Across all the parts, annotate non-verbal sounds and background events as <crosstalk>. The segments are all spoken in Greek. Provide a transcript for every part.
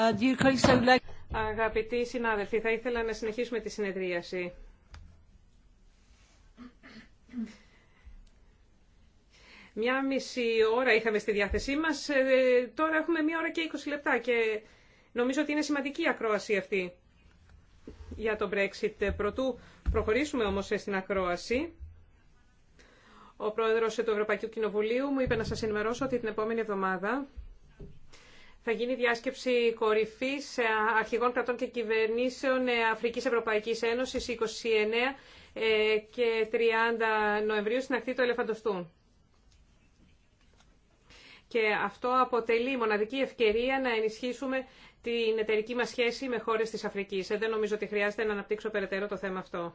Uh, Αγαπητοί συνάδελφοι, θα ήθελα να συνεχίσουμε τη συνεδρίαση. Μια μισή ώρα είχαμε στη διάθεσή μας, ε, τώρα έχουμε μία ώρα και 20 λεπτά και νομίζω ότι είναι σημαντική η ακρόαση αυτή για το Brexit. Πρωτού προχωρήσουμε όμως στην ακρόαση. Ο πρόεδρος του Ευρωπαϊκού Κοινοβουλίου μου είπε να σας ενημερώσω ότι την επόμενη εβδομάδα θα γίνει διάσκεψη κορυφής ε, αρχηγών κρατών και κυβερνήσεων ε, Αφρικής Ευρωπαϊκής Ένωση 29 ε, και 30 Νοεμβρίου στην ακτή του Ελεφαντοστού. Και αυτό αποτελεί μοναδική ευκαιρία να ενισχύσουμε την εταιρική μας σχέση με χώρες της Αφρικής. Δεν νομίζω ότι χρειάζεται να αναπτύξω περαιτέρω το θέμα αυτό.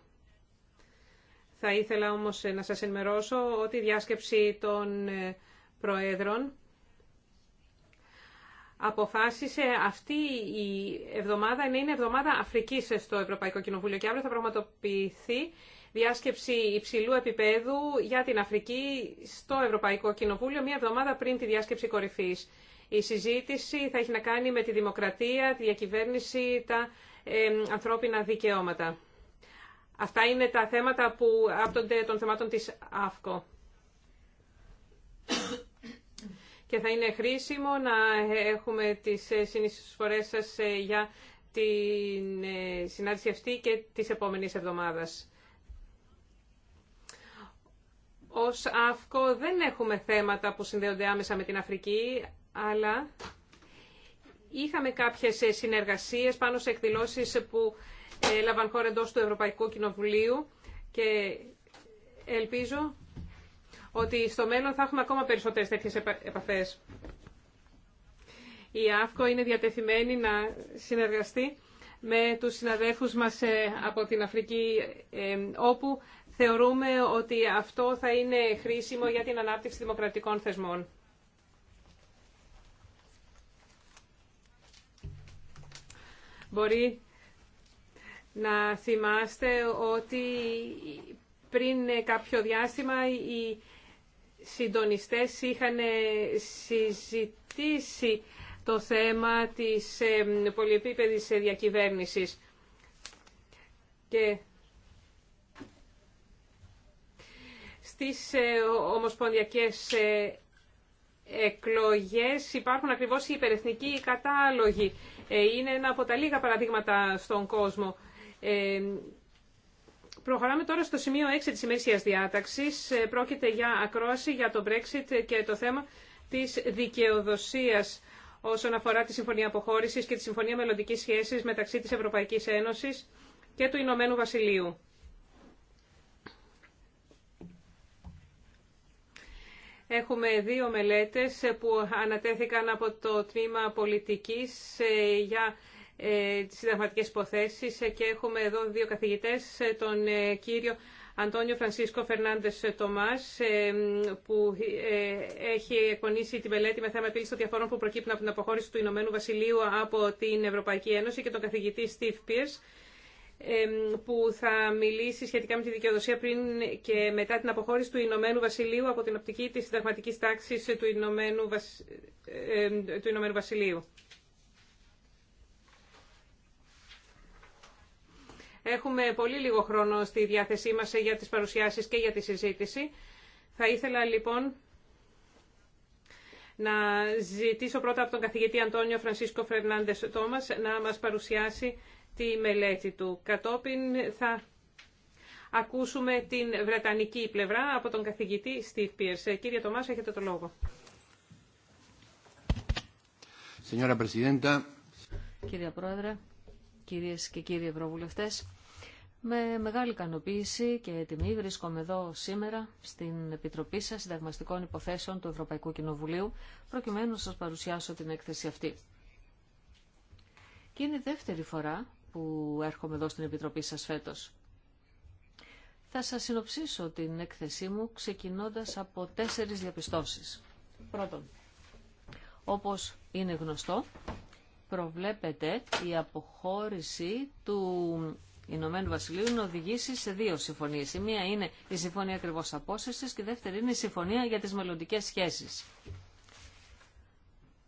Θα ήθελα όμως να σας ενημερώσω ότι η διάσκεψη των Προέδρων αποφάσισε αυτή η εβδομάδα να είναι εβδομάδα Αφρικής στο Ευρωπαϊκό Κοινοβούλιο και αύριο θα πραγματοποιηθεί διάσκεψη υψηλού επίπεδου για την Αφρική στο Ευρωπαϊκό Κοινοβούλιο μία εβδομάδα πριν τη διάσκεψη κορυφής. Η συζήτηση θα έχει να κάνει με τη δημοκρατία, τη διακυβέρνηση, τα ανθρώπινα δικαιώματα. Αυτά είναι τα θέματα που άπτονται των θεμάτων της ΑΦΚΟ και θα είναι χρήσιμο να έχουμε τις ε, συνεισφορές σας ε, για την ε, συνάντηση αυτή και της επόμενης εβδομάδας. Ως ΑΦΚΟ δεν έχουμε θέματα που συνδέονται άμεσα με την Αφρική, αλλά είχαμε κάποιες συνεργασίες πάνω σε εκδηλώσεις που έλαβαν χώρα εντός του Ευρωπαϊκού Κοινοβουλίου και ελπίζω ότι στο μέλλον θα έχουμε ακόμα περισσότερες τέτοιες επαφές. Η ΑΦΚΟ είναι διατεθειμένη να συνεργαστεί με τους συναδέλφους μας ε, από την Αφρική, ε, όπου θεωρούμε ότι αυτό θα είναι χρήσιμο για την ανάπτυξη δημοκρατικών θεσμών. Μπορεί να θυμάστε ότι πριν κάποιο διάστημα η συντονιστές είχαν ε, συζητήσει το θέμα της ε, πολυεπίπεδης ε, διακυβέρνησης. Και στις ομοσπονδιακές εκλογές υπάρχουν ακριβώς οι υπερεθνικοί κατάλογοι. Είναι ένα από τα λίγα παραδείγματα στον κόσμο. Προχωράμε τώρα στο σημείο 6 της ημερήσιας διάταξης. Ε, πρόκειται για ακρόαση για το Brexit και το θέμα της δικαιοδοσίας όσον αφορά τη Συμφωνία Αποχώρησης και τη Συμφωνία Μελλοντικής Σχέσης μεταξύ της Ευρωπαϊκής Ένωσης και του Ηνωμένου Βασιλείου. Έχουμε δύο μελέτες που ανατέθηκαν από το Τμήμα Πολιτικής ε, για ε, τις συνταγματικές υποθέσεις ε, και έχουμε εδώ δύο καθηγητές, ε, τον κύριο Αντώνιο Φρανσίσκο Φερνάντες Τομάς, που έχει εκπονήσει τη μελέτη με θέμα επίλυση των διαφορών που προκύπτουν από την αποχώρηση του Ηνωμένου Βασιλείου από την Ευρωπαϊκή Ένωση και τον καθηγητή Steve Pierce, που θα μιλήσει σχετικά με τη δικαιοδοσία πριν και μετά την αποχώρηση του Ηνωμένου Βασιλείου από την οπτική της συνταγματικής τάξης του Ηνωμένου, Βασιλείου. Έχουμε πολύ λίγο χρόνο στη διάθεσή μας για τις παρουσιάσεις και για τη συζήτηση. Θα ήθελα λοιπόν να ζητήσω πρώτα από τον καθηγητή Αντώνιο Φρανσίσκο Φερνάντες Τόμας να μας παρουσιάσει τη μελέτη του. Κατόπιν θα ακούσουμε την βρετανική πλευρά από τον καθηγητή Steve Pierce. Κύριε Τομάς, έχετε το λόγο. Κύριε Πρόεδρε, κυρίες και κύριοι Ευρωβουλευτές, με μεγάλη ικανοποίηση και τιμή βρίσκομαι εδώ σήμερα στην Επιτροπή σας Συνταγμαστικών Υποθέσεων του Ευρωπαϊκού Κοινοβουλίου προκειμένου να σας παρουσιάσω την έκθεση αυτή. Και είναι η δεύτερη φορά που έρχομαι εδώ στην Επιτροπή σας φέτος. Θα σας συνοψίσω την έκθεσή μου ξεκινώντας από τέσσερις διαπιστώσεις. Πρώτον, όπως είναι γνωστό, προβλέπεται η αποχώρηση του Ηνωμένου Βασιλείου είναι οδηγήσει σε δύο συμφωνίε. Η μία είναι η συμφωνία ακριβώ απόσυρση και η δεύτερη είναι η συμφωνία για τι μελλοντικέ σχέσει.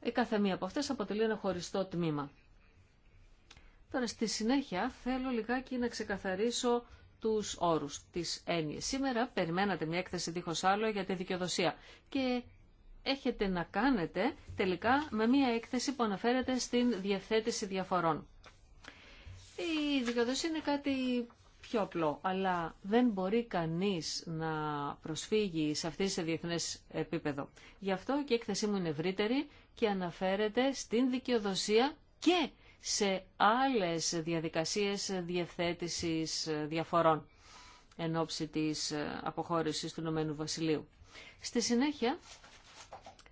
Η κάθε μία από αυτέ αποτελεί ένα χωριστό τμήμα. Τώρα στη συνέχεια θέλω λιγάκι να ξεκαθαρίσω τους όρους της έννοιας. Σήμερα περιμένατε μια έκθεση συνεχεια θελω λιγακι να ξεκαθαρισω του ορου τι εννοιε σημερα περιμενατε μια εκθεση διχως αλλο για τη δικαιοδοσία και έχετε να κάνετε τελικά με μια έκθεση που αναφέρεται στην διευθέτηση διαφορών. Η δικαιοδοσία είναι κάτι πιο απλό, αλλά δεν μπορεί κανείς να προσφύγει σε αυτή σε διεθνές επίπεδο. Γι' αυτό και η έκθεσή μου είναι ευρύτερη και αναφέρεται στην δικαιοδοσία και σε άλλες διαδικασίες διευθέτησης διαφορών εν ώψη της αποχώρησης του Ηνωμένου Βασιλείου. Στη συνέχεια,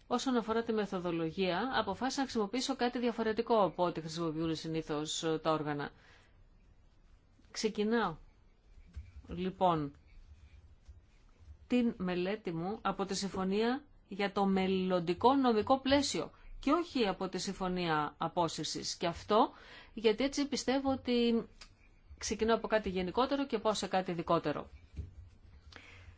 όσον αφορά τη μεθοδολογία, αποφάσισα να χρησιμοποιήσω κάτι διαφορετικό από ό,τι χρησιμοποιούν συνήθως τα όργανα. Ξεκινάω λοιπόν την μελέτη μου από τη συμφωνία για το μελλοντικό νομικό πλαίσιο και όχι από τη συμφωνία απόσυρσης. Και αυτό γιατί έτσι πιστεύω ότι ξεκινώ από κάτι γενικότερο και πάω σε κάτι ειδικότερο.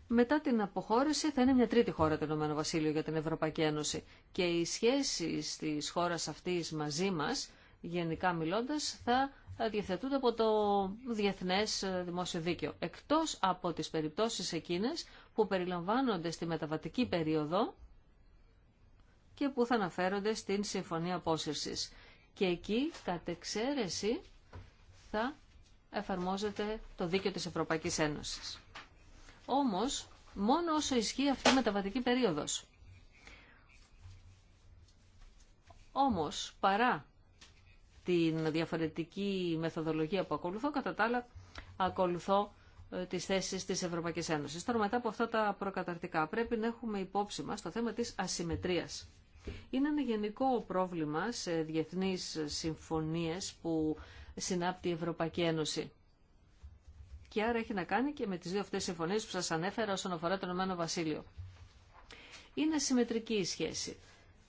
Μετά την αποχώρηση θα είναι μια τρίτη χώρα το Ηνωμένο Βασίλειο για την Ευρωπαϊκή Ένωση και οι σχέσεις της χώρας αυτής μαζί μας, γενικά μιλώντας, θα διευθετούνται από το Διεθνές ε, Δημόσιο Δίκαιο, εκτός από τις περιπτώσεις εκείνες που περιλαμβάνονται στη μεταβατική περίοδο και που θα αναφέρονται στην Συμφωνία Απόσυρσης. Και εκεί, κατ' εξαίρεση, θα εφαρμόζεται το δίκαιο της Ευρωπαϊκής Ένωσης. Όμως, μόνο όσο ισχύει αυτή η μεταβατική περίοδος. Όμως, παρά την διαφορετική μεθοδολογία που ακολουθώ, κατά τα άλλα ακολουθώ ε, τις θέσεις της Ευρωπαϊκής Ένωσης. Τώρα μετά από αυτά τα προκαταρτικά πρέπει να έχουμε υπόψη μας το θέμα της ασυμμετρίας. Είναι ένα γενικό πρόβλημα σε διεθνείς συμφωνίες που συνάπτει η Ευρωπαϊκή Ένωση. Και άρα έχει να κάνει και με τις δύο αυτές συμφωνίες που σας ανέφερα όσον αφορά το Ηνωμένο Βασίλειο. Είναι συμμετρική η σχέση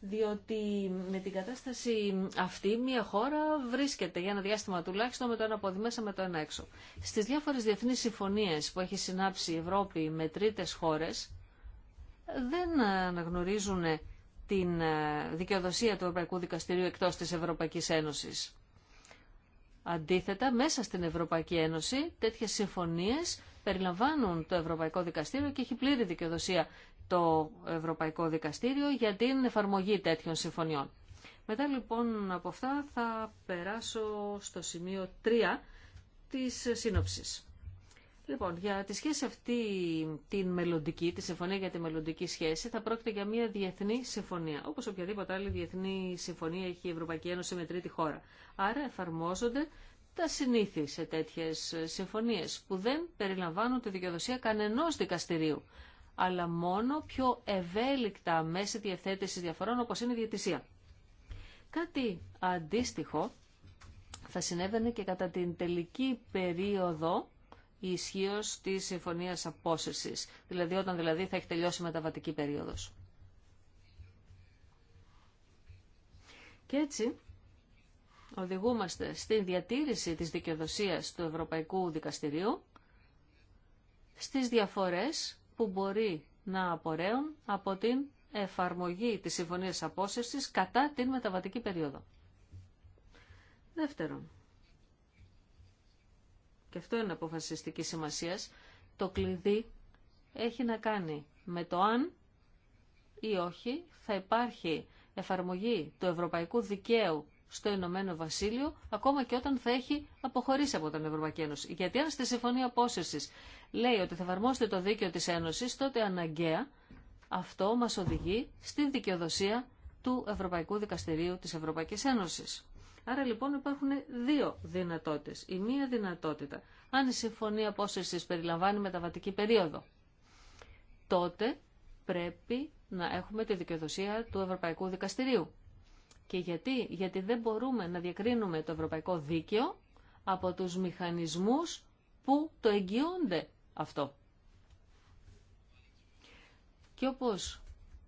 διότι με την κατάσταση αυτή μια χώρα βρίσκεται για ένα διάστημα τουλάχιστον με το ένα από μέσα με το ένα έξω. Στις διάφορες διεθνείς συμφωνίες που έχει συνάψει η Ευρώπη με τρίτες χώρες δεν αναγνωρίζουν την ε, δικαιοδοσία του Ευρωπαϊκού Δικαστηρίου εκτός της Ευρωπαϊκής Ένωσης. Αντίθετα, μέσα στην Ευρωπαϊκή Ένωση τέτοιες συμφωνίες περιλαμβάνουν το Ευρωπαϊκό Δικαστήριο και έχει πλήρη δικαιοδοσία το Ευρωπαϊκό Δικαστήριο για την εφαρμογή τέτοιων συμφωνιών. Μετά λοιπόν από αυτά θα περάσω στο σημείο 3 της σύνοψης. Λοιπόν, για τη σχέση αυτή, την μελλοντική, τη συμφωνία για τη μελλοντική σχέση, θα πρόκειται για μια διεθνή συμφωνία, όπω οποιαδήποτε άλλη διεθνή συμφωνία έχει η Ευρωπαϊκή Ένωση με τρίτη χώρα. Άρα εφαρμόζονται τα συνήθει σε τέτοιε συμφωνίε, που δεν περιλαμβάνουν τη δικαιοδοσία κανενό δικαστηρίου αλλά μόνο πιο ευέλικτα μέσα διευθέτησης διαφορών όπως είναι η διαιτησία. Κάτι αντίστοιχο θα συνέβαινε και κατά την τελική περίοδο ισχύω τη συμφωνία απόσυρση, δηλαδή όταν δηλαδή θα έχει τελειώσει η μεταβατική περίοδο. Και έτσι οδηγούμαστε στην διατήρηση της δικαιοδοσίας του Ευρωπαϊκού Δικαστηρίου στις διαφορές που μπορεί να απορρέουν από την εφαρμογή της Συμφωνίας Απόσυρσης κατά την μεταβατική περίοδο. Δεύτερον, και αυτό είναι αποφασιστική σημασία, το κλειδί έχει να κάνει με το αν ή όχι θα υπάρχει εφαρμογή του ευρωπαϊκού δικαίου στο Ηνωμένο Βασίλειο, ακόμα και όταν θα έχει αποχωρήσει από την Ευρωπαϊκή Ένωση. Γιατί αν στη Συμφωνία Απόσυρση λέει ότι θα εφαρμόσετε το δίκαιο τη Ένωση, τότε αναγκαία αυτό μα οδηγεί στη δικαιοδοσία του Ευρωπαϊκού Δικαστηρίου τη Ευρωπαϊκή Ένωση. Άρα λοιπόν υπάρχουν δύο δυνατότητε. Η μία δυνατότητα, αν η συμφωνία Απόσυρση περιλαμβάνει μεταβατική περίοδο, τότε πρέπει να έχουμε τη δικαιοδοσία του Ευρωπαϊκού Δικαστηρίου. Και γιατί, γιατί δεν μπορούμε να διακρίνουμε το ευρωπαϊκό δίκαιο από τους μηχανισμούς που το εγγυώνται αυτό. Και όπως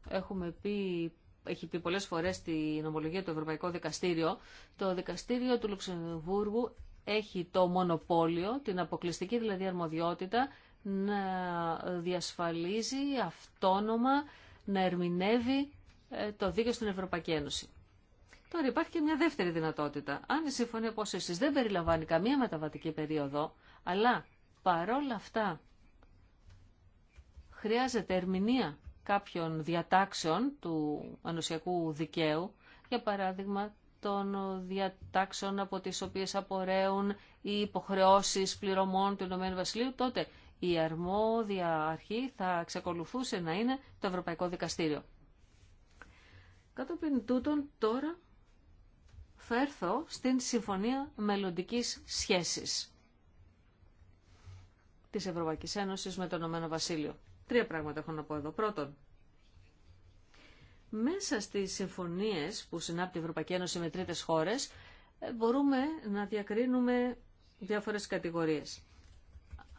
έχουμε πει, έχει πει πολλές φορές στην ομολογία του Ευρωπαϊκού Δικαστήριο, το Δικαστήριο του Λουξεμβούργου έχει το μονοπόλιο, την αποκλειστική δηλαδή αρμοδιότητα, να διασφαλίζει αυτόνομα, να ερμηνεύει ε, το δίκαιο στην Ευρωπαϊκή Ένωση. Τώρα υπάρχει και μια δεύτερη δυνατότητα. Αν η συμφωνία ποσέση δεν περιλαμβάνει καμία μεταβατική περίοδο, αλλά παρόλα αυτά χρειάζεται ερμηνεία κάποιων διατάξεων του ανοσιακού δικαίου, για παράδειγμα των διατάξεων από τις οποίες απορρέουν οι υποχρεώσεις πληρωμών του Ηνωμένου Βασιλείου, τότε η αρμόδια αρχή θα εξακολουθούσε να είναι το Ευρωπαϊκό Δικαστήριο. Κατόπιν τούτων τώρα έρθω στην Συμφωνία Μελλοντικής Σχέσης της Ευρωπαϊκής Ένωσης με το Ηνωμένο Βασίλειο. Τρία πράγματα έχω να πω εδώ. Πρώτον, μέσα στις συμφωνίες που συνάπτει η Ευρωπαϊκή Ένωση με τρίτες χώρες, ε, μπορούμε να διακρίνουμε διάφορες κατηγορίες.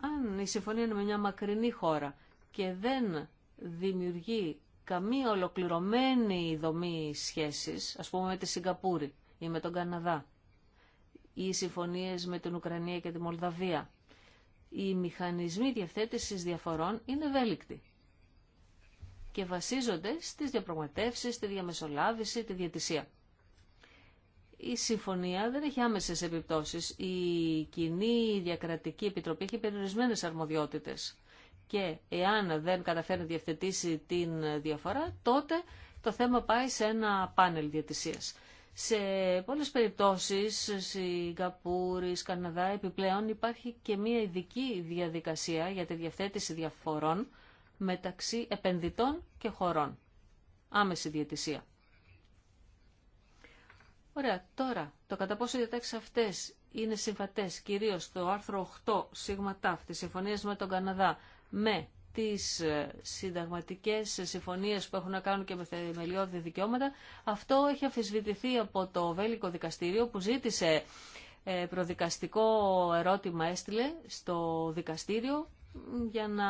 Αν η συμφωνία είναι με μια μακρινή χώρα και δεν δημιουργεί καμία ολοκληρωμένη δομή σχέσης, ας πούμε με τη Σιγκαπούρη, ή με τον Καναδά οι συμφωνίες με την Ουκρανία και τη Μολδαβία. Οι μηχανισμοί διευθέτησης διαφορών είναι ευέλικτοι και βασίζονται στις διαπραγματεύσεις, τη διαμεσολάβηση, τη διατησία. Η συμφωνία δεν έχει άμεσες επιπτώσεις. Η κοινή διακρατική επιτροπή έχει περιορισμένες αρμοδιότητες και εάν δεν καταφέρει να διευθετήσει την διαφορά, τότε το θέμα πάει σε ένα πάνελ διατησίας. Σε πολλές περιπτώσεις, Σιγκαπούρη, Καναδά, επιπλέον υπάρχει και μία ειδική διαδικασία για τη διευθέτηση διαφορών μεταξύ επενδυτών και χωρών. Άμεση διαιτησία. Ωραία, τώρα, το κατά πόσο διατάξεις αυτές είναι συμβατές, κυρίως το άρθρο 8 σίγμα τη της συμφωνίας με τον Καναδά, με τις ε, συνταγματικές συμφωνίες που έχουν να κάνουν και με θεμελιώδη δικαιώματα, αυτό έχει αφισβητηθεί από το Βέλικο Δικαστήριο που ζήτησε ε, προδικαστικό ερώτημα έστειλε στο δικαστήριο για να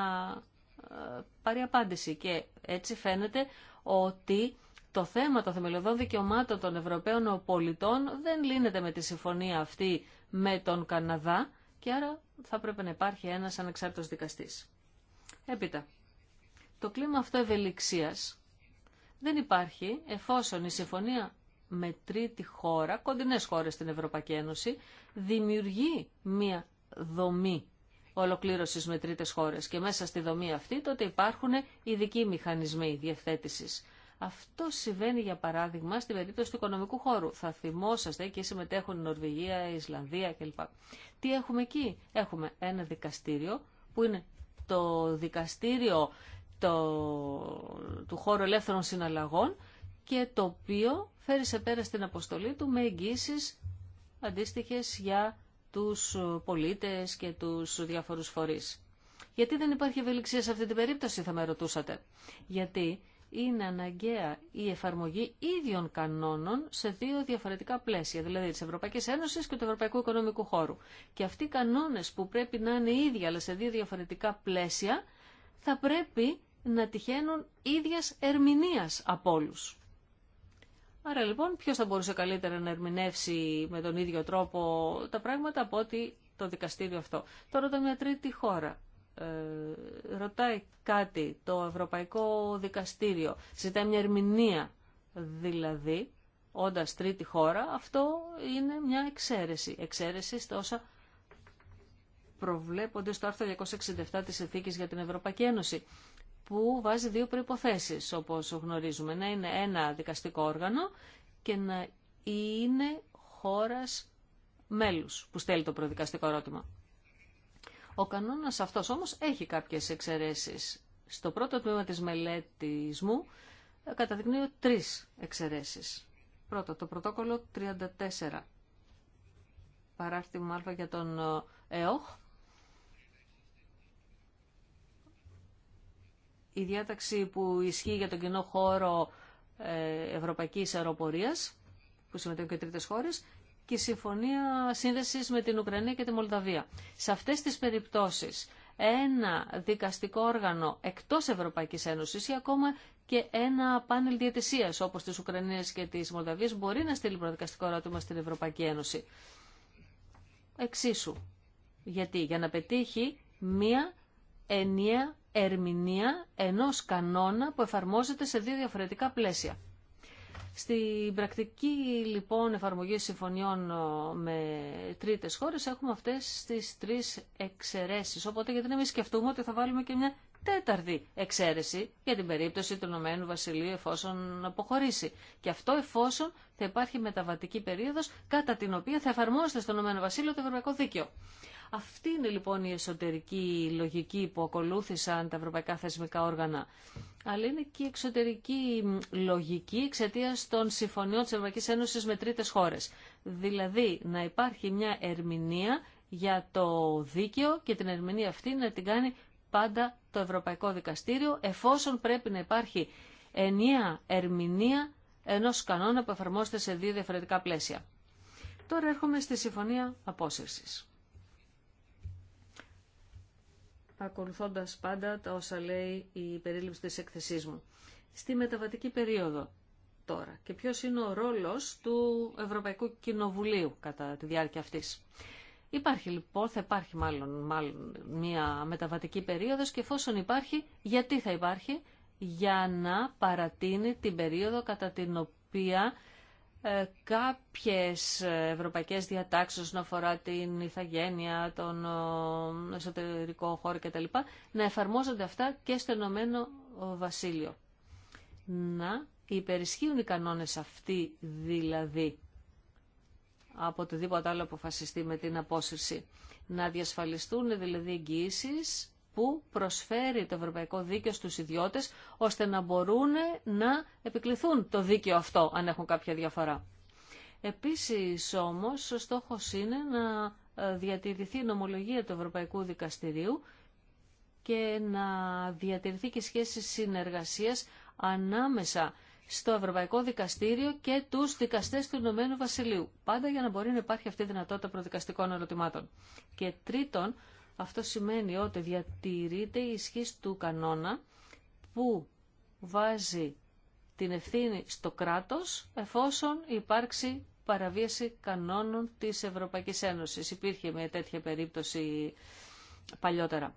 ε, πάρει απάντηση και έτσι φαίνεται ότι το θέμα των θεμελιωδών δικαιωμάτων των Ευρωπαίων πολιτών δεν λύνεται με τη συμφωνία αυτή με τον Καναδά και άρα θα πρέπει να υπάρχει ένας ανεξάρτητος δικαστής. Έπειτα, το κλίμα αυτό ευελιξίας δεν υπάρχει εφόσον η συμφωνία με τρίτη χώρα, κοντινές χώρες στην Ευρωπαϊκή Ένωση, δημιουργεί μία δομή ολοκλήρωσης με τρίτες χώρες και μέσα στη δομή αυτή τότε υπάρχουν ειδικοί μηχανισμοί διευθέτησης. Αυτό συμβαίνει για παράδειγμα στην περίπτωση του οικονομικού χώρου. Θα θυμόσαστε, και συμμετέχουν η Νορβηγία, η Ισλανδία κλπ. Τι έχουμε εκεί. Έχουμε ένα δικαστήριο που είναι το δικαστήριο το, του χώρου ελεύθερων συναλλαγών και το οποίο φέρει σε πέρα στην αποστολή του με εγγύσεις αντίστοιχες για τους πολίτες και τους διάφορους φορείς. Γιατί δεν υπάρχει ευελιξία σε αυτή την περίπτωση, θα με ρωτούσατε. Γιατί είναι αναγκαία η εφαρμογή ίδιων κανόνων σε δύο διαφορετικά πλαίσια, δηλαδή της Ευρωπαϊκή Ένωση και του Ευρωπαϊκού Οικονομικού Χώρου. Και αυτοί οι κανόνες που πρέπει να είναι ίδιοι αλλά σε δύο διαφορετικά πλαίσια θα πρέπει να τυχαίνουν ίδιας ερμηνείας από όλους. Άρα λοιπόν ποιος θα μπορούσε καλύτερα να ερμηνεύσει με τον ίδιο τρόπο τα πράγματα από ότι το δικαστήριο αυτό. Τώρα το μια τρίτη χώρα ε, ρωτάει κάτι το Ευρωπαϊκό Δικαστήριο, ζητάει μια ερμηνεία δηλαδή, όντα τρίτη χώρα, αυτό είναι μια εξαίρεση. Εξαίρεση στα όσα προβλέπονται στο άρθρο 267 της Εθήκης για την Ευρωπαϊκή Ένωση, που βάζει δύο προϋποθέσεις, όπως γνωρίζουμε, να είναι ένα δικαστικό όργανο και να είναι χώρας μέλους που στέλνει το προδικαστικό ερώτημα. Ο κανόνας αυτός όμως έχει κάποιες εξαιρέσεις. Στο πρώτο τμήμα της μελέτης μου ε, καταδεικνύω τρεις εξαιρέσεις. Πρώτο, το πρωτόκολλο 34, παράρτημα α για τον ε, ΕΟΧ. Η διάταξη που ισχύει για τον κοινό χώρο ε, Ευρωπαϊκής Αεροπορίας, που συμμετέχουν και τρίτες χώρες, και η συμφωνία σύνδεσης με την Ουκρανία και τη Μολδαβία. Σε αυτές τις περιπτώσεις ένα δικαστικό όργανο εκτός Ευρωπαϊκής Ένωσης ή ακόμα και ένα πάνελ διαιτησίας όπως της Ουκρανίας και της Μολδαβίας μπορεί να στείλει προδικαστικό ερώτημα στην Ευρωπαϊκή Ένωση. Εξίσου. Γιατί, για να πετύχει μία ενιαία ερμηνεία ενός κανόνα που εφαρμόζεται σε δύο διαφορετικά πλαίσια. Στην πρακτική λοιπόν εφαρμογή συμφωνιών ε, με τρίτες χώρες έχουμε αυτές τις τρεις εξαιρέσεις. Οπότε γιατί να μην σκεφτούμε ότι θα βάλουμε και μια τέταρτη εξαίρεση για την περίπτωση του Ηνωμένου Βασιλείου εφόσον αποχωρήσει. Και αυτό εφόσον θα υπάρχει μεταβατική περίοδος κατά την οποία θα εφαρμόζεται στο Ηνωμένο Βασίλειο το Ευρωπαϊκό Δίκαιο. Αυτή είναι λοιπόν η εσωτερική λογική που ακολούθησαν τα ευρωπαϊκά θεσμικά όργανα. Αλλά είναι και η εξωτερική λογική εξαιτία των συμφωνιών τη Ευρωπαϊκή Ένωση με τρίτες χώρες. Δηλαδή να υπάρχει μια ερμηνεία για το δίκαιο και την ερμηνεία αυτή να την κάνει πάντα το Ευρωπαϊκό Δικαστήριο εφόσον πρέπει να υπάρχει ενιαία ερμηνεία ενός κανόνα που εφαρμόζεται σε δύο διαφορετικά πλαίσια. Τώρα έρχομαι στη Συμφωνία Απόσυρσης. ακολουθώντας πάντα τα όσα λέει η περίληψη της εκθεσής μου. Στη μεταβατική περίοδο τώρα και ποιος είναι ο ρόλος του Ευρωπαϊκού Κοινοβουλίου κατά τη διάρκεια αυτής. Υπάρχει λοιπόν, θα υπάρχει μάλλον, μάλλον μια μεταβατική περίοδος και εφόσον υπάρχει, γιατί θα υπάρχει, για να παρατείνει την περίοδο κατά την οποία ε, κάποιες ευρωπαϊκές διατάξεις όσον αφορά την ηθαγένεια, τον εσωτερικό χώρο κτλ. να εφαρμόζονται αυτά και στο Ενωμένο Βασίλειο. Να υπερισχύουν οι κανόνες αυτοί δηλαδή από οτιδήποτε άλλο αποφασιστεί με την απόσυρση. Να διασφαλιστούν δηλαδή εγγύησεις που προσφέρει το ευρωπαϊκό δίκαιο στους ιδιώτες, ώστε να μπορούν να επικληθούν το δίκαιο αυτό, αν έχουν κάποια διαφορά. Επίσης όμως, ο στόχος είναι να ε, διατηρηθεί η νομολογία του Ευρωπαϊκού Δικαστηρίου και να διατηρηθεί και σχέση συνεργασίας ανάμεσα στο Ευρωπαϊκό Δικαστήριο και τους δικαστές του Ηνωμένου Βασιλείου. Πάντα για να μπορεί να υπάρχει αυτή η δυνατότητα προδικαστικών ερωτημάτων. Και τρίτον, αυτό σημαίνει ότι διατηρείται η ισχύ του κανόνα που βάζει την ευθύνη στο κράτος εφόσον υπάρξει παραβίαση κανόνων της Ευρωπαϊκής Ένωσης. Υπήρχε μια τέτοια περίπτωση παλιότερα.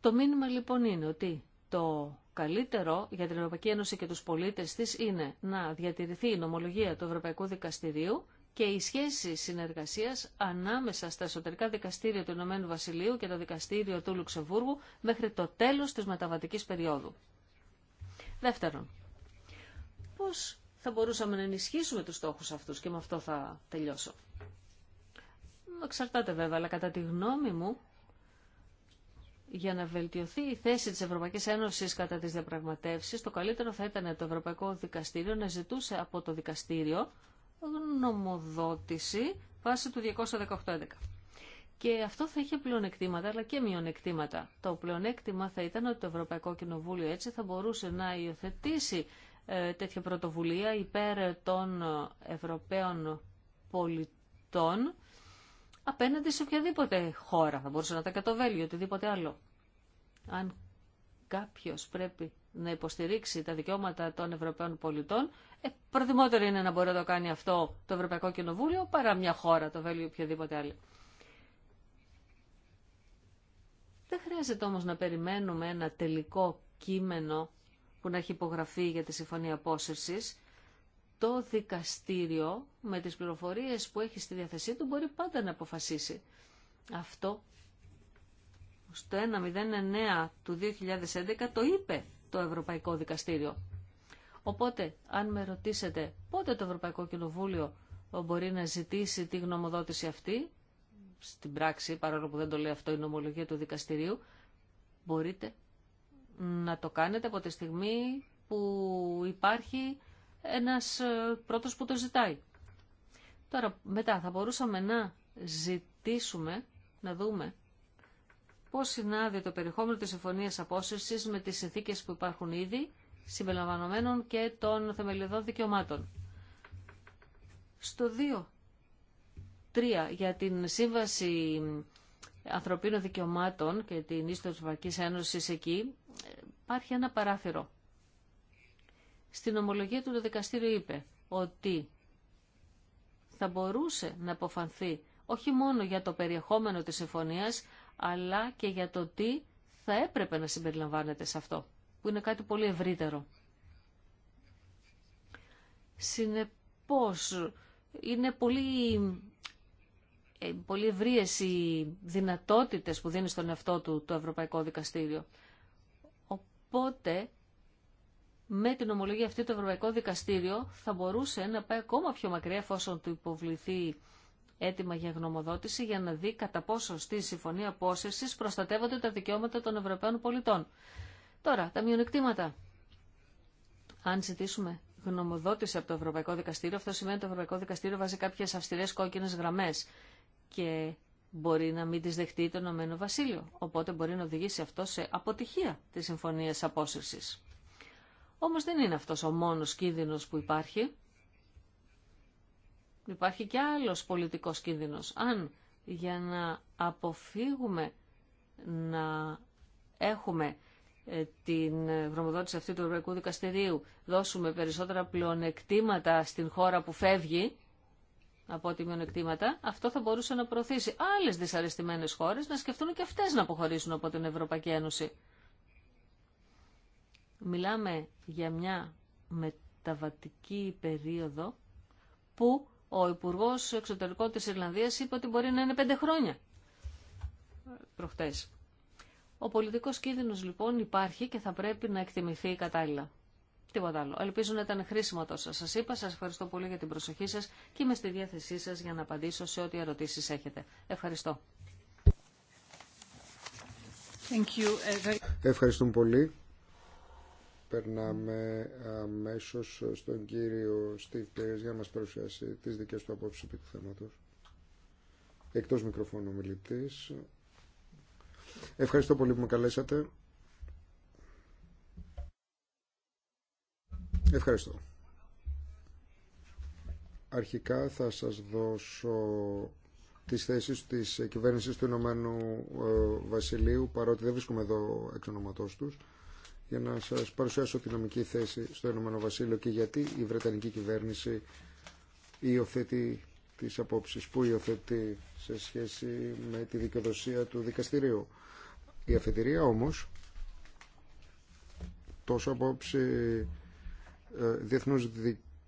Το μήνυμα λοιπόν είναι ότι το καλύτερο για την Ευρωπαϊκή Ένωση και τους πολίτες της είναι να διατηρηθεί η νομολογία του Ευρωπαϊκού Δικαστηρίου και οι σχέση συνεργασίας ανάμεσα στα εσωτερικά δικαστήρια του Ηνωμένου Βασιλείου και το δικαστήριο του Λουξεμβούργου μέχρι το τέλος της μεταβατικής περίοδου. Δεύτερον, πώς θα μπορούσαμε να ενισχύσουμε τους στόχους αυτούς και με αυτό θα τελειώσω. Εξαρτάται βέβαια, αλλά κατά τη γνώμη μου, για να βελτιωθεί η θέση της Ευρωπαϊκής Ένωσης κατά τις διαπραγματεύσεις, το καλύτερο θα ήταν το Ευρωπαϊκό Δικαστήριο να ζητούσε από το Δικαστήριο νομοδότηση... βάσει του 218.11. Και αυτό θα είχε πλεονεκτήματα αλλά και μειονεκτήματα. Το πλεονέκτημα θα ήταν ότι το Ευρωπαϊκό Κοινοβούλιο έτσι θα μπορούσε να υιοθετήσει ε, τέτοια πρωτοβουλία υπέρ των Ευρωπαίων πολιτών απέναντι σε οποιαδήποτε χώρα. Θα μπορούσε να τα κατοβέλει οτιδήποτε άλλο. Αν κάποιος πρέπει να υποστηρίξει τα δικαιώματα των Ευρωπαίων πολιτών, προτιμότερο είναι να μπορεί να το κάνει αυτό το Ευρωπαϊκό Κοινοβούλιο παρά μια χώρα, το Βέλγιο ή οποιαδήποτε άλλη. Δεν χρειάζεται όμως να περιμένουμε ένα τελικό κείμενο που να έχει υπογραφεί για τη Συμφωνία Απόσυρσης. Το δικαστήριο με τις πληροφορίες που έχει στη διαθεσή του μπορεί πάντα να αποφασίσει. Αυτό στο 1.09 του 2011 το είπε το Ευρωπαϊκό Δικαστήριο. Οπότε, αν με ρωτήσετε πότε το Ευρωπαϊκό Κοινοβούλιο μπορεί να ζητήσει τη γνωμοδότηση αυτή, στην πράξη, παρόλο που δεν το λέει αυτό η νομολογία του δικαστηρίου, μπορείτε να το κάνετε από τη στιγμή που υπάρχει ένας ε, πρώτος που το ζητάει. Τώρα, μετά θα μπορούσαμε να ζητήσουμε, να δούμε πώς συνάδει το περιεχόμενο της συμφωνίας απόσυρσης με τις συνθήκες που υπάρχουν ήδη συμπεριλαμβανομένων και των θεμελιωδών δικαιωμάτων. Στο 2.3 για την Σύμβαση Ανθρωπίνων Δικαιωμάτων και την Ίστο Βαρκής Ένωσης εκεί υπάρχει ένα παράθυρο. Στην ομολογία του το δικαστήριο είπε ότι θα μπορούσε να αποφανθεί όχι μόνο για το περιεχόμενο της συμφωνίας, αλλά και για το τι θα έπρεπε να συμπεριλαμβάνεται σε αυτό που είναι κάτι πολύ ευρύτερο. Συνεπώς, είναι πολύ, ε, πολύ ευρύες οι δυνατότητες που δίνει στον εαυτό του το Ευρωπαϊκό Δικαστήριο. Οπότε, με την ομολογία αυτή το Ευρωπαϊκό Δικαστήριο θα μπορούσε να πάει ακόμα πιο μακριά εφόσον του υποβληθεί έτοιμα για γνωμοδότηση για να δει κατά πόσο στη Συμφωνία Απόσυρσης προστατεύονται τα δικαιώματα των Ευρωπαίων πολιτών. Τώρα, τα μειονεκτήματα. Αν ζητήσουμε γνωμοδότηση από το Ευρωπαϊκό Δικαστήριο, αυτό σημαίνει ότι το Ευρωπαϊκό Δικαστήριο βάζει κάποιε αυστηρέ κόκκινε γραμμέ και μπορεί να μην τι δεχτεί το Ηνωμένο Βασίλειο. Οπότε μπορεί να οδηγήσει αυτό σε αποτυχία τη συμφωνία απόσυρση. Όμω δεν είναι αυτό ο μόνο κίνδυνο που υπάρχει. Υπάρχει και άλλο πολιτικό κίνδυνο. Αν για να αποφύγουμε να έχουμε ε, την γνωμοδότηση αυτή του Ευρωπαϊκού Δικαστηρίου δώσουμε περισσότερα πλεονεκτήματα στην χώρα που φεύγει από ότι μειονεκτήματα, αυτό θα μπορούσε να προωθήσει άλλες δυσαρεστημένες χώρες να σκεφτούν και αυτές να αποχωρήσουν από την Ευρωπαϊκή Ένωση. Μιλάμε για μια μεταβατική περίοδο που ο Υπουργός Εξωτερικών της Ιρλανδίας είπε ότι μπορεί να είναι πέντε χρόνια προχτές. Ο πολιτικός κίνδυνος λοιπόν υπάρχει και θα πρέπει να εκτιμηθεί κατάλληλα. Τίποτα άλλο. Ελπίζω να ήταν χρήσιμα τόσα. Σας είπα, σας ευχαριστώ πολύ για την προσοχή σας και είμαι στη διάθεσή σας για να απαντήσω σε ό,τι ερωτήσεις έχετε. Ευχαριστώ. Thank you. Ε, Ευχαριστούμε πολύ. Περνάμε αμέσω στον κύριο Στίβ για να μας παρουσιάσει τις δικές του απόψεις επί του θέματος. Εκτός μικροφώνου μιλητής. Ευχαριστώ πολύ που με καλέσατε. Ευχαριστώ. Αρχικά θα σας δώσω τις θέσεις της κυβέρνησης του Ηνωμένου ε, Βασιλείου, παρότι δεν βρίσκομαι εδώ εξ ονοματός τους, για να σας παρουσιάσω την νομική θέση στο Ηνωμένο Βασίλειο και γιατί η Βρετανική κυβέρνηση υιοθετεί τις απόψεις που υιοθετεί σε σχέση με τη δικαιοδοσία του δικαστηρίου. Η αφετηρία όμως τόσο απόψη ε, διεθνούς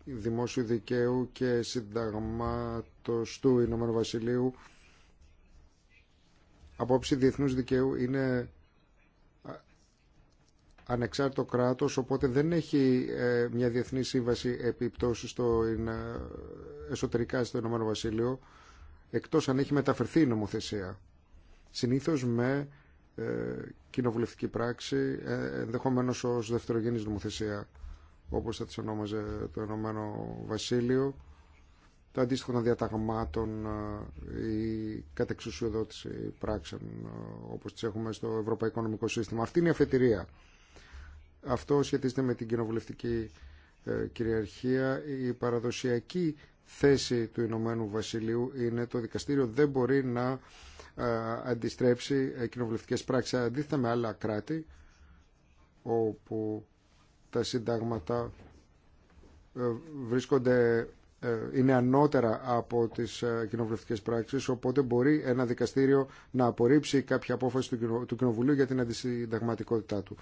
δημόσιου δικαίου και συνταγμάτος του Ηνωμένου Βασιλείου απόψη διεθνούς δικαίου είναι ε, ανεξάρτητο κράτος οπότε δεν έχει ε, μια διεθνή σύμβαση επιπτώσει στο, εσωτερικά στο Ηνωμένο Βασίλειο εκτός αν έχει μεταφερθεί η νομοθεσία συνήθως με ε, κοινοβουλευτική πράξη, ε, ενδεχομένως ως δευτερογενής νομοθεσία, όπως θα τις ονόμαζε το Ενωμένο Βασίλειο, τα αντίστοιχο των διαταγμάτων ή ε, κατεξουσιοδότηση πράξεων, όπως τις έχουμε στο Ευρωπαϊκό Νομικό Σύστημα. Αυτή είναι η αφετηρία. Αυτό σχετίζεται με την κοινοβουλευτική κυριαρχία. Η παραδοσιακή θέση του Ηνωμένου Βασιλείου είναι το δικαστήριο δεν μπορεί να αντιστρέψει ε, κοινοβουλευτικέ πράξει αντίθετα με άλλα κράτη όπου τα συντάγματα ε, βρίσκονται ε, είναι ανώτερα από τις κοινοβουλευτικές πράξεις οπότε μπορεί ένα δικαστήριο να απορρίψει κάποια απόφαση του Κοινοβουλίου για την αντισυνταγματικότητά του.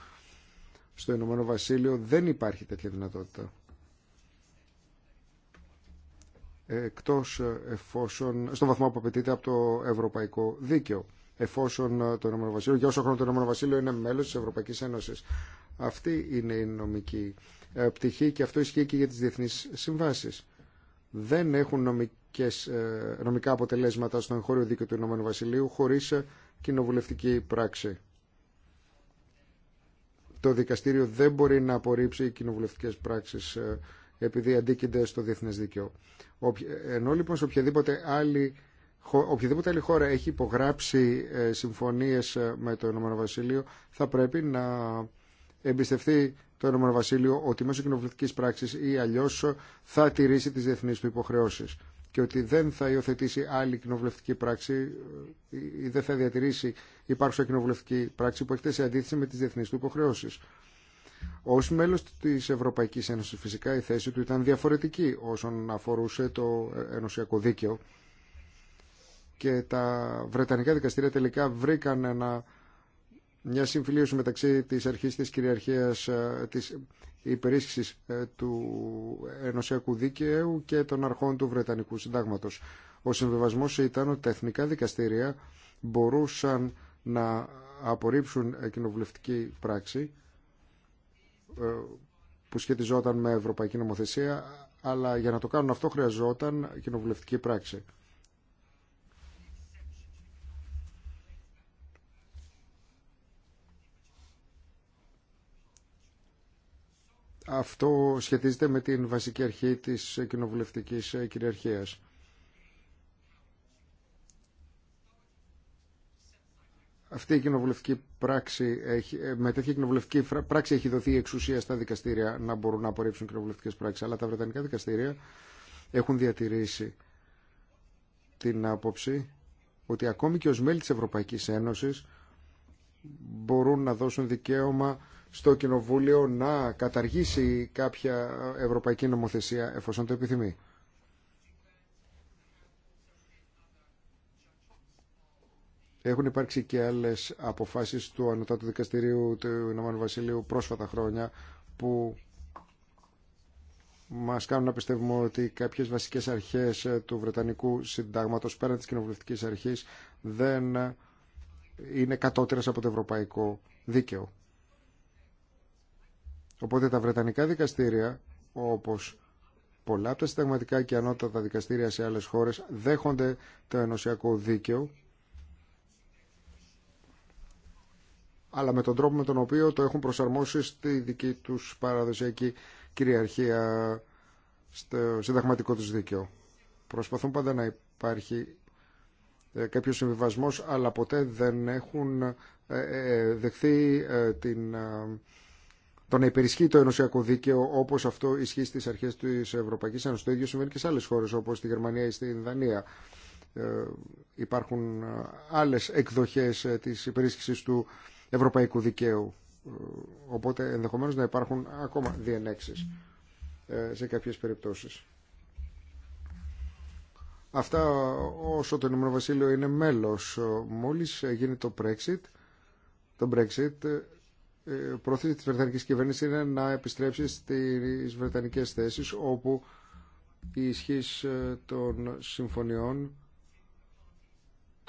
Στο Ηνωμένο Βασίλειο δεν υπάρχει τέτοια δυνατότητα. εκτός εφόσον, στον βαθμό που απαιτείται από το ευρωπαϊκό δίκαιο εφόσον το Ηνωμένο Βασίλειο, για όσο χρόνο το Ηνωμένο Βασίλειο είναι μέλος της Ευρωπαϊκής Ένωσης. Αυτή είναι η νομική ε, πτυχή και αυτό ισχύει και για τις διεθνείς συμβάσεις. Δεν έχουν νομικές, ε, νομικά αποτελέσματα στο εγχώριο δίκαιο του Ηνωμένου Βασιλείου χωρίς ε, κοινοβουλευτική πράξη. Το δικαστήριο δεν μπορεί να απορρίψει οι κοινοβουλευτικές πράξεις επειδή αντίκεινται στο διεθνές δίκαιο. Ενώ λοιπόν σε οποιαδήποτε άλλη, οποιαδήποτε χώρα έχει υπογράψει ε, συμφωνίες ε, με το ΕΒ, θα πρέπει να εμπιστευτεί το ΕΒ Βασίλειο ότι μέσω κοινοβουλευτική πράξη ή αλλιώ θα τηρήσει τι διεθνεί του υποχρεώσει και ότι δεν θα υιοθετήσει άλλη κοινοβουλευτική πράξη ε, ή δεν θα διατηρήσει υπάρχουσα κοινοβουλευτική πράξη που έχετε σε αντίθεση με τι διεθνεί του υποχρεώσει. Ω μέλο τη Ευρωπαϊκή Ένωση, φυσικά η θέση του ήταν διαφορετική όσον αφορούσε το ενωσιακό δίκαιο και τα Βρετανικά δικαστήρια τελικά βρήκαν ένα, μια συμφιλίωση μεταξύ της αρχή της κυριαρχίας ε, της υπερίσχυσης ε, του ενωσιακού δίκαιου και των αρχών του Βρετανικού Συντάγματος. Ο συμβιβασμό ήταν ότι τα εθνικά δικαστήρια μπορούσαν να απορρίψουν κοινοβουλευτική πράξη ε, που σχετιζόταν με ευρωπαϊκή νομοθεσία, αλλά για να το κάνουν αυτό χρειαζόταν κοινοβουλευτική πράξη. Αυτό σχετίζεται με την βασική αρχή της κοινοβουλευτικής κυριαρχίας. Αυτή η κοινοβουλευτική πράξη έχει, ε, με τέτοια κοινοβουλευτική πράξη έχει δοθεί η εξουσία στα δικαστήρια να μπορούν να απορρίψουν κοινοβουλευτικές πράξεις. Αλλά τα βρετανικά δικαστήρια έχουν διατηρήσει την άποψη ότι ακόμη και ως μέλη της Ευρωπαϊκής Ένωσης μπορούν να δώσουν δικαίωμα στο Κοινοβούλιο να καταργήσει κάποια ευρωπαϊκή νομοθεσία εφόσον το επιθυμεί. Έχουν υπάρξει και άλλες αποφάσεις του Ανωτάτου Δικαστηρίου του Ηνωμένου Βασιλείου πρόσφατα χρόνια που μας κάνουν να πιστεύουμε ότι κάποιες βασικές αρχές του Βρετανικού συντάγματο πέραν τη κοινοβουλευτική αρχής δεν είναι κατώτερες από το ευρωπαϊκό δίκαιο. Οπότε τα Βρετανικά δικαστήρια, όπως πολλά από τα συνταγματικά και ανώτατα δικαστήρια σε άλλες χώρες, δέχονται το ενωσιακό δίκαιο αλλά με τον τρόπο με τον οποίο το έχουν προσαρμόσει στη δική τους παραδοσιακή κυριαρχία στο συνταγματικό τους δίκαιο. Προσπαθούν πάντα να υπάρχει ε, κάποιος συμβιβασμός, αλλά ποτέ δεν έχουν ε, ε, δεχθεί την, το να υπερισχύει το ενωσιακό δίκαιο όπω αυτό ισχύει στι αρχέ τη Ευρωπαϊκή Ένωση. Το ίδιο συμβαίνει και σε άλλε χώρε όπω στη Γερμανία ή στην Δανία. υπάρχουν άλλε εκδοχέ τη υπερίσχυση του ευρωπαϊκού δικαίου. Ε, οπότε ενδεχομένως να υπάρχουν ακόμα διενέξεις ε, σε κάποιες περιπτώσεις. Αυτά όσο το Ηνωμένο Βασίλειο είναι μέλος. Ε, μόλις γίνει το Brexit, το Brexit πρόθεση της Βρετανικής κυβέρνησης είναι να επιστρέψει στις Βρετανικές θέσεις όπου η ισχύς των συμφωνιών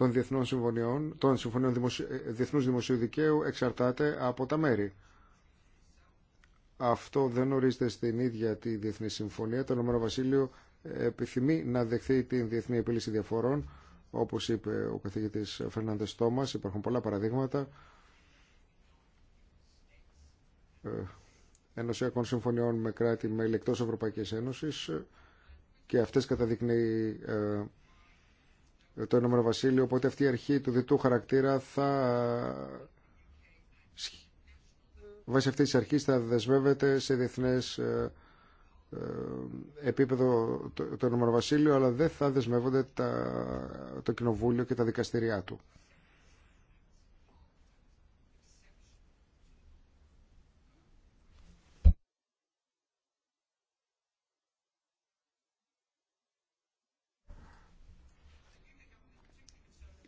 των διεθνών συμφωνιών, των συμφωνιών δημοσιο, ε, διεθνούς δημοσίου δικαίου εξαρτάται από τα μέρη. Αυτό δεν ορίζεται στην ίδια τη Διεθνή Συμφωνία. Το Ηνωμένο Βασίλειο ε, επιθυμεί να δεχθεί την διεθνή επίλυση διαφορών, όπως είπε ο καθηγητής Φερνάνδες Τόμας. Υπάρχουν πολλά παραδείγματα ε, ενωσιακών συμφωνιών με κράτη με εκτός Ευρωπαϊκής Ένωσης και αυτές καταδεικνύει το Ηνωμένο Βασίλειο, οπότε αυτή η αρχή του διτού χαρακτήρα θα βάσει αυτή τη αρχή θα δεσμεύεται σε διεθνέ ε, ε, επίπεδο το Ηνωμένο Βασίλειο, αλλά δεν θα δεσμεύονται τα, το Κοινοβούλιο και τα δικαστηριά του.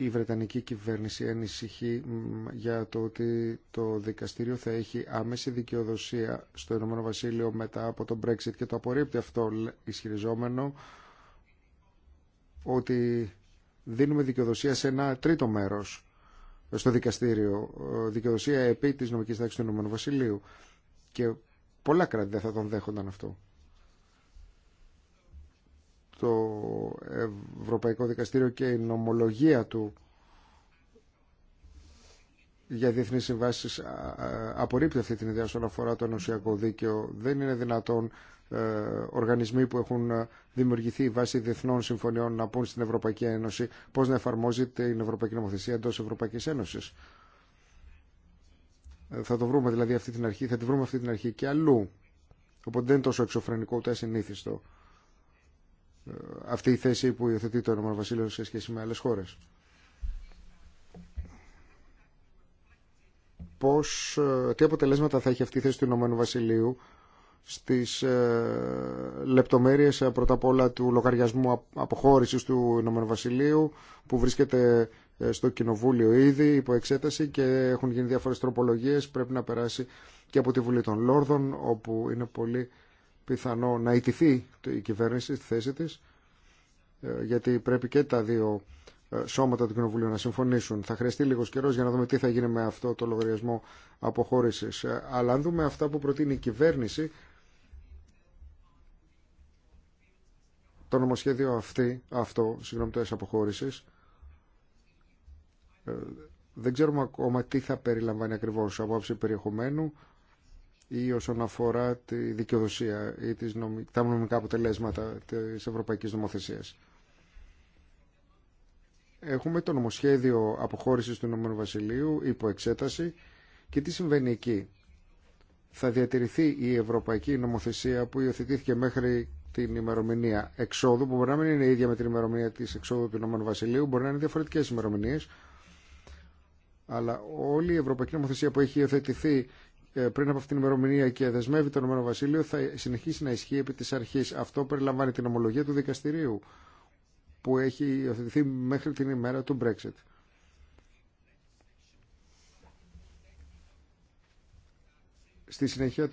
η Βρετανική κυβέρνηση ανησυχεί για το ότι το δικαστήριο θα έχει άμεση δικαιοδοσία στο Ηνωμένο Βασίλειο μετά από τον Brexit και το απορρίπτει αυτό ισχυριζόμενο ότι δίνουμε δικαιοδοσία σε ένα τρίτο μέρος στο δικαστήριο, δικαιοδοσία επί της νομικής τάξης του Ηνωμένου Βασιλείου και πολλά κράτη δεν θα τον δέχονταν αυτό το Ευρωπαϊκό Δικαστήριο και η νομολογία του για διεθνεί συμβάσει απορρίπτει αυτή την ιδέα όσον αφορά το ενωσιακό δίκαιο. Δεν είναι δυνατόν ε, οργανισμοί που έχουν ε, δημιουργηθεί βάσει διεθνών συμφωνιών να πούν στην Ευρωπαϊκή Ένωση πώ να εφαρμόζεται η Ευρωπαϊκή Νομοθεσία εντό Ευρωπαϊκή Ένωση. Ε, θα το βρούμε δηλαδή αυτή την αρχή, θα τη βρούμε αυτή την αρχή και αλλού. Οπότε δεν είναι τόσο εξωφρενικό ούτε ασυνήθιστο αυτή η θέση που υιοθετεί το όνομα Βασίλειο σε σχέση με άλλες χώρες. Πώς, ε, τι αποτελέσματα θα έχει αυτή η θέση του Ηνωμένου Βασιλείου στις ε, λεπτομέρειες ε, πρώτα απ' όλα του λογαριασμού αποχώρησης του Ηνωμένου Βασιλείου που βρίσκεται στο Κοινοβούλιο ήδη υπό εξέταση και έχουν γίνει διάφορες τροπολογίες πρέπει να περάσει και από τη Βουλή των Λόρδων όπου είναι πολύ πιθανό να ιτηθεί η κυβέρνηση στη θέση της ε, γιατί πρέπει και τα δύο ε, σώματα του Κοινοβουλίου να συμφωνήσουν. Θα χρειαστεί λίγος καιρός για να δούμε τι θα γίνει με αυτό το λογαριασμό αποχώρηση. Ε, αλλά αν δούμε αυτά που προτείνει η κυβέρνηση, το νομοσχέδιο αυτή, αυτό, συγγνώμη, το αποχώρηση, δεν ξέρουμε ακόμα τι θα περιλαμβάνει ακριβώς από άψη περιεχομένου ή όσον αφορά τη δικαιοδοσία ή τις τα νομικά αποτελέσματα της Ευρωπαϊκής Νομοθεσίας. Έχουμε το νομοσχέδιο αποχώρησης του Ηνωμένου Βασιλείου υπό εξέταση και τι συμβαίνει εκεί. Θα διατηρηθεί η Ευρωπαϊκή Νομοθεσία που υιοθετήθηκε μέχρι την ημερομηνία εξόδου, που μπορεί να μην είναι ίδια με την ημερομηνία της εξόδου του Ηνωμένου Βασιλείου, μπορεί να είναι διαφορετικές ημερομηνίες, αλλά όλη η Ευρωπαϊκή Νομοθεσία που έχει υιοθετηθεί ε, πριν από αυτήν την ημερομηνία και δεσμεύει το Ηνωμένο θα συνεχίσει να ισχύει επί της αρχής. Αυτό περιλαμβάνει την ομολογία του δικαστηρίου που έχει υιοθετηθεί μέχρι την ημέρα του Brexit. Στη συνεχεία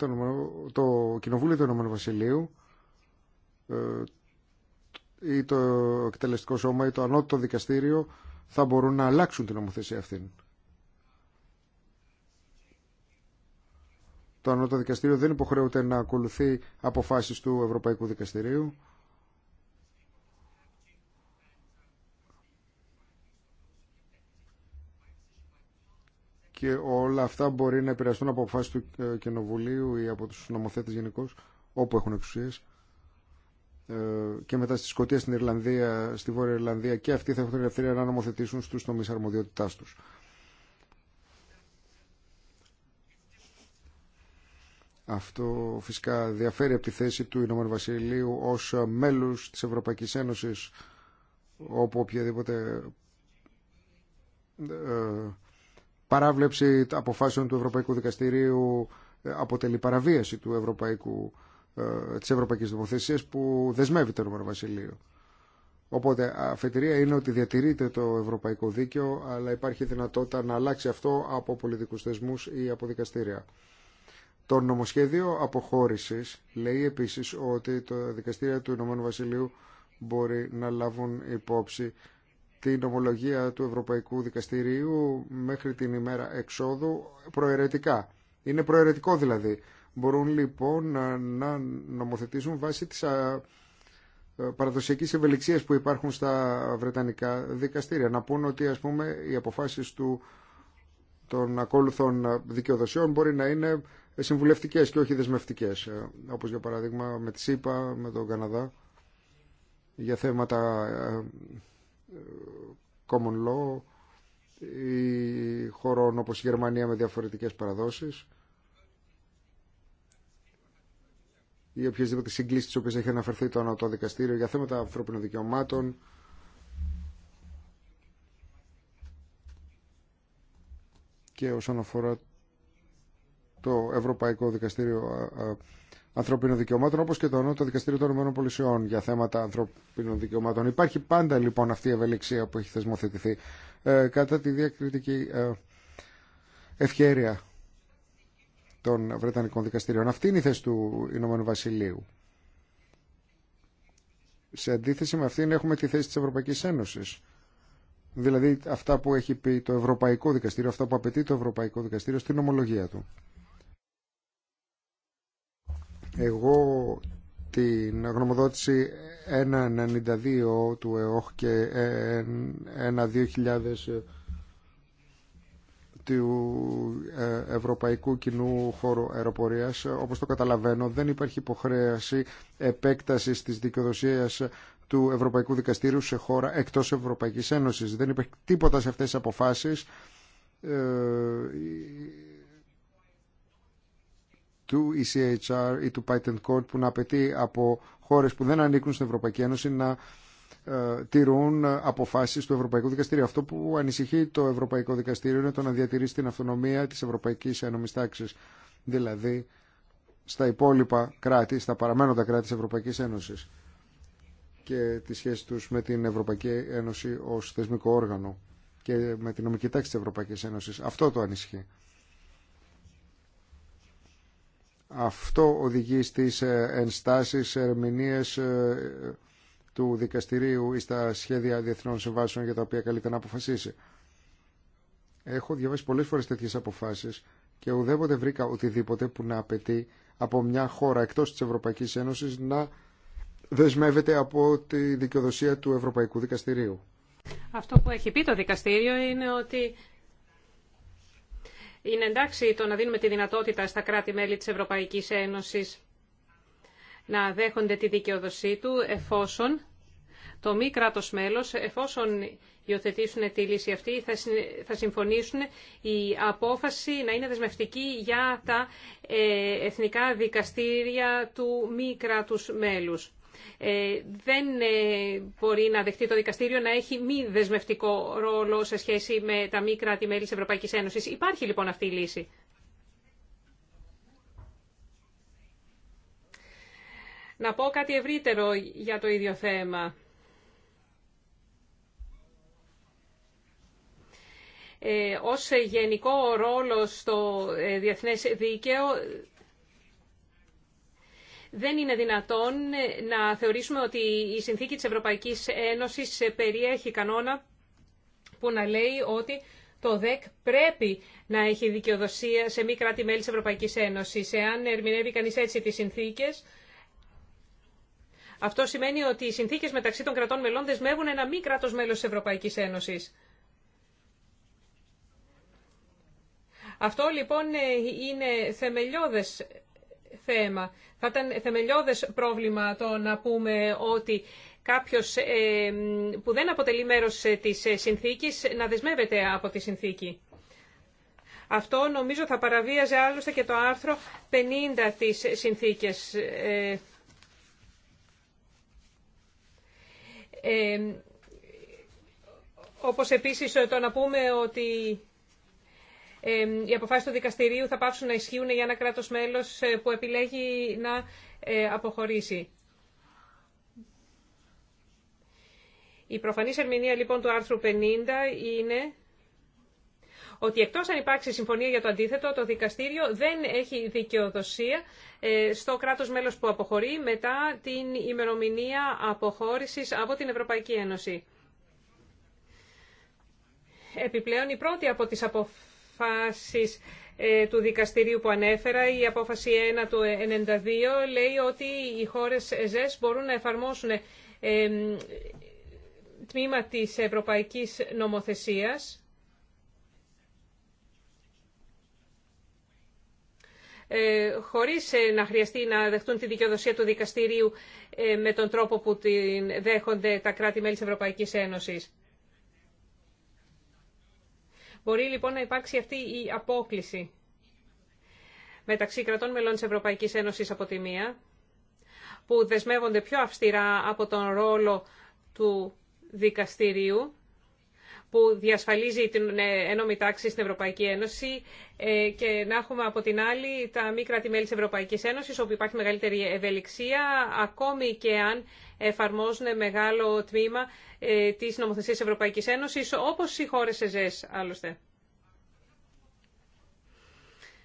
το, Κοινοβούλιο του Ηνωμένου Βασιλείου ε, ή το εκτελεστικό σώμα ή το ανώτο δικαστήριο θα μπορούν να αλλάξουν την νομοθεσία αυτήν. το Ανώτατο Δικαστήριο δεν υποχρεούται να ακολουθεί αποφάσεις του Ευρωπαϊκού Δικαστηρίου. Και όλα αυτά μπορεί να επηρεαστούν από αποφάσεις του ε, Κοινοβουλίου ή από τους νομοθέτες γενικώ, όπου έχουν εξουσίες. Ε, και μετά στη Σκωτία, στην Ιρλανδία, στη Βόρεια Ιρλανδία και αυτοί θα έχουν την ελευθερία να νομοθετήσουν στους τομείς αρμοδιότητάς τους. Αυτό φυσικά διαφέρει από τη θέση του Ηνωμένου Βασιλείου ως μέλους της Ευρωπαϊκής Ένωσης όπου οποιαδήποτε ε, παράβλεψη αποφάσεων του Ευρωπαϊκού Δικαστηρίου ε, αποτελεί παραβίαση του Ευρωπαϊκού, ε, της Ευρωπαϊκής Δημοθεσίας που δεσμεύει το Ηνωμένο Βασιλείο. Οπότε αφετηρία είναι ότι διατηρείται το ευρωπαϊκό δίκαιο αλλά υπάρχει δυνατότητα να αλλάξει αυτό από πολιτικούς θεσμούς ή από δικαστήρια. Το νομοσχέδιο αποχώρησης λέει επίσης ότι το δικαστήριο του Ηνωμένου Βασιλείου μπορεί να λάβουν υπόψη την ομολογία του Ευρωπαϊκού Δικαστηρίου μέχρι την ημέρα εξόδου προαιρετικά. Είναι προαιρετικό δηλαδή. Μπορούν λοιπόν να νομοθετήσουν βάσει της ε, παραδοσιακής ευελιξίας που υπάρχουν στα Βρετανικά δικαστήρια. Να πούν ότι ας πούμε οι αποφάσεις του των ακόλουθων δικαιοδοσιών μπορεί να είναι ε, συμβουλευτικές και όχι δεσμευτικές, ε, όπως για παράδειγμα με τη ΣΥΠΑ, με τον Καναδά, για θέματα ε, common law ή χωρών όπως η Γερμανία με διαφορετικές παραδόσεις ή οποιασδήποτε συγκλήσεις τις οποίες έχει αναφερθεί το ανατολικό Δικαστήριο για θέματα ανθρώπινων δικαιωμάτων και όσον αφορά το Ευρωπαϊκό Δικαστήριο Ανθρωπίνων Δικαιωμάτων όπως και το Δικαστήριο των Ηνωμένων Πολισιών για θέματα ανθρωπίνων δικαιωμάτων. Υπάρχει πάντα λοιπόν αυτή η ευελιξία που έχει θεσμοθετηθεί ε, κατά τη διακριτική ε, ευχέρεια των Βρετανικών δικαστηριών. Αυτή είναι η θέση του Ηνωμένου Βασιλείου. Σε αντίθεση με αυτήν έχουμε τη θέση της Ευρωπαϊκής Ένωσης. Δηλαδή αυτά που έχει πει το Ευρωπαϊκό Δικαστήριο, αυτά που απαιτεί το Ευρωπαϊκό Δικαστήριο στην ομολογία του. Εγώ την γνωμοδότηση 1.92 του ΕΟΧ και 1.2000 του ε, Ευρωπαϊκού Κοινού Χώρου Αεροπορίας. Όπως το καταλαβαίνω, δεν υπάρχει υποχρέαση επέκτασης της δικαιοδοσίας του Ευρωπαϊκού Δικαστήριου σε χώρα εκτός Ευρωπαϊκής Ένωσης. Δεν υπάρχει τίποτα σε αυτές τις αποφάσεις ε, του ECHR ή του Patent Court που να απαιτεί από χώρες που δεν ανήκουν στην Ευρωπαϊκή Ένωση να ε, τηρούν αποφάσεις του Ευρωπαϊκού Δικαστηρίου. Αυτό που ανησυχεί το Ευρωπαϊκό Δικαστήριο είναι το να διατηρήσει την αυτονομία της Ευρωπαϊκής Ένωμης Τάξης. Δηλαδή, στα υπόλοιπα κράτη, στα παραμένοντα κράτη της Ευρωπαϊκής Ένωσης και τη σχέση τους με την Ευρωπαϊκή Ένωση ως θεσμικό όργανο και με την νομική τάξη της Ευρωπαϊκής Ένωσης. Αυτό το ανησυχεί. Αυτό οδηγεί στις ε, ενστάσεις, ερμηνείες ε, του δικαστηρίου ή στα σχέδια διεθνών συμβάσεων για τα οποία καλείται να αποφασίσει. Έχω διαβάσει πολλές φορές τέτοιες αποφάσεις και ουδέποτε βρήκα οτιδήποτε που να απαιτεί από μια χώρα εκτός της Ευρωπαϊκής Ένωσης να δεσμεύεται από τη δικαιοδοσία του Ευρωπαϊκού Δικαστηρίου. Αυτό που έχει πει το δικαστήριο είναι ότι είναι εντάξει το να δίνουμε τη δυνατότητα στα κράτη-μέλη της Ευρωπαϊκής Ένωσης να δέχονται τη δικαιοδοσή του εφόσον το μη κράτος μέλος, εφόσον υιοθετήσουν τη λύση αυτή, θα συμφωνήσουν η απόφαση να είναι δεσμευτική για τα ε, εθνικά δικαστήρια του μη κράτους μέλους. Ε, δεν ε, μπορεί να δεχτεί το δικαστήριο να έχει μη δεσμευτικό ρόλο σε σχέση με τα μη κράτη-μέλη της Ευρωπαϊκής Ένωσης. Υπάρχει λοιπόν αυτή η λύση. Να πω κάτι ευρύτερο για το ίδιο θέμα. Ε, ως γενικό ρόλο στο ε, διεθνές δίκαιο δεν είναι δυνατόν ε, να θεωρήσουμε ότι η συνθήκη της Ευρωπαϊκής Ένωσης ε, περιέχει κανόνα που να λέει ότι το ΔΕΚ πρέπει να έχει δικαιοδοσία σε μη κράτη-μέλη της Ευρωπαϊκής Ένωσης. Εάν ερμηνεύει κανείς έτσι τις συνθήκες, αυτό σημαίνει ότι οι συνθήκες μεταξύ των κρατών μελών δεσμεύουν ένα μη κράτος μέλος της Ευρωπαϊκής Ένωσης. Αυτό λοιπόν ε, είναι θεμελιώδες θέμα. Θα ήταν θεμελιώδες πρόβλημα το να πούμε ότι κάποιος ε, που δεν αποτελεί μέρος ε, της ε, συνθήκης να δεσμεύεται από τη συνθήκη. Αυτό νομίζω θα παραβίαζε άλλωστε και το άρθρο 50 της συνθήκες. Ε, όπως επίσης το να πούμε ότι οι αποφάσεις του δικαστηρίου θα πάψουν να ισχύουν για ένα κράτο μέλος ε, που επιλέγει να ε, αποχωρήσει. Η προφανής ερμηνεία λοιπόν του άρθρου 50 είναι ότι εκτός αν υπάρξει συμφωνία για το αντίθετο, το δικαστήριο δεν έχει δικαιοδοσία ε, στο κράτος μέλος που αποχωρεί μετά την ημερομηνία αποχώρησης από την Ευρωπαϊκή Ένωση. Επιπλέον, η πρώτη από τις αποφάσεις αποφάσεις ε, του δικαστηρίου που ανέφερα, η απόφαση 1 του 92 λέει ότι οι χώρες ΕΖΕΣ μπορούν να εφαρμόσουν ε, τμήμα της ευρωπαϊκής νομοθεσίας ε, χωρίς να χρειαστεί να δεχτούν τη δικαιοδοσία του δικαστηρίου με τον τρόπο που την δέχονται τα κράτη-μέλη της Ευρωπαϊκής Ένωσης. Μπορεί λοιπόν να υπάρξει αυτή η απόκληση μεταξύ κρατών μελών της Ευρωπαϊκής Ένωσης από τη μία, που δεσμεύονται πιο αυστηρά από τον ρόλο του δικαστηρίου, που διασφαλίζει την ε, ένωμη τάξη στην Ευρωπαϊκή Ένωση ε, και να έχουμε από την άλλη τα μη κράτη-μέλη της Ευρωπαϊκής Ένωσης όπου υπάρχει μεγαλύτερη ευελιξία ακόμη και αν εφαρμόζουν μεγάλο τμήμα ε, της νομοθεσίας της Ευρωπαϊκής Ένωσης όπως οι χώρες ΕΖΕΣ άλλωστε.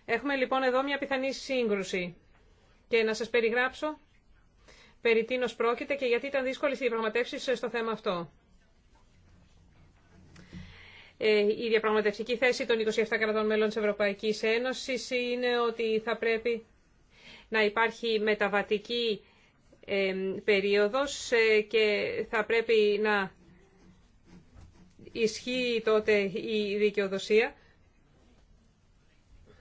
Έχουμε λοιπόν εδώ μια πιθανή σύγκρουση και να σας περιγράψω περί τίνος πρόκειται και γιατί ήταν δύσκολες οι διαπραγματεύσεις στο θέμα αυτό. Ε, η διαπραγματευτική θέση των 27 κρατών μέλων της Ευρωπαϊκής Ένωσης είναι ότι θα πρέπει να υπάρχει μεταβατική ε, περίοδος ε, και θα πρέπει να ισχύει τότε η δικαιοδοσία.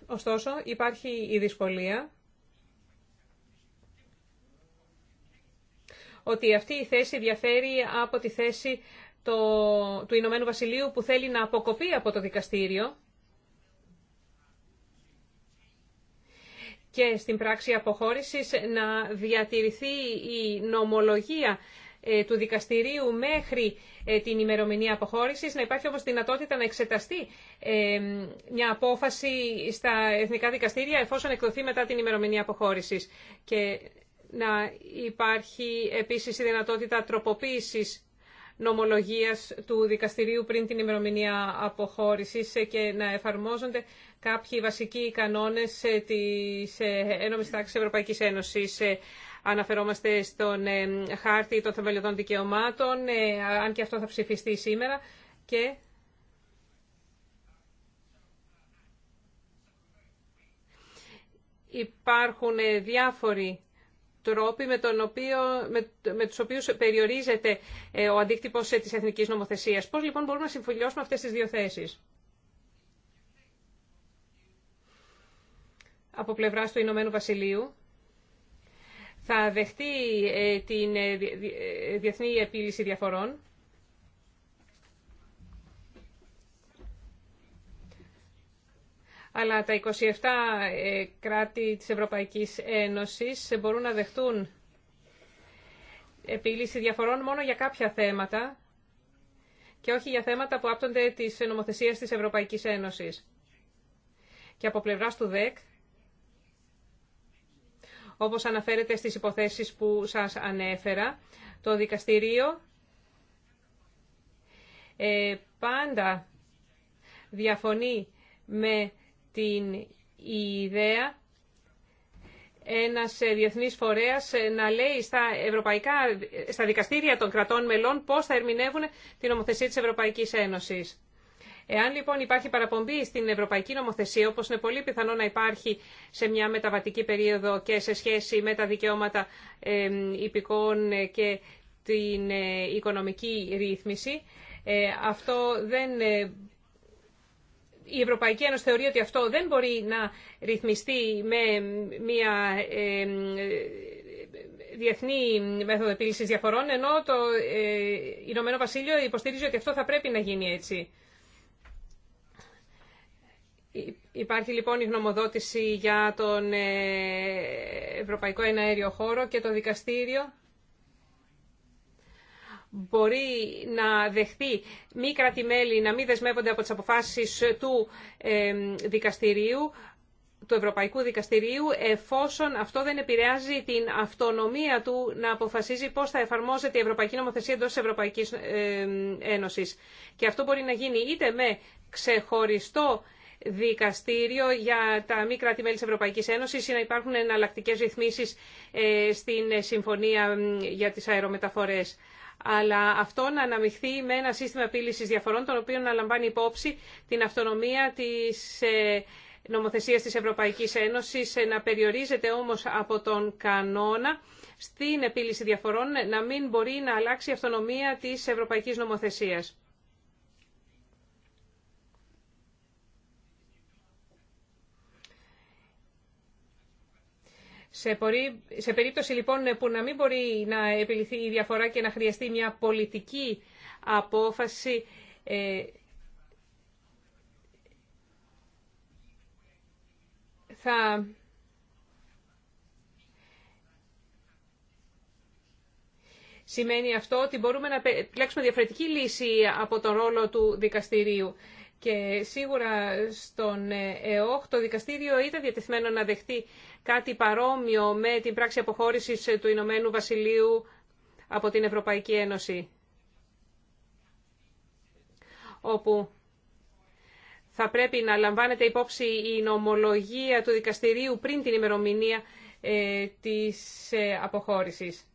Ωστόσο, υπάρχει η δυσκολία ότι αυτή η θέση διαφέρει από τη θέση το, του Ηνωμένου Βασιλείου που θέλει να αποκοπεί από το δικαστήριο και στην πράξη αποχώρησης να διατηρηθεί η νομολογία ε, του δικαστηρίου μέχρι ε, την ημερομηνία αποχώρησης, να υπάρχει όμως δυνατότητα να εξεταστεί ε, μια απόφαση στα εθνικά δικαστήρια εφόσον εκδοθεί μετά την ημερομηνία αποχώρησης. Και να υπάρχει επίσης η δυνατότητα τροποποίησης νομολογίας του δικαστηρίου πριν την ημερομηνία αποχώρησης και να εφαρμόζονται κάποιοι βασικοί κανόνες της ε, Ένωμης Τάξης Ευρωπαϊκής Ένωσης. Ε, αναφερόμαστε στον ε, χάρτη των θεμελιωδών δικαιωμάτων, αν και αυτό θα ψηφιστεί σήμερα. Και υπάρχουν διάφοροι τρόποι με, τον οποίο, με, με τους οποίους περιορίζεται ε, ο αντίκτυπος ε, της εθνικής νομοθεσίας. Πώς λοιπόν μπορούμε να συμφιλιώσουμε αυτές τις δύο θέσεις. Από πλευράς του Ηνωμένου Βασιλείου θα δεχτεί ε, την διεθνή επίλυση διαφορών αλλά τα 27 ε, κράτη της Ευρωπαϊκής Ένωσης μπορούν να δεχτούν επίλυση διαφορών μόνο για κάποια θέματα και όχι για θέματα που άπτονται της νομοθεσίας της Ευρωπαϊκής Ένωσης. Και από πλευράς του ΔΕΚ, όπως αναφέρεται στις υποθέσεις που σας ανέφερα, το δικαστηρίο ε, πάντα διαφωνεί με την ιδέα ένας διεθνής φορέας να λέει στα, ευρωπαϊκά, στα δικαστήρια των κρατών μελών πώς θα ερμηνεύουν την νομοθεσία της Ευρωπαϊκής Ένωσης. Εάν λοιπόν υπάρχει παραπομπή στην ευρωπαϊκή νομοθεσία, όπως είναι πολύ πιθανό να υπάρχει σε μια μεταβατική περίοδο και σε σχέση με τα δικαιώματα υπηκών και την ε, οικονομική ρύθμιση, ε, αυτό δεν ε, η Ευρωπαϊκή Ένωση θεωρεί ότι αυτό δεν μπορεί να ρυθμιστεί με μια ε, διεθνή μέθοδο επίλυσης διαφορών, ενώ το ε, Ηνωμένο Βασίλειο υποστηρίζει ότι αυτό θα πρέπει να γίνει έτσι. Υπάρχει λοιπόν η γνωμοδότηση για τον ε, Ευρωπαϊκό Εναέριο Χώρο και το δικαστήριο μπορεί να δεχθεί μη κράτη-μέλη να μην δεσμεύονται από τις αποφάσεις του δικαστηρίου, του Ευρωπαϊκού Δικαστηρίου, εφόσον αυτό δεν επηρεάζει την αυτονομία του να αποφασίζει πώς θα εφαρμόζεται η Ευρωπαϊκή Νομοθεσία εντός της Ευρωπαϊκής Ένωσης. Και αυτό μπορεί να γίνει είτε με ξεχωριστό δικαστήριο για τα μη κράτη-μέλη της Ευρωπαϊκής Ένωσης ή να υπάρχουν εναλλακτικές ρυθμίσεις ε, στην Συμφωνία για τις Αερομεταφορές αλλά αυτό να αναμειχθεί με ένα σύστημα επίλυσης διαφορών, τον οποίο να λαμβάνει υπόψη την αυτονομία της ε, νομοθεσίας της Ευρωπαϊκής Ένωσης, ε, να περιορίζεται όμως από τον κανόνα στην επίλυση διαφορών, ε, να μην μπορεί να αλλάξει η αυτονομία της Ευρωπαϊκής Νομοθεσίας. Σε περίπτωση λοιπόν που να μην μπορεί να επιληθεί η διαφορά και να χρειαστεί μια πολιτική απόφαση ε, θα σημαίνει αυτό ότι μπορούμε να πλέξουμε διαφορετική λύση από τον ρόλο του δικαστηρίου. Και σίγουρα στον ε, ΕΟΧ το δικαστήριο ήταν διατεθειμένο να δεχτεί κάτι παρόμοιο με την πράξη αποχώρησης ε, του Ηνωμένου Βασιλείου από την Ευρωπαϊκή Ένωση. Όπου θα πρέπει να λαμβάνεται υπόψη η νομολογία του δικαστηρίου πριν την ημερομηνία ε, της αποχώρησης.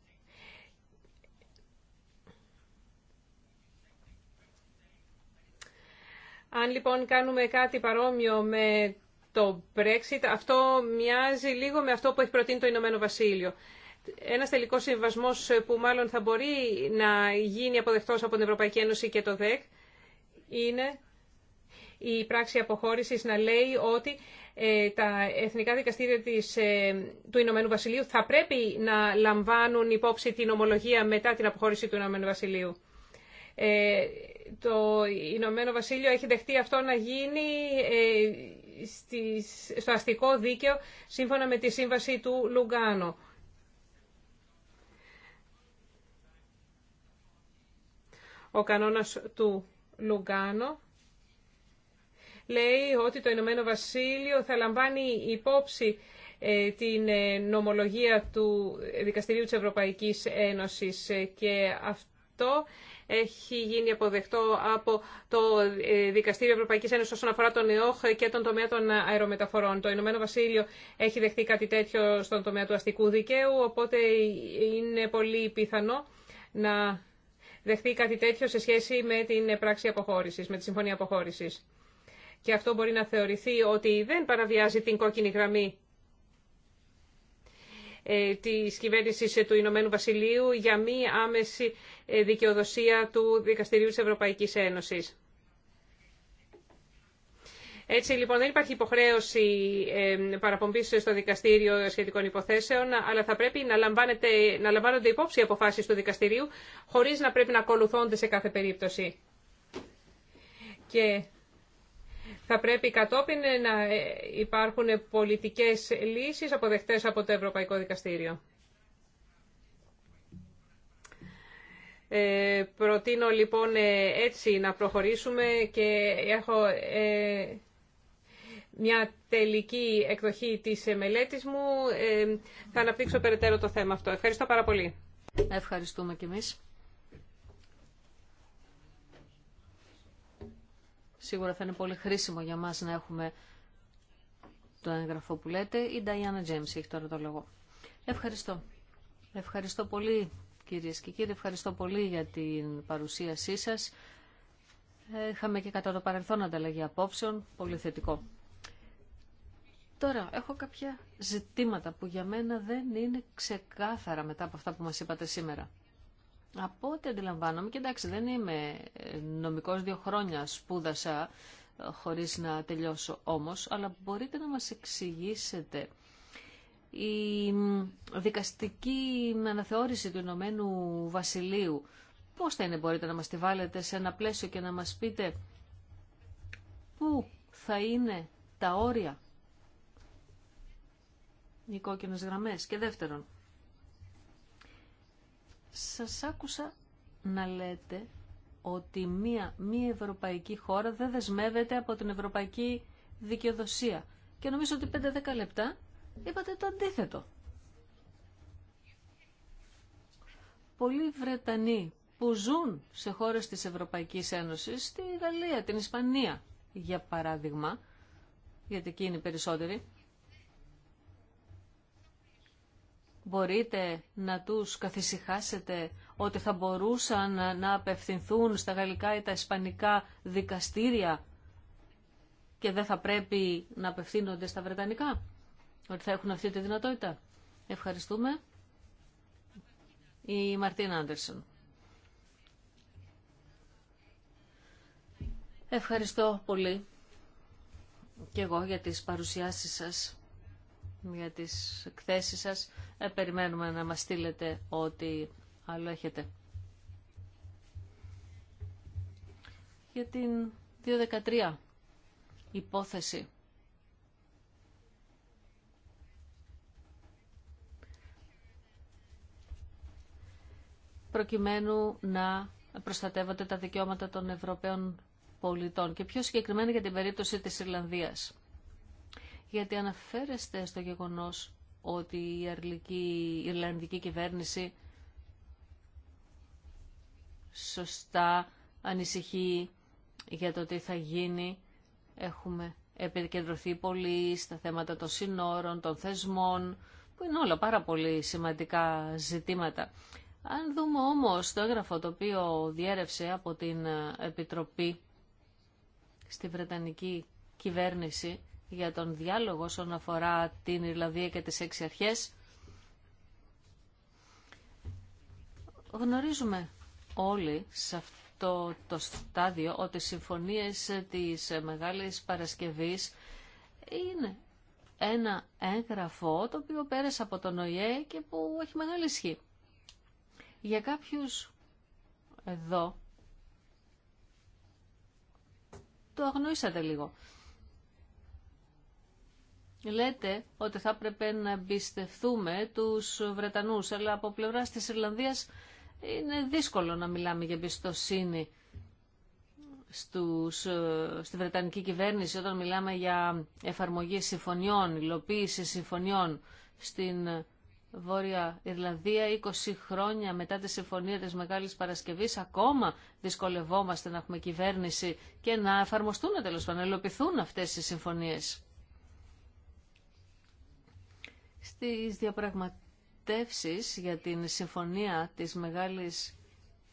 Αν λοιπόν κάνουμε κάτι παρόμοιο με το Brexit, αυτό μοιάζει λίγο με αυτό που έχει προτείνει το Ηνωμένο Βασίλειο. Ένα τελικό συμβασμό που μάλλον θα μπορεί να γίνει αποδεκτό από την Ευρωπαϊκή Ένωση και το ΔΕΚ είναι η πράξη αποχώρησης να λέει ότι ε, τα εθνικά δικαστήρια της, ε, του Ηνωμένου Βασιλείου θα πρέπει να λαμβάνουν υπόψη την ομολογία μετά την αποχώρηση του Ηνωμένου Βασιλείου. Ε, το Ηνωμένο Βασίλειο έχει δεχτεί αυτό να γίνει ε, στο αστικό δίκαιο σύμφωνα με τη σύμβαση του Λουγκάνο. Ο κανόνας του Λουγκάνο λέει ότι το Ηνωμένο Βασίλειο θα λαμβάνει υπόψη ε, την ε, νομολογία του Δικαστηρίου της Ευρωπαϊκής Ένωσης και αυτό έχει γίνει αποδεκτό από το ε, Δικαστήριο Ευρωπαϊκής Ένωσης όσον αφορά τον ΕΟΧ και τον τομέα των αερομεταφορών. Το Ηνωμένο Βασίλειο έχει δεχτεί κάτι τέτοιο στον τομέα του αστικού δικαίου, οπότε είναι πολύ πιθανό να δεχτεί κάτι τέτοιο σε σχέση με την πράξη αποχώρησης, με τη συμφωνία αποχώρησης. Και αυτό μπορεί να θεωρηθεί ότι δεν παραβιάζει την κόκκινη γραμμή ε, της κυβέρνησης του Ηνωμένου Βασιλείου για μη άμεση ε, δικαιοδοσία του Δικαστηρίου της Ευρωπαϊκής Ένωσης. Έτσι λοιπόν δεν υπάρχει υποχρέωση ε, παραπομπής στο δικαστήριο σχετικών υποθέσεων, αλλά θα πρέπει να, να λαμβάνονται υπόψη οι αποφάσεις του δικαστηρίου, χωρίς να πρέπει να ακολουθώνται σε κάθε περίπτωση. Και θα πρέπει κατόπιν να ε, υπάρχουν πολιτικές λύσεις αποδεκτές από το Ευρωπαϊκό Δικαστήριο. Ε, προτείνω λοιπόν ε, έτσι να προχωρήσουμε και έχω ε, μια τελική εκδοχή της μελέτης μου. Ε, θα αναπτύξω περαιτέρω το θέμα αυτό. Ευχαριστώ πάρα πολύ. Ευχαριστούμε κι εμείς. Σίγουρα θα είναι πολύ χρήσιμο για μας να έχουμε το έγγραφο που λέτε. Η Νταϊάννα James έχει τώρα το λόγο. Ευχαριστώ. Ευχαριστώ πολύ κυρίες και κύριοι. Ευχαριστώ πολύ για την παρουσίασή σας. Ε, είχαμε και κατά το παρελθόν ανταλλαγή απόψεων. Πολύ θετικό. Τώρα, έχω κάποια ζητήματα που για μένα δεν είναι ξεκάθαρα μετά από αυτά που μας είπατε σήμερα. Από ό,τι αντιλαμβάνομαι, και εντάξει δεν είμαι νομικός δύο χρόνια σπούδασα ε, χωρίς να τελειώσω όμως, αλλά μπορείτε να μας εξηγήσετε η δικαστική αναθεώρηση του Ηνωμένου Βασιλείου πώς θα είναι μπορείτε να μας τη βάλετε σε ένα πλαίσιο και να μας πείτε πού θα είναι τα όρια οι κόκκινες γραμμές και δεύτερον σας άκουσα να λέτε ότι μία μη ευρωπαϊκή χώρα δεν δεσμεύεται από την ευρωπαϊκή δικαιοδοσία. Και νομίζω ότι 5-10 λεπτά είπατε το αντίθετο. Πολλοί Βρετανοί που ζουν σε χώρες της Ευρωπαϊκής Ένωσης, στη Γαλλία, την Ισπανία, για παράδειγμα, γιατί εκεί είναι οι περισσότεροι, μπορείτε να τους καθησυχάσετε ότι θα μπορούσαν να απευθυνθούν στα γαλλικά ή τα ισπανικά δικαστήρια και δεν θα πρέπει να απευθύνονται στα βρετανικά, ότι θα έχουν αυτή τη δυνατότητα. Ευχαριστούμε. Η Μαρτίν Άντερσον. Ευχαριστώ πολύ και εγώ για τις παρουσιάσεις σας για τις εκθέσεις σας. Ε, περιμένουμε να μας στείλετε ό,τι άλλο έχετε. Για την 213 υπόθεση. προκειμένου να προστατεύονται τα δικαιώματα των Ευρωπαίων πολιτών και πιο συγκεκριμένα για την περίπτωση της Ιρλανδίας γιατί αναφέρεστε στο γεγονός ότι η, αρλική, Ιρλανδική κυβέρνηση σωστά ανησυχεί για το τι θα γίνει. Έχουμε επικεντρωθεί πολύ στα θέματα των συνόρων, των θεσμών, που είναι όλα πάρα πολύ σημαντικά ζητήματα. Αν δούμε όμως το έγγραφο το οποίο διέρευσε από την Επιτροπή στη Βρετανική κυβέρνηση, για τον διάλογο όσον αφορά την Ιρλανδία και τις έξι αρχές. Γνωρίζουμε όλοι σε αυτό το στάδιο ότι οι συμφωνίες της Μεγάλης Παρασκευής είναι ένα έγγραφο το οποίο πέρασε από τον ΟΗΕ και που έχει μεγάλη ισχύ. Για κάποιους εδώ το αγνοήσατε λίγο. Λέτε ότι θα έπρεπε να εμπιστευτούμε τους Βρετανούς, αλλά από πλευρά της Ιρλανδίας είναι δύσκολο να μιλάμε για εμπιστοσύνη στους, ε, στη Βρετανική κυβέρνηση όταν μιλάμε για εφαρμογή συμφωνιών, υλοποίηση συμφωνιών στην Βόρεια Ιρλανδία 20 χρόνια μετά τη συμφωνία της Μεγάλης Παρασκευής ακόμα δυσκολευόμαστε να έχουμε κυβέρνηση και να εφαρμοστούν τέλος πάντων, να υλοποιηθούν αυτές οι συμφωνίες. Στις διαπραγματεύσεις για την συμφωνία της Μεγάλης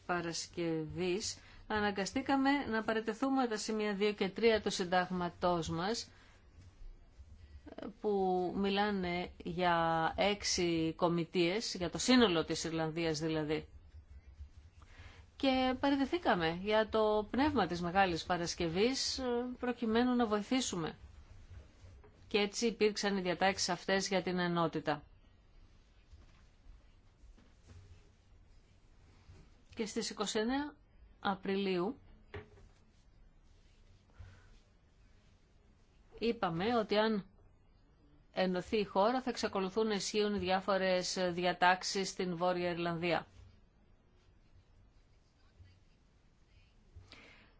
Παρασκευής αναγκαστήκαμε να παρετεθούμε τα σημεία 2 και 3 του συντάγματός μας που μιλάνε για έξι κομιτείες, για το σύνολο της Ιρλανδίας δηλαδή. Και παραιτηθήκαμε για το πνεύμα της Μεγάλης Παρασκευής προκειμένου να βοηθήσουμε και έτσι υπήρξαν οι διατάξεις αυτές για την ενότητα. Και στις 29 Απριλίου είπαμε ότι αν ενωθεί η χώρα θα εξακολουθούν να ισχύουν οι διάφορες διατάξεις στην Βόρεια Ιρλανδία.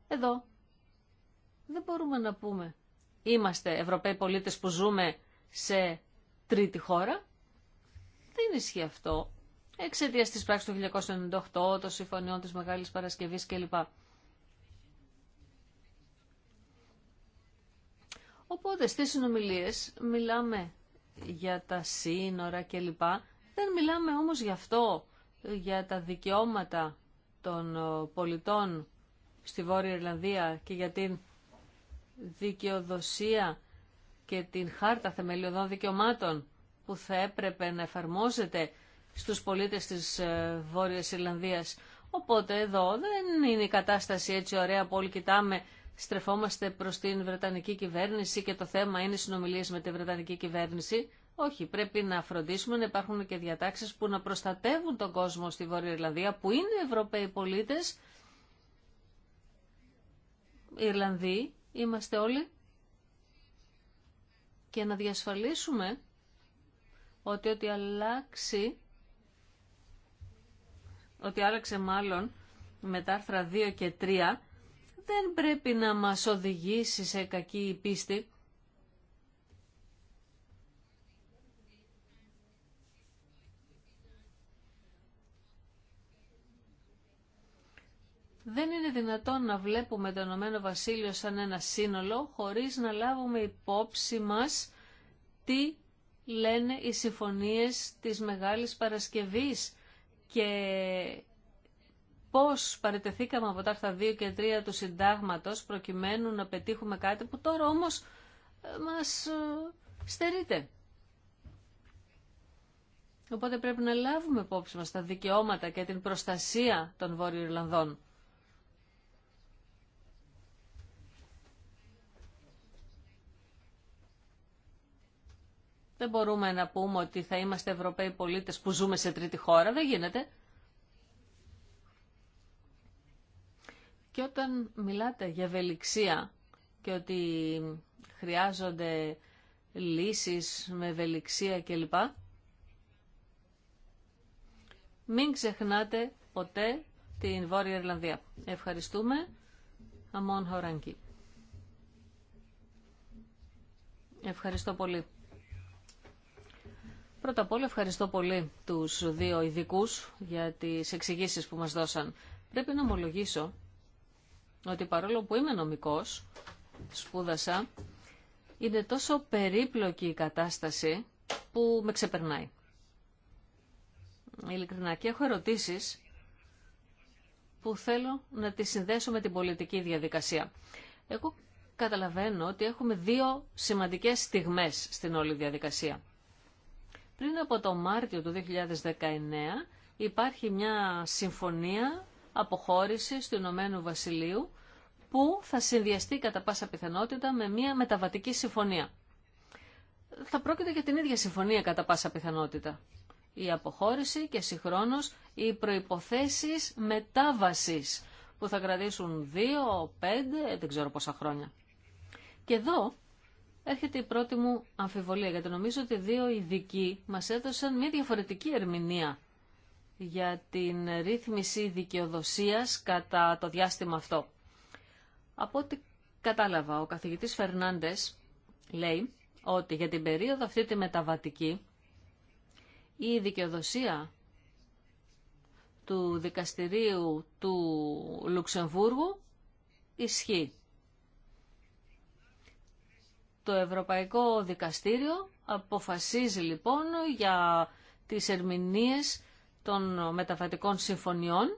Εδώ δεν μπορούμε να πούμε είμαστε Ευρωπαίοι πολίτες που ζούμε σε τρίτη χώρα. Δεν ισχύει αυτό. Εξαιτία τη πράξη του 1998, των συμφωνιών τη Μεγάλη Παρασκευή κλπ. Οπότε στις συνομιλίες μιλάμε για τα σύνορα κλπ. Δεν μιλάμε όμως γι' αυτό, για τα δικαιώματα των ε, πολιτών στη Βόρεια Ιρλανδία και για την δικαιοδοσία και την χάρτα θεμελιωδών δικαιωμάτων που θα έπρεπε να εφαρμόζεται στους πολίτες της ε, Βόρειας Ιρλανδίας. Οπότε εδώ δεν είναι η κατάσταση έτσι ωραία που όλοι κοιτάμε, στρεφόμαστε προς την Βρετανική κυβέρνηση και το θέμα είναι οι με τη Βρετανική κυβέρνηση. Όχι, πρέπει να φροντίσουμε να υπάρχουν και διατάξεις που να προστατεύουν τον κόσμο στη Βόρεια Ιρλανδία, που είναι Ευρωπαίοι πολίτες, Ιρλανδοί, είμαστε όλοι και να διασφαλίσουμε ότι ό,τι αλλάξει, ότι άλλαξε μάλλον με τα άρθρα 2 και 3, δεν πρέπει να μας οδηγήσει σε κακή πίστη. δυνατόν να βλέπουμε το Ηνωμένο Βασίλειο σαν ένα σύνολο χωρίς να λάβουμε υπόψη μας τι λένε οι συμφωνίες της Μεγάλης Παρασκευής και πώς παρετεθήκαμε από τα άρθρα 2 και 3 του συντάγματος προκειμένου να πετύχουμε κάτι που τώρα όμως ε, μας ε, στερείται. Οπότε πρέπει να λάβουμε υπόψη μας τα δικαιώματα και την προστασία των Βόρειο Ιρλανδών. Δεν μπορούμε να πούμε ότι θα είμαστε Ευρωπαίοι πολίτες που ζούμε σε τρίτη χώρα. Δεν γίνεται. Και όταν μιλάτε για ευελιξία και ότι χρειάζονται λύσεις με ευελιξία κλπ. Μην ξεχνάτε ποτέ την Βόρεια Ιρλανδία. Ευχαριστούμε. Αμών Χορανκή. Ευχαριστώ πολύ. Πρώτα απ' όλα ευχαριστώ πολύ τους δύο ειδικού για τις εξηγήσει που μας δώσαν. Πρέπει να ομολογήσω ότι παρόλο που είμαι νομικός, σπούδασα, είναι τόσο περίπλοκη η κατάσταση που με ξεπερνάει. Ειλικρινά και έχω ερωτήσεις που θέλω να τις συνδέσω με την πολιτική διαδικασία. Εγώ καταλαβαίνω ότι έχουμε δύο σημαντικές στιγμές στην όλη διαδικασία. Πριν από το Μάρτιο του 2019 υπάρχει μια συμφωνία αποχώρησης του Ηνωμένου Βασιλείου που θα συνδυαστεί κατά πάσα πιθανότητα με μια μεταβατική συμφωνία. Θα πρόκειται για την ίδια συμφωνία κατά πάσα πιθανότητα. Η αποχώρηση και συγχρόνως οι προϋποθέσεις μετάβασης που θα κρατήσουν 2, 5, δεν ξέρω πόσα χρόνια. Και εδώ έρχεται η πρώτη μου αμφιβολία, γιατί νομίζω ότι δύο ειδικοί μας έδωσαν μια διαφορετική ερμηνεία για την ρύθμιση δικαιοδοσίας κατά το διάστημα αυτό. Από ό,τι κατάλαβα, ο καθηγητής Φερνάντες λέει ότι για την περίοδο αυτή τη μεταβατική η δικαιοδοσία του δικαστηρίου του Λουξεμβούργου ισχύει. Το Ευρωπαϊκό Δικαστήριο αποφασίζει λοιπόν για τις ερμηνείες των μεταβατικών συμφωνιών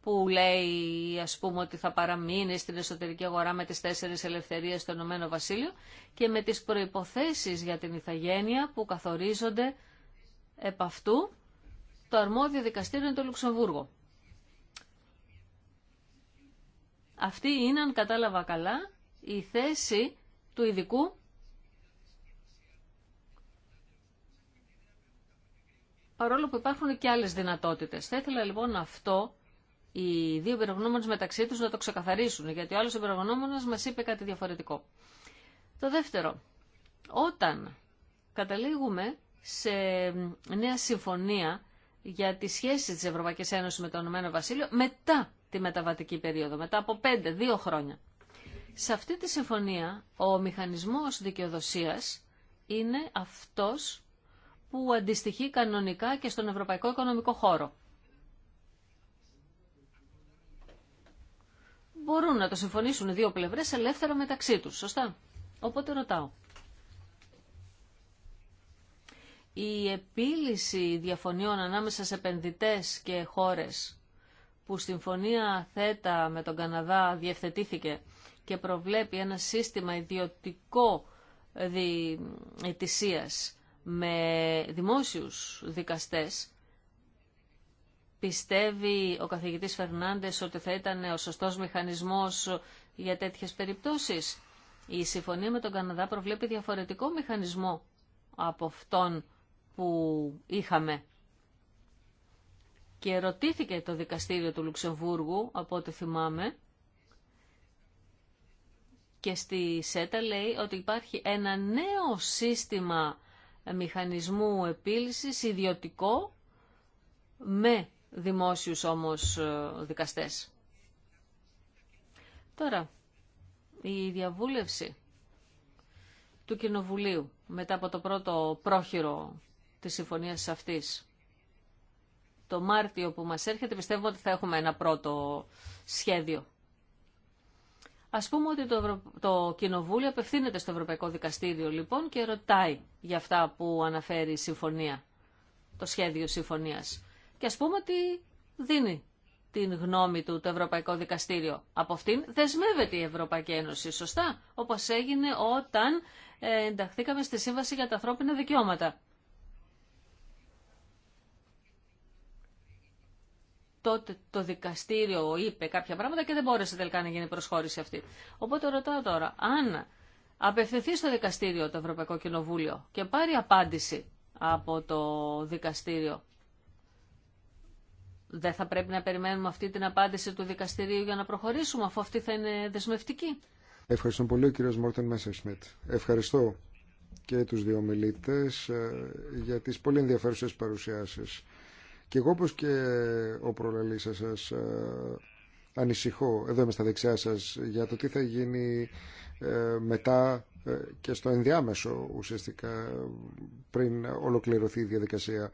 που λέει ας πούμε ότι θα παραμείνει στην εσωτερική αγορά με τις τέσσερις ελευθερίες στο Ηνωμένο Βασίλειο και με τις προϋποθέσεις για την ηθαγένεια που καθορίζονται επ' αυτού το αρμόδιο δικαστήριο είναι το Λουξεμβούργο. Αυτή είναι, αν κατάλαβα καλά, η θέση του ειδικού παρόλο που υπάρχουν και άλλες δυνατότητες. Θα ήθελα λοιπόν αυτό οι δύο εμπειρογνώμονες μεταξύ τους να το ξεκαθαρίσουν, γιατί ο άλλος εμπειρογνώμονας μας είπε κάτι διαφορετικό. Το δεύτερο, όταν καταλήγουμε σε νέα συμφωνία για τη σχέση της Ευρωπαϊκής Ένωσης με το Ηνωμένο Βασίλειο μετά τη μεταβατική περίοδο, μετά από 5-2 χρόνια. Σε αυτή τη συμφωνία ο μηχανισμός δικαιοδοσίας είναι αυτός που αντιστοιχεί κανονικά και στον Ευρωπαϊκό Οικονομικό Χώρο. Μπορούν να το συμφωνήσουν οι δύο πλευρές ελεύθερα μεταξύ τους, σωστά. Οπότε ρωτάω. Η επίλυση διαφωνιών ανάμεσα σε επενδυτές και χώρες που στην φωνία θέτα με τον Καναδά διευθετήθηκε και προβλέπει ένα σύστημα ιδιωτικό δι... ετησίας με δημόσιους δικαστές, πιστεύει ο καθηγητής Φερνάντες ότι θα ήταν ο σωστός μηχανισμός για τέτοιες περιπτώσεις. Η συμφωνία με τον Καναδά προβλέπει διαφορετικό μηχανισμό από αυτόν που είχαμε. Και ρωτήθηκε το δικαστήριο του Λουξεμβούργου, από ό,τι θυμάμαι, και στη ΣΕΤΑ λέει ότι υπάρχει ένα νέο σύστημα μηχανισμού επίλυσης ιδιωτικό με δημόσιους όμως ε, δικαστές. Τώρα, η διαβούλευση του Κοινοβουλίου μετά από το πρώτο πρόχειρο της συμφωνίας αυτής. Το Μάρτιο που μας έρχεται πιστεύω ότι θα έχουμε ένα πρώτο σχέδιο. Ας πούμε ότι το, το Κοινοβούλιο απευθύνεται στο Ευρωπαϊκό Δικαστήριο λοιπόν και ρωτάει για αυτά που αναφέρει η συμφωνία, το σχέδιο συμφωνίας. Και ας πούμε ότι δίνει την γνώμη του το Ευρωπαϊκό Δικαστήριο. Από αυτήν δεσμεύεται η Ευρωπαϊκή Ένωση, σωστά, όπως έγινε όταν ε, ενταχθήκαμε στη Σύμβαση για τα Ανθρώπινα Δικαιώματα. τότε το δικαστήριο είπε κάποια πράγματα και δεν μπόρεσε τελικά να γίνει προσχώρηση αυτή. Οπότε ρωτάω τώρα, αν απευθυνθεί στο δικαστήριο το Ευρωπαϊκό Κοινοβούλιο και πάρει απάντηση από το δικαστήριο, δεν θα πρέπει να περιμένουμε αυτή την απάντηση του δικαστηρίου για να προχωρήσουμε, αφού αυτή θα είναι δεσμευτική. Ευχαριστώ πολύ, ο κύριος Μόρτεν Μέσερσμιτ. Ευχαριστώ και τους δύο μιλήτες ε, για τις πολύ ενδιαφέρουσες παρουσιάσεις. Και εγώ όπως και ο προλαλής σας ε, ανησυχώ, εδώ είμαι στα δεξιά σας, για το τι θα γίνει ε, μετά ε, και στο ενδιάμεσο ουσιαστικά πριν ολοκληρωθεί η διαδικασία.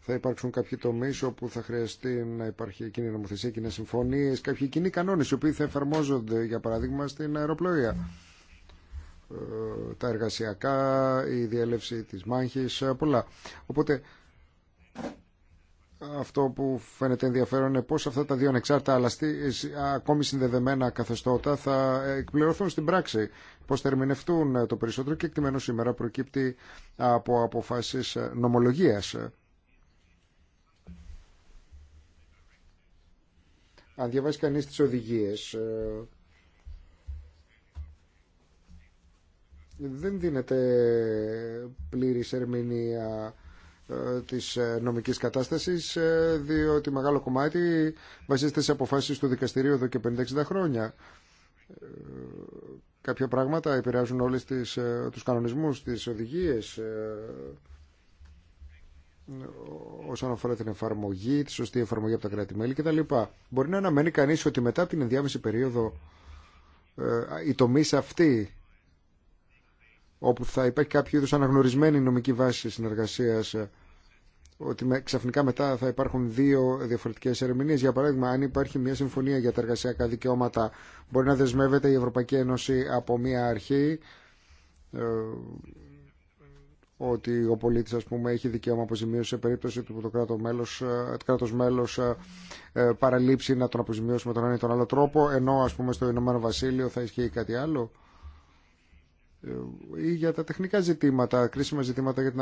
Θα υπάρξουν κάποιοι τομεί όπου θα χρειαστεί να υπάρχει κοινή νομοθεσία, κοινέ συμφωνίε, κάποιοι κοινοί κανόνε οι οποίοι θα εφαρμόζονται, για παράδειγμα, στην αεροπλοεία. Τα εργασιακά, η διέλευση τη μάχη, πολλά. Οπότε αυτό που φαίνεται ενδιαφέρον είναι πώς αυτά τα δύο ανεξάρτητα αλλά ακόμη συνδεδεμένα καθεστώτα θα εκπληρωθούν στην πράξη, πώς θα το περισσότερο και εκτιμένο σήμερα προκύπτει από αποφάσεις νομολογίας. Αν διαβάσει κανείς τις οδηγίες, ε, δεν δίνεται πλήρης ερμηνεία ε, της ε, νομικής κατάστασης ε, διότι μεγάλο κομμάτι βασίζεται σε αποφάσεις του δικαστηρίου εδώ και 50-60 χρόνια. Κάποια πράγματα επηρεάζουν όλες τις, τους κανονισμούς, τις οδηγίες όσον αφορά την εφαρμογή, τη σωστή εφαρμογή από τα κράτη-μέλη κτλ. Μπορεί να αναμένει κανείς ότι μετά την ενδιάμεση περίοδο οι τομεί αυτή όπου θα υπάρχει κάποιο είδου αναγνωρισμένη νομική βάση συνεργασίας ότι ξαφνικά μετά θα υπάρχουν δύο διαφορετικές ερμηνείες. Για παράδειγμα, αν υπάρχει μια συμφωνία για τα εργασιακά δικαιώματα, μπορεί να δεσμεύεται η Ευρωπαϊκή Ένωση από μια αρχή ε, ότι ο πολίτης ας πούμε έχει δικαίωμα αποζημίωση σε περίπτωση που το κράτος μέλος, ε, το ε, παραλείψει να τον αποζημιώσει με τον ένα ή τον άλλο τρόπο ενώ ας πούμε στο Ηνωμένο Βασίλειο θα ισχύει κάτι άλλο ε, ή για τα τεχνικά ζητήματα, κρίσιμα ζητήματα για την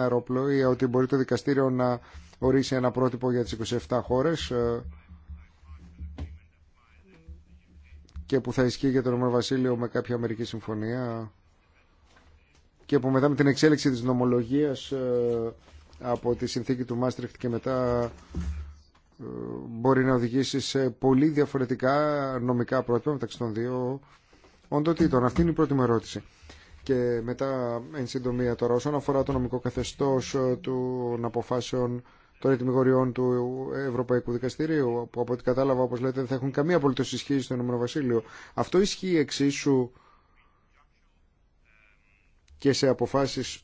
ή ότι μπορεί το δικαστήριο να ορίσει ένα πρότυπο για τις 27 χώρες ε, και που θα ισχύει για τον Ρωμανό Βασίλειο με κάποια Αμερική Συμφωνία και που μετά με την εξέλιξη της νομολογίας ε, από τη συνθήκη του Μάστριχτ και μετά μπορεί να οδηγήσει σε πολύ διαφορετικά νομικά πρότυπα μεταξύ των δύο οντοτήτων. Αυτή είναι η πρώτη μου ερώτηση και μετά εν συντομία τώρα όσον αφορά το νομικό καθεστώς ε, των αποφάσεων των ετοιμιγοριών του Ευρωπαϊκού Δικαστηρίου που από ό,τι κατάλαβα όπως λέτε δεν θα έχουν καμία απολύτως ισχύ στο Ηνωμένο Βασίλειο. Αυτό ισχύει εξίσου και σε αποφάσεις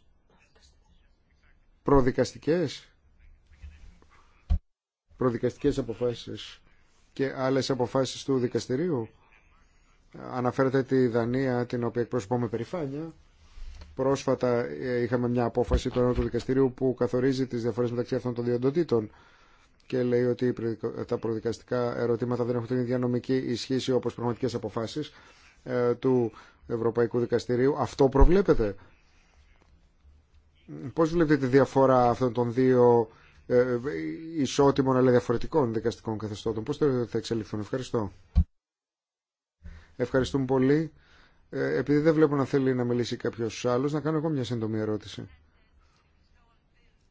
προδικαστικές προδικαστικές αποφάσεις και άλλες αποφάσεις του δικαστηρίου Αναφέρετε τη Δανία, την οποία εκπροσωπώ με περηφάνεια. Πρόσφατα ε, είχαμε μια απόφαση του Ενώτου Δικαστηρίου που καθορίζει τις διαφορές μεταξύ αυτών των δύο εντοτήτων και λέει ότι τα προδικαστικά ερωτήματα δεν έχουν την ίδια νομική ισχύση όπως πραγματικές αποφάσεις ε, του Ευρωπαϊκού Δικαστηρίου. Αυτό προβλέπετε. Πώς βλέπετε τη διαφορά αυτών των δύο ε, ισότιμων αλλά διαφορετικών δικαστικών καθεστώτων. Πώς θεωρείτε ότι θα εξελιχθούν. Ευχαριστώ. Ευχαριστούμε πολύ. Ε, επειδή δεν βλέπω να θέλει να μιλήσει κάποιο άλλος, να κάνω εγώ μια σύντομη ερώτηση.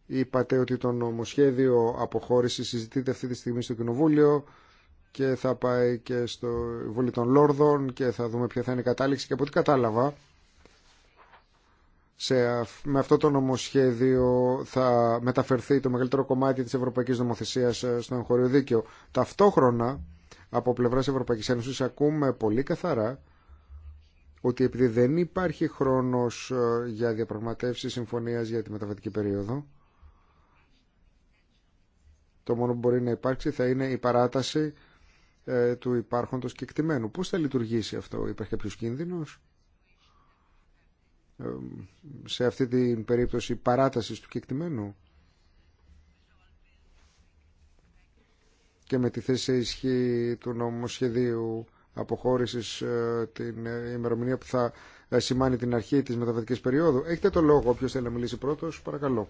Είπατε ότι το νομοσχέδιο αποχώρηση συζητείται αυτή τη στιγμή στο Κοινοβούλιο και θα πάει και στο Βουλή των Λόρδων και θα δούμε ποια θα είναι η κατάληξη και από ό,τι κατάλαβα σε, με αυτό το νομοσχέδιο θα μεταφερθεί το μεγαλύτερο κομμάτι της ευρωπαϊκής νομοθεσίας ε, στο Εγχωριοδίκαιο. Ταυτόχρονα από πλευράς Ευρωπαϊκή Ένωση ακούμε πολύ καθαρά ότι επειδή δεν υπάρχει χρόνος ε, για διαπραγματεύσει συμφωνίας για τη μεταβατική περίοδο, το μόνο που μπορεί να υπάρξει θα είναι η παράταση ε, του υπάρχοντος κεκτημένου. Πώς θα λειτουργήσει αυτό, υπάρχει κάποιο κίνδυνος ε, σε αυτή την περίπτωση παράτασης του κεκτημένου. και με τη θέση ισχύ του νομοσχεδίου αποχώρησης ε, την ε, ημερομηνία που θα ε, σημάνει την αρχή της μεταβατικής περίοδου. Έχετε το λόγο, όποιος θέλει να μιλήσει πρώτος, παρακαλώ.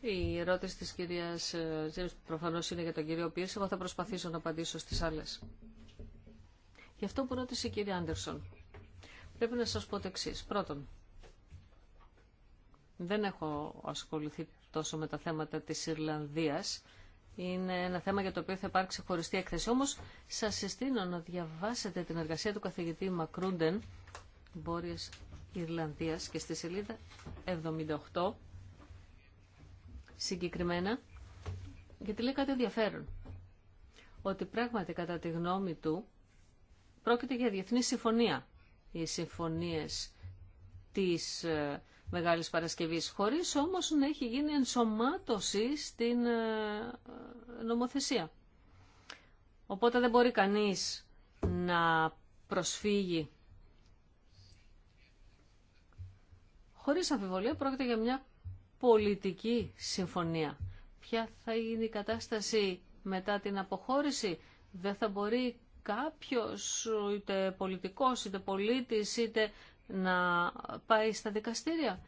Η ερώτηση της κυρίας Ζήμης προφανώς είναι για τον κύριο Πίρση. αλλά θα προσπαθήσω να απαντήσω στις άλλες. Γι' αυτό που ρώτησε η κυρία Άντερσον. Πρέπει να σας πω το εξής. Πρώτον, δεν έχω ασχοληθεί τόσο με τα θέματα της Ιρλανδίας. Είναι ένα θέμα για το οποίο θα υπάρξει χωριστή έκθεση. Όμως σας συστήνω να διαβάσετε την εργασία του καθηγητή Μακρούντεν, Μπόριες Ιρλανδίας και στη σελίδα 78 συγκεκριμένα, γιατί λέει κάτι ενδιαφέρον. Ότι πράγματι κατά τη γνώμη του Πρόκειται για διεθνή συμφωνία. Οι συμφωνίες της ε, Μεγάλης Παρασκευής, χωρίς όμως να έχει γίνει ενσωμάτωση στην ε, νομοθεσία. Οπότε δεν μπορεί κανείς να προσφύγει. Χωρίς αμφιβολία πρόκειται για μια πολιτική συμφωνία. Ποια θα είναι η κατάσταση μετά την αποχώρηση. Δεν θα μπορεί κάποιος, είτε πολιτικός, είτε πολίτης, είτε να πάει στα δικαστήρια.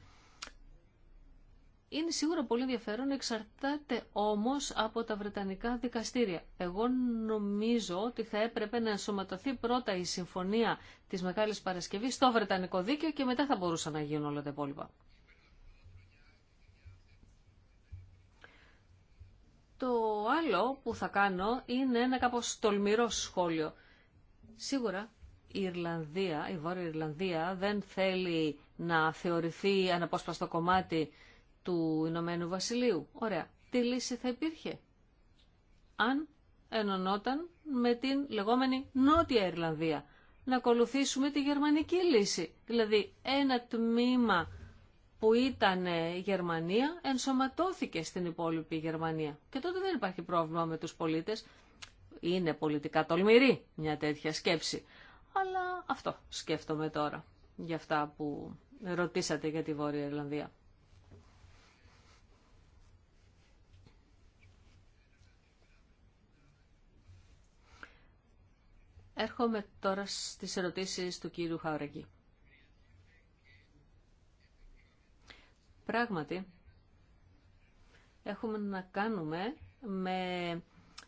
Είναι σίγουρα πολύ ενδιαφέρον, εξαρτάται όμως από τα Βρετανικά δικαστήρια. Εγώ νομίζω ότι θα έπρεπε να ενσωματωθεί πρώτα η συμφωνία της Μεγάλης Παρασκευής στο Βρετανικό Δίκαιο και μετά θα μπορούσαν να γίνουν όλα τα υπόλοιπα. Το άλλο που θα κάνω είναι ένα κάπως τολμηρό σχόλιο. Σίγουρα η Ιρλανδία, η Βόρεια Ιρλανδία δεν θέλει να θεωρηθεί αναπόσπαστο κομμάτι του Ηνωμένου Βασιλείου. Ωραία. Τι λύση θα υπήρχε αν ενωνόταν με την λεγόμενη Νότια Ιρλανδία. Να ακολουθήσουμε τη γερμανική λύση. Δηλαδή ένα τμήμα που ήταν ε, Γερμανία ενσωματώθηκε στην υπόλοιπη Γερμανία. Και τότε δεν υπάρχει πρόβλημα με τους πολίτες. Είναι πολιτικά τολμηρή μια τέτοια σκέψη. Αλλά αυτό σκέφτομαι τώρα για αυτά που ρωτήσατε για τη Βόρεια Ιρλανδία. Έρχομαι τώρα στις ερωτήσεις του κύριου Χαουραγκή. Πράγματι, έχουμε να κάνουμε με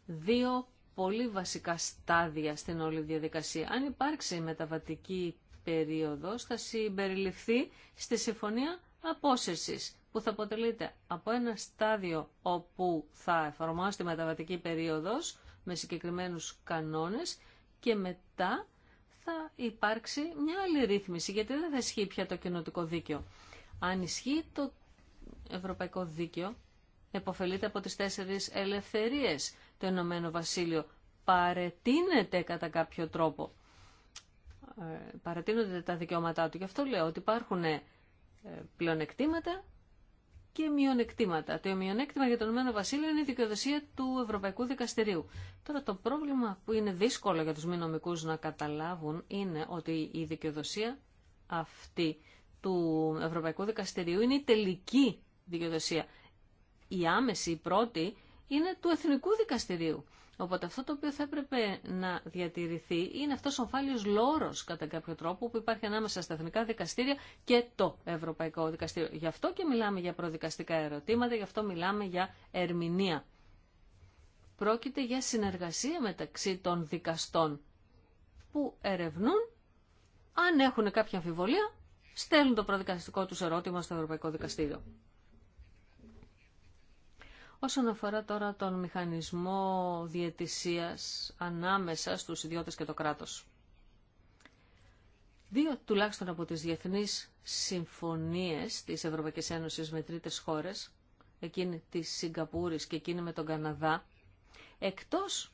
δύο πολύ βασικά στάδια στην όλη διαδικασία. Αν υπάρξει μεταβατική περίοδος, θα συμπεριληφθεί στη Συμφωνία Απόσυρσης, που θα αποτελείται από ένα στάδιο όπου θα εφαρμόσει τη μεταβατική περίοδος με συγκεκριμένους κανόνες και μετά θα υπάρξει μια άλλη ρύθμιση, γιατί δεν θα ισχύει πια το κοινοτικό δίκαιο. Αν ισχύει το ευρωπαϊκό δίκαιο, εποφελείται από τις τέσσερις ελευθερίες το Ενωμένο Βασίλειο. Παρετείνεται κατά κάποιο τρόπο. Ε, παρατείνονται τα δικαιώματά του. Γι' αυτό λέω ότι υπάρχουν ε, πλεονεκτήματα και μειονεκτήματα. Το μειονέκτημα για το Ηνωμένο Βασίλειο είναι η δικαιοδοσία του Ευρωπαϊκού Δικαστηρίου. Τώρα το πρόβλημα που είναι δύσκολο για τους μη νομικούς να καταλάβουν είναι ότι η δικαιοδοσία αυτή του Ευρωπαϊκού Δικαστηρίου είναι η τελική δικαιοδοσία. Η άμεση, η πρώτη, είναι του Εθνικού Δικαστηρίου. Οπότε αυτό το οποίο θα έπρεπε να διατηρηθεί είναι αυτός ο φάλιος λόρος κατά κάποιο τρόπο που υπάρχει ανάμεσα στα εθνικά δικαστήρια και το Ευρωπαϊκό Δικαστήριο. Γι' αυτό και μιλάμε για προδικαστικά ερωτήματα, γι' αυτό μιλάμε για ερμηνεία. Πρόκειται για συνεργασία μεταξύ των δικαστών που ερευνούν αν έχουν κάποια αμφιβολία στέλνουν το προδικαστικό τους ερώτημα στο Ευρωπαϊκό Δικαστήριο. Όσον αφορά τώρα τον μηχανισμό διαιτησίας ανάμεσα στους ιδιώτες και το κράτος. Δύο τουλάχιστον από τις διεθνείς συμφωνίες της Ευρωπαϊκής Ένωσης με τρίτες χώρες, εκείνη της Σιγκαπούρης και εκείνη με τον Καναδά, εκτός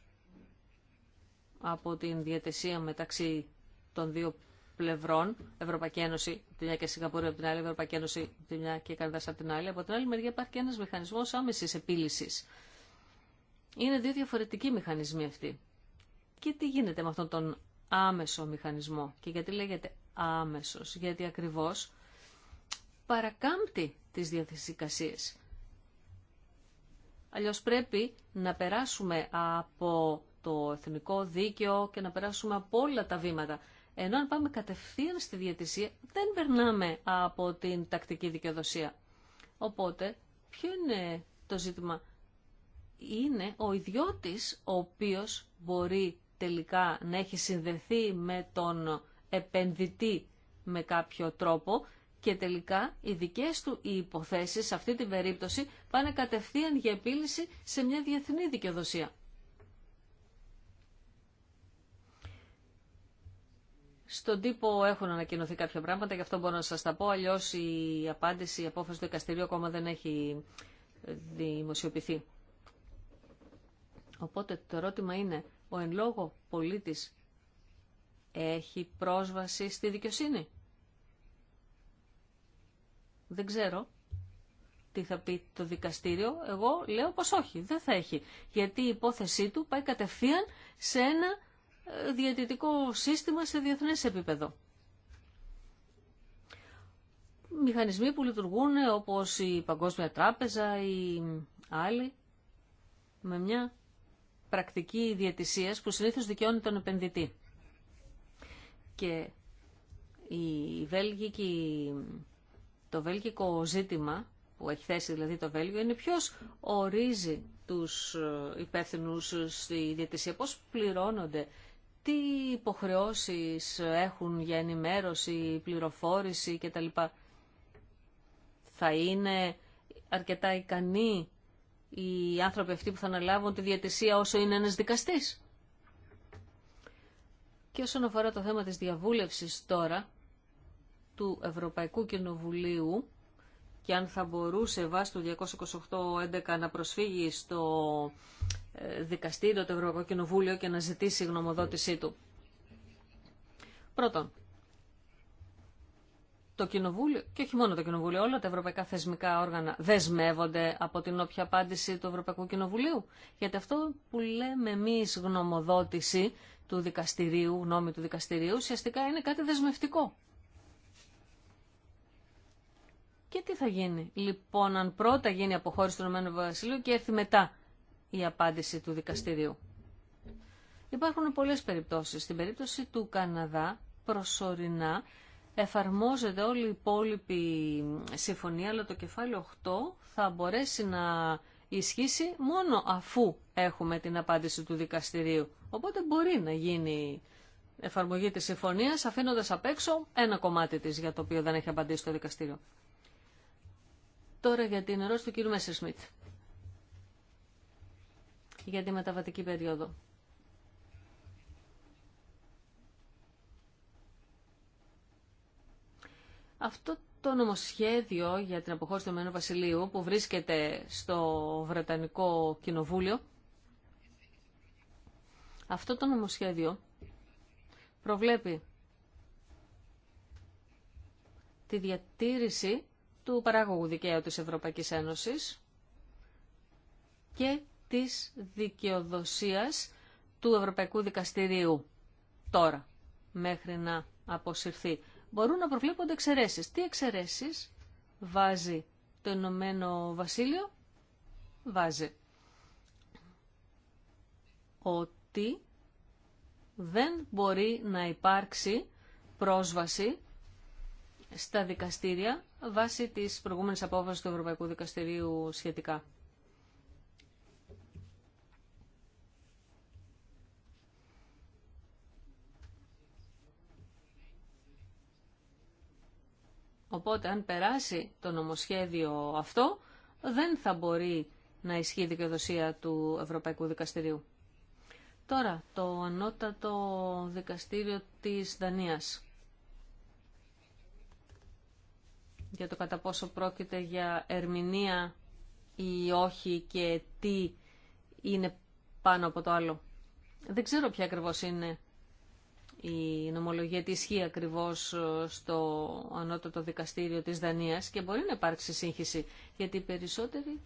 από την διαιτησία μεταξύ των δύο πλευρών, Ευρωπαϊκή Ένωση από τη μια και Σιγκαπούρη από την άλλη, Ευρωπαϊκή Ένωση από τη μια και Καναδά από την άλλη. Από την άλλη μεριά υπάρχει και ένα μηχανισμό άμεση επίλυση. Είναι δύο διαφορετικοί μηχανισμοί αυτοί. Και τι γίνεται με αυτόν τον άμεσο μηχανισμό και γιατί λέγεται άμεσος, γιατί ακριβώς παρακάμπτει τις διαδικασίες. Αλλιώς πρέπει να περάσουμε από το εθνικό δίκαιο και να περάσουμε από όλα τα βήματα ενώ αν πάμε κατευθείαν στη διατησία, δεν περνάμε από την τακτική δικαιοδοσία. Οπότε, ποιο είναι το ζήτημα. Είναι ο ιδιώτης ο οποίος μπορεί τελικά να έχει συνδεθεί με τον επενδυτή με κάποιο τρόπο και τελικά οι δικές του οι υποθέσεις σε αυτή την περίπτωση πάνε κατευθείαν για επίλυση σε μια διεθνή δικαιοδοσία. Στον τύπο έχουν ανακοινωθεί κάποια πράγματα, γι' αυτό μπορώ να σας τα πω, αλλιώ η απάντηση, η απόφαση του δικαστηρίου ακόμα δεν έχει δημοσιοποιηθεί. Οπότε το ερώτημα είναι, ο εν λόγω πολίτης έχει πρόσβαση στη δικαιοσύνη. Δεν ξέρω τι θα πει το δικαστήριο. Εγώ λέω πως όχι, δεν θα έχει. Γιατί η υπόθεσή του πάει κατευθείαν σε ένα διαιτητικό σύστημα σε διεθνές επίπεδο. Μηχανισμοί που λειτουργούν όπως η Παγκόσμια Τράπεζα ή άλλοι με μια πρακτική διαιτησίας που συνήθως δικαιώνει τον επενδυτή. Και η Βέλγικη, το βέλγικο ζήτημα που έχει θέσει δηλαδή το Βέλγιο είναι ποιος ορίζει τους υπεύθυνους στη διατησία, πώς πληρώνονται τι υποχρεώσεις έχουν για ενημέρωση, πληροφόρηση κτλ. Θα είναι αρκετά ικανοί οι άνθρωποι αυτοί που θα αναλάβουν τη διατησία όσο είναι ένας δικαστής. Και όσον αφορά το θέμα της διαβούλευσης τώρα του Ευρωπαϊκού Κοινοβουλίου, και αν θα μπορούσε βάσει του 11 να προσφύγει στο ε, δικαστήριο, το Ευρωπαϊκό Κοινοβούλιο και να ζητήσει γνωμοδότησή του. Πρώτον, το Κοινοβούλιο, και όχι μόνο το Κοινοβούλιο, όλα τα ευρωπαϊκά θεσμικά όργανα δεσμεύονται από την όποια απάντηση του Ευρωπαϊκού Κοινοβουλίου. Γιατί αυτό που λέμε εμεί γνωμοδότηση του δικαστηρίου, γνώμη του δικαστηρίου, ουσιαστικά είναι κάτι δεσμευτικό. Και τι θα γίνει λοιπόν αν πρώτα γίνει αποχώρηση του Ηνωμένου Βασιλείου και έρθει μετά η απάντηση του δικαστηρίου. Υπάρχουν πολλές περιπτώσεις. Στην περίπτωση του Καναδά προσωρινά εφαρμόζεται όλη η υπόλοιπη συμφωνία, αλλά το κεφάλαιο 8 θα μπορέσει να ισχύσει μόνο αφού έχουμε την απάντηση του δικαστηρίου. Οπότε μπορεί να γίνει εφαρμογή της συμφωνίας αφήνοντας απ' έξω ένα κομμάτι της για το οποίο δεν έχει απαντήσει το δικαστήριο. Τώρα για την ερώτηση του κύριου Μέσσερ Σμιτ. Για τη μεταβατική περίοδο. Αυτό το νομοσχέδιο για την αποχώρηση του Εμένου Βασιλείου που βρίσκεται στο Βρετανικό Κοινοβούλιο, αυτό το νομοσχέδιο προβλέπει τη διατήρηση του παράγωγου δικαίου της Ευρωπαϊκής Ένωσης και της δικαιοδοσίας του Ευρωπαϊκού Δικαστηρίου τώρα, μέχρι να αποσυρθεί. Μπορούν να προβλέπονται εξαιρέσεις. Τι εξαιρέσεις βάζει το Ηνωμένο Βασίλειο? Βάζει ότι δεν μπορεί να υπάρξει πρόσβαση στα δικαστήρια βάσει της προηγούμενης απόφασης του Ευρωπαϊκού Δικαστηρίου σχετικά. Οπότε αν περάσει το νομοσχέδιο αυτό, δεν θα μπορεί να ισχύει η δικαιοδοσία του Ευρωπαϊκού Δικαστηρίου. Τώρα, το ανώτατο δικαστήριο της Δανίας. για το κατά πόσο πρόκειται για ερμηνεία ή όχι και τι είναι πάνω από το άλλο. Δεν ξέρω ποια ακριβώς είναι η νομολογία, τι ισχύει ακριβώς ε, στο ανώτατο δικαστήριο της Δανίας και μπορεί να υπάρξει σύγχυση, γιατί οι περισσότεροι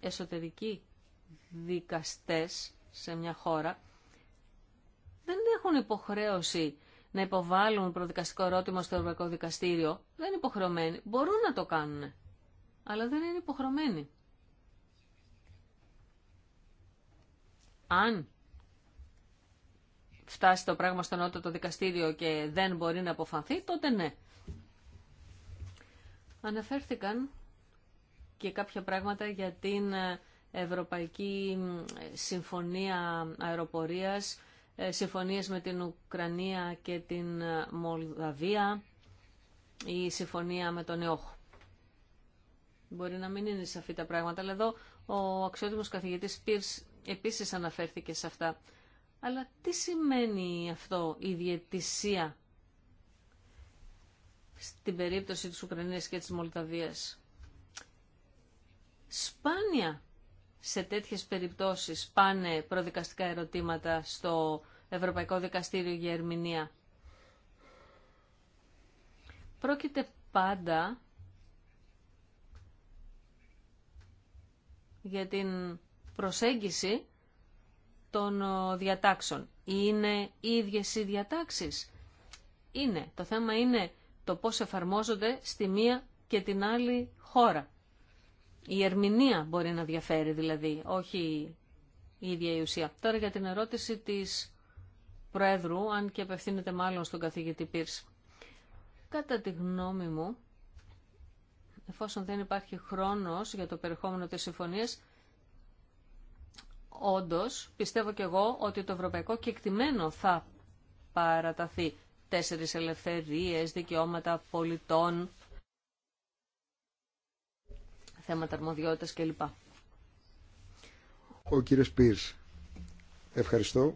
εσωτερικοί δικαστές σε μια χώρα δεν έχουν υποχρέωση να υποβάλουν προδικαστικό ερώτημα στο Ευρωπαϊκό Δικαστήριο. Δεν είναι υποχρεωμένοι. Μπορούν να το κάνουν, αλλά δεν είναι υποχρεωμένοι. Αν φτάσει το πράγμα στον νότο το δικαστήριο και δεν μπορεί να αποφανθεί, τότε ναι. Αναφέρθηκαν και κάποια πράγματα για την Ευρωπαϊκή Συμφωνία Αεροπορίας ε, συμφωνίες με την Ουκρανία και την ε, Μολδαβία, η συμφωνία με τον ΕΟΧ. Μπορεί να μην είναι σαφή τα πράγματα, αλλά εδώ ο αξιότιμος καθηγητής Πίρς επίσης αναφέρθηκε σε αυτά. Αλλά τι σημαίνει αυτό η διαιτησία στην περίπτωση της Ουκρανίας και της Μολδαβίας. Σπάνια σε τέτοιες περιπτώσεις πάνε προδικαστικά ερωτήματα στο Ευρωπαϊκό Δικαστήριο για Ερμηνεία. Πρόκειται πάντα για την προσέγγιση των ε, διατάξεων. Είναι ίδιες οι διατάξεις. Είναι. Το θέμα είναι το πώς εφαρμόζονται στη μία και την άλλη χώρα. Η ερμηνεία μπορεί να διαφέρει δηλαδή, όχι η ίδια η ουσία. Τώρα για την ερώτηση της Προέδρου, αν και απευθύνεται μάλλον στον καθηγητή Πύρση. Κατά τη γνώμη μου, εφόσον δεν υπάρχει χρόνος για το περιεχόμενο της συμφωνίας, όντως πιστεύω και εγώ ότι το ευρωπαϊκό κεκτημένο θα παραταθεί. Τέσσερις ελευθερίες, δικαιώματα πολιτών, θέματα αρμοδιότητας κλπ. Ο κύριος Πίρς, ευχαριστώ.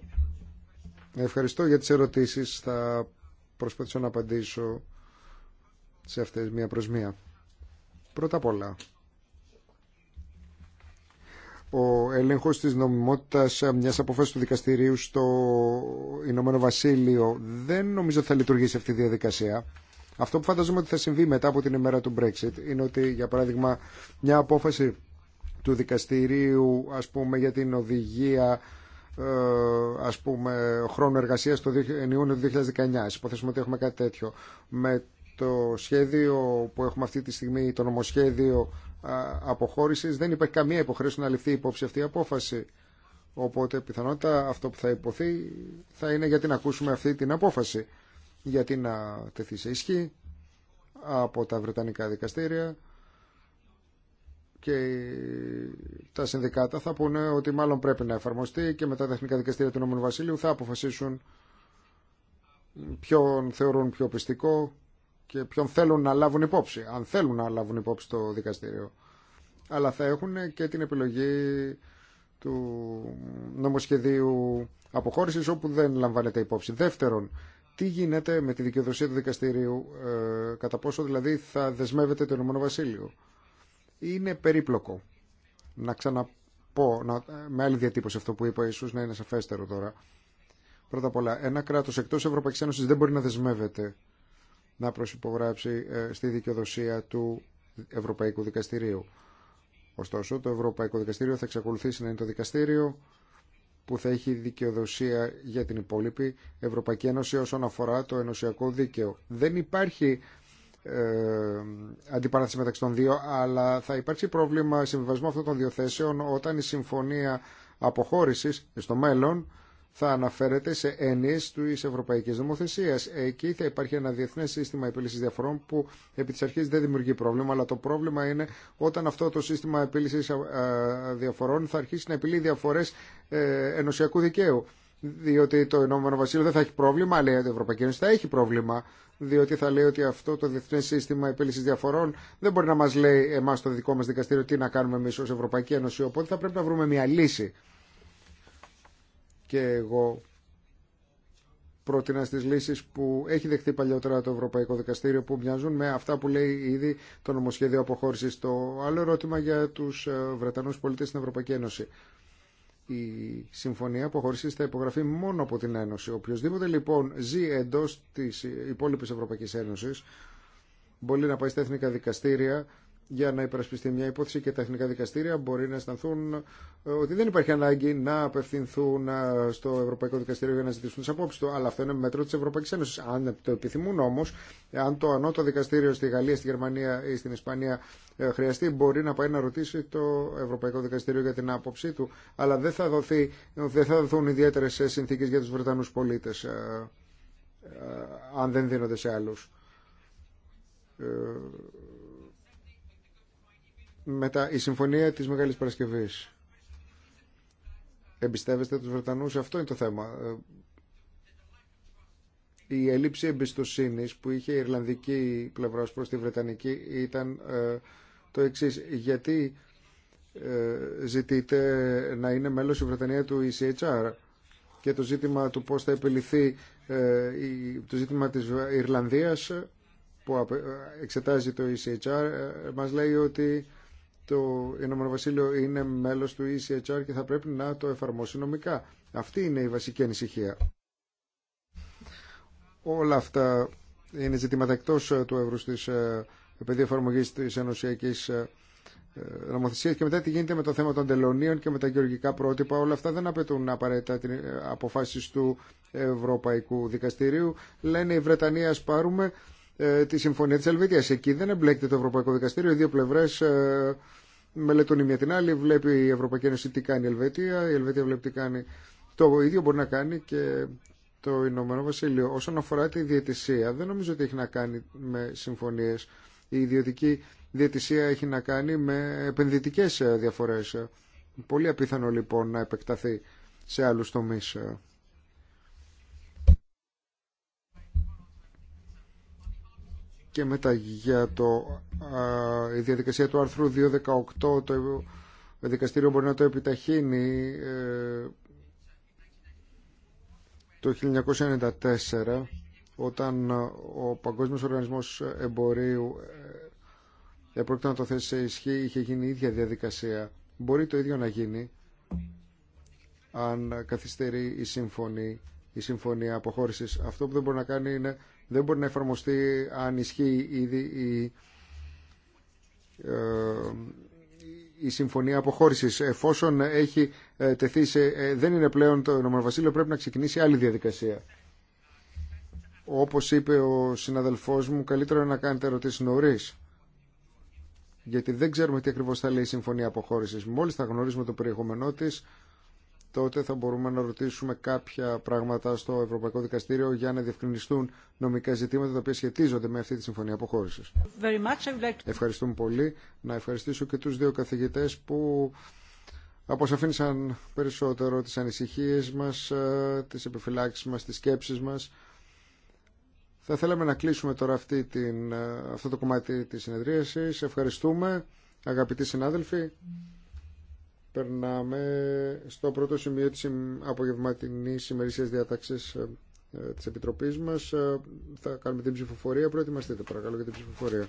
Ευχαριστώ για τις ερωτήσεις. Θα προσπαθήσω να απαντήσω σε αυτές μία προς μία. Πρώτα απ' όλα, ο έλεγχος της νομιμότητας μιας αποφάσης του δικαστηρίου στο Ηνωμένο Βασίλειο δεν νομίζω θα λειτουργήσει αυτή η διαδικασία. Αυτό που φανταζόμαι ότι θα συμβεί μετά από την ημέρα του Brexit είναι ότι, για παράδειγμα, μια απόφαση του δικαστηρίου, ας πούμε, για την οδηγία ε, ας πούμε, χρόνο εργασία το Ιούνιο του 2019. Υποθέσουμε ότι έχουμε κάτι τέτοιο. Με το σχέδιο που έχουμε αυτή τη στιγμή, το νομοσχέδιο αποχώρηση δεν υπάρχει καμία υποχρέωση να ληφθεί υπόψη αυτή η απόφαση. Οπότε πιθανότητα αυτό που θα υποθεί θα είναι γιατί να ακούσουμε αυτή την απόφαση γιατί να τεθεί σε ισχύ από τα Βρετανικά δικαστήρια και τα συνδικάτα θα πούνε ότι μάλλον πρέπει να εφαρμοστεί και μετά τα Εθνικά Δικαστήρια του Νομού Βασίλειου θα αποφασίσουν ποιον θεωρούν πιο πιστικό και ποιον θέλουν να λάβουν υπόψη, αν θέλουν να λάβουν υπόψη το δικαστήριο. Αλλά θα έχουν και την επιλογή του νομοσχεδίου αποχώρησης όπου δεν λαμβάνεται υπόψη. Δεύτερον, τι γίνεται με τη δικαιοδοσία του δικαστηρίου, ε, κατά πόσο δηλαδή θα δεσμεύεται το Ηνωμένο Βασίλειο. Είναι περίπλοκο. Να ξαναπώ, να, ε, με άλλη διατύπωση αυτό που είπα, ίσως να είναι σαφέστερο τώρα. Πρώτα απ' όλα, ένα κράτος εκτός Ευρωπαϊκή Ένωση δεν μπορεί να δεσμεύεται να προσυπογράψει ε, στη δικαιοδοσία του Ευρωπαϊκού Δικαστηρίου. Ωστόσο, το Ευρωπαϊκό Δικαστήριο θα εξακολουθήσει να είναι το δικαστήριο που θα έχει δικαιοδοσία για την υπόλοιπη Ευρωπαϊκή Ένωση όσον αφορά το ενωσιακό δίκαιο. Δεν υπάρχει ε, αντιπαράθεση μεταξύ των δύο, αλλά θα υπάρξει πρόβλημα συμβιβασμού αυτών των δύο θέσεων όταν η συμφωνία αποχώρησης στο μέλλον θα αναφέρεται σε του τη Ευρωπαϊκή Δομοθεσία. Εκεί θα υπάρχει ένα διεθνέ σύστημα επίλυση διαφορών που επί της αρχής δεν δημιουργεί πρόβλημα, αλλά το πρόβλημα είναι όταν αυτό το σύστημα επίλυση διαφορών θα αρχίσει να επιλύει διαφορέ ε, ενωσιακού δικαίου. Διότι το Ηνωμένο Βασίλειο δεν θα έχει πρόβλημα, αλλά η Ευρωπαϊκή Ένωση θα έχει πρόβλημα. Διότι θα λέει ότι αυτό το διεθνέ σύστημα επίλυση διαφορών δεν μπορεί να μα λέει εμά το δικό μα δικαστήριο τι να κάνουμε εμεί ω Ευρωπαϊκή Ένωση. Οπότε θα πρέπει να βρούμε μια λύση και εγώ πρότεινα στις λύσεις που έχει δεχτεί παλιότερα το Ευρωπαϊκό Δικαστήριο που μοιάζουν με αυτά που λέει ήδη το νομοσχέδιο αποχώρησης. Το άλλο ερώτημα για τους ε, Βρετανούς πολίτες στην Ευρωπαϊκή Ένωση. Η συμφωνία αποχώρησης θα υπογραφεί μόνο από την Ένωση. Οποιοςδήποτε λοιπόν ζει εντός της υπόλοιπη Ευρωπαϊκής Ένωσης μπορεί να πάει στα εθνικά δικαστήρια για να υπερασπιστεί μια υπόθεση και τα εθνικά δικαστήρια μπορεί να αισθανθούν ε, ότι δεν υπάρχει ανάγκη να απευθυνθούν ε, στο Ευρωπαϊκό Δικαστήριο για να ζητήσουν τι απόψει του. Αλλά αυτό είναι μέτρο τη Ευρωπαϊκή Ένωση. Αν το επιθυμούν όμω, αν το ανώτο δικαστήριο στη Γαλλία, στη Γερμανία ή στην Ισπανία ε, χρειαστεί, μπορεί να πάει να ρωτήσει το Ευρωπαϊκό Δικαστήριο για την άποψή του. Αλλά δεν θα, δοθεί, δεν θα δοθούν ιδιαίτερε συνθήκε για του Βρετανού πολίτε, αν δεν δίνονται σε άλλου μετά η συμφωνία της Μεγάλης Παρασκευής. Εμπιστεύεστε τους Βρετανούς, αυτό είναι το θέμα. Ε, η έλλειψη εμπιστοσύνη που είχε η Ιρλανδική πλευρά προς τη Βρετανική ήταν ε, το εξή. Γιατί ε, ζητείτε να είναι μέλος η Βρετανία του ECHR και το ζήτημα του πώς θα επιληθεί το ζήτημα της Ιρλανδίας που εξετάζει το ECHR μας λέει ότι το Ηνωμένο Βασίλειο είναι μέλο του ECHR και θα πρέπει να το εφαρμόσει νομικά. Αυτή είναι η βασική ανησυχία. Όλα αυτά είναι ζητήματα εκτό ε, του ευρού τη επειδή εφαρμογή τη ενωσιακή ε, ε, νομοθεσία. και μετά τι γίνεται με το θέμα των τελωνίων και με τα γεωργικά πρότυπα. Όλα αυτά δεν απαιτούν απαραίτητα την αποφάση του Ευρωπαϊκού Δικαστηρίου. Λένε η Βρετανία πάρουμε τη Συμφωνία της Ελβετίας. Εκεί δεν εμπλέκεται το Ευρωπαϊκό Δικαστήριο. Οι δύο πλευρές μελετώνει μια την άλλη, βλέπει η Ευρωπαϊκή Ένωση τι κάνει η Ελβετία, η Ελβετία βλέπει τι κάνει. Το ίδιο μπορεί να κάνει και το Ηνωμένο Βασίλειο. Όσον αφορά τη διαιτησία, δεν νομίζω ότι έχει να κάνει με συμφωνίε. Η ιδιωτική διαιτησία έχει να κάνει με επενδυτικέ ε, διαφορέ. Πολύ απίθανο λοιπόν να επεκταθεί σε άλλου τομεί ε. και μετά για το, η διαδικασία του άρθρου 218 το δικαστήριο μπορεί να το επιταχύνει ε, το 1994 όταν ο Παγκόσμιος Οργανισμός Εμπορίου ε, να το θέσει σε ισχύ είχε γίνει η ίδια διαδικασία μπορεί το ίδιο να γίνει αν καθυστερεί η, η συμφωνία αποχώρησης αυτό που δεν μπορεί να κάνει είναι δεν μπορεί να εφαρμοστεί αν ισχύει ήδη η, ε, η συμφωνία αποχώρησης. Εφόσον έχει ε, τεθεί σε, ε, δεν είναι πλέον το νόμο Βασίλειο, πρέπει να ξεκινήσει άλλη διαδικασία. Όπως είπε ο συναδελφός μου, καλύτερα να κάνετε ερωτήσεις νωρίς γιατί δεν ξέρουμε τι ακριβώς θα λέει η Συμφωνία Αποχώρησης. Μόλις θα γνωρίζουμε το περιεχόμενό της, τότε θα μπορούμε να ρωτήσουμε κάποια πράγματα στο Ευρωπαϊκό Δικαστήριο για να διευκρινιστούν νομικά ζητήματα τα οποία σχετίζονται με αυτή τη συμφωνία Αποχώρησης. Ευχαριστούμε πολύ. Να ευχαριστήσω και τους δύο καθηγητές που αποσαφήνισαν περισσότερο τις ανησυχίες μας, ε, τις επιφυλάξεις μας, τις σκέψεις μας. Θα θέλαμε να κλείσουμε τώρα αυτή την, ε, αυτό το κομμάτι της συνεδρίασης. Ευχαριστούμε αγαπητοί συνάδελφοι. Περνάμε στο πρώτο σημείο της απογευματινής ημερησίας διάταξης ε, ε, της Επιτροπής μας. Ε, θα κάνουμε την ψηφοφορία. Προετοιμαστείτε παρακαλώ για την ψηφοφορία.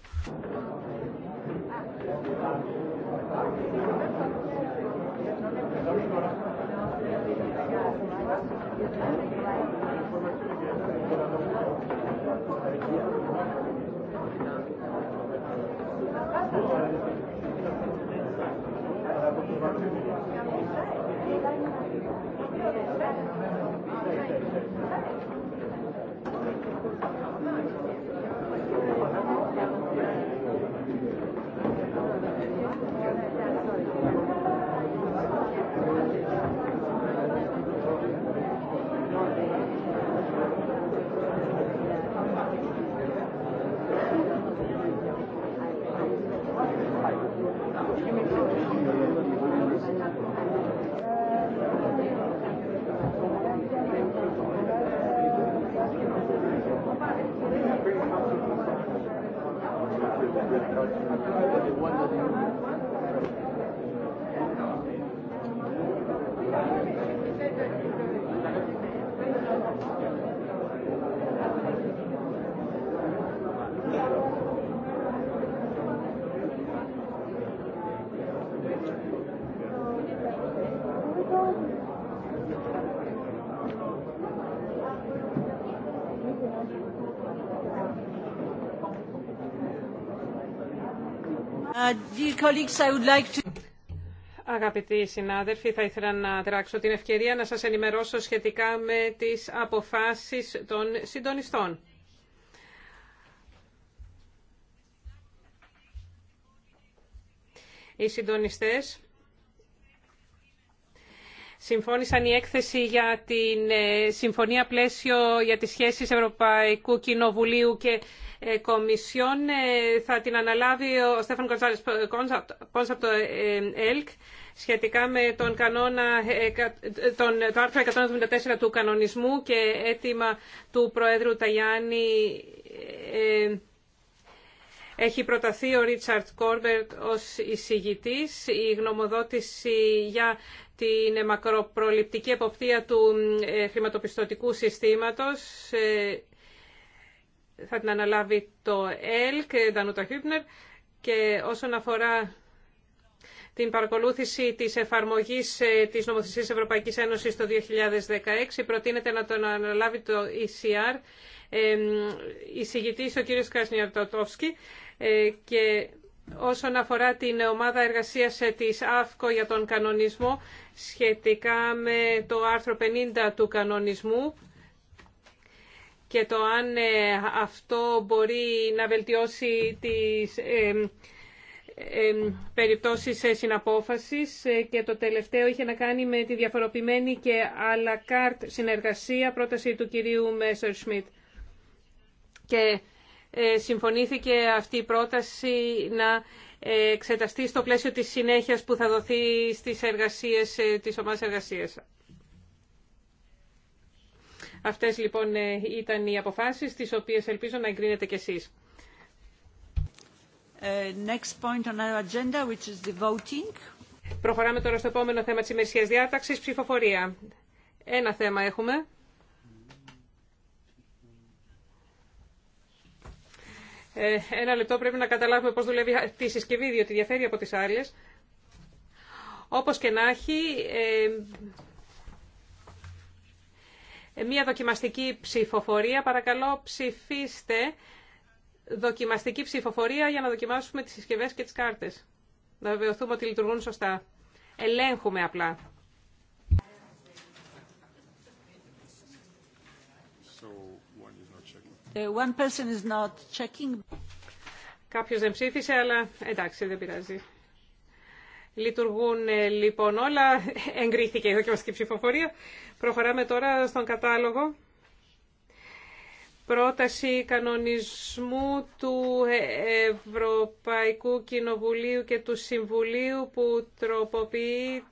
Αγαπητοί συνάδελφοι, θα ήθελα να δράξω την ευκαιρία να σας ενημερώσω σχετικά με τις αποφάσεις των συντονιστών. Οι συντονιστές συμφώνησαν η έκθεση για την ε, Συμφωνία Πλαίσιο για τις σχέσεις Ευρωπαϊκού Κοινοβουλίου και ε, Κομισιόν ε, θα την αναλάβει ο Στέφαν Κοντζάλης από το ε, ΕΛΚ σχετικά με τον κανόνα, τον, το άρθρο 174 του κανονισμού και αίτημα του Προέδρου Ταγιάννη έχει προταθεί ο Ρίτσαρτ Κόρμπερτ ως εισηγητής. Η γνωμοδότηση για την μακροπροληπτική εποπτεία του χρηματοπιστωτικού συστήματος θα την αναλάβει το και Ντανούτα Χίπνερ, και όσον αφορά την παρακολούθηση της εφαρμογής ε, της νομοθεσίας Ευρωπαϊκής Ένωσης το 2016, προτείνεται να τον αναλάβει το ECR, εισηγητής ο κύριος ε, και όσον αφορά την ομάδα εργασίας ε, της ΑΦΚΟ για τον κανονισμό σχετικά με το άρθρο 50 του κανονισμού, και το αν ε, αυτό μπορεί να βελτιώσει τις ε, ε, περιπτώσεις συναπόφασης και το τελευταίο είχε να κάνει με τη διαφοροποιημένη και à συνεργασία πρόταση του κυρίου Μέσορ Σμιτ. Και συμφωνήθηκε αυτή η πρόταση να εξεταστεί στο πλαίσιο της συνέχειας που θα δοθεί στις εργασίες της ομάδας εργασίας. Αυτές λοιπόν ε, ήταν οι αποφάσεις τις οποίες ελπίζω να εγκρίνετε κι εσείς. Ε, next point on our agenda, which is the voting. Προχωράμε τώρα στο επόμενο θέμα της ημερησίας διάταξης, ψηφοφορία. Ένα θέμα έχουμε. Ε, ένα λεπτό πρέπει να καταλάβουμε πώς δουλεύει τη συσκευή, διότι διαφέρει από τις άλλες. Όπως και να έχει, ε, ε, μία δοκιμαστική ψηφοφορία. Παρακαλώ ψηφίστε δοκιμαστική ψηφοφορία για να δοκιμάσουμε τις συσκευές και τις κάρτες. Να βεβαιωθούμε ότι λειτουργούν σωστά. Ελέγχουμε απλά. One Κάποιος δεν ψήφισε, αλλά εντάξει, δεν πειράζει. Λειτουργούν ε, λοιπόν όλα. <laughs> Εγκρίθηκε η δοκιμαστική ψηφοφορία. Προχωράμε τώρα στον κατάλογο. Πρόταση κανονισμού του ε- Ευρωπαϊκού Κοινοβουλίου και του Συμβουλίου που τροποποιεί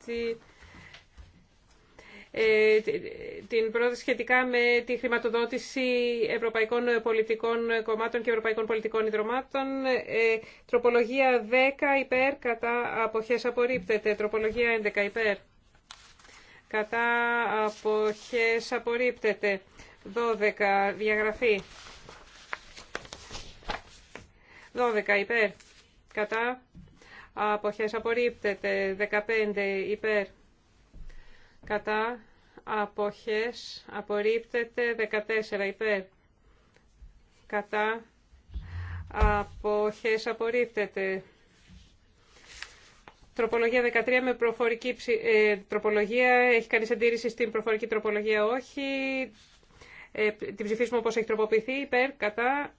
ε, την πρόταση σχετικά με τη χρηματοδότηση ευρωπαϊκών πολιτικών κομμάτων και ευρωπαϊκών πολιτικών ιδρωμάτων. Ε, τροπολογία 10 υπέρ κατά αποχές απορρίπτεται. Τροπολογία 11 υπέρ κατά αποχές απορρίπτεται. 12 διαγραφή. 12 υπέρ κατά αποχές απορρίπτεται. 15 υπέρ κατά αποχές απορρίπτεται. 14 υπέρ κατά αποχές απορρίπτεται. Τροπολογία 13 με προφορική ε, τροπολογία. Έχει κάνει αντίρρηση στην προφορική τροπολογία, όχι. Ε, την ψηφίσουμε όπως έχει τροποποιηθεί. Υπέρ, κατά,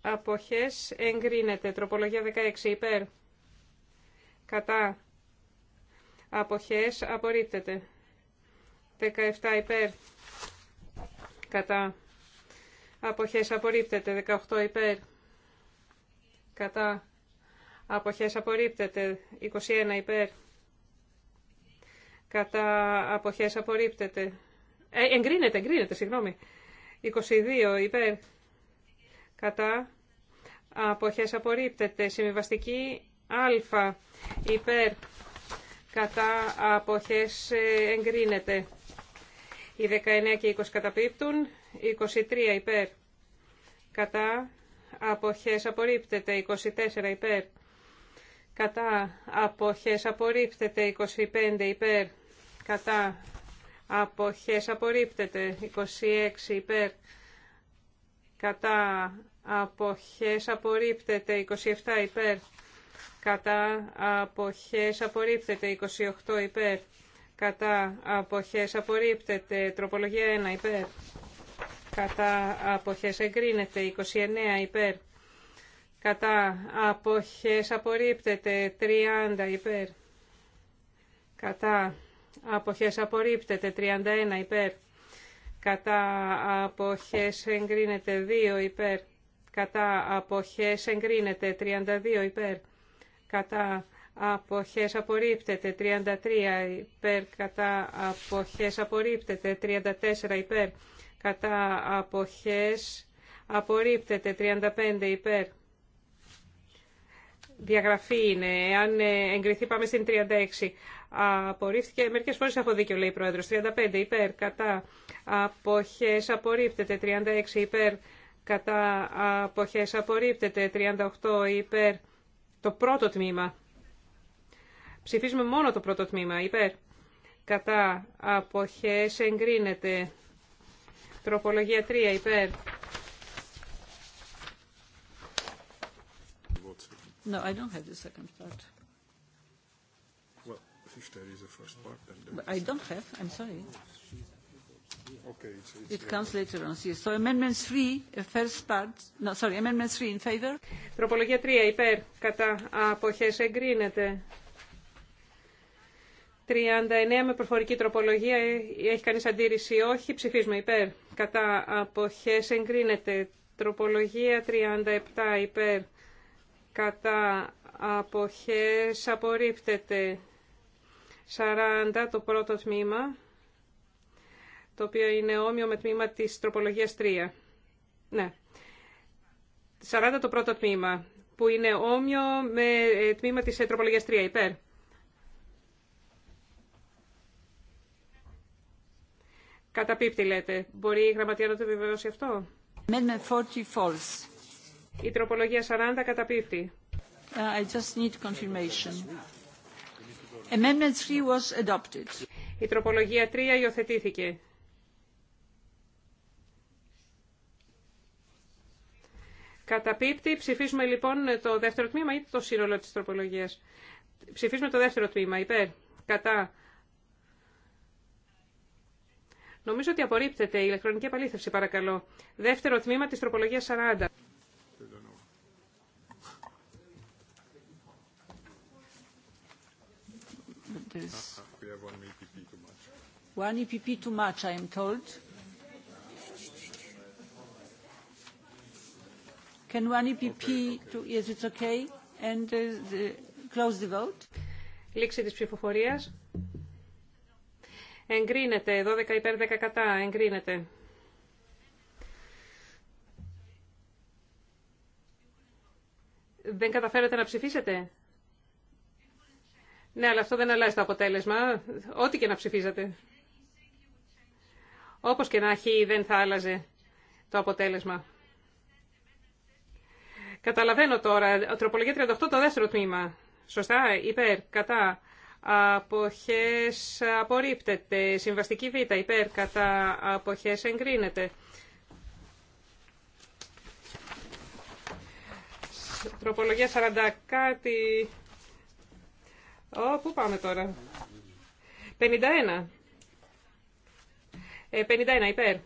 αποχές, εγκρίνεται. Τροπολογία 16, υπέρ, κατά, αποχές, απορρίπτεται. 17, υπέρ, κατά, αποχές, απορρίπτεται. 18, υπέρ, κατά, Αποχές απορρίπτεται. 21 υπέρ. Κατά αποχές απορρίπτεται. Ε, εγκρίνεται, εγκρίνεται, συγγνώμη. 22 υπέρ. Κατά αποχές απορρίπτεται. Συμβιβαστική α υπέρ. Κατά αποχές ε, εγκρίνεται. Οι 19 και 20 καταπίπτουν. 23 υπέρ. Κατά αποχές απορρίπτεται. 24 υπέρ κατά αποχές απορρίπτεται 25 υπέρ κατά αποχές απορρίπτεται 26 υπέρ κατά αποχές απορρίπτεται 27 υπέρ κατά αποχές απορρίπτεται 28 υπέρ κατά αποχές απορρίπτεται τροπολογία 1 υπέρ κατά αποχές εγκρίνεται 29 υπέρ κατά αποχές απορρίπτεται 30 υπέρ κατά αποχές απορρίπτεται 31 υπέρ κατά αποχές εγκρίνεται 2 υπέρ κατά αποχές εγκρίνεται 32 υπέρ κατά αποχές απορρίπτεται 33 υπέρ κατά αποχές απορρίπτεται 34 υπέρ κατά αποχές απορρίπτεται 35 υπέρ διαγραφή είναι. Αν ε, εγκριθεί πάμε στην 36. Απορρίφθηκε. Μερικές φορές έχω δίκιο λέει η Πρόεδρος. 35 υπέρ κατά αποχές απορρίπτεται. 36 υπέρ κατά αποχές απορρίπτεται. 38 υπέρ το πρώτο τμήμα. Ψηφίζουμε μόνο το πρώτο τμήμα υπέρ. Κατά αποχές εγκρίνεται. Τροπολογία 3 υπέρ No, I don't have the second part. Well, if there is a first part, then I don't have. I'm sorry. Okay, It comes later on. So amendment 3, first part. No, sorry, amendment three in favor. Τροπολογία 3 υπέρ κατά αποχές εγκρίνεται. 39 με προφορική τροπολογία. Έχει κανείς αντίρρηση όχι. Ψηφίζουμε υπέρ. Κατά αποχές εγκρίνεται. Τροπολογία 37 υπέρ κατά αποχές απορρίπτεται 40 το πρώτο τμήμα, το οποίο είναι όμοιο με τμήμα της τροπολογίας 3. Ναι. 40 το πρώτο τμήμα, που είναι όμοιο με ε, τμήμα της ε, τροπολογίας 3, υπέρ. Καταπίπτει λέτε. Μπορεί η γραμματεία να το επιβεβαιώσει αυτό. 40 false. Η τροπολογία 40 καταπίπτει. Uh, I just need confirmation. Amendment 3 was adopted. Η τροπολογία 3 υιοθετήθηκε. Καταπίπτει. Ψηφίσουμε λοιπόν το δεύτερο τμήμα ή το σύνολο της τροπολογίας. Ψηφίσουμε το δεύτερο τμήμα. Υπέρ. Κατά. Νομίζω ότι απορρίπτεται η ηλεκτρονική επαλήθευση, παρακαλώ. Δεύτερο τμήμα της τροπολογίας 40. this. We have one EPP too much. One EPP too much, I am told. Can one EPP to... Yes, it's okay. And the... close the vote. Λήξη της ψηφοφορίας. Εγκρίνεται. 12 υπέρ 10 κατά. Εγκρίνεται. Δεν καταφέρατε να ψηφίσετε. Ναι, αλλά αυτό δεν αλλάζει το αποτέλεσμα. Ό,τι και να ψηφίζατε. Όπως και να έχει, δεν θα άλλαζε το αποτέλεσμα. Καταλαβαίνω τώρα. Τροπολογία 38, το δεύτερο τμήμα. Σωστά, υπέρ, κατά. Αποχές απορρίπτεται. Συμβαστική Β, υπέρ, κατά. Αποχές εγκρίνεται. Τροπολογία 40, κάτι... Ω, πού πάμε τώρα. 51. Ε, 51, υπέρ.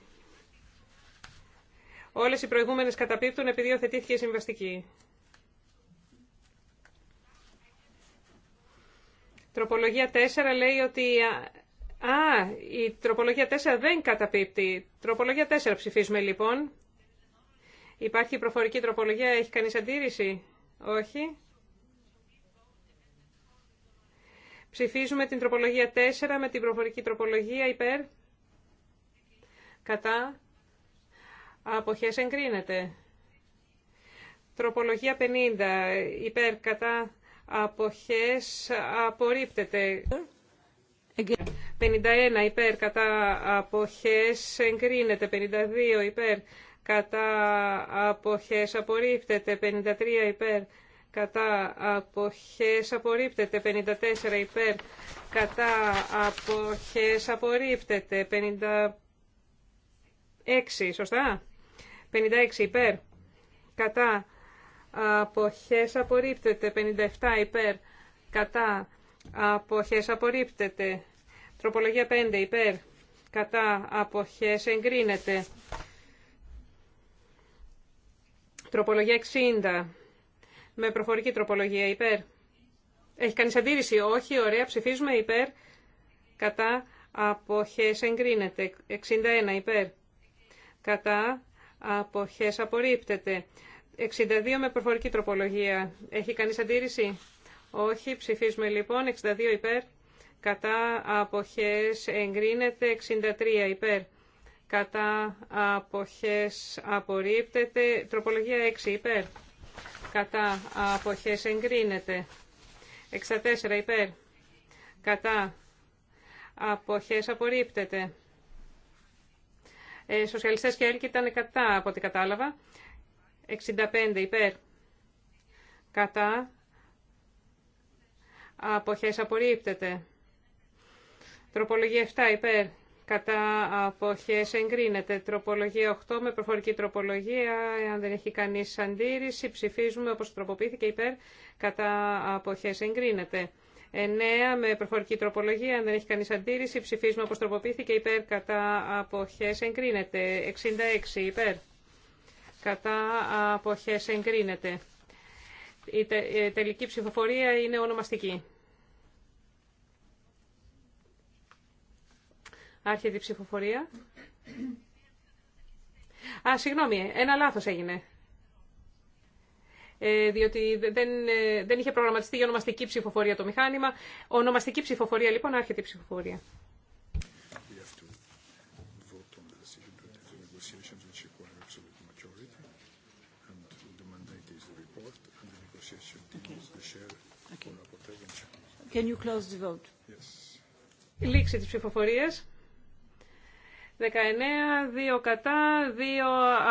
Όλες οι προηγούμενες καταπίπτουν επειδή οθετήθηκε η συμβαστική. Τροπολογία 4 λέει ότι... Α, η τροπολογία 4 δεν καταπίπτει. Τροπολογία 4 ψηφίζουμε λοιπόν. Υπάρχει προφορική τροπολογία, έχει κανείς αντίρρηση. Όχι. Ψηφίζουμε την τροπολογία 4 με την προφορική τροπολογία υπέρ. Κατά. Αποχές εγκρίνεται. Τροπολογία 50 υπέρ κατά αποχές απορρίπτεται. 51 υπέρ κατά αποχές εγκρίνεται. 52 υπέρ κατά αποχές απορρίπτεται. 53 υπέρ κατά αποχές απορρίπτεται 54 υπέρ κατά αποχές απορρίπτεται 56 σωστά 56 υπέρ κατά αποχές απορρίπτεται 57 υπέρ κατά αποχές απορρίπτεται τροπολογία 5 υπέρ κατά αποχές εγκρίνεται τροπολογία 60 με προφορική τροπολογία υπέρ. Έχει κανεί αντίρρηση. Όχι, ωραία, ψηφίζουμε υπέρ. Κατά αποχές εγκρίνεται. 61 υπέρ. Κατά αποχές απορρίπτεται. 62 με προφορική τροπολογία. Έχει κανεί αντίρρηση. Όχι, ψηφίζουμε λοιπόν. 62 υπέρ. Κατά αποχές εγκρίνεται. 63 υπέρ. Κατά αποχές απορρίπτεται. Τροπολογία 6 υπέρ κατά αποχές εγκρίνεται. 64 υπέρ κατά αποχές απορρίπτεται. Ε, σοσιαλιστές και έλκοι ήταν κατά από ό,τι κατάλαβα. 65 υπέρ κατά αποχές απορρίπτεται. Τροπολογία 7 υπέρ κατά αποχές εγκρίνεται. Τροπολογία 8 με προφορική τροπολογία, αν δεν έχει κανεί αντίρρηση, ψηφίζουμε όπως τροποποιήθηκε υπέρ, κατά αποχές εγκρίνεται. 9 με προφορική τροπολογία, αν δεν έχει κανεί αντίρρηση, ψηφίζουμε όπως τροποποιήθηκε υπέρ, κατά αποχές εγκρίνεται. 66 υπέρ, κατά αποχές εγκρίνεται. Η τελική ψηφοφορία είναι ονομαστική. Άρχεται η ψηφοφορία. Α, συγγνώμη, ένα λάθος έγινε. Ε, διότι δεν, ε, δεν είχε προγραμματιστεί για ονομαστική ψηφοφορία το μηχάνημα. Ονομαστική ψηφοφορία, λοιπόν, άρχεται η ψηφοφορία. Can you close the vote? Yes. Λήξη ψηφοφορίας. 19, 2 κατά, 2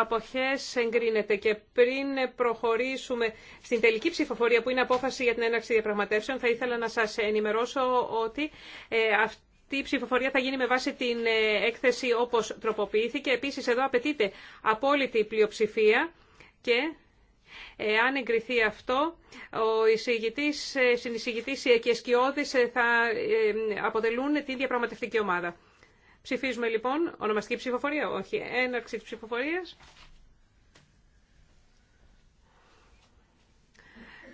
αποχές εγκρίνεται. Και πριν προχωρήσουμε στην τελική ψηφοφορία που είναι απόφαση για την έναρξη διαπραγματεύσεων, θα ήθελα να σας ενημερώσω ότι ε, αυτή η ψηφοφορία θα γίνει με βάση την ε, έκθεση όπως τροποποιήθηκε. Επίσης εδώ απαιτείται απόλυτη πλειοψηφία και ε, αν εγκριθεί αυτό, ο εισηγητής, συνεισηγητής και εσκιώδης θα αποτελούν την διαπραγματευτική ομάδα. Ψηφίζουμε λοιπόν ονομαστική ψηφοφορία, όχι έναρξη της ψηφοφορίας.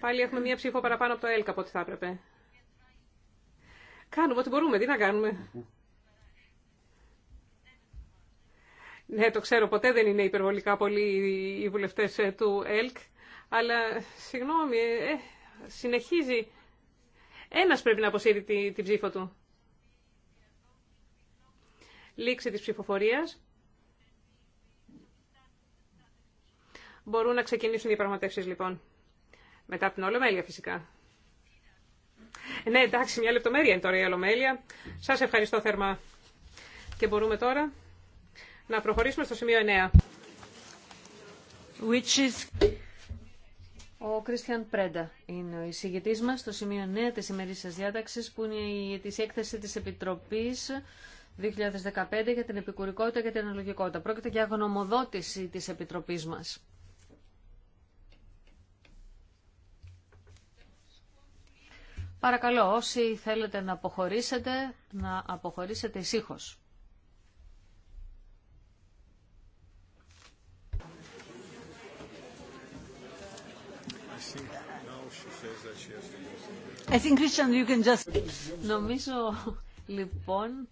Πάλι έχουμε μία ψήφο παραπάνω από το ΕΛΚ από ό,τι θα έπρεπε. Κάνουμε ό,τι μπορούμε, τι να κάνουμε. Ναι, το ξέρω, ποτέ δεν είναι υπερβολικά πολλοί οι βουλευτές ε, του ΕΛΚ, αλλά συγγνώμη, ε, ε, συνεχίζει. Ένας πρέπει να αποσύρει την τη ψήφο του λήξη της ψηφοφορίας. Μπορούν να ξεκινήσουν οι διαπραγματεύσεις λοιπόν. Μετά από την Ολομέλεια φυσικά. Ναι, εντάξει, μια λεπτομέρεια είναι τώρα η Ολομέλεια. Σας ευχαριστώ θερμά. Και μπορούμε τώρα να προχωρήσουμε στο σημείο 9. Which is... Ο Κρίστιαν Πρέντα είναι ο εισηγητής μας στο σημείο 9 της ημερής σας διάταξης που είναι η, της έκθεση της Επιτροπής 2015 για την επικουρικότητα και την αναλογικότητα. Πρόκειται για γνωμοδότηση της Επιτροπής μας. Παρακαλώ, όσοι θέλετε να αποχωρήσετε, να αποχωρήσετε ησύχως. I think, Christian, you can just... Νομίζω, λοιπόν,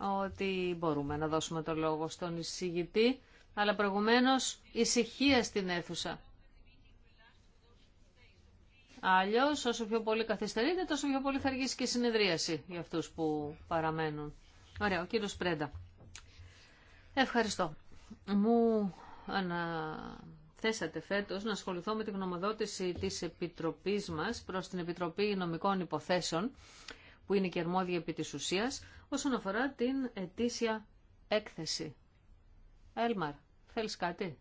ότι μπορούμε να δώσουμε το λόγο στον εισηγητή, αλλά προηγουμένως ησυχία στην αίθουσα. Αλλιώ, όσο πιο πολύ καθυστερείτε, τόσο πιο πολύ θα αργήσει και η συνεδρίαση για αυτούς που παραμένουν. Ωραία, ο κύριος Πρέντα. Ευχαριστώ. Μου αναθέσατε φέτος να ασχοληθώ με την γνωμοδότηση της Επιτροπής μας προς την Επιτροπή Νομικών Υποθέσεων που είναι και αρμόδια επί της ουσίας, όσον αφορά την ετήσια έκθεση. Έλμαρ, θέλεις κάτι?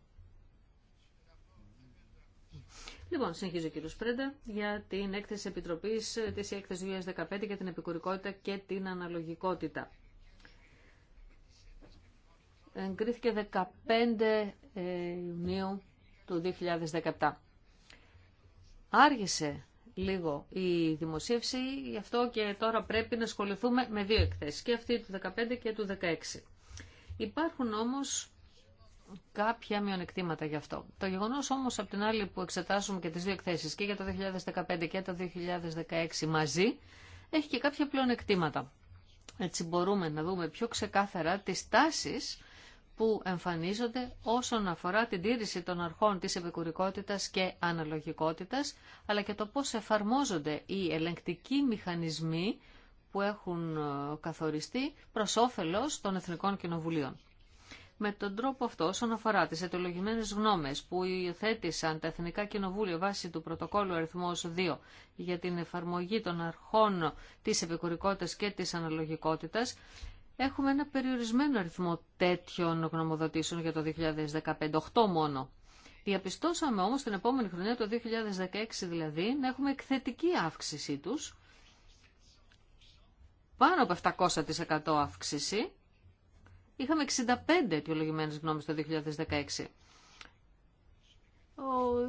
Λοιπόν, συνεχίζει ο κύριος Πρέντα για την έκθεση Επιτροπής της έκθεσης 2015 για την επικουρικότητα και την αναλογικότητα. Εγκρίθηκε 15 ε, Ιουνίου του 2017. Άργησε λίγο η δημοσίευση, γι' αυτό και τώρα πρέπει να ασχοληθούμε με δύο εκθέσεις, και αυτή του 2015 και του 2016. Υπάρχουν όμως κάποια μειονεκτήματα γι' αυτό. Το γεγονός όμως από την άλλη που εξετάζουμε και τις δύο εκθέσεις και για το 2015 και το 2016 μαζί, έχει και κάποια πλεονεκτήματα. Έτσι μπορούμε να δούμε πιο ξεκάθαρα τις τάσεις που εμφανίζονται όσον αφορά την τήρηση των αρχών της επικουρικότητας και αναλογικότητας, αλλά και το πώς εφαρμόζονται οι ελεγκτικοί μηχανισμοί που έχουν ε, καθοριστεί προς όφελος των Εθνικών Κοινοβουλίων. Με τον τρόπο αυτό, όσον αφορά τις αιτιολογημένες γνώμες που υιοθέτησαν τα Εθνικά Κοινοβούλια βάσει του πρωτοκόλλου αριθμός 2 για την εφαρμογή των αρχών της επικουρικότητας και της αναλογικότητας, Έχουμε ένα περιορισμένο αριθμό τέτοιων γνωμοδοτήσεων για το 2015, 8 μόνο. Διαπιστώσαμε όμως την επόμενη χρονιά, το 2016 δηλαδή, να έχουμε εκθετική αύξησή τους, πάνω από 700% αύξηση. Είχαμε 65 αιτιολογημένες γνώμες το 2016. Ο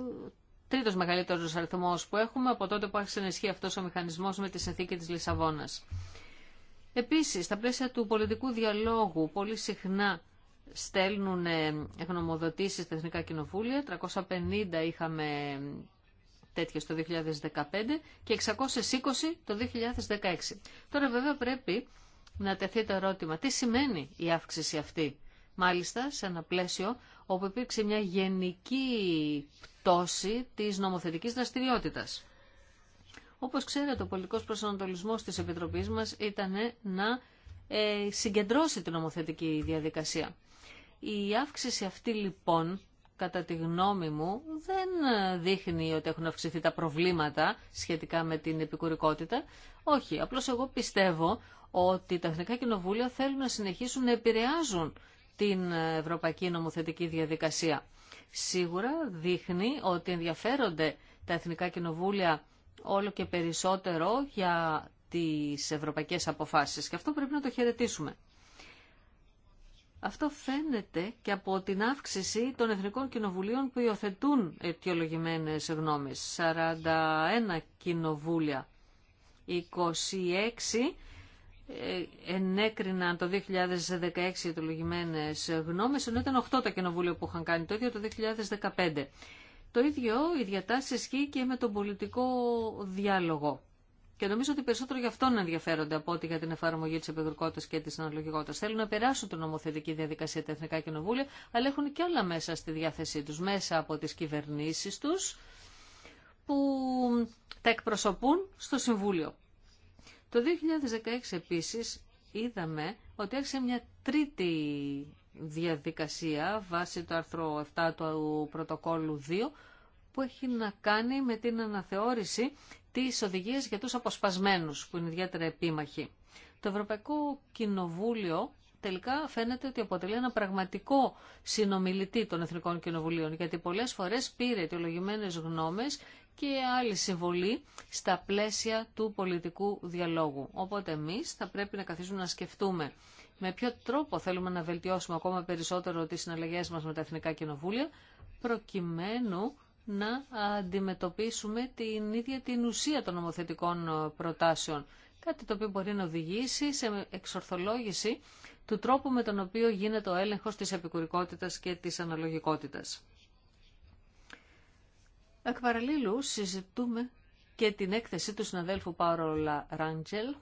τρίτος μεγαλύτερος αριθμός που έχουμε από τότε που άρχισε να ισχύει αυτός ο μηχανισμός με τη συνθήκη της Λισαβόνας. Επίσης, στα πλαίσια του πολιτικού διαλόγου, πολύ συχνά στέλνουν ε, γνωμοδοτήσεις στα Εθνικά Κοινοβούλια. 350 είχαμε τέτοιες το 2015 και 620 το 2016. Τώρα βέβαια πρέπει να τεθεί το ερώτημα τι σημαίνει η αύξηση αυτή. Μάλιστα σε ένα πλαίσιο όπου υπήρξε μια γενική πτώση της νομοθετικής δραστηριότητας. Όπως ξέρετε, ο πολιτικός προσανατολισμός της Επιτροπής μας ήταν να ε, συγκεντρώσει την νομοθετική διαδικασία. Η αύξηση αυτή λοιπόν, κατά τη γνώμη μου, δεν δείχνει ότι έχουν αυξηθεί τα προβλήματα σχετικά με την επικουρικότητα. Όχι, απλώς εγώ πιστεύω ότι τα Εθνικά Κοινοβούλια θέλουν να συνεχίσουν να επηρεάζουν την Ευρωπαϊκή Νομοθετική Διαδικασία. Σίγουρα δείχνει ότι ενδιαφέρονται τα Εθνικά Κοινοβούλια όλο και περισσότερο για τις ευρωπαϊκές αποφάσεις και αυτό πρέπει να το χαιρετήσουμε. Αυτό φαίνεται και από την αύξηση των Εθνικών Κοινοβουλίων που υιοθετούν αιτιολογημένες γνώμες. 41 κοινοβούλια, 26 ε, ενέκριναν το 2016 αιτιολογημένες γνώμες, ενώ ήταν 8 τα κοινοβούλια που είχαν κάνει το ίδιο το 2015. Το ίδιο η σε ισχύει και με τον πολιτικό διάλογο. Και νομίζω ότι περισσότερο γι' αυτόν ενδιαφέρονται από ότι για την εφαρμογή τη επικουρικότητα και τη αναλογικότητα. Θέλουν να περάσουν την νομοθετική διαδικασία τα εθνικά κοινοβούλια, αλλά έχουν και όλα μέσα στη διάθεσή του, μέσα από τι κυβερνήσει του, που τα εκπροσωπούν στο Συμβούλιο. Το 2016 επίση είδαμε ότι άρχισε μια τρίτη διαδικασία βάσει το άρθρο 7 του πρωτοκόλου 2 που έχει να κάνει με την αναθεώρηση της οδηγίας για τους αποσπασμένους που είναι ιδιαίτερα επίμαχοι. Το Ευρωπαϊκό Κοινοβούλιο τελικά φαίνεται ότι αποτελεί ένα πραγματικό συνομιλητή των Εθνικών Κοινοβουλίων γιατί πολλές φορές πήρε αιτιολογημένες γνώμες και άλλη συμβολή στα πλαίσια του πολιτικού διαλόγου. Οπότε εμείς θα πρέπει να καθίσουμε να σκεφτούμε με ποιο τρόπο θέλουμε να βελτιώσουμε ακόμα περισσότερο τις συναλλαγές μας με τα Εθνικά Κοινοβούλια, προκειμένου να αντιμετωπίσουμε την ίδια την ουσία των νομοθετικών ε, προτάσεων. Κάτι το οποίο μπορεί να οδηγήσει σε εξορθολόγηση του τρόπου με τον οποίο γίνεται ο έλεγχος της επικουρικότητας και της αναλογικότητας. Εκ παραλίλου, συζητούμε και την έκθεση του συναδέλφου Πάρολα Ράντζελ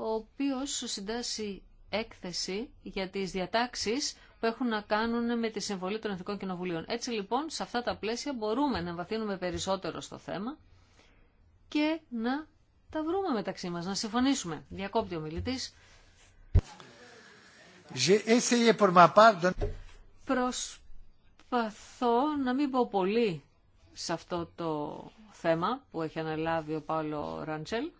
ο οποίος συντάσσει έκθεση για τις διατάξεις που έχουν να κάνουν με τη συμβολή των Εθνικών Κοινοβουλίων. Έτσι λοιπόν, σε αυτά τα πλαίσια μπορούμε να βαθύνουμε περισσότερο στο θέμα και να τα βρούμε μεταξύ μας, να συμφωνήσουμε. Διακόπτει ο μιλητής. Προσπαθώ να μην πω πολύ σε αυτό το θέμα που έχει αναλάβει ο Πάολο Ράντσελ,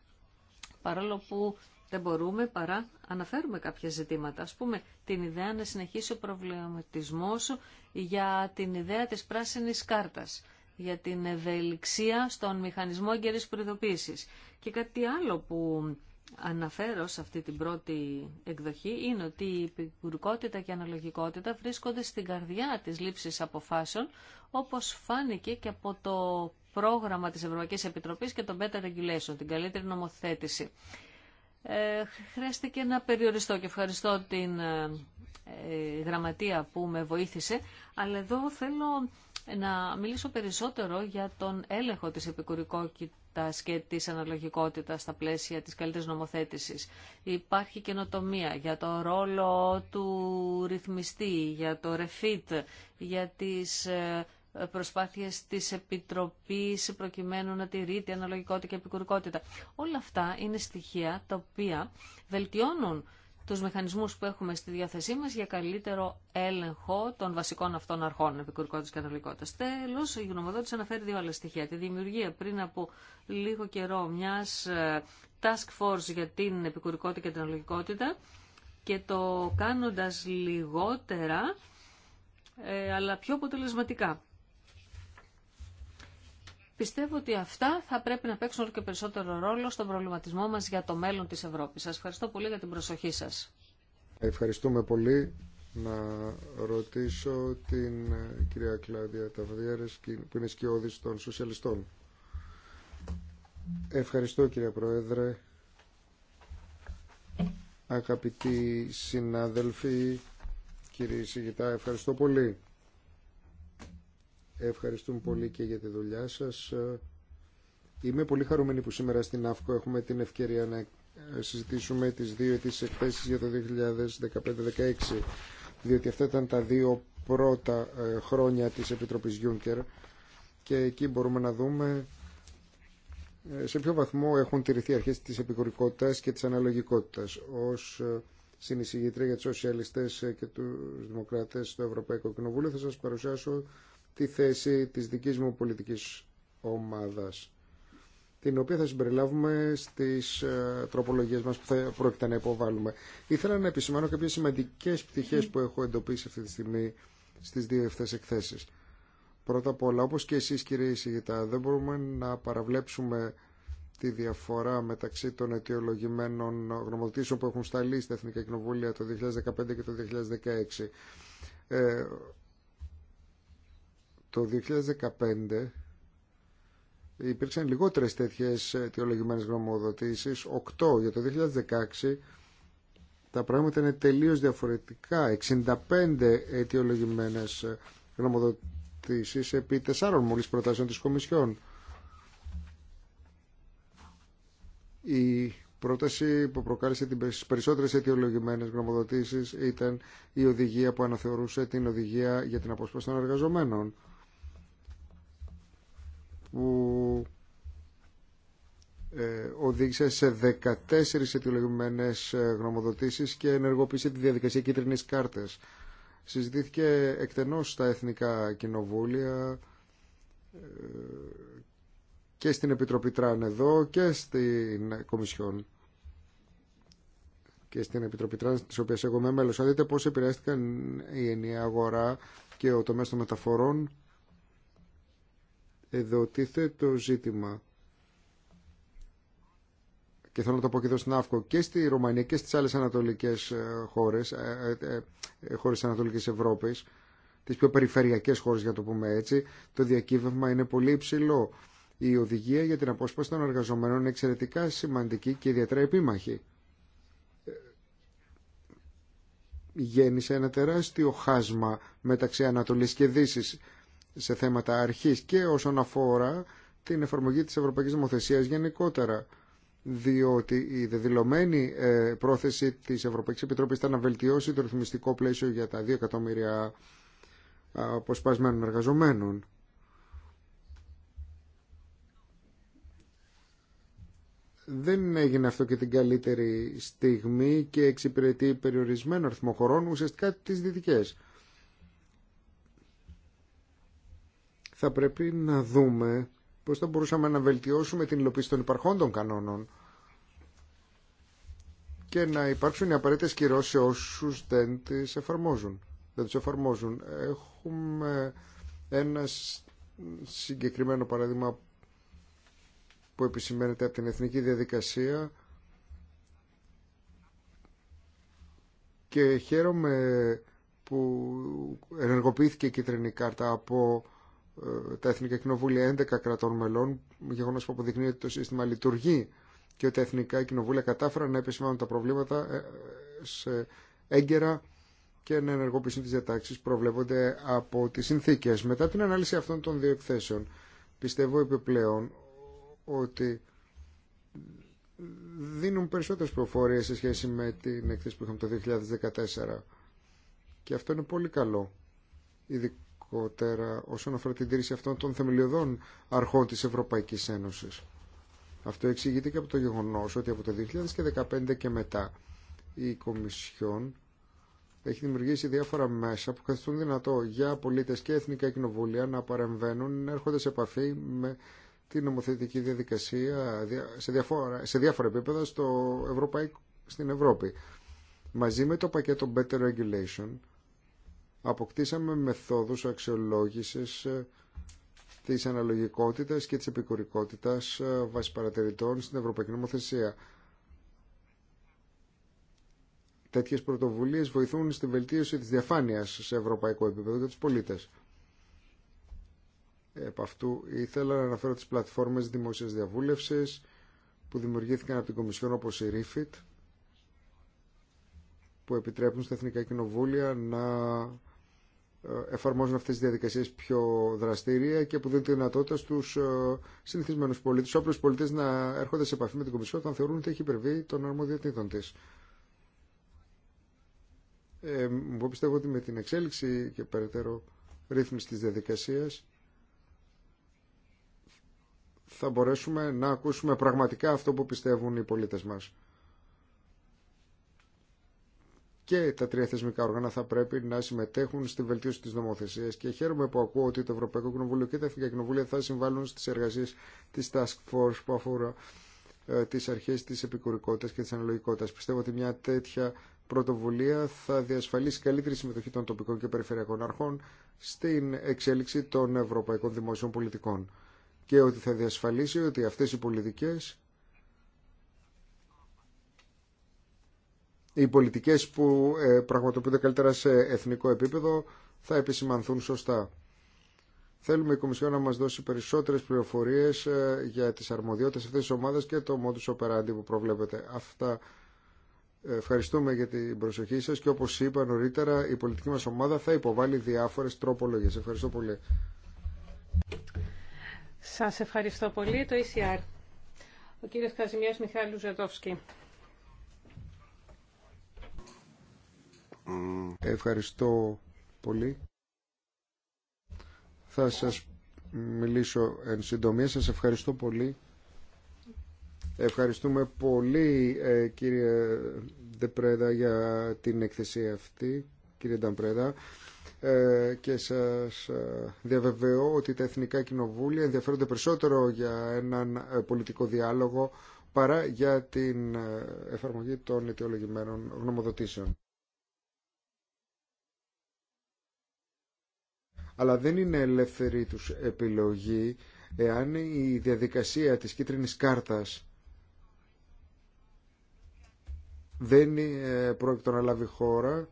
παρόλο που δεν μπορούμε παρά αναφέρουμε κάποια ζητήματα. Ας πούμε την ιδέα να συνεχίσει ο προβληματισμός για την ιδέα της πράσινης κάρτας, για την ευελιξία στον μηχανισμό εγκαιρής προειδοποίησης. Και κάτι άλλο που αναφέρω σε αυτή την πρώτη εκδοχή είναι ότι η υπηκουρικότητα και η αναλογικότητα βρίσκονται στην καρδιά της λήψης αποφάσεων, όπως φάνηκε και από το πρόγραμμα της Ευρωπαϊκής Επιτροπής και το Better Regulation, την καλύτερη νομοθέτηση. Ε, χρειάστηκε να περιοριστώ και ευχαριστώ την ε, ε, γραμματεία που με βοήθησε, αλλά εδώ θέλω να μιλήσω περισσότερο για τον έλεγχο της επικουρικότητας και της αναλογικότητας στα πλαίσια της καλύτερης νομοθέτησης. Υπάρχει καινοτομία για το ρόλο του ρυθμιστή, για το ρεφίτ, για τις προσπάθειες της Επιτροπής προκειμένου να τηρείται αναλογικότητα και επικουρικότητα. Όλα αυτά είναι στοιχεία τα οποία βελτιώνουν τους μηχανισμούς που έχουμε στη διάθεσή μας για καλύτερο έλεγχο των βασικών αυτών αρχών επικουρικότητας και αναλογικότητας. Τέλος, η γνωμοδότηση αναφέρει δύο άλλα στοιχεία. Τη δημιουργία πριν από λίγο καιρό μιας ε, task force για την επικουρικότητα και την αναλογικότητα και το κάνοντας λιγότερα ε, αλλά πιο αποτελεσματικά. Πιστεύω ότι αυτά θα πρέπει να παίξουν όλο και περισσότερο ρόλο στον προβληματισμό μας για το μέλλον της Ευρώπης. Σας ευχαριστώ πολύ για την προσοχή σας. Ευχαριστούμε πολύ. Να ρωτήσω την ε, κυρία Κλάδια Ταβδιέρες που είναι σκιώδης των σοσιαλιστών. Ευχαριστώ κύριε Πρόεδρε. Αγαπητοί συνάδελφοι, κύριε Σιγητά, ευχαριστώ πολύ Ευχαριστούμε πολύ και για τη δουλειά σας. Είμαι πολύ χαρούμενη που σήμερα στην ΑΦΚΟ έχουμε την ευκαιρία να συζητήσουμε τις δύο ετήσεις εκθέσεις για το 2015-2016 διότι αυτά ήταν τα δύο πρώτα ε, χρόνια της Επιτροπής Γιούνκερ και εκεί μπορούμε να δούμε ε, σε ποιο βαθμό έχουν τηρηθεί αρχές της επικουρικότητας και της αναλογικότητας ως ε, συνεισηγήτρια για τους σοσιαλιστές και τους δημοκράτες στο Ευρωπαϊκό Κοινοβούλιο θα σας παρουσιάσω τη θέση της δικής μου πολιτικής ομάδας την οποία θα συμπεριλάβουμε στις ε, τροπολογίες μας που θα πρόκειται να υποβάλουμε. Ήθελα να επισημάνω κάποιες σημαντικές πτυχές που έχω εντοπίσει αυτή τη στιγμή στις δύο ευθές εκθέσεις. Πρώτα απ' όλα, όπως και εσείς κύριε Ισηγητά, δεν μπορούμε να παραβλέψουμε τη διαφορά μεταξύ των αιτιολογημένων γνωμοδοτήσεων που έχουν σταλεί στα Εθνικά Κοινοβούλια το 2015 και το 2016. Ε, το 2015 υπήρξαν λιγότερες τέτοιες αιτιολογημένες γνωμοδοτήσεις, 8 για το 2016 τα πράγματα είναι τελείως διαφορετικά, 65 αιτιολογημένες γνωμοδοτήσεις επί 4 μόλις προτάσεων της Κομισιόν. Η πρόταση που προκάλεσε τις περισσότερες αιτιολογημένες γνωμοδοτήσεις ήταν η οδηγία που αναθεωρούσε την οδηγία για την απόσπαση των εργαζομένων που ε, οδήγησε σε 14 αιτιολογημένες ε, γνωμοδοτήσεις και ενεργοποίησε τη διαδικασία κίτρινης κάρτες. Συζητήθηκε εκτενώς στα Εθνικά Κοινοβούλια ε, και στην Επιτροπή Τραν εδώ και στην Κομισιόν και στην Επιτροπή Τραν της οποίας εγώ είμαι μέλος. Αν δείτε πώς επηρεάστηκαν η ενιαία αγορά και ο τομέας των μεταφορών εδώ τίθεται το ζήτημα και θέλω να το πω και εδώ στην ΑΦΚΟ και στη Ρωμανία και στις άλλες ανατολικές ε, χώρες, ε, ε, χώρες της Ανατολικής Ευρώπης, τις πιο περιφερειακές χώρες για το πούμε έτσι, το διακύβευμα είναι πολύ υψηλό. Η οδηγία για την απόσπαση των εργαζομένων είναι εξαιρετικά σημαντική και ιδιαίτερα επίμαχη. Γέννησε ένα τεράστιο χάσμα μεταξύ Ανατολής και Δύσης σε θέματα αρχής και όσον αφορά την εφαρμογή της Ευρωπαϊκής Νομοθεσίας γενικότερα διότι η δεδηλωμένη ε, πρόθεση της Ευρωπαϊκής Επιτροπής ήταν να βελτιώσει το ρυθμιστικό πλαίσιο για τα 2 εκατομμύρια ε, αποσπασμένων εργαζομένων. Δεν έγινε αυτό και την καλύτερη στιγμή και εξυπηρετεί περιορισμένο αριθμό χωρών, ουσιαστικά τις δυτικές. θα πρέπει να δούμε πώς θα μπορούσαμε να βελτιώσουμε την υλοποίηση των υπαρχόντων κανόνων και να υπάρξουν οι απαραίτητες κυρώσεις σε όσους δεν τις εφαρμόζουν. Δεν εφαρμόζουν. Έχουμε ένα συγκεκριμένο παράδειγμα που επισημαίνεται από την εθνική διαδικασία και χαίρομαι που ενεργοποιήθηκε η κίτρινη κάρτα από ε, τα εθνικά κοινοβούλια 11 κρατών μελών, γεγονός που αποδεικνύει ότι το σύστημα λειτουργεί και ότι τα εθνικά κοινοβούλια κατάφεραν να επισημάνουν τα προβλήματα ε, ε, σε έγκαιρα και να ενεργοποιήσουν τις διατάξεις προβλέπονται από τις συνθήκες. Μετά την ανάλυση αυτών των δύο εκθέσεων, πιστεύω επιπλέον ότι δίνουν περισσότερες προφορίες σε σχέση με την εκθέση που είχαμε το 2014 και αυτό είναι πολύ καλό όσον αφορά την τήρηση αυτών των θεμελιωδών αρχών της Ευρωπαϊκής Ένωσης. Αυτό εξηγείται και από το γεγονός ότι από το 2015 και μετά η Κομισιόν έχει δημιουργήσει διάφορα μέσα που καθιστούν δυνατό για πολίτες και εθνικά κοινοβούλια να παρεμβαίνουν, να έρχονται σε επαφή με την νομοθετική διαδικασία σε διάφορα, σε επίπεδα στο στην Ευρώπη. Μαζί με το πακέτο Better Regulation αποκτήσαμε μεθόδους αξιολόγησης ε, της αναλογικότητας και της επικουρικότητας ε, βάσει παρατηρητών στην Ευρωπαϊκή Νομοθεσία. Τέτοιες πρωτοβουλίες βοηθούν στη βελτίωση της διαφάνειας σε ευρωπαϊκό επίπεδο για τους πολίτες. Επ' αυτού ήθελα να αναφέρω τις πλατφόρμες δημόσιας διαβούλευσης που δημιουργήθηκαν από την Κομισιόν όπως η REFIT που επιτρέπουν στα Εθνικά Κοινοβούλια να ε, εφαρμόζουν αυτές τις διαδικασίες πιο δραστήρια και που δίνουν τη δυνατότητα στους ε, συνηθισμένους πολίτες, στους όπλους πολίτες να έρχονται σε επαφή με την Κομισιόν όταν θεωρούν ότι έχει υπερβεί των αρμοδιοτήτων της. Ε, εγώ πιστεύω ότι με την εξέλιξη και περαιτέρω ρύθμιση της διαδικασίας θα μπορέσουμε να ακούσουμε πραγματικά αυτό που πιστεύουν οι πολίτες μας και τα τρία θεσμικά όργανα θα πρέπει να συμμετέχουν στη βελτίωση τη νομοθεσία. Και χαίρομαι που ακούω ότι το Ευρωπαϊκό Κοινοβούλιο και τα Εθνικά Κοινοβούλια θα συμβάλλουν στι εργασίε τη Task Force που αφορά ε, τι αρχέ τη επικουρικότητα και τη αναλογικότητα. Πιστεύω ότι μια τέτοια πρωτοβουλία θα διασφαλίσει καλύτερη συμμετοχή των τοπικών και περιφερειακών αρχών στην εξέλιξη των ευρωπαϊκών δημόσιων πολιτικών και ότι θα διασφαλίσει ότι αυτές οι πολιτικές οι πολιτικές που ε, πραγματοποιούνται καλύτερα σε εθνικό επίπεδο θα επισημανθούν σωστά. Θέλουμε η Κομισιόν να μας δώσει περισσότερες πληροφορίες ε, για τις αρμοδιότητες αυτής της ομάδας και το modus operandi που προβλέπετε. Αυτά ε, ευχαριστούμε για την προσοχή σας και όπως είπα νωρίτερα η πολιτική μας ομάδα θα υποβάλει διάφορες τρόπολογίες. Ευχαριστώ πολύ. Σας ευχαριστώ πολύ. Το ECR. Ο κύριος Καζημιάς Μιχάλης Ζετόφσκι. Ευχαριστώ πολύ. Θα σας μιλήσω εν συντομία. Σας ευχαριστώ πολύ. Ευχαριστούμε πολύ ε, κύριε Ντεπρέδα για την εκθεσία αυτή, κύριε Νταμπρέδα ε, και σας ε, διαβεβαιώ ότι τα Εθνικά Κοινοβούλια ενδιαφέρονται περισσότερο για έναν πολιτικό διάλογο παρά για την εφαρμογή των αιτιολογημένων γνωμοδοτήσεων. αλλά δεν είναι ελεύθερη τους επιλογή εάν η διαδικασία της κίτρινης κάρτας δεν ε, πρόκειται να λάβει χώρα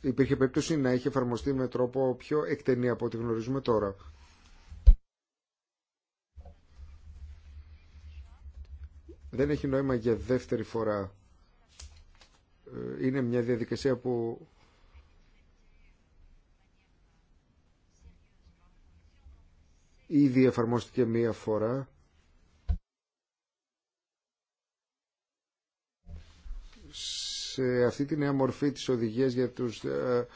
υπήρχε περίπτωση να έχει εφαρμοστεί με τρόπο πιο εκτενή από ό,τι γνωρίζουμε τώρα. δεν έχει νόημα για δεύτερη φορά. Ε, είναι μια διαδικασία που ήδη εφαρμόστηκε μία φορά. Σε αυτή τη νέα μορφή της οδηγίας για τους ε,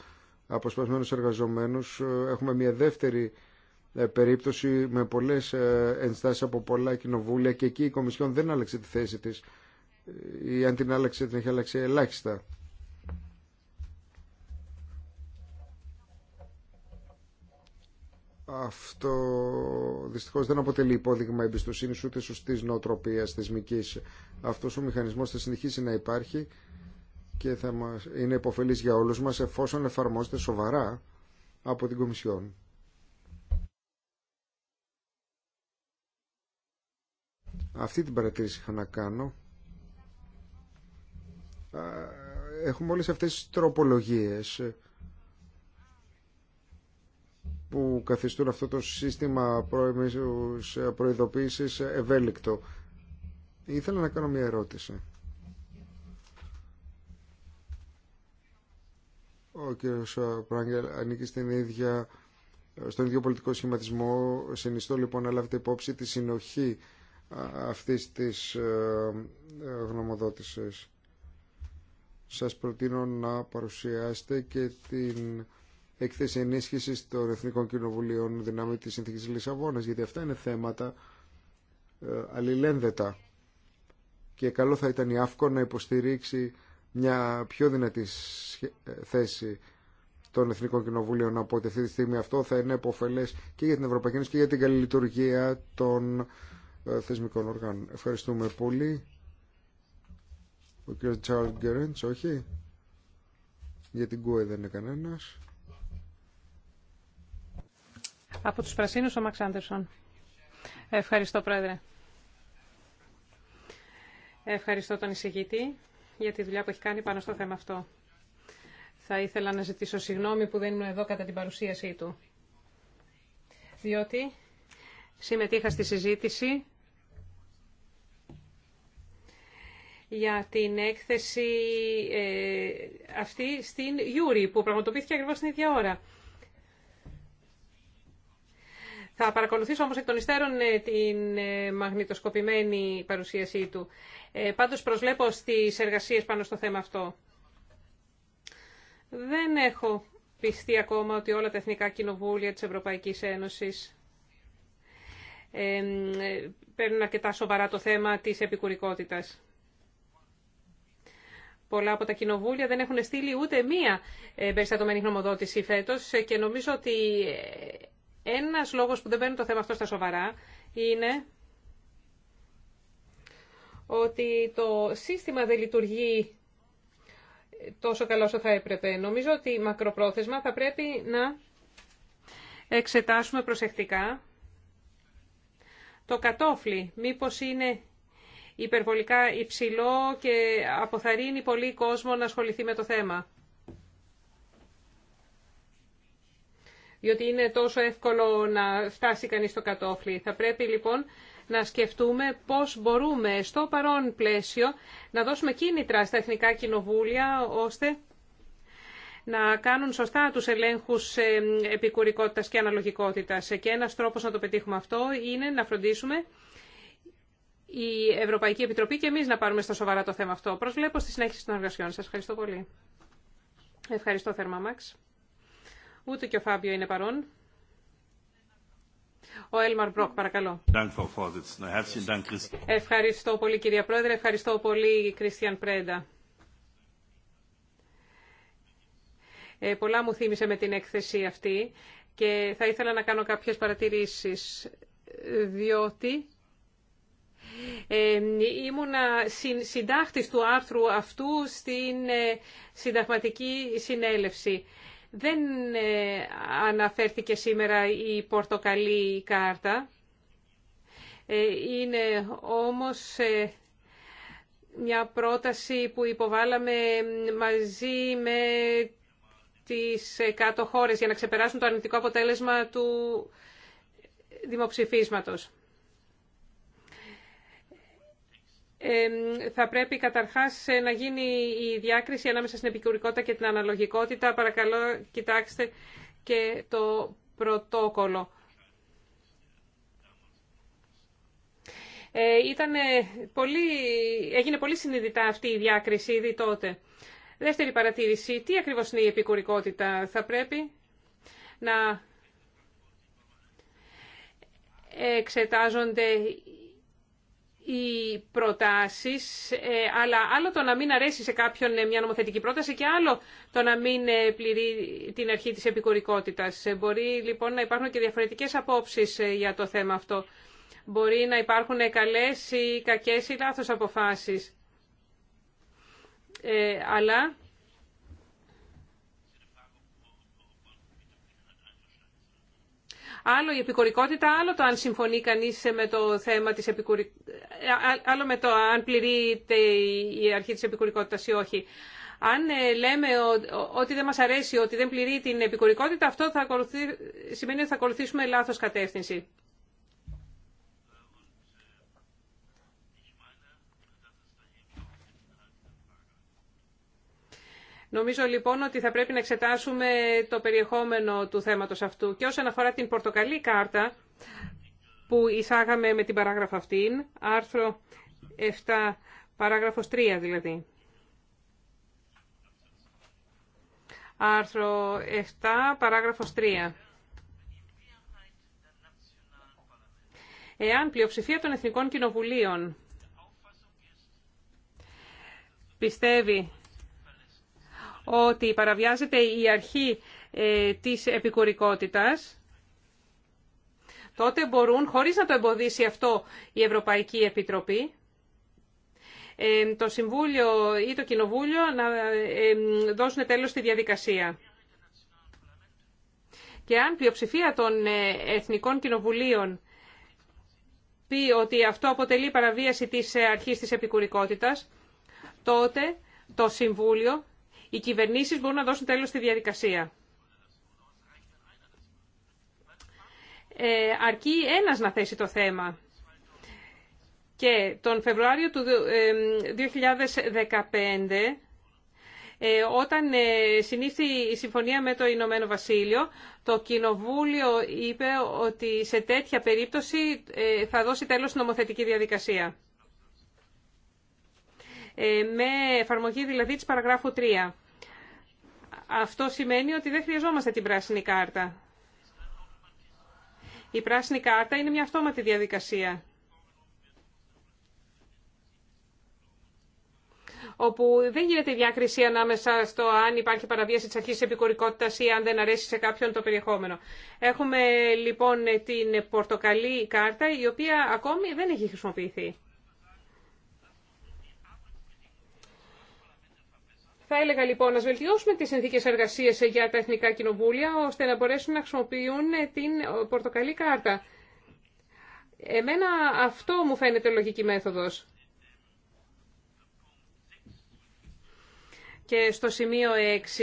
αποσπασμένους εργαζομένους ε, έχουμε μία δεύτερη ε, περίπτωση με πολλές ε, ενστάσεις από πολλά κοινοβούλια και εκεί η Κομισιόν δεν άλλαξε τη θέση της ε, ή αν την άλλαξε την έχει άλλαξει ελάχιστα. Αυτό δυστυχώς δεν αποτελεί υπόδειγμα εμπιστοσύνης ούτε σωστής νοοτροπίας θεσμικής. Αυτός ο μηχανισμός θα συνεχίσει να υπάρχει και θα είναι υποφελής για όλους μας εφόσον εφαρμόζεται σοβαρά από την Κομισιόν. Αυτή την παρατήρηση είχα να κάνω. Έχουμε όλες αυτές τις τροπολογίες ε, που καθιστούν αυτό το σύστημα ε, προειδοποίησης ε, ευέλικτο. Ήθελα να κάνω μια ερώτηση. Ο κύριος Πράγκελ ανήκει στην ίδια, στον ίδιο πολιτικό σχηματισμό. Συνιστώ λοιπόν να λάβετε υπόψη τη συνοχή αυτής της ε, ε, γνωμοδότησης. Σας προτείνω να παρουσιάσετε και την έκθεση ενίσχυσης των Εθνικών Κοινοβουλίων δυνάμει της Συνθήκης Λισαβόνας, γιατί αυτά είναι θέματα ε, αλληλένδετα. Και καλό θα ήταν η ΑΦΚΟ να υποστηρίξει μια πιο δυνατή θέση των Εθνικών Κοινοβουλίων από ότι αυτή τη στιγμή αυτό θα είναι επωφελές και για την Ευρωπαϊκή Ένωση και για την καλή λειτουργία των ε, θεσμικών οργάνων. Ευχαριστούμε πολύ. Ο κ. Τσάρλ Γκέρεντς, όχι. Για την ΚΟΕ e δεν είναι κανένας. Από τους Πρασίνους, ο Μαξ Άντερσον. Ευχαριστώ, Πρόεδρε. Ευχαριστώ τον εισηγητή για τη δουλειά που έχει κάνει πάνω στο θέμα αυτό. Θα ήθελα να ζητήσω συγγνώμη που δεν ήμουν εδώ κατά την παρουσίασή του. Διότι συμμετείχα στη συζήτηση για την έκθεση ε, αυτή στην Γιούρη, που πραγματοποιήθηκε ακριβώς την ίδια ώρα. Θα παρακολουθήσω όμως εκ των υστέρων ε, την ε, μαγνητοσκοπημένη παρουσίασή του. Πάντως προσλέπω στις εργασίες πάνω στο θέμα αυτό. Δεν έχω πιστεί ακόμα ότι όλα τα εθνικά κοινοβούλια της Ευρωπαϊκής Ένωσης παίρνουν αρκετά σοβαρά το θέμα της επικουρικότητας. Πολλά από τα κοινοβούλια δεν έχουν στείλει ούτε μία περιστατωμένη γνωμοδότηση φέτος και νομίζω ότι ένας λόγος που δεν παίρνει το θέμα αυτό στα σοβαρά είναι ότι το σύστημα δεν λειτουργεί τόσο καλό όσο θα έπρεπε. Νομίζω ότι μακροπρόθεσμα θα πρέπει να εξετάσουμε προσεκτικά το κατόφλι. Μήπως είναι υπερβολικά υψηλό και αποθαρρύνει πολύ κόσμο να ασχοληθεί με το θέμα. Διότι είναι τόσο εύκολο να φτάσει κανείς στο κατόφλι. Θα πρέπει λοιπόν να σκεφτούμε πώς μπορούμε στο παρόν πλαίσιο να δώσουμε κίνητρα στα εθνικά κοινοβούλια ώστε να κάνουν σωστά τους ελέγχους επικουρικότητας και αναλογικότητας. Και ένας τρόπος να το πετύχουμε αυτό είναι να φροντίσουμε η Ευρωπαϊκή Επιτροπή και εμείς να πάρουμε στο σοβαρά το θέμα αυτό. Προσβλέπω στη συνέχιση των εργασιών σας. Ευχαριστώ πολύ. Ευχαριστώ θερμά, Μαξ. Ούτε και ο Φάβιο είναι παρόν. Ο Έλμαρ Μπροκ, παρακαλώ. Ευχαριστώ πολύ, κυρία Πρόεδρε. Ευχαριστώ πολύ, Κριστιαν Πρέντα. Ε, πολλά μου θύμισε με την έκθεση αυτή και θα ήθελα να κάνω κάποιες παρατηρήσεις, διότι Ήμουνα συντάχτης του άρθρου αυτού στην ε, συνταγματική συνέλευση. Δεν ε, αναφέρθηκε σήμερα η πορτοκαλί κάρτα. Ε, είναι όμως μια πρόταση που υποβάλαμε μαζί με τις κάτω χώρες για να ξεπεράσουν το αρνητικό αποτέλεσμα του δημοψηφίσματος. θα πρέπει καταρχάς ε, να γίνει η διάκριση ανάμεσα στην επικουρικότητα και την αναλογικότητα. Παρακαλώ, κοιτάξτε και το πρωτόκολλο. Ε, πολύ, έγινε πολύ συνειδητά αυτή η διάκριση ήδη τότε. Δεύτερη παρατήρηση, τι ακριβώς είναι η επικουρικότητα. Θα πρέπει να εξετάζονται οι προτάσεις, ε, αλλά άλλο το να μην αρέσει σε κάποιον ε, μια νομοθετική πρόταση και άλλο το να μην ε, πληρεί την αρχή της επικουρικότητας. Μπορεί λοιπόν να υπάρχουν και διαφορετικές απόψεις για το θέμα αυτό. Μπορεί να υπάρχουν καλές ή κακές ή λάθος αποφάσεις. αλλά Άλλο η επικουρικότητα, άλλο το αν συμφωνεί κανεί με το θέμα της ε, άλλο με το αν πληρείται η αρχή της επικουρικότητα, ή όχι. Αν ε, λέμε ότι δεν μας αρέσει, ότι δεν πληρεί την επικουρικότητα, αυτό θα σημαίνει ότι θα ακολουθήσουμε λάθος κατεύθυνση. Νομίζω λοιπόν ότι θα πρέπει να εξετάσουμε το περιεχόμενο του θέματος αυτού. Και όσον αφορά την πορτοκαλή κάρτα που εισάγαμε με την παράγραφο αυτήν, άρθρο 7, παράγραφος 3 δηλαδή. Άρθρο 7, παράγραφος 3. Εάν πλειοψηφία των Εθνικών Κοινοβουλίων πιστεύει ότι παραβιάζεται η αρχή ε, της επικουρικότητας, τότε μπορούν, χωρίς να το εμποδίσει αυτό η Ευρωπαϊκή Επιτροπή, ε, το Συμβούλιο ή το Κοινοβούλιο να ε, δώσουν τέλος στη διαδικασία. Και αν πλειοψηφία των Εθνικών Κοινοβουλίων πει ότι αυτό αποτελεί παραβίαση της αρχής της επικουρικότητας, τότε το Συμβούλιο οι κυβερνήσεις μπορούν να δώσουν τέλος στη διαδικασία. Ε, αρκεί ένας να θέσει το θέμα. Και τον Φεβρουάριο του 2015, ε, ε, όταν ε, συνήθη η συμφωνία με το Ηνωμένο Βασίλειο, το Κοινοβούλιο είπε ότι σε τέτοια περίπτωση θα δώσει τέλος νομοθετική διαδικασία. Ε, με εφαρμογή δηλαδή της παραγράφου 3. Αυτό σημαίνει ότι δεν χρειαζόμαστε την πράσινη κάρτα. Η πράσινη κάρτα είναι μια αυτόματη διαδικασία. όπου δεν γίνεται διάκριση ανάμεσα στο αν υπάρχει παραβίαση της αρχής επικορικότητας ή αν δεν αρέσει σε κάποιον το περιεχόμενο. Έχουμε λοιπόν την πορτοκαλί κάρτα η οποία ακόμη δεν έχει χρησιμοποιηθεί. Θα έλεγα λοιπόν να βελτιώσουμε τις συνθήκες εργασίας για τα εθνικά κοινοβούλια, ώστε να μπορέσουν να χρησιμοποιούν την πορτοκαλί κάρτα. Εμένα αυτό μου φαίνεται λογική μέθοδος. Και στο σημείο 6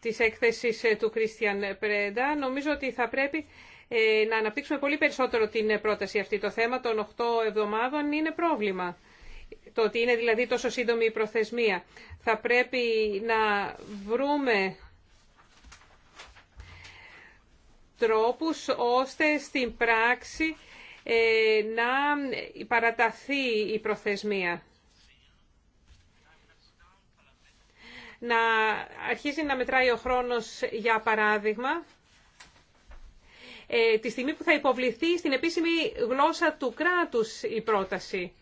της έκθεσης του Κρίστιαν Πρέντα, νομίζω ότι θα πρέπει ε, να αναπτύξουμε πολύ περισσότερο την πρόταση αυτή. Το θέμα των 8 εβδομάδων είναι πρόβλημα το ότι είναι δηλαδή τόσο σύντομη η προθεσμία. Θα πρέπει να βρούμε τρόπους ώστε στην πράξη ε, να παραταθεί η προθεσμία. Να αρχίσει να μετράει ο χρόνος, για παράδειγμα, ε, τη στιγμή που θα υποβληθεί στην επίσημη γλώσσα του κράτους η πρόταση.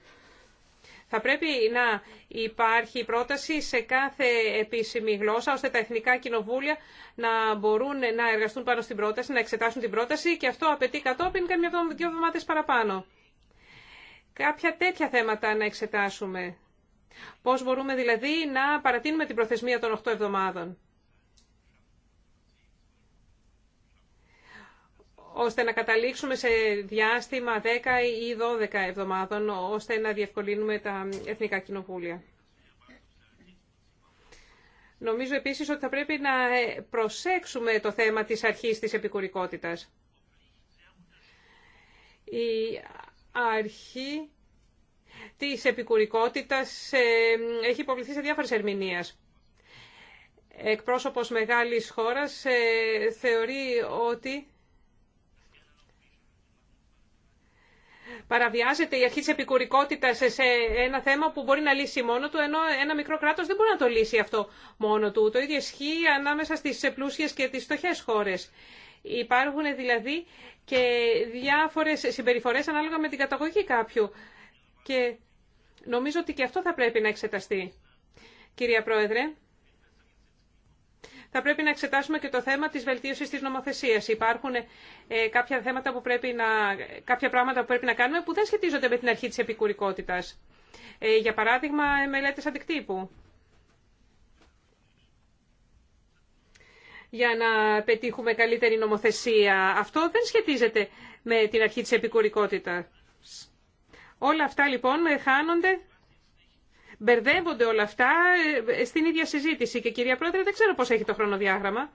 Θα πρέπει να υπάρχει πρόταση σε κάθε επίσημη γλώσσα, ώστε τα εθνικά κοινοβούλια να μπορούν να εργαστούν πάνω στην πρόταση, να εξετάσουν την πρόταση και αυτό απαιτεί κατόπιν καμιά δύο εβδομάδες παραπάνω. Κάποια τέτοια θέματα να εξετάσουμε. Πώς μπορούμε δηλαδή να παρατείνουμε την προθεσμία των 8 εβδομάδων. ώστε να καταλήξουμε σε διάστημα 10 ή 12 εβδομάδων, ώστε να διευκολύνουμε τα εθνικά κοινοβούλια. Νομίζω επίσης ότι θα πρέπει να προσέξουμε το θέμα της αρχής της επικουρικότητας. Η αρχή της επικουρικότητας ε, έχει υποβληθεί σε διάφορες ερμηνείες. Εκπρόσωπος μεγάλης χώρας ε, θεωρεί ότι παραβιάζεται η αρχή της επικουρικότητα σε ένα θέμα που μπορεί να λύσει μόνο του, ενώ ένα μικρό κράτος δεν μπορεί να το λύσει αυτό μόνο του. Το ίδιο ισχύει ανάμεσα στις πλούσιε και τις φτωχέ χώρες. Υπάρχουν δηλαδή και διάφορες συμπεριφορέ ανάλογα με την καταγωγή κάποιου. Και νομίζω ότι και αυτό θα πρέπει να εξεταστεί. Κυρία Πρόεδρε, θα πρέπει να εξετάσουμε και το θέμα της βελτίωσης της νομοθεσίας. Υπάρχουν ε, κάποια, θέματα που πρέπει να, κάποια πράγματα που πρέπει να κάνουμε που δεν σχετίζονται με την αρχή της επικουρικότητας. Ε, για παράδειγμα, μελέτες αντικτύπου. για να πετύχουμε καλύτερη νομοθεσία. Αυτό δεν σχετίζεται με την αρχή της επικουρικότητας. Όλα αυτά λοιπόν χάνονται Μπερδεύονται όλα αυτά ε, ε, στην ίδια συζήτηση. Και κυρία Πρόεδρε, δεν ξέρω πώς έχει το χρονοδιάγραμμα.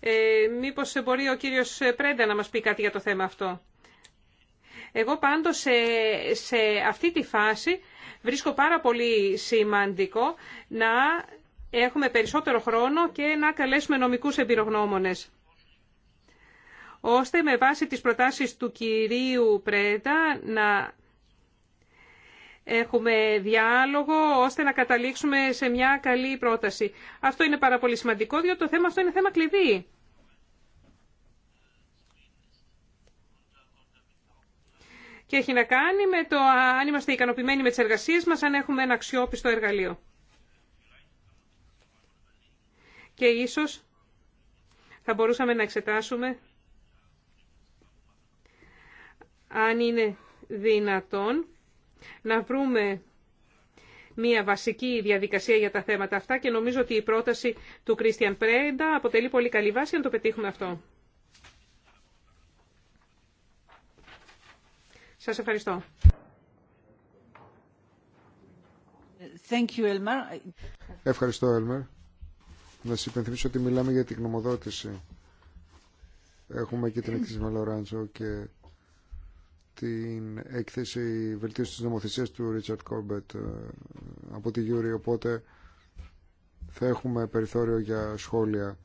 Ε, μήπως μπορεί ο κύριος Πρέντα να μας πει κάτι για το θέμα αυτό. Εγώ πάντως σε, αυτή τη φάση βρίσκω πάρα πολύ σημαντικό να έχουμε περισσότερο χρόνο και να καλέσουμε νομικούς εμπειρογνώμονες ώστε με βάση τις προτάσεις του κυρίου Πρέντα να έχουμε διάλογο ώστε να καταλήξουμε σε μια καλή πρόταση. Αυτό είναι πάρα πολύ σημαντικό διότι το θέμα αυτό είναι θέμα κλειδί. Και έχει να κάνει με το αν είμαστε ικανοποιημένοι με τις εργασίες μας, αν έχουμε ένα αξιόπιστο εργαλείο. Και ίσως θα μπορούσαμε να εξετάσουμε αν είναι δυνατόν να βρούμε μια βασική διαδικασία για τα θέματα αυτά και νομίζω ότι η πρόταση του Κρίστιαν Πρέντα αποτελεί πολύ καλή βάση να το πετύχουμε αυτό. Σας ευχαριστώ. Ευχαριστώ, Έλμερ. Να σας υπενθυμίσω ότι μιλάμε για την γνωμοδότηση. Έχουμε και την εκτίμηση Λοράντζο και την έκθεση βελτίωση της νομοθεσίας του Ρίτσαρτ Κόρμπετ ε, από τη Γιούρη, οπότε θα έχουμε περιθώριο για σχόλια.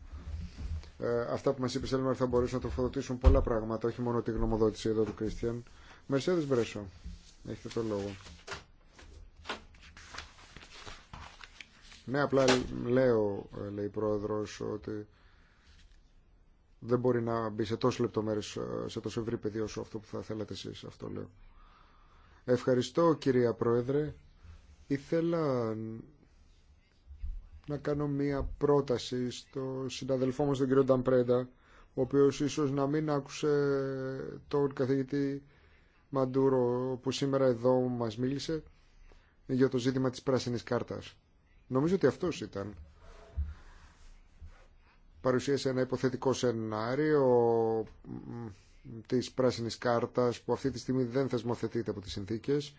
Ε, αυτά που μας είπε, Σέλμερ θα μπορούσαν να το τροφοδοτήσουν πολλά πράγματα, όχι μόνο τη γνωμοδότηση εδώ του Κρίστιαν. Μερσέδες Μπρέσο, έχετε το λόγο. Ναι, απλά λέω, ε, λέει η πρόεδρος, ότι δεν μπορεί να μπει σε τόσο λεπτομέρειε ε, σε τόσο ευρύ πεδίο όσο αυτό που θα θέλατε εσεί αυτό λέω. Ευχαριστώ κυρία Πρόεδρε. Ήθελα να κάνω μία πρόταση στο συναδελφό μας τον κύριο Νταμπρέντα, ο οποίος ίσως να μην άκουσε τον καθηγητή Μαντούρο που σήμερα εδώ μας μίλησε για το ζήτημα της πράσινης κάρτας. Νομίζω ότι αυτός ήταν παρουσίασε ένα υποθετικό σενάριο της πράσινης κάρτας που αυτή τη στιγμή δεν θεσμοθετείται από τις συνθήκες.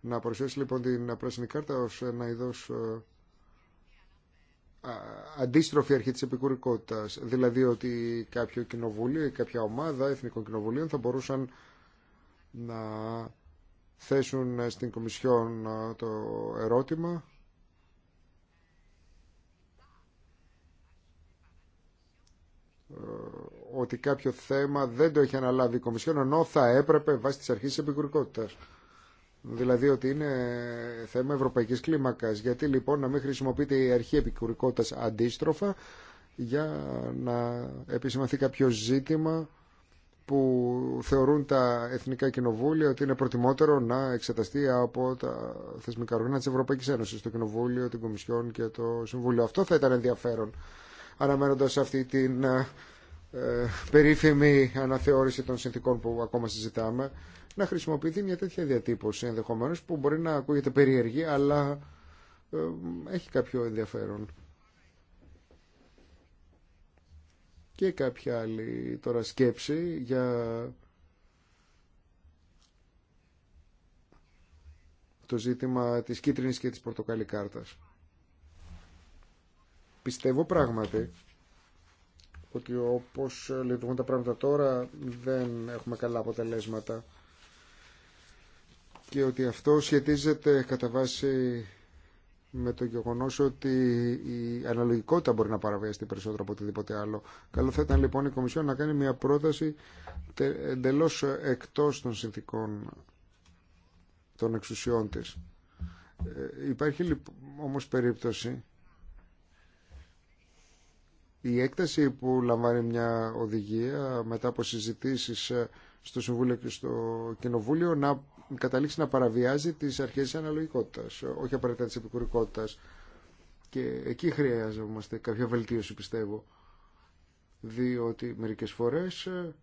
Να παρουσιάσει λοιπόν την πράσινη κάρτα ως ένα είδος ε, αντίστροφη αρχή της επικουρικότητας. Δηλαδή ότι κάποιο κοινοβούλιο ή κάποια ομάδα εθνικών κοινοβουλίων θα μπορούσαν να θέσουν στην Κομισιόν ε, το ερώτημα Ε, ότι κάποιο θέμα δεν το έχει αναλάβει η Κομισιόν ενώ θα έπρεπε βάσει τη αρχής της επικουρικότητας. Δηλαδή ότι είναι θέμα ευρωπαϊκής κλίμακας. Γιατί λοιπόν να μην χρησιμοποιείται η αρχή επικουρικότητας αντίστροφα για να επισημαθεί κάποιο ζήτημα που θεωρούν τα εθνικά κοινοβούλια ότι είναι προτιμότερο να εξεταστεί από τα θεσμικά οργάνα της Ευρωπαϊκής Ένωσης, το Κοινοβούλιο, την Κομισιόν και το Συμβούλιο. Αυτό θα ήταν ενδιαφέρον αναμένοντας αυτή την ε, ε, περίφημη αναθεώρηση των συνθήκων που ακόμα συζητάμε να χρησιμοποιηθεί μια τέτοια διατύπωση ενδεχομένως που μπορεί να ακούγεται περίεργη αλλά ε, έχει κάποιο ενδιαφέρον. και κάποια άλλη τώρα σκέψη για το ζήτημα της κίτρινης και της πορτοκαλί Πιστεύω πράγματι ότι όπως λειτουργούν τα πράγματα τώρα δεν έχουμε καλά αποτελέσματα και ότι αυτό σχετίζεται κατά βάση με το γεγονό ότι η αναλογικότητα μπορεί να παραβιαστεί περισσότερο από οτιδήποτε άλλο. Καλό θα ήταν λοιπόν η Κομισιόν να κάνει μια πρόταση εντελώ εκτό των συνθήκων των εξουσιών τη. Ε, υπάρχει λοιπόν, όμως περίπτωση η έκταση που λαμβάνει μια οδηγία μετά από συζητήσεις ε, στο Συμβούλιο και στο Κοινοβούλιο να καταλήξει να παραβιάζει τις αρχές της αναλογικότητας, όχι απαραίτητα της επικουρικότητας. Και εκεί χρειάζομαστε κάποια βελτίωση πιστεύω, διότι μερικές φορές ε,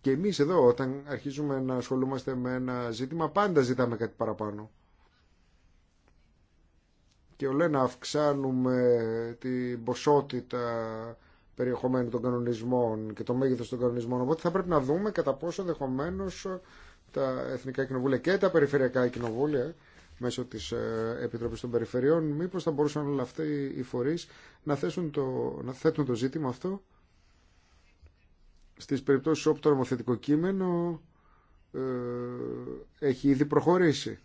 και εμείς εδώ όταν αρχίζουμε να ασχολούμαστε με ένα ζήτημα πάντα ζητάμε κάτι παραπάνω και όλα να αυξάνουμε την ποσότητα περιεχομένου των κανονισμών και το μέγεθος των κανονισμών. Οπότε θα πρέπει να δούμε κατά πόσο δεχομένω τα Εθνικά Κοινοβούλια και τα Περιφερειακά Κοινοβούλια μέσω της ε, Επιτροπής των Περιφερειών μήπως θα μπορούσαν όλα αυτά οι φορείς να, να θέτουν το ζήτημα αυτό στις περιπτώσεις όπου το νομοθετικό κείμενο ε, έχει ήδη προχωρήσει.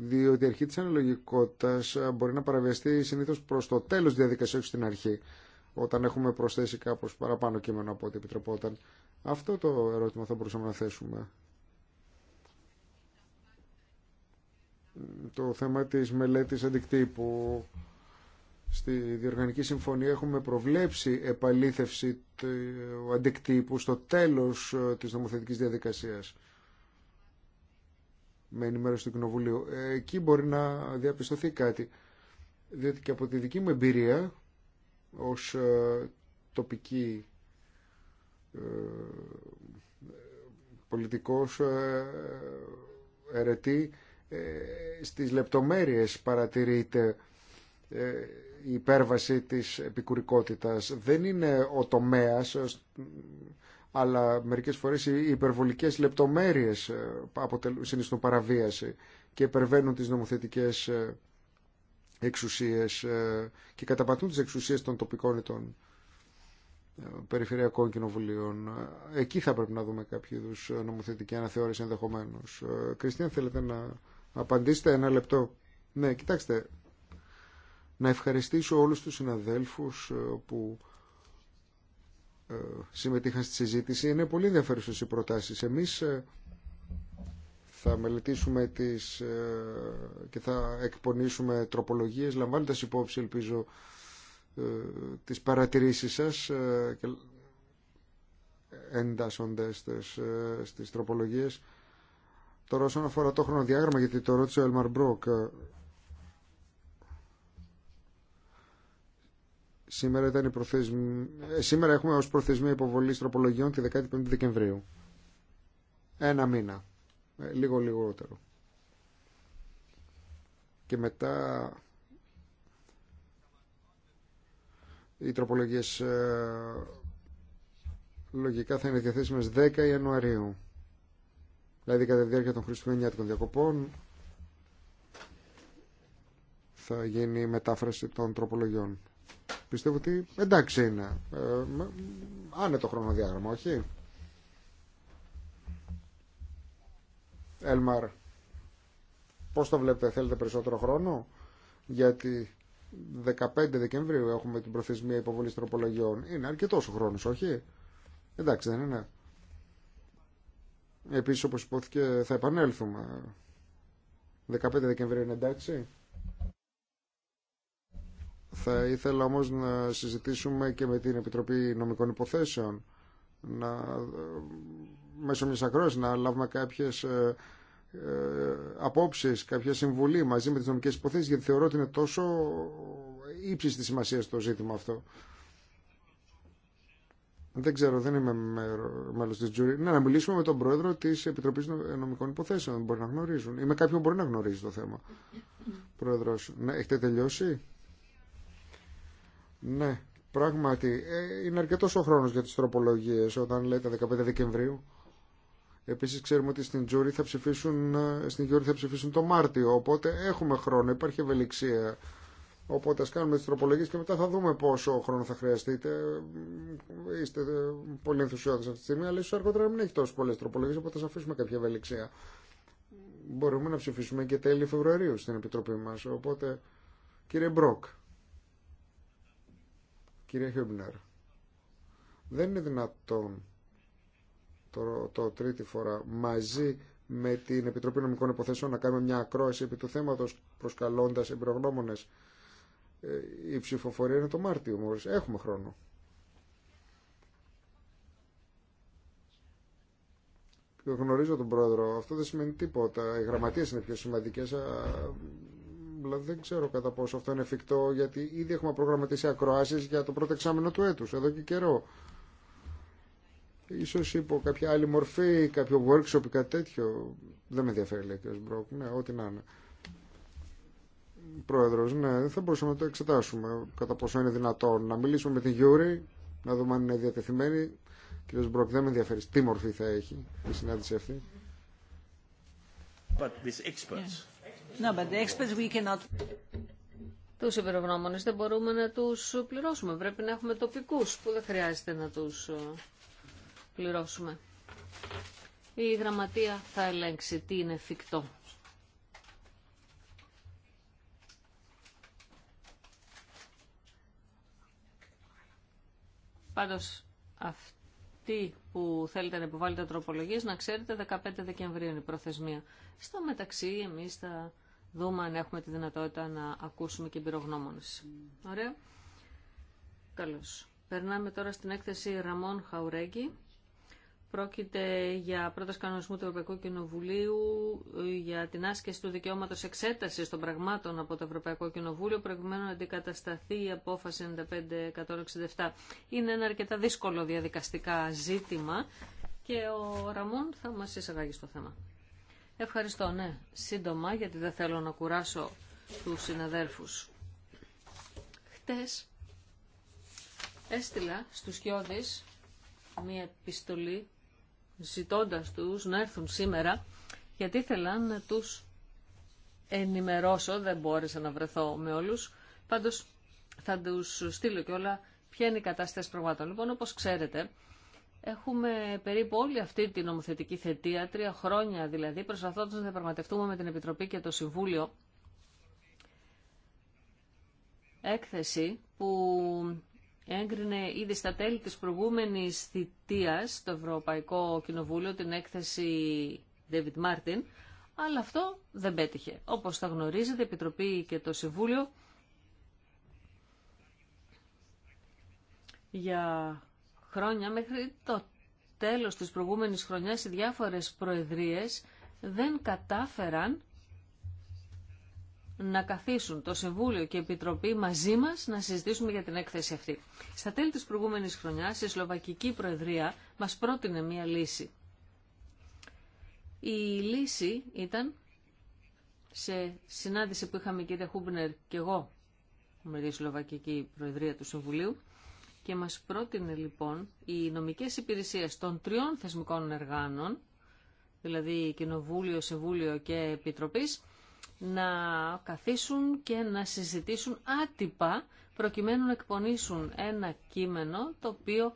διότι η αρχή της αναλογικότητας ε, μπορεί να παραβιαστεί συνήθως προς το τέλος διαδικασίας, όχι στην αρχή, όταν έχουμε προσθέσει κάπως παραπάνω κείμενο από ό,τι επιτρεπόταν. Αυτό το ερώτημα θα μπορούσαμε να θέσουμε. Το θέμα της μελέτης αντικτύπου. Στη Διοργανική Συμφωνία έχουμε προβλέψει επαλήθευση του αντικτύπου στο τέλος ε, της νομοθετικής διαδικασίας με ενημέρωση του Κοινοβουλίου. Ε, εκεί μπορεί να διαπιστωθεί κάτι. Διότι και από τη δική μου εμπειρία ως ε, τοπική ε, πολιτικός ερετή στις λεπτομέρειες παρατηρείται η υπέρβαση της επικουρικότητας. Δεν είναι ο τομέας αλλά μερικές φορές οι υπερβολικές λεπτομέρειες ε, συνιστούν παραβίαση και υπερβαίνουν τις νομοθετικές ε, εξουσίες ε, και καταπατούν τις εξουσίες των τοπικών ή των περιφερειακών κοινοβουλίων. Εκεί θα πρέπει να δούμε κάποιο είδου νομοθετική αναθεώρηση ενδεχομένω. Κριστίαν, θέλετε να απαντήσετε ένα λεπτό. Ναι, κοιτάξτε. Να ευχαριστήσω όλους τους συναδέλφους που ε, συμμετείχαν στη συζήτηση. Είναι πολύ ενδιαφέρουσες οι προτάσεις. Εμείς ε, θα μελετήσουμε τις, ε, και θα εκπονήσουμε τροπολογίες, λαμβάνοντας υπόψη, ελπίζω, τις παρατηρήσεις σας και εντάσσοντες στις τροπολογίες. Τώρα όσον αφορά το χρονοδιάγραμμα, γιατί το ρώτησε ο Έλμαρ Μπρόκ, Σήμερα, ήταν η ε, Σήμερα έχουμε ως προθεσμία υποβολής τροπολογιών τη 15η Δεκεμβρίου. Ένα μήνα. Ε, λίγο λιγότερο. Και μετά οι τροπολογίες ε, λογικά θα είναι διαθέσιμες 10 Ιανουαρίου. Δηλαδή κατά τη διάρκεια των Χριστουγεννιάτικων διακοπών θα γίνει μετάφραση των τροπολογιών. Πιστεύω ότι εντάξει είναι. Ε, άνε το χρονοδιάγραμμα, όχι. Έλμαρ, πώς το βλέπετε, θέλετε περισσότερο χρόνο, γιατί 15 Δεκεμβρίου έχουμε την προθεσμία υποβολή τροπολογιών. Είναι αρκετό ο χρόνος, όχι. Εντάξει, δεν είναι. Επίσης, όπως υπόθηκε, θα επανέλθουμε. 15 Δεκεμβρίου είναι εντάξει. Θα ήθελα όμως να συζητήσουμε και με την Επιτροπή Νομικών Υποθέσεων να, μέσω μιας ακρόασης να λάβουμε κάποιες ε, ε, απόψεις, κάποια συμβουλή μαζί με τις νομικές υποθέσεις γιατί θεωρώ ότι είναι τόσο ύψης της σημασίας το ζήτημα αυτό. Δεν ξέρω, δεν είμαι μέλο τη Τζούρι. Ναι, να μιλήσουμε με τον πρόεδρο τη Επιτροπή Νομικών Υποθέσεων. Μπορεί να γνωρίζουν. Ή με κάποιον μπορεί να γνωρίζει το θέμα. Πρόεδρο, ναι, έχετε τελειώσει. Ναι, πράγματι. Ε, είναι αρκετό ο χρόνος για τι τροπολογίε όταν λέτε 15 Δεκεμβρίου. Επίση ξέρουμε ότι στην Τζούρι θα ψηφίσουν, ε, Γιούρι θα ψηφίσουν το Μάρτιο, οπότε έχουμε χρόνο, υπάρχει ευελιξία. Οπότε α κάνουμε τι τροπολογίε και μετά θα δούμε πόσο χρόνο θα χρειαστείτε. Ε, είστε πολύ ενθουσιώδει αυτή τη στιγμή, αλλά ίσω αργότερα να μην έχει τόσο πολλέ τροπολογίε, οπότε θα αφήσουμε κάποια ευελιξία. Μπορούμε να ψηφίσουμε και τέλη Φεβρουαρίου στην Επιτροπή μα. οπότε κύριε Μπρόκ. Κύριε Χιούμπνερ, δεν είναι δυνατόν το, το τρίτη φορά μαζί με την Επιτροπή Νομικών Υποθέσεων να κάνουμε μια ακρόαση επί του θέματος προσκαλώντας εμπειρογνώμονες. Ε, η ψηφοφορία είναι το Μάρτιο μόλις. Έχουμε χρόνο. Γνωρίζω τον πρόεδρο. Αυτό δεν σημαίνει τίποτα. Οι γραμματείε είναι πιο σημαντικέ δεν ξέρω κατά πόσο αυτό είναι εφικτό, γιατί ήδη έχουμε προγραμματίσει ακροάσεις για το πρώτο εξάμεινο του έτους, εδώ και καιρό. Ίσως υπό κάποια άλλη μορφή, κάποιο workshop ή κάτι τέτοιο. Δεν με ενδιαφέρει, λέει ο Μπρόκ. Ναι, ό,τι να είναι. Πρόεδρος, ναι, δεν θα μπορούσαμε να το εξετάσουμε κατά πόσο είναι δυνατόν. Να μιλήσουμε με την Γιούρη, να δούμε αν είναι διατεθειμένη. Κύριε Μπρόκ, δεν με ενδιαφέρει τι μορφή θα έχει η συνάντηση αυτή. But these experts. No, but Τους υπερογνώμονες δεν μπορούμε να τους πληρώσουμε. Πρέπει να έχουμε τοπικούς που δεν χρειάζεται να τους ε, πληρώσουμε. Η γραμματεία θα ελέγξει τι είναι εφικτό. Πάντως αυτοί που θέλετε να υποβάλλετε τροπολογίες να ξέρετε 15 Δεκεμβρίου είναι η προθεσμία. Στο μεταξύ εμείς θα... Τα δούμε αν έχουμε τη δυνατότητα να ακούσουμε και εμπειρογνώμονες. Ωραία. Καλώς. Περνάμε τώρα στην έκθεση Ραμών Χαουρέγγι. Πρόκειται για πρώτο κανονισμού του Ευρωπαϊκού Κοινοβουλίου για την άσκηση του δικαιώματο εξέταση των πραγμάτων από το Ευρωπαϊκό Κοινοβούλιο, προκειμένου να αντικατασταθεί η απόφαση 95-167. Είναι ένα αρκετά δύσκολο διαδικαστικά ζήτημα και ο Ραμόν θα μα εισαγάγει στο θέμα. Ευχαριστώ, ναι. Σύντομα, γιατί δεν θέλω να κουράσω τους συναδέρφους. Χτες έστειλα στους Κιώδης μία επιστολή ζητώντας τους να έρθουν σήμερα γιατί ήθελα να τους ενημερώσω, δεν μπόρεσα να βρεθώ με όλους, πάντως θα τους στείλω όλα ποια είναι η κατάσταση πραγμάτων. Λοιπόν, όπως ξέρετε, Έχουμε περίπου όλη αυτή την νομοθετική θετία, τρία χρόνια δηλαδή, προσπαθώντα να διαπραγματευτούμε με την Επιτροπή και το Συμβούλιο έκθεση που έγκρινε ήδη στα τέλη της προηγούμενης θητείας το Ευρωπαϊκό Κοινοβούλιο την έκθεση David Martin, αλλά αυτό δεν πέτυχε. Όπως θα γνωρίζετε, η Επιτροπή και το Συμβούλιο για χρόνια, μέχρι το τέλος της προηγούμενης χρονιάς, οι διάφορες προεδρίες δεν κατάφεραν να καθίσουν το Συμβούλιο και η Επιτροπή μαζί μας να συζητήσουμε για την έκθεση αυτή. Στα τέλη της προηγούμενης χρονιάς η Σλοβακική Προεδρία μας πρότεινε μία λύση. Η λύση ήταν σε συνάντηση που είχαμε κύριε Χούμπνερ και εγώ με τη Σλοβακική Προεδρία του Συμβουλίου και μας πρότεινε λοιπόν οι νομικές υπηρεσίες των τριών θεσμικών εργάνων, δηλαδή Κοινοβούλιο, Συμβούλιο και Επιτροπής, να καθίσουν και να συζητήσουν άτυπα προκειμένου να εκπονήσουν ένα κείμενο το οποίο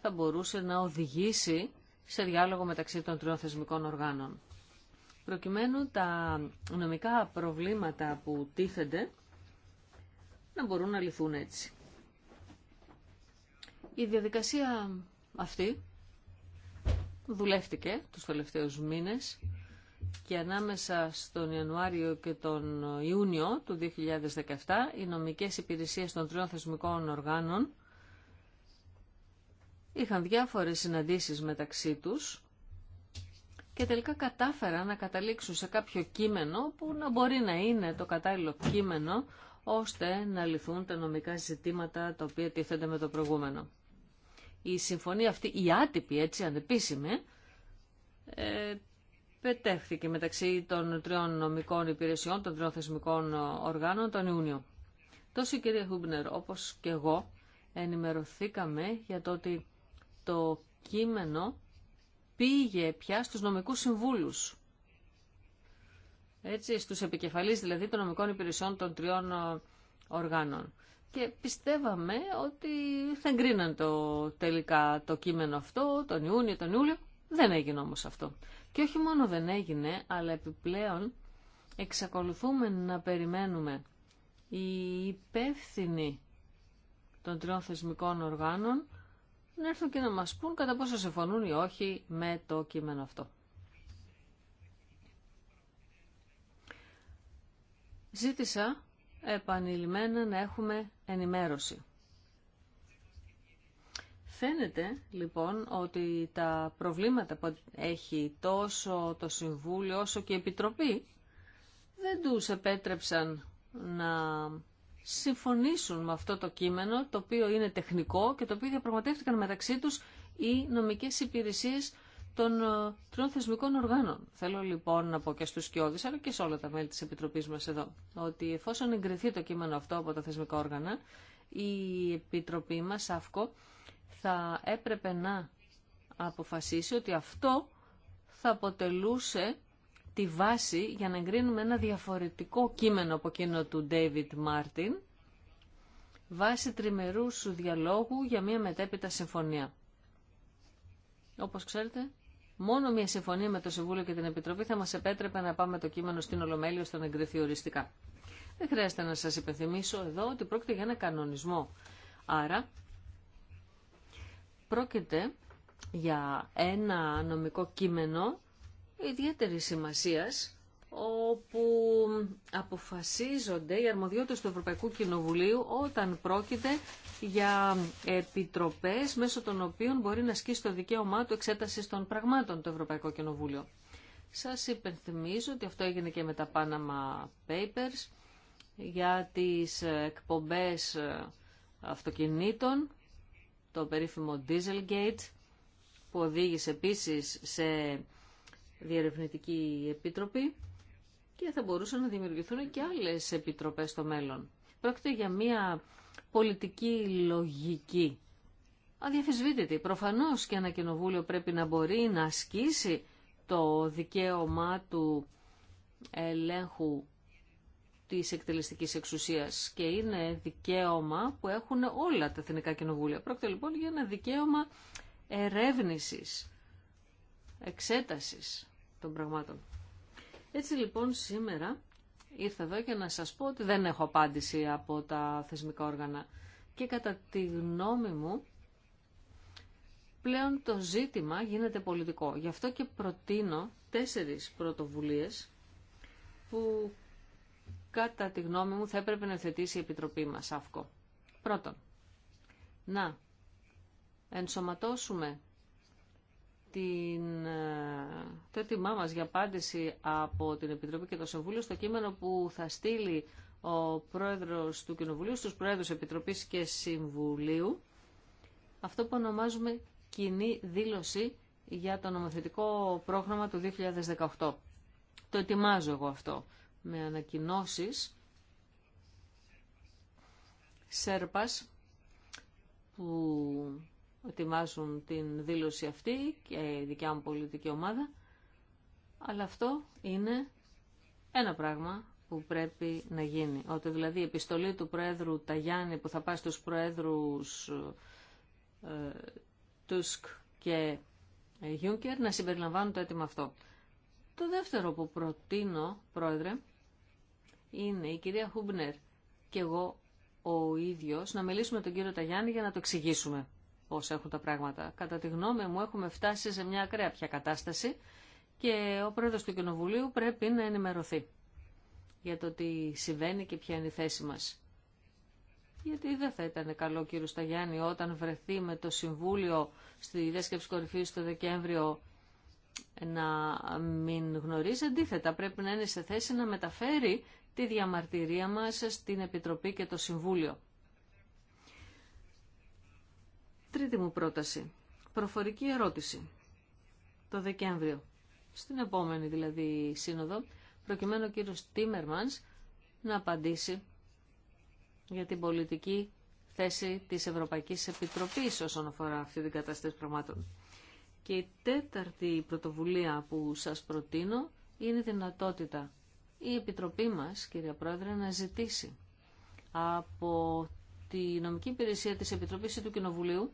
θα μπορούσε να οδηγήσει σε διάλογο μεταξύ των τριών θεσμικών οργάνων. Προκειμένου τα νομικά προβλήματα που τίθενται να μπορούν να λυθούν έτσι. Η διαδικασία αυτή δουλεύτηκε τους τελευταίους μήνες και ανάμεσα στον Ιανουάριο και τον Ιούνιο του 2017 οι νομικές υπηρεσίες των τριών θεσμικών οργάνων είχαν διάφορες συναντήσεις μεταξύ τους και τελικά κατάφεραν να καταλήξουν σε κάποιο κείμενο που να μπορεί να είναι το κατάλληλο κείμενο ώστε να λυθούν τα νομικά ζητήματα τα οποία τίθενται με το προηγούμενο η συμφωνία αυτή, η άτυπη έτσι, ανεπίσημη, ε, πετέχθηκε μεταξύ των τριών νομικών υπηρεσιών, των τριών θεσμικών οργάνων τον Ιούνιο. Τόσο η κυρία Χούμπνερ όπως και εγώ ενημερωθήκαμε για το ότι το κείμενο πήγε πια στους νομικούς συμβούλους. Έτσι, στους επικεφαλείς δηλαδή των νομικών υπηρεσιών των τριών οργάνων και πιστεύαμε ότι θα εγκρίναν το, τελικά το κείμενο αυτό τον Ιούνιο, τον Ιούλιο. Δεν έγινε όμως αυτό. Και όχι μόνο δεν έγινε, αλλά επιπλέον εξακολουθούμε να περιμένουμε οι υπεύθυνοι των τριών θεσμικών οργάνων να έρθουν και να μας πούν κατά πόσο συμφωνούν ή όχι με το κείμενο αυτό. Ζήτησα επανειλημμένα να έχουμε ενημέρωση. Φαίνεται λοιπόν ότι τα προβλήματα που έχει τόσο το Συμβούλιο όσο και η Επιτροπή δεν τους επέτρεψαν να συμφωνήσουν με αυτό το κείμενο το οποίο είναι τεχνικό και το οποίο διαπραγματεύτηκαν μεταξύ τους οι νομικές υπηρεσίες των ε, τριών θεσμικών οργάνων. Θέλω λοιπόν να πω και στου Κιώδη, αλλά και σε όλα τα μέλη της Επιτροπής μας εδώ, ότι εφόσον εγκριθεί το κείμενο αυτό από τα θεσμικά όργανα, η Επιτροπή μας, ΑΦΚΟ, θα έπρεπε να αποφασίσει ότι αυτό θα αποτελούσε τη βάση για να εγκρίνουμε ένα διαφορετικό κείμενο από εκείνο του David Martin, βάση τριμερούς διαλόγου για μια μετέπειτα συμφωνία. Όπως ξέρετε, Μόνο μια συμφωνία με το Συμβούλιο και την Επιτροπή θα μας επέτρεπε να πάμε το κείμενο στην Ολομέλεια να εγκριθεί οριστικά. Δεν χρειάζεται να σας υπενθυμίσω εδώ ότι πρόκειται για ένα κανονισμό. Άρα, πρόκειται για ένα νομικό κείμενο ιδιαίτερη σημασίας όπου αποφασίζονται οι αρμοδιότητες του Ευρωπαϊκού Κοινοβουλίου όταν πρόκειται για επιτροπές μέσω των οποίων μπορεί να ασκήσει το δικαίωμά του εξέτασης των πραγμάτων το Ευρωπαϊκό Κοινοβούλιο. Σας υπενθυμίζω ότι αυτό έγινε και με τα Panama Papers για τις εκπομπές ε, αυτοκινήτων, το περίφημο Dieselgate, που οδήγησε επίσης σε διερευνητική επίτροπη και θα μπορούσαν να δημιουργηθούν και άλλες επιτροπές στο μέλλον. Πρόκειται για μια πολιτική λογική. Αδιαφεσβήτητη. Προφανώς και ένα κοινοβούλιο πρέπει να μπορεί να ασκήσει το δικαίωμά του ελέγχου της εκτελεστικής εξουσίας και είναι δικαίωμα που έχουν όλα τα εθνικά κοινοβούλια. Πρόκειται λοιπόν για ένα δικαίωμα ερεύνησης, εξέτασης των πραγμάτων. Έτσι λοιπόν σήμερα ήρθα εδώ για να σας πω ότι δεν έχω απάντηση από τα θεσμικά όργανα και κατά τη γνώμη μου πλέον το ζήτημα γίνεται πολιτικό. Γι' αυτό και προτείνω τέσσερις πρωτοβουλίες που κατά τη γνώμη μου θα έπρεπε να θετήσει η Επιτροπή μας, ΑΦΚΟ. Πρώτον, να ενσωματώσουμε την, ε, το έτοιμά μας για απάντηση από την Επιτροπή και το Συμβούλιο στο κείμενο που θα στείλει ο Πρόεδρος του Κοινοβουλίου στους Πρόεδρους Επιτροπής και Συμβουλίου αυτό που ονομάζουμε κοινή δήλωση για το νομοθετικό πρόγραμμα του 2018. Το ετοιμάζω εγώ αυτό με ανακοινώσεις ΣΕΡΠΑΣ που ετοιμάζουν την δήλωση αυτή και η δικιά μου πολιτική ομάδα. Αλλά αυτό είναι ένα πράγμα που πρέπει να γίνει. Ότι δηλαδή η επιστολή του Προέδρου Ταγιάννη που θα πάει στους Προέδρους ε, Τούσκ και ε, Γιούνκερ να συμπεριλαμβάνουν το αίτημα αυτό. Το δεύτερο που προτείνω, Πρόεδρε, είναι η κυρία Χούμπνερ και εγώ ο ίδιος να μιλήσουμε τον κύριο Ταγιάννη για να το εξηγήσουμε πώς έχουν τα πράγματα. Κατά τη γνώμη μου έχουμε φτάσει σε μια ακραία πια κατάσταση και ο πρόεδρος του Κοινοβουλίου πρέπει να ενημερωθεί για το τι συμβαίνει και ποια είναι η θέση μας. Γιατί δεν θα ήταν καλό κύριο Σταγιάννη όταν βρεθεί με το Συμβούλιο στη Δέσκεψη κορυφή το Δεκέμβριο να μην γνωρίζει. Αντίθετα πρέπει να είναι σε θέση να μεταφέρει τη διαμαρτυρία μας στην Επιτροπή και το Συμβούλιο. Τρίτη μου πρόταση. Προφορική ερώτηση. Το Δεκέμβριο. Στην επόμενη δηλαδή σύνοδο, προκειμένου ο κύριος Τίμερμανς να απαντήσει για την πολιτική θέση της Ευρωπαϊκής Επιτροπής όσον αφορά αυτή την κατάσταση πραγμάτων. Και η τέταρτη πρωτοβουλία που σας προτείνω είναι η δυνατότητα η Επιτροπή μας, κυρία Πρόεδρε, να ζητήσει από τη νομική υπηρεσία της Επιτροπής του Κοινοβουλίου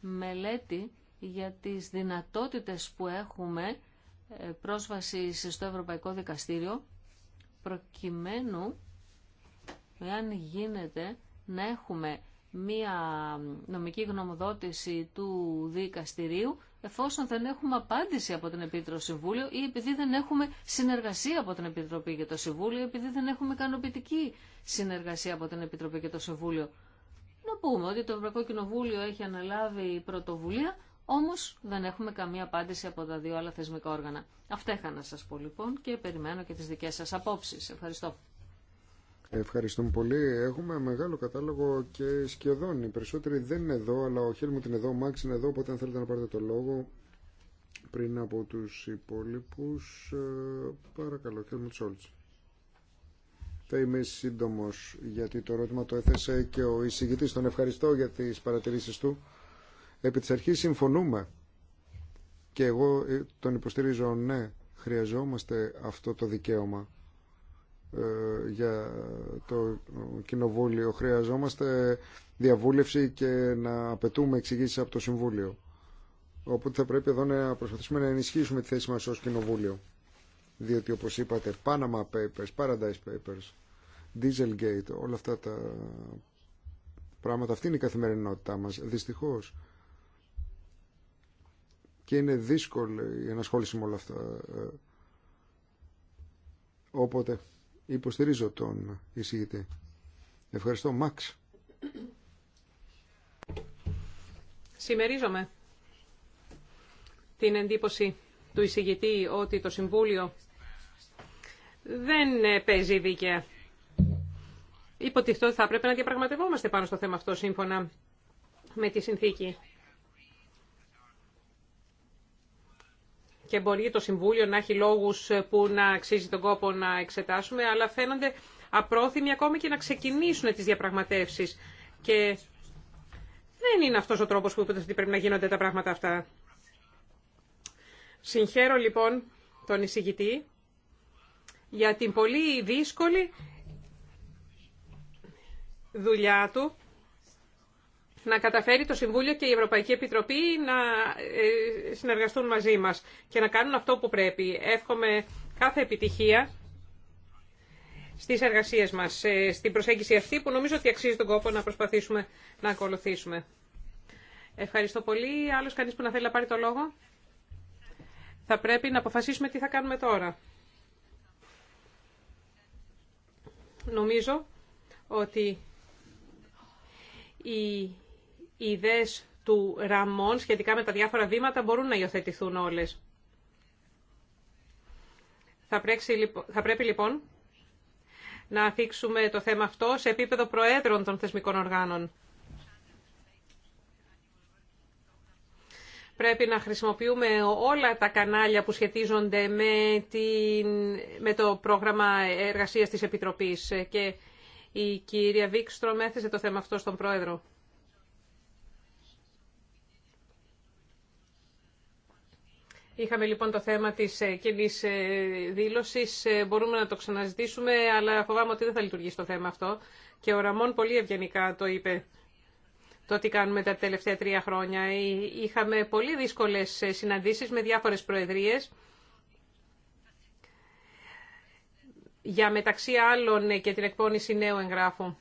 μελέτη για τις δυνατότητες που έχουμε ε, πρόσβαση στο Ευρωπαϊκό Δικαστήριο προκειμένου εάν γίνεται να έχουμε μία νομική γνωμοδότηση του δικαστηρίου εφόσον δεν έχουμε απάντηση από την Επίτροπη Συμβούλιο ή επειδή δεν έχουμε συνεργασία από την Επιτροπή και το Συμβούλιο ή επειδή δεν έχουμε ικανοποιητική συνεργασία από την Επιτροπή και το Συμβούλιο. Να πούμε ότι το Ευρωπαϊκό Κοινοβούλιο έχει αναλάβει πρωτοβουλία, όμως δεν έχουμε καμία απάντηση από τα δύο άλλα θεσμικά όργανα. Αυτά είχα να σας πω λοιπόν και περιμένω και τις δικές σας απόψεις. Ευχαριστώ. Ευχαριστούμε πολύ. Έχουμε μεγάλο κατάλογο και σχεδόν οι περισσότεροι δεν είναι εδώ, αλλά ο Χέλμουτ είναι εδώ, ο Μάξ είναι εδώ, οπότε αν θέλετε να πάρετε το λόγο πριν από τους υπόλοιπους, ε, παρακαλώ, Χέλμουτ Σόλτς. Θα είμαι σύντομο γιατί το ερώτημα το έθεσε και ο εισηγητής. Τον ευχαριστώ για τις παρατηρήσεις του. Επί της αρχής συμφωνούμε και εγώ ε, τον υποστηρίζω ναι, χρειαζόμαστε αυτό το δικαίωμα ε, για το Κοινοβούλιο. Χρειαζόμαστε διαβούλευση και να απαιτούμε εξηγήσει από το Συμβούλιο. Οπότε θα πρέπει εδώ να προσπαθήσουμε να ενισχύσουμε τη θέση μας ως Κοινοβούλιο. Διότι όπως είπατε, Panama Papers, Paradise Papers, Dieselgate, όλα αυτά τα πράγματα, αυτή είναι η καθημερινότητά μας, δυστυχώς. Και είναι δύσκολη η ενασχόληση με όλα αυτά. Ε, Όποτε Υποστηρίζω τον εισηγητή. Ευχαριστώ, Μαξ. Σημερίζομαι την εντύπωση του εισηγητή ότι το Συμβούλιο δεν παίζει δίκαια. Υποτιθώ ότι θα πρέπει να διαπραγματευόμαστε πάνω στο θέμα αυτό σύμφωνα με τη συνθήκη. και μπορεί το Συμβούλιο να έχει λόγου που να αξίζει τον κόπο να εξετάσουμε, αλλά φαίνονται απρόθυμοι ακόμη και να ξεκινήσουν τι διαπραγματεύσει. Και δεν είναι αυτό ο τρόπο που ότι πρέπει να γίνονται τα πράγματα αυτά. Συγχαίρω λοιπόν τον εισηγητή για την πολύ δύσκολη δουλειά του να καταφέρει το Συμβούλιο και η Ευρωπαϊκή Επιτροπή να ε, συνεργαστούν μαζί μας και να κάνουν αυτό που πρέπει. Εύχομαι κάθε επιτυχία στις εργασίες μας, ε, στην προσέγγιση αυτή που νομίζω ότι αξίζει τον κόπο να προσπαθήσουμε να ακολουθήσουμε. Ευχαριστώ πολύ. Άλλος κανείς που να θέλει να πάρει το λόγο. Θα πρέπει να αποφασίσουμε τι θα κάνουμε τώρα. Νομίζω ότι η οι ιδέε του ΡΑΜΟΝ σχετικά με τα διάφορα βήματα μπορούν να υιοθετηθούν όλες. Θα, θα πρέπει λοιπόν να αφήξουμε το θέμα αυτό σε επίπεδο προέδρων των θεσμικών οργάνων. Πρέπει να χρησιμοποιούμε όλα τα κανάλια που σχετίζονται με, την, το πρόγραμμα εργασίας της Επιτροπής. Και η κυρία Βίκστρομ έθεσε το θέμα αυτό στον Πρόεδρο. Είχαμε λοιπόν το θέμα της ε, κοινή ε, δήλωση. Ε, μπορούμε να το ξαναζητήσουμε, αλλά φοβάμαι ότι δεν θα λειτουργήσει το θέμα αυτό. Και ο Ραμόν πολύ ευγενικά το είπε το τι κάνουμε τα τελευταία τρία χρόνια. Είχαμε πολύ δύσκολε συναντήσει με διάφορες προεδρίες. για μεταξύ άλλων και την εκπόνηση νέου εγγράφου.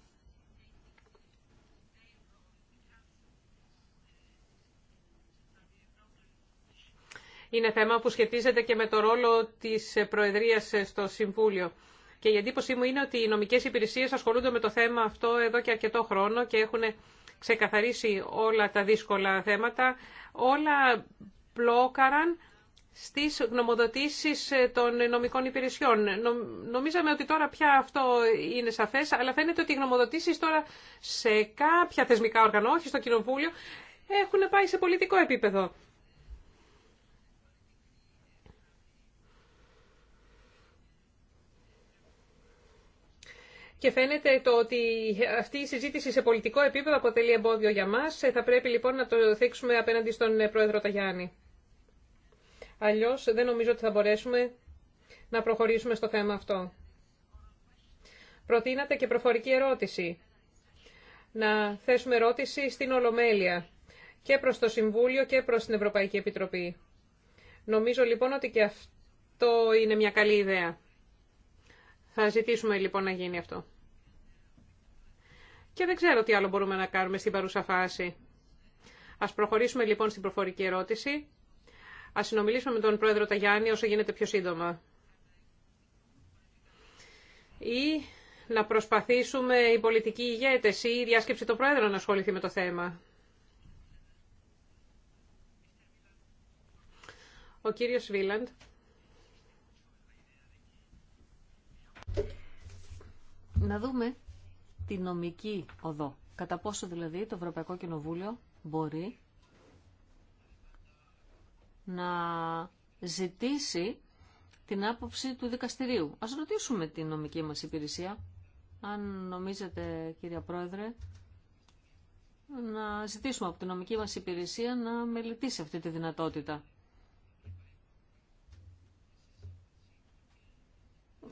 είναι θέμα που σχετίζεται και με το ρόλο της Προεδρίας στο Συμβούλιο. Και η εντύπωσή μου είναι ότι οι νομικές υπηρεσίες ασχολούνται με το θέμα αυτό εδώ και αρκετό χρόνο και έχουν ξεκαθαρίσει όλα τα δύσκολα θέματα. Όλα πλόκαραν στις γνωμοδοτήσεις των νομικών υπηρεσιών. Νομίζαμε ότι τώρα πια αυτό είναι σαφές, αλλά φαίνεται ότι οι γνωμοδοτήσεις τώρα σε κάποια θεσμικά όργανα, όχι στο Κοινοβούλιο, έχουν πάει σε πολιτικό επίπεδο. και φαίνεται το ότι αυτή η συζήτηση σε πολιτικό επίπεδο αποτελεί εμπόδιο για μας. Θα πρέπει λοιπόν να το θέξουμε απέναντι στον ε, Πρόεδρο Ταγιάννη. Αλλιώς δεν νομίζω ότι θα μπορέσουμε να προχωρήσουμε στο θέμα αυτό. Προτείνατε και προφορική ερώτηση. Να θέσουμε ερώτηση στην Ολομέλεια και προς το Συμβούλιο και προς την Ευρωπαϊκή Επιτροπή. Νομίζω λοιπόν ότι και αυτό είναι μια καλή ιδέα. Θα ζητήσουμε λοιπόν να γίνει αυτό. Και δεν ξέρω τι άλλο μπορούμε να κάνουμε στην παρούσα φάση. Ας προχωρήσουμε λοιπόν στην προφορική ερώτηση. Ας συνομιλήσουμε με τον πρόεδρο Ταγιάννη όσο γίνεται πιο σύντομα. Ή να προσπαθήσουμε οι πολιτικοί ηγέτες ή η διάσκεψη των πρόεδρων να ασχοληθεί με το θέμα. Ο κύριος Βίλαντ. να δούμε τη νομική οδό. Κατά πόσο δηλαδή το Ευρωπαϊκό Κοινοβούλιο μπορεί να ζητήσει την άποψη του δικαστηρίου. Ας ρωτήσουμε την νομική μας υπηρεσία, αν νομίζετε κυρία Πρόεδρε, να ζητήσουμε από την νομική μας υπηρεσία να μελετήσει αυτή τη δυνατότητα.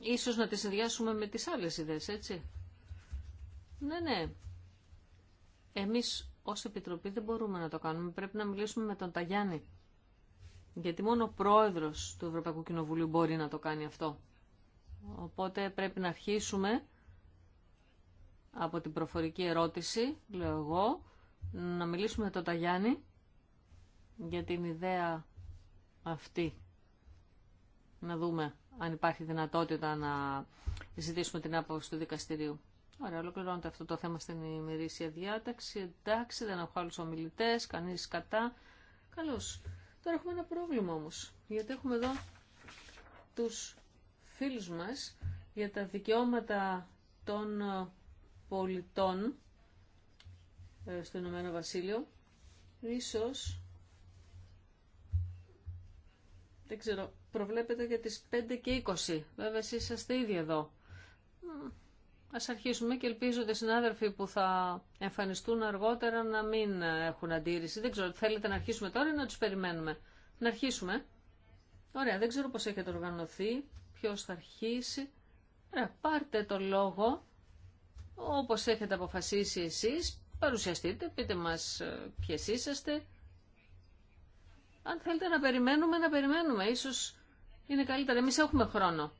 ίσως να τη συνδυάσουμε με τις άλλες ιδέες, έτσι. Ναι, ναι. Εμείς ως Επιτροπή δεν μπορούμε να το κάνουμε. Πρέπει να μιλήσουμε με τον Ταγιάννη. Γιατί μόνο ο πρόεδρος του Ευρωπαϊκού Κοινοβουλίου μπορεί να το κάνει αυτό. Οπότε πρέπει να αρχίσουμε από την προφορική ερώτηση, λέω εγώ, να μιλήσουμε με τον Ταγιάννη για την ιδέα αυτή. Να δούμε αν υπάρχει δυνατότητα να ζητήσουμε την άποψη του δικαστηρίου. Ωραία, ολοκληρώνεται αυτό το θέμα στην ημερήσια διάταξη. Εντάξει, δεν έχω άλλου ομιλητέ, κανεί κατά. Καλώ. Τώρα έχουμε ένα πρόβλημα όμω. Γιατί έχουμε εδώ του φίλου μα για τα δικαιώματα των ε, πολιτών ε, στο Ηνωμένο Βασίλειο. Ίσως δεν ξέρω Προβλέπετε για τις 5 και 20. Βέβαια εσείς είσαστε ήδη εδώ. Ας αρχίσουμε και ελπίζω ότι οι συνάδελφοι που θα εμφανιστούν αργότερα να μην έχουν αντίρρηση. Δεν ξέρω, θέλετε να αρχίσουμε τώρα ή να τους περιμένουμε. Να αρχίσουμε. Ωραία, δεν ξέρω πώς έχετε οργανωθεί, ποιος θα αρχίσει. Ρε, πάρτε το λόγο, όπως έχετε αποφασίσει εσείς, παρουσιαστείτε, πείτε μας ε, ποιες είσαστε. Αν θέλετε να περιμένουμε, να περιμένουμε. Ίσως είναι καλύτερα. Εμεί έχουμε χρόνο.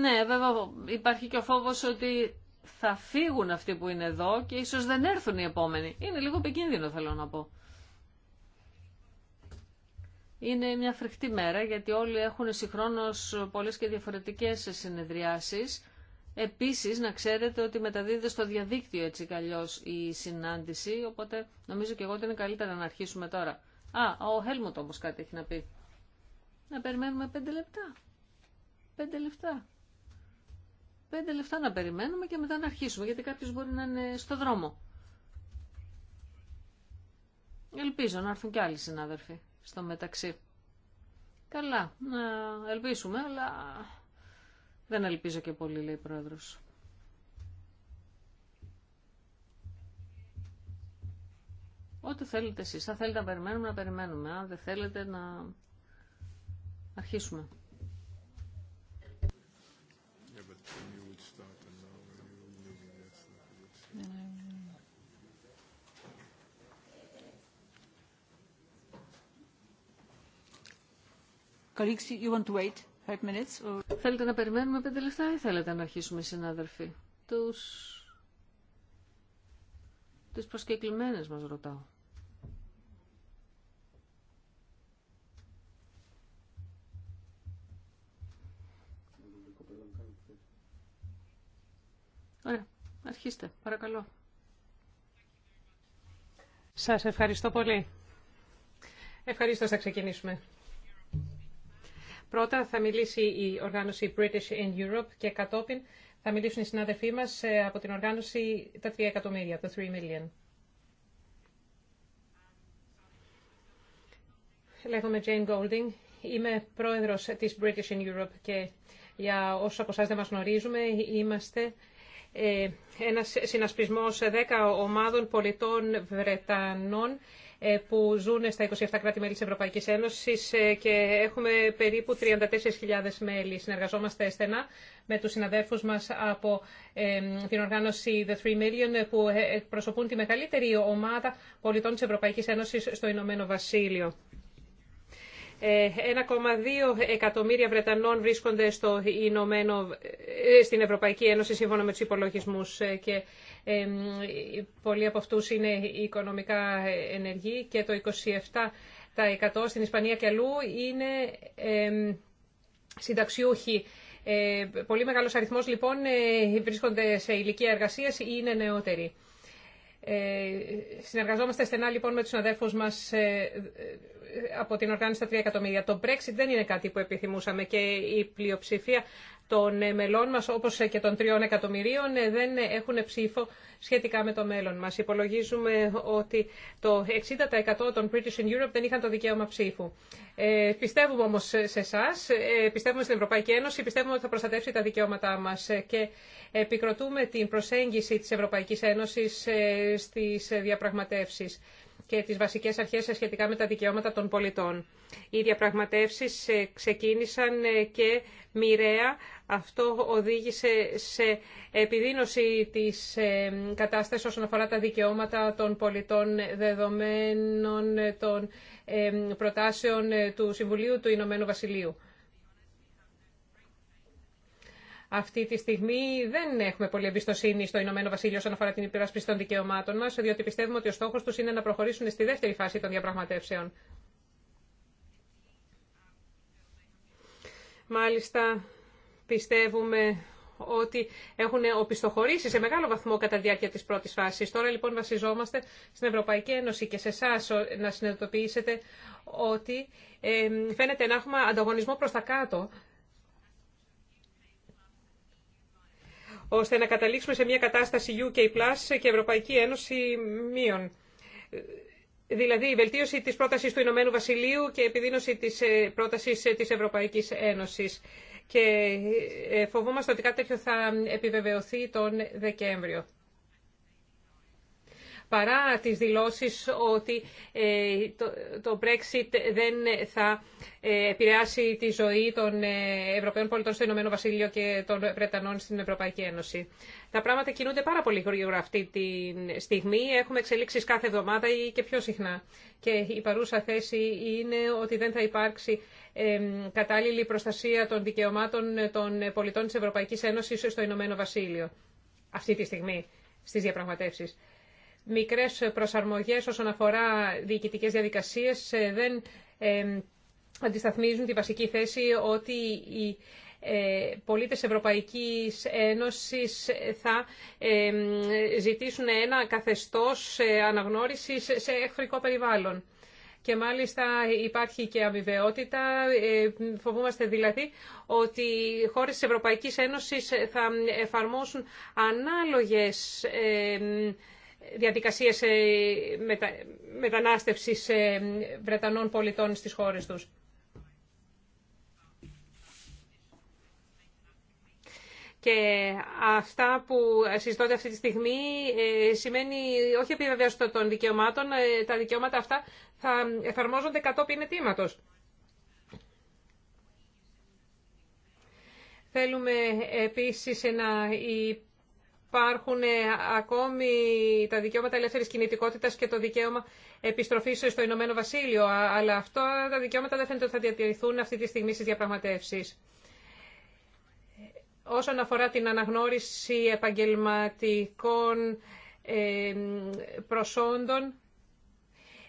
Ναι, βέβαια υπάρχει και ο φόβος ότι θα φύγουν αυτοί που είναι εδώ και ίσως δεν έρθουν οι επόμενοι. Είναι λίγο επικίνδυνο θέλω να πω. Είναι μια φρικτή μέρα γιατί όλοι έχουν συγχρόνω πολλές και διαφορετικές συνεδριάσεις. Επίσης να ξέρετε ότι μεταδίδεται στο διαδίκτυο έτσι καλώς η συνάντηση, οπότε νομίζω και εγώ ότι είναι καλύτερα να αρχίσουμε τώρα. Α, ο Χέλμουτ όμως κάτι έχει να πει. Να περιμένουμε πέντε λεπτά. Πέντε λεπτά. Πέντε λεπτά να περιμένουμε και μετά να αρχίσουμε, γιατί κάποιος μπορεί να είναι στο δρόμο. Ελπίζω να έρθουν και άλλοι συνάδελφοι στο μεταξύ. Καλά, να ελπίσουμε, αλλά δεν ελπίζω και πολύ, λέει η Πρόεδρος. Ό,τι θέλετε εσείς. Αν θέλετε να περιμένουμε, να περιμένουμε. Αν δεν θέλετε να αρχίσουμε. You want to wait minutes Θέλετε να περιμένουμε πέντε λεπτά ή θέλετε να αρχίσουμε, συνάδελφοι. Τους, τους προσκεκλημένες μας ρωτάω. Ωραία. Αρχίστε. Παρακαλώ. Σας ευχαριστώ πολύ. Ευχαριστώ. Θα ξεκινήσουμε. Πρώτα θα μιλήσει η οργάνωση British in Europe και κατόπιν θα μιλήσουν οι συνάδελφοί μας ε, από την οργάνωση τα 3 εκατομμύρια, το 3 million. Λέγομαι Jane Golding, είμαι πρόεδρος της British in Europe και για όσους από εσάς δεν μας γνωρίζουμε, είμαστε ε, ένας συνασπισμός 10 ομάδων πολιτών Βρετανών ε, που ζουν στα 27 κράτη-μέλη της Ευρωπαϊκής Ένωσης ε, και έχουμε περίπου 34.000 μέλη. Συνεργαζόμαστε στενά με τους συναδέλφους μας από την οργάνωση The 3 Million που εκπροσωπούν τη μεγαλύτερη ομάδα πολιτών της Ευρωπαϊκής Ένωσης στο Ηνωμένο Βασίλειο. 1,2 ε, εκατομμύρια Βρετανών βρίσκονται στο Ηνωμένο, ε, στην Ευρωπαϊκή Ένωση σύμφωνα με τους υπολογισμούς ε, και πολλοί από αυτούς είναι οικονομικά ενεργοί και το 27% στην Ισπανία και αλλού είναι συνταξιούχοι. πολύ μεγάλος αριθμός λοιπόν βρίσκονται σε ηλικία εργασίας ή είναι νεότεροι. Ε, συνεργαζόμαστε στενά λοιπόν με τους αδέρφους μας ε, ε, από την οργάνωση στα 3 εκατομμύρια. Το Brexit δεν είναι κάτι που επιθυμούσαμε και η πλειοψηφία των ε, μελών μας, όπως ε, και των τριών εκατομμυρίων, ε, δεν έχουν ψήφο σχετικά με το μέλλον μας. Υπολογίζουμε ότι το 60% των British in Europe δεν είχαν το δικαίωμα ψήφου. Ε, πιστεύουμε όμως σε εσά, πιστεύουμε στην Ευρωπαϊκή Ένωση, πιστεύουμε ότι θα προστατεύσει τα δικαιώματά μας και επικροτούμε την προσέγγιση της Ευρωπαϊκής Ένωσης στις διαπραγματεύσεις και τις βασικές αρχές σχετικά με τα δικαιώματα των πολιτών. Οι διαπραγματεύσεις ε, ξεκίνησαν ε, και μοιραία. Αυτό οδήγησε σε επιδείνωση της ε, κατάστασης όσον αφορά τα δικαιώματα των πολιτών δεδομένων των προτάσεων του Συμβουλίου του Ηνωμένου Βασιλείου. Αυτή τη στιγμή δεν έχουμε πολύ εμπιστοσύνη στο Ηνωμένο Βασίλειο όσον αφορά την υπεράσπιση των δικαιωμάτων μα, διότι πιστεύουμε ότι ο στόχο του είναι να προχωρήσουν στη δεύτερη φάση των διαπραγματεύσεων. Μάλιστα, πιστεύουμε ότι έχουν οπισθοχωρήσει σε μεγάλο βαθμό κατά τη διάρκεια τη πρώτη φάση. Τώρα λοιπόν βασιζόμαστε στην Ευρωπαϊκή Ένωση και σε εσά να συνειδητοποιήσετε ότι φαίνεται να έχουμε ανταγωνισμό προ τα κάτω ώστε να καταλήξουμε σε μια κατάσταση UK Plus και Ευρωπαϊκή Ένωση μείον. Δηλαδή η βελτίωση της πρότασης του Ηνωμένου Βασιλείου και η επιδείνωση της ε, πρότασης ε, της Ευρωπαϊκής Ένωσης. Και ε, φοβόμαστε ότι κάτι τέτοιο θα επιβεβαιωθεί τον Δεκέμβριο παρά τις δηλώσεις ότι ε, το Brexit δεν θα ε, επηρεάσει τη ζωή των ε, Ευρωπαίων πολιτών στο Ηνωμένο Βασίλειο και των Βρετανών στην Ευρωπαϊκή Ένωση. Τα πράγματα κινούνται πάρα πολύ γρήγορα αυτή τη στιγμή. Έχουμε εξελίξεις κάθε εβδομάδα ή και πιο συχνά. Και η παρούσα θέση είναι ότι δεν θα υπάρξει κατάλληλη προστασία των δικαιωμάτων των πολιτών της Ευρωπαϊκής Ένωσης στο Ηνωμένο Βασίλειο αυτή τη στιγμή στις διαπραγματεύσεις μικρές προσαρμογές όσον αφορά διοικητικές διαδικασίες ε, δεν ε, αντισταθμίζουν τη βασική θέση ότι οι ε, πολίτες Ευρωπαϊκής Ένωσης θα ζητήσουν ένα καθεστώς αναγνώρισης σε εχθρικό περιβάλλον. Και μάλιστα υπάρχει και αμοιβαιότητα. Φοβούμαστε δηλαδή ότι χώρες της Ευρωπαϊκής Ένωσης θα εφαρμόσουν ανάλογες διαδικασίες ε, μετα... μετανάστευσης ε, Βρετανών πολιτών στις χώρες τους. Και αυτά που συζητώνται αυτή τη στιγμή ε, σημαίνει όχι επιβεβαίωση των δικαιωμάτων, τα δικαιώματα αυτά θα εφαρμόζονται κατόπιν αιτήματος. Θέλουμε επίσης να υπάρχουν ε, ακόμη τα δικαιώματα ελεύθερης κινητικότητας και το δικαίωμα επιστροφής στο Ηνωμένο Βασίλειο, αλλά αυτά τα δικαιώματα δεν φαίνεται ότι θα διατηρηθούν αυτή τη στιγμή στις διαπραγματεύσεις. Όσον αφορά την αναγνώριση επαγγελματικών ε, προσόντων,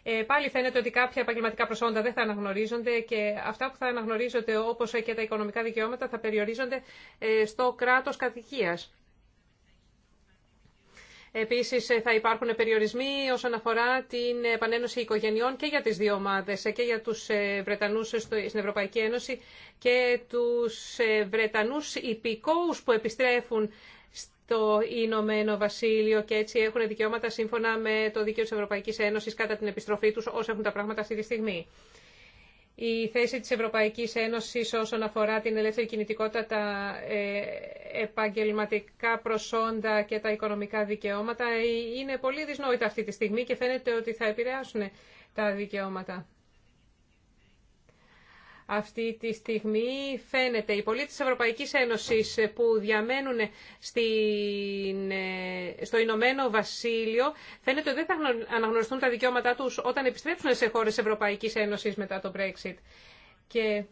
ε, πάλι φαίνεται ότι κάποια επαγγελματικά προσόντα δεν θα αναγνωρίζονται και αυτά που θα αναγνωρίζονται όπως και τα οικονομικά δικαιώματα θα περιορίζονται στο κράτος κατοικίας. Επίσης ε, θα υπάρχουν περιορισμοί όσον αφορά την επανένωση οικογενειών και για τις δύο ομάδε, ε, και για τους ε, Βρετανούς στην Ευρωπαϊκή Ένωση και τους Βρετανούς υπηκόους που επιστρέφουν στο Ηνωμένο Βασίλειο και έτσι έχουν δικαιώματα σύμφωνα με το δίκαιο της Ευρωπαϊκής Ένωσης κατά την επιστροφή τους όσο έχουν τα πράγματα αυτή τη στιγμή η θέση της Ευρωπαϊκής Ένωσης όσον αφορά την ελεύθερη κινητικότητα, τα ε, επαγγελματικά προσόντα και τα οικονομικά δικαιώματα ε, είναι πολύ δυσνόητα αυτή τη στιγμή και φαίνεται ότι θα επηρεάσουν τα δικαιώματα αυτή τη στιγμή φαίνεται. Οι πολίτες της Ευρωπαϊκής Ένωσης ε, που διαμένουν στην, ε, στο Ηνωμένο Βασίλειο φαίνεται ότι δεν θα αναγνωριστούν τα δικαιώματά τους όταν επιστρέψουν σε χώρες Ευρωπαϊκής Ένωσης μετά το Brexit. Και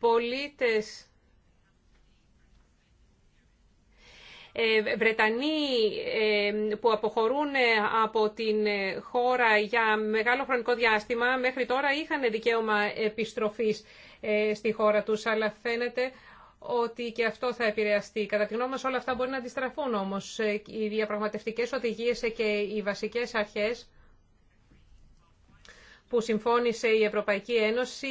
πολίτες Ε, Βρετανοί ε, που αποχωρούν ε, από την χώρα για μεγάλο χρονικό διάστημα μέχρι τώρα είχαν δικαίωμα επιστροφής στη χώρα τους, αλλά φαίνεται ότι και αυτό θα επηρεαστεί. Κατά τη γνώμη μας όλα αυτά μπορεί να αντιστραφούν όμως. Οι διαπραγματευτικές οδηγίες και οι βασικές αρχές που συμφώνησε η Ευρωπαϊκή Ένωση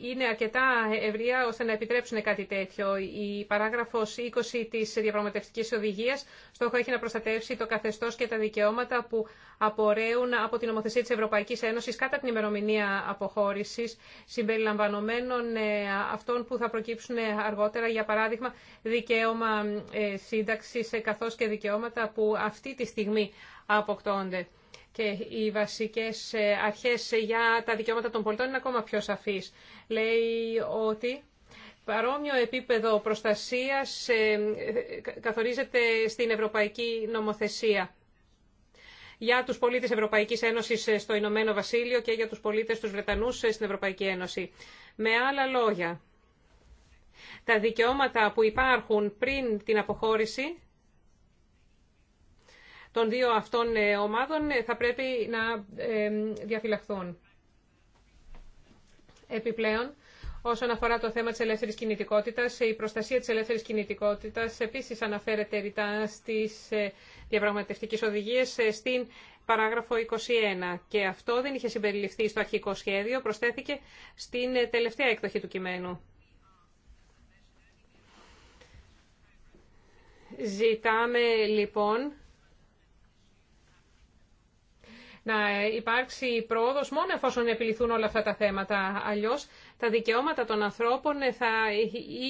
είναι αρκετά ευρεία ώστε να επιτρέψουν κάτι τέτοιο. Η παράγραφος 20 της διαπραγματευτικής οδηγίας στόχο έχει να προστατεύσει το καθεστώς και τα δικαιώματα που απορρέουν από την νομοθεσία της Ευρωπαϊκής Ένωσης κατά την ημερομηνία αποχώρησης συμπεριλαμβανομένων ε, αυτών που θα προκύψουν αργότερα, για παράδειγμα δικαίωμα ε, σύνταξης ε, καθώς και δικαιώματα που αυτή τη στιγμή αποκτώνται και οι βασικές ε, αρχές για τα δικαιώματα των πολιτών είναι ακόμα πιο σαφείς. Λέει ότι παρόμοιο επίπεδο προστασίας ε, καθορίζεται στην Ευρωπαϊκή Νομοθεσία για τους πολίτες Ευρωπαϊκής Ένωσης ε, στο Ηνωμένο Βασίλειο και για τους πολίτες τους Βρετανούς στην Ευρωπαϊκή Ένωση. Με άλλα λόγια, τα δικαιώματα που υπάρχουν πριν την αποχώρηση των δύο αυτών ε, ομάδων ε, θα πρέπει να ε, διαφυλαχθούν. Επιπλέον, όσον αφορά το θέμα της ελεύθερης κινητικότητας, η προστασία της ελεύθερης κινητικότητας επίσης αναφέρεται ρητά στις διαπραγματευτικές οδηγίες στην παράγραφο 21 και αυτό δεν είχε συμπεριληφθεί στο αρχικό σχέδιο, προσθέθηκε στην τελευταία εκδοχή του κειμένου. Ζητάμε λοιπόν να υπάρξει πρόοδος μόνο εφόσον επιληθούν όλα αυτά τα θέματα. Αλλιώς τα δικαιώματα των ανθρώπων θα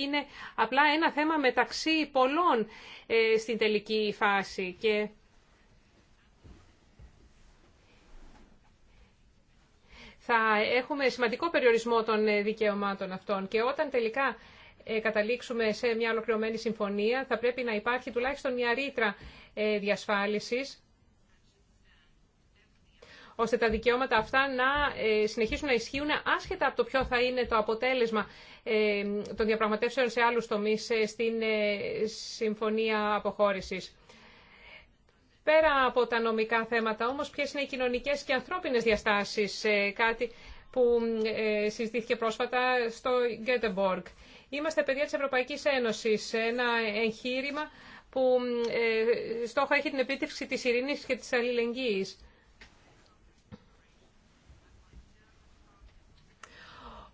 είναι απλά ένα θέμα μεταξύ πολλών ε, στην τελική φάση. Και θα έχουμε σημαντικό περιορισμό των ε, δικαιωμάτων αυτών. Και όταν τελικά ε, καταλήξουμε σε μια ολοκληρωμένη συμφωνία, θα πρέπει να υπάρχει τουλάχιστον μια ρήτρα διασφάλισης ώστε τα δικαιώματα αυτά να ε, συνεχίσουν να ισχύουν άσχετα από το ποιο θα είναι το αποτέλεσμα ε, των διαπραγματεύσεων σε άλλους τομείς ε, στην Συμφωνία Αποχώρησης. Πέρα από τα νομικά θέματα όμως, ποιες είναι οι κοινωνικές και ανθρώπινες διαστάσεις, κάτι που συζητήθηκε πρόσφατα στο Γκέτεμποργκ. Είμαστε παιδιά της Ευρωπαϊκής Ένωσης, ένα εγχείρημα που στόχο έχει την επίτευξη της ειρήνης και της αλληλεγγύης.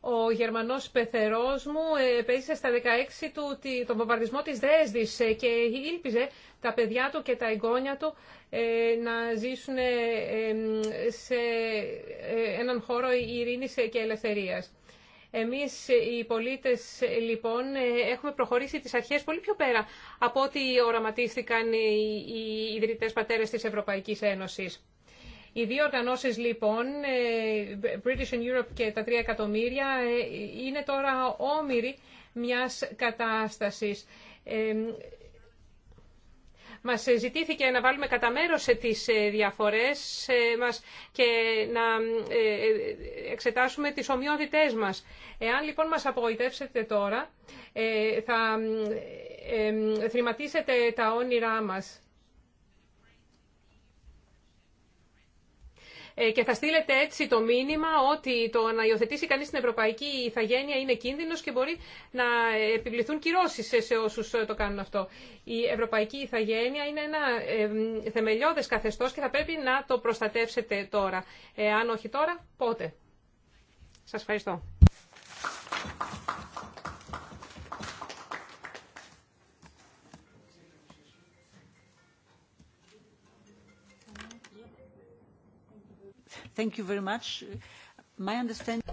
Ο Γερμανός πεθερός μου επέζησε στα 16 του τον βομβαρδισμό της Δέσδης ε, και ήλπιζε τα παιδιά του και τα εγγόνια του ε, να ζήσουν ε, σε έναν χώρο Ειρηνή και ελευθερία. Εμείς οι πολίτες λοιπόν έχουμε προχωρήσει τις αρχές πολύ πιο πέρα από ό,τι οραματίστηκαν οι ιδρυτές πατέρες της Ευρωπαϊκής Ένωσης. Οι δύο οργανώσεις λοιπόν, ε, British and Europe και τα 3 εκατομμύρια, ε, είναι τώρα όμοιροι μιας κατάστασης. Ε, μας ζητήθηκε να βάλουμε κατά μέρο τις διαφορές μας και να εξετάσουμε τις ομοιότητές μας. Εάν λοιπόν μας απογοητεύσετε τώρα, θα θρηματίσετε τα όνειρά μας. Ε, και θα στείλετε έτσι το μήνυμα ότι το να υιοθετήσει κανείς την ευρωπαϊκή ηθαγένεια είναι κίνδυνος και μπορεί να επιβληθούν κυρώσεις σε όσους ε, το κάνουν αυτό. Η ευρωπαϊκή ηθαγένεια είναι ένα ε, θεμελιώδες καθεστώς και θα πρέπει να το προστατεύσετε τώρα. Αν όχι τώρα, πότε. Σας ευχαριστώ.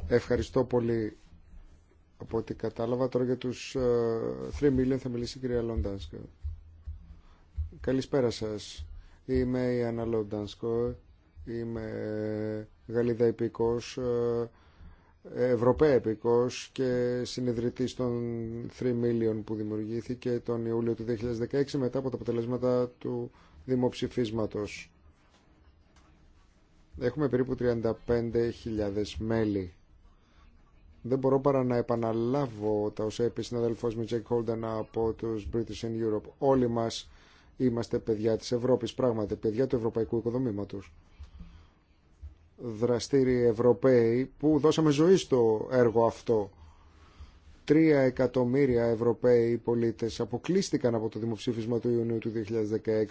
Ευχαριστώ πολύ από ό,τι κατάλαβα. Τώρα για τους 3 ε, million θα μιλήσει η κυρία Λοντάνσκο. Καλησπέρα σας. Είμαι η Άννα Λοντάνσκο. Είμαι Γαλλίδα Επικός, ε, Ευρωπαία Επικός και συνειδητής των 3 million που δημιουργήθηκε τον Ιούλιο του 2016 μετά από τα αποτελέσματα του δημοψηφίσματος Έχουμε περίπου 35.000 μέλη. Δεν μπορώ παρά να επαναλάβω τα όσα είπε συναδελφός μου Τζέικ από τους British in Europe. Όλοι μας είμαστε παιδιά της Ευρώπης, πράγματι παιδιά του ευρωπαϊκού οικοδομήματος. Δραστήριοι Ευρωπαίοι που δώσαμε ζωή στο έργο αυτό 3 εκατομμύρια Ευρωπαίοι πολίτες αποκλείστηκαν από το δημοψήφισμα του Ιουνίου του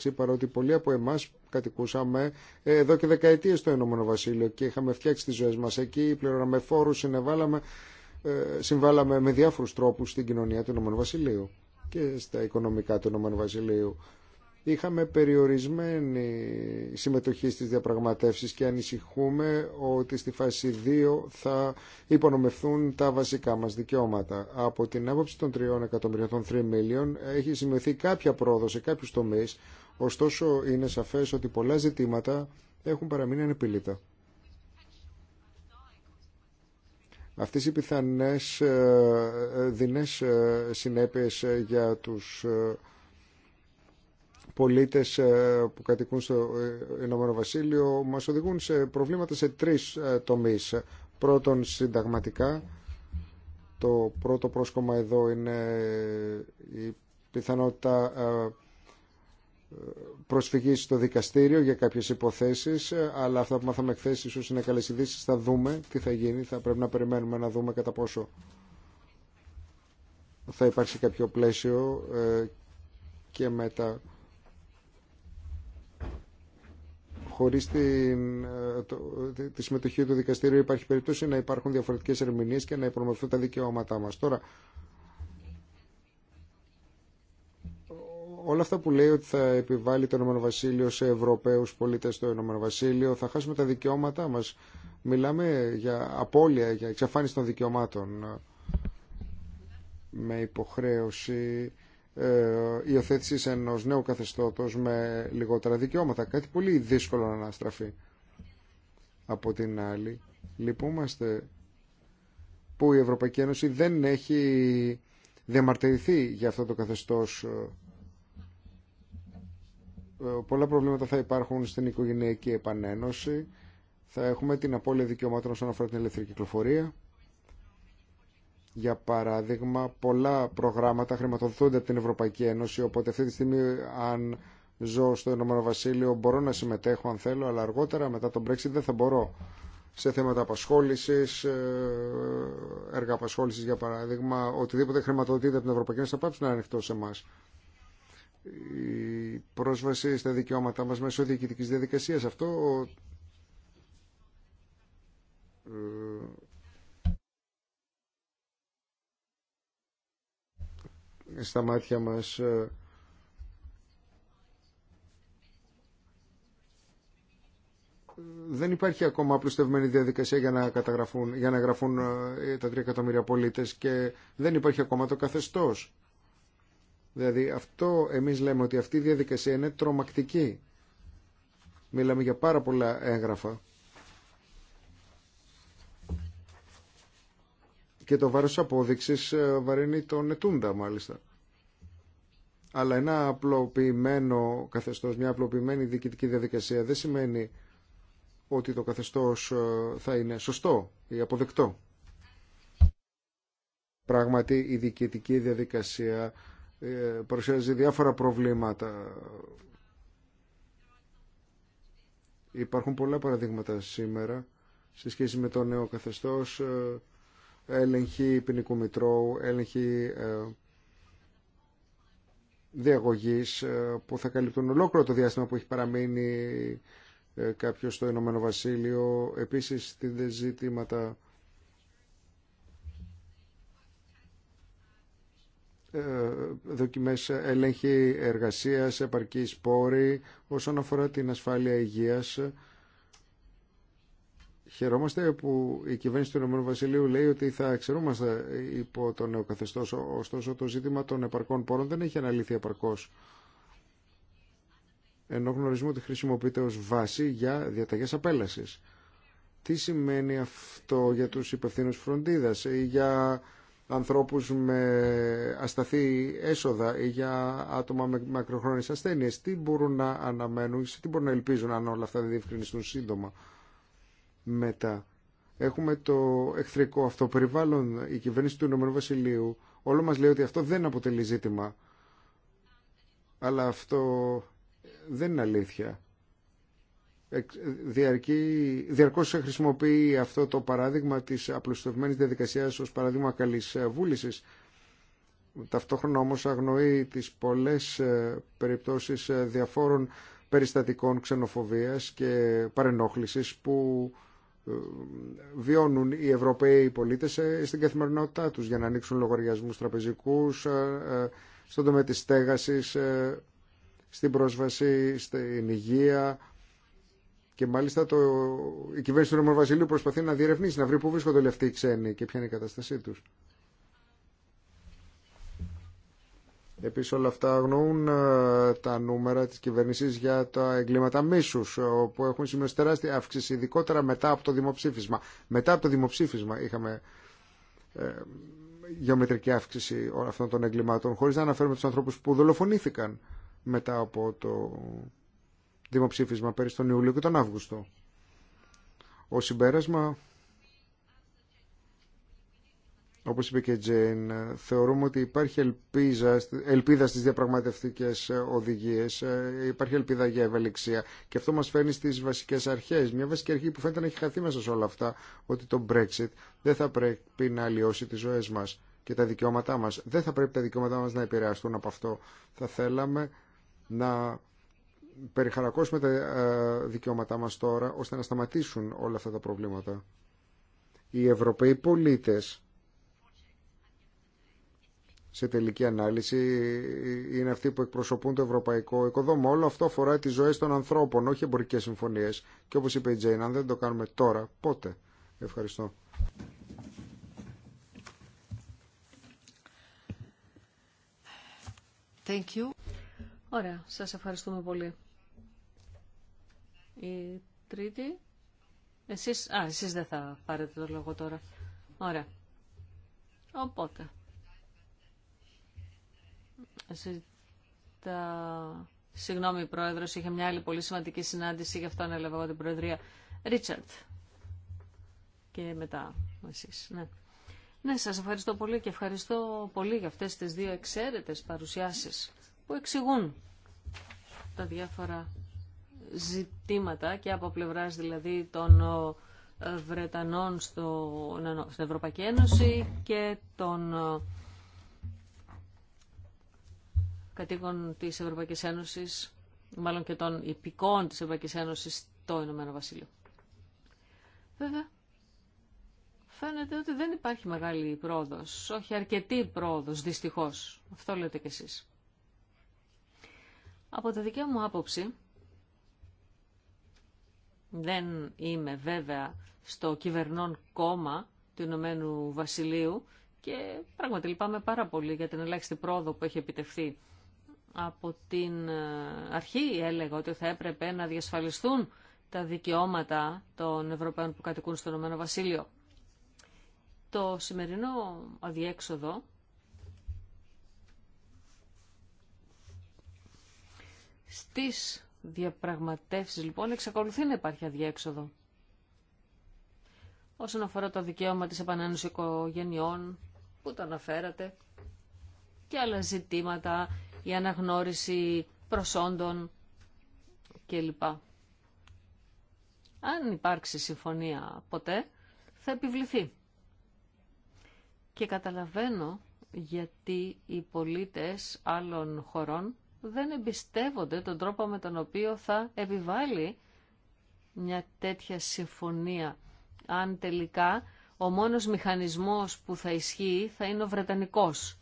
2016 παρότι πολλοί από εμάς κατοικούσαμε ε, εδώ και δεκαετίες στο Ηνωμένο Βασίλειο και είχαμε φτιάξει τις ζωές μας εκεί, πληρώναμε φόρους, συνεβάλαμε, ε, συμβάλαμε με διάφορους τρόπους στην κοινωνία του Ηνωμένου Βασιλείου και στα οικονομικά του Ηνωμένου Βασιλείου είχαμε περιορισμένη συμμετοχή στις διαπραγματεύσεις και ανησυχούμε ότι στη φάση 2 θα υπονομευθούν τα βασικά μας δικαιώματα. Από την άποψη των 3 εκατομμυρίων έχει σημειωθεί κάποια πρόοδο σε κάποιους τομείς, ωστόσο είναι σαφές ότι πολλά ζητήματα έχουν παραμείνει ανεπιλήτα. Αυτές οι πιθανές ε, ε, ε, δεινές συνέπειες για τους πολίτες ε, που κατοικούν στο ε, Ηνωμένο Βασίλειο μας οδηγούν σε προβλήματα σε τρεις ε, τομείς. Πρώτον, συνταγματικά. Το πρώτο πρόσκομα εδώ είναι η πιθανότητα προσφυγή στο δικαστήριο για κάποιες υποθέσεις αλλά αυτά που μάθαμε χθε ίσως είναι καλές ειδήσει. θα δούμε τι θα γίνει θα πρέπει να περιμένουμε να δούμε κατά πόσο θα υπάρξει κάποιο πλαίσιο και μετά χωρίς ε, τη, τη συμμετοχή του δικαστήριου υπάρχει περίπτωση να υπάρχουν διαφορετικές ερμηνείες και να υπονομευθούν τα δικαιώματά μας. Τώρα, όλα αυτά που λέει ότι θα επιβάλλει το ΕΒ σε Ευρωπαίους πολίτες στο ΕΒ θα χάσουμε τα δικαιώματά μας. Μιλάμε για απώλεια, για εξαφάνιση των δικαιωμάτων ε, με υποχρέωση ε, υιοθέτηση ενό νέου καθεστώτος με λιγότερα δικαιώματα. Κάτι πολύ δύσκολο να αναστραφεί. Από την άλλη, λυπούμαστε που η Ευρωπαϊκή Ένωση δεν έχει διαμαρτυρηθεί για αυτό το καθεστώς. Ε, πολλά προβλήματα θα υπάρχουν στην οικογενειακή επανένωση. Θα έχουμε την απώλεια δικαιωμάτων όσον αφορά την ελεύθερη κυκλοφορία. Για παράδειγμα, πολλά προγράμματα χρηματοδοτούνται από την Ευρωπαϊκή Ένωση, οπότε αυτή τη στιγμή αν ζω στο Ηνωμένο Βασίλειο μπορώ να συμμετέχω αν θέλω, αλλά αργότερα μετά τον Brexit δεν θα μπορώ. Σε θέματα απασχόλησης, ε, έργα απασχόλησης για παράδειγμα, οτιδήποτε χρηματοδοτείται από την Ευρωπαϊκή Ένωση θα πάψει να είναι ανοιχτό σε εμά. Η πρόσβαση στα δικαιώματά μας μέσω διοικητικής διαδικασίας, αυτό ε, στα μάτια μας δεν υπάρχει ακόμα απλουστευμένη διαδικασία για να, καταγραφούν, για να γραφούν ε, τα τρία εκατομμύρια πολίτες και δεν υπάρχει ακόμα το καθεστώς. Δηλαδή αυτό εμείς λέμε ότι αυτή η διαδικασία είναι τρομακτική. Μιλάμε για πάρα πολλά έγγραφα και το βάρος απόδειξη ε, βαρύνει τον ετούντα μάλιστα. Αλλά ένα απλοποιημένο καθεστώς, μια απλοποιημένη διοικητική διαδικασία δεν σημαίνει ότι το καθεστώς ε, θα είναι σωστό ή αποδεκτό. Πράγματι η διοικητική διαδικασία ε, παρουσιάζει διάφορα προβλήματα. Υπάρχουν πολλά παραδείγματα σήμερα σε σχέση με το νέο καθεστώς έλεγχη ποινικού μητρώου, έλεγχη ε, διαγωγής ε, που θα καλύπτουν ολόκληρο το διάστημα που έχει παραμείνει ε, κάποιος στο Ηνωμένο Βασίλειο. Επίσης, θύνται ζήτηματα δοκιμές έλεγχη εργασίας, επαρκής πόρη, όσον αφορά την ασφάλεια υγείας Χαιρόμαστε που η κυβέρνηση του Ηνωμένου Βασιλείου λέει ότι θα εξαιρούμαστε υπό το νέο καθεστώ. Ωστόσο, το ζήτημα των επαρκών πόρων δεν έχει αναλύθει επαρκώ. Ενώ γνωρίζουμε ότι χρησιμοποιείται ω βάση για διαταγέ απέλαση. Τι σημαίνει αυτό για του υπευθύνου φροντίδα ή για ανθρώπους με ασταθή έσοδα ή για άτομα με μακροχρόνιες ασθένειες. Τι μπορούν να αναμένουν, τι μπορούν να ελπίζουν αν όλα αυτά δεν διευκρινιστούν σύντομα. Μετά έχουμε το εχθρικό αυτό περιβάλλον, η κυβέρνηση του Ηνωμένου Βασιλείου. Όλο μας λέει ότι αυτό δεν αποτελεί ζήτημα. Αλλά αυτό δεν είναι αλήθεια. Διαρκεί, διαρκώς χρησιμοποιεί αυτό το παράδειγμα της απλουστευμένης διαδικασίας ως παράδειγμα καλής ε, βούλησης. Ταυτόχρονα όμως αγνοεί τις πολλές ε, περιπτώσεις ε, διαφόρων περιστατικών ξενοφοβίας και παρενόχλησης που ε, βιώνουν οι Ευρωπαίοι πολίτες ε, στην καθημερινότητά τους για να ανοίξουν λογαριασμούς τραπεζικούς, ε, στον τομέα της στέγασης, στην πρόσβαση, στην υγεία και μάλιστα το, η κυβέρνηση του Ρωμαν προσπαθεί να διερευνήσει, να βρει πού βρίσκονται όλοι αυτοί οι ξένοι και ποια είναι η κατάστασή τους. Επίσης όλα αυτά αγνοούν ε, τα νούμερα της κυβέρνησης για τα εγκλήματα μίσους ε, που έχουν σημειώσει τεράστια αύξηση ειδικότερα μετά από το δημοψήφισμα. Μετά από το δημοψήφισμα είχαμε ε, γεωμετρική αύξηση όλων αυτών των εγκλημάτων χωρίς να αναφέρουμε τους ανθρώπους που δολοφονήθηκαν μετά από το δημοψήφισμα πέρυσι τον Ιούλιο και τον Αύγουστο. Ο συμπέρασμα όπως είπε και Τζέιν, θεωρούμε ότι υπάρχει ελπίδα, ελπίδα στις διαπραγματευτικές ε, οδηγίες, ε, υπάρχει ελπίδα για ευελιξία και αυτό μας φέρνει στις βασικές αρχές. Μια βασική αρχή που φαίνεται να έχει χαθεί μέσα σε όλα αυτά, ότι το Brexit δεν θα πρέπει να αλλοιώσει τις ζωές μας και τα δικαιώματά μας. Δεν θα πρέπει τα δικαιώματά μας να επηρεαστούν από αυτό. Θα θέλαμε να περιχαρακώσουμε τα ε, δικαιώματά μας τώρα, ώστε να σταματήσουν όλα αυτά τα προβλήματα. Οι Ευρωπαίοι πολίτες σε τελική ανάλυση είναι αυτοί που εκπροσωπούν το ευρωπαϊκό οικοδόμο. Όλο αυτό αφορά τι ζωέ των ανθρώπων, όχι εμπορικέ συμφωνίε. Και όπω είπε η Τζέιν, αν δεν το κάνουμε τώρα, πότε. Ευχαριστώ. Thank you. Ωραία, σας ευχαριστούμε πολύ. Η τρίτη. Εσείς, α, εσείς δεν θα πάρετε το λόγο τώρα. Ωραία. Οπότε, Ζητά... Συγγνώμη, πρόεδρο είχε μια άλλη πολύ σημαντική συνάντηση, γι' αυτό ανέλαβα εγώ την Προεδρία. Ρίτσαρντ Και μετά εσείς. Ναι. ναι, σας ευχαριστώ πολύ και ευχαριστώ πολύ για αυτές τις δύο εξαίρετες παρουσιάσεις που εξηγούν τα διάφορα ζητήματα και από πλευρά δηλαδή των ε, Βρετανών στο, στην Ευρωπαϊκή Ένωση και των ε, κατοίκων της Ευρωπαϊκής Ένωσης, μάλλον και των υπηκών της Ευρωπαϊκής Ένωσης στο Ηνωμένο Βασίλειο. Βέβαια, φαίνεται ότι δεν υπάρχει μεγάλη πρόοδος, όχι αρκετή πρόοδος, δυστυχώς. Αυτό λέτε κι εσείς. Από τη δικιά μου άποψη, δεν είμαι βέβαια στο κυβερνών κόμμα του Ηνωμένου Βασιλείου και πράγματι λυπάμαι πάρα πολύ για την ελάχιστη πρόοδο που έχει επιτευχθεί από την ε, αρχή έλεγα ότι θα έπρεπε να διασφαλιστούν τα δικαιώματα των Ευρωπαίων που κατοικούν στον Ηνωμένο Το σημερινό αδιέξοδο στις διαπραγματεύσεις λοιπόν εξακολουθεί να υπάρχει αδιέξοδο. Όσον αφορά το δικαίωμα της επανένωσης οικογενειών που το αναφέρατε και άλλα ζητήματα η αναγνώριση προσόντων κλπ. Αν υπάρξει συμφωνία ποτέ, θα επιβληθεί. Και καταλαβαίνω γιατί οι πολίτες άλλων χωρών δεν εμπιστεύονται τον τρόπο με τον οποίο θα επιβάλλει μια τέτοια συμφωνία. Αν τελικά ο μόνος μηχανισμός που θα ισχύει θα είναι ο Βρετανικός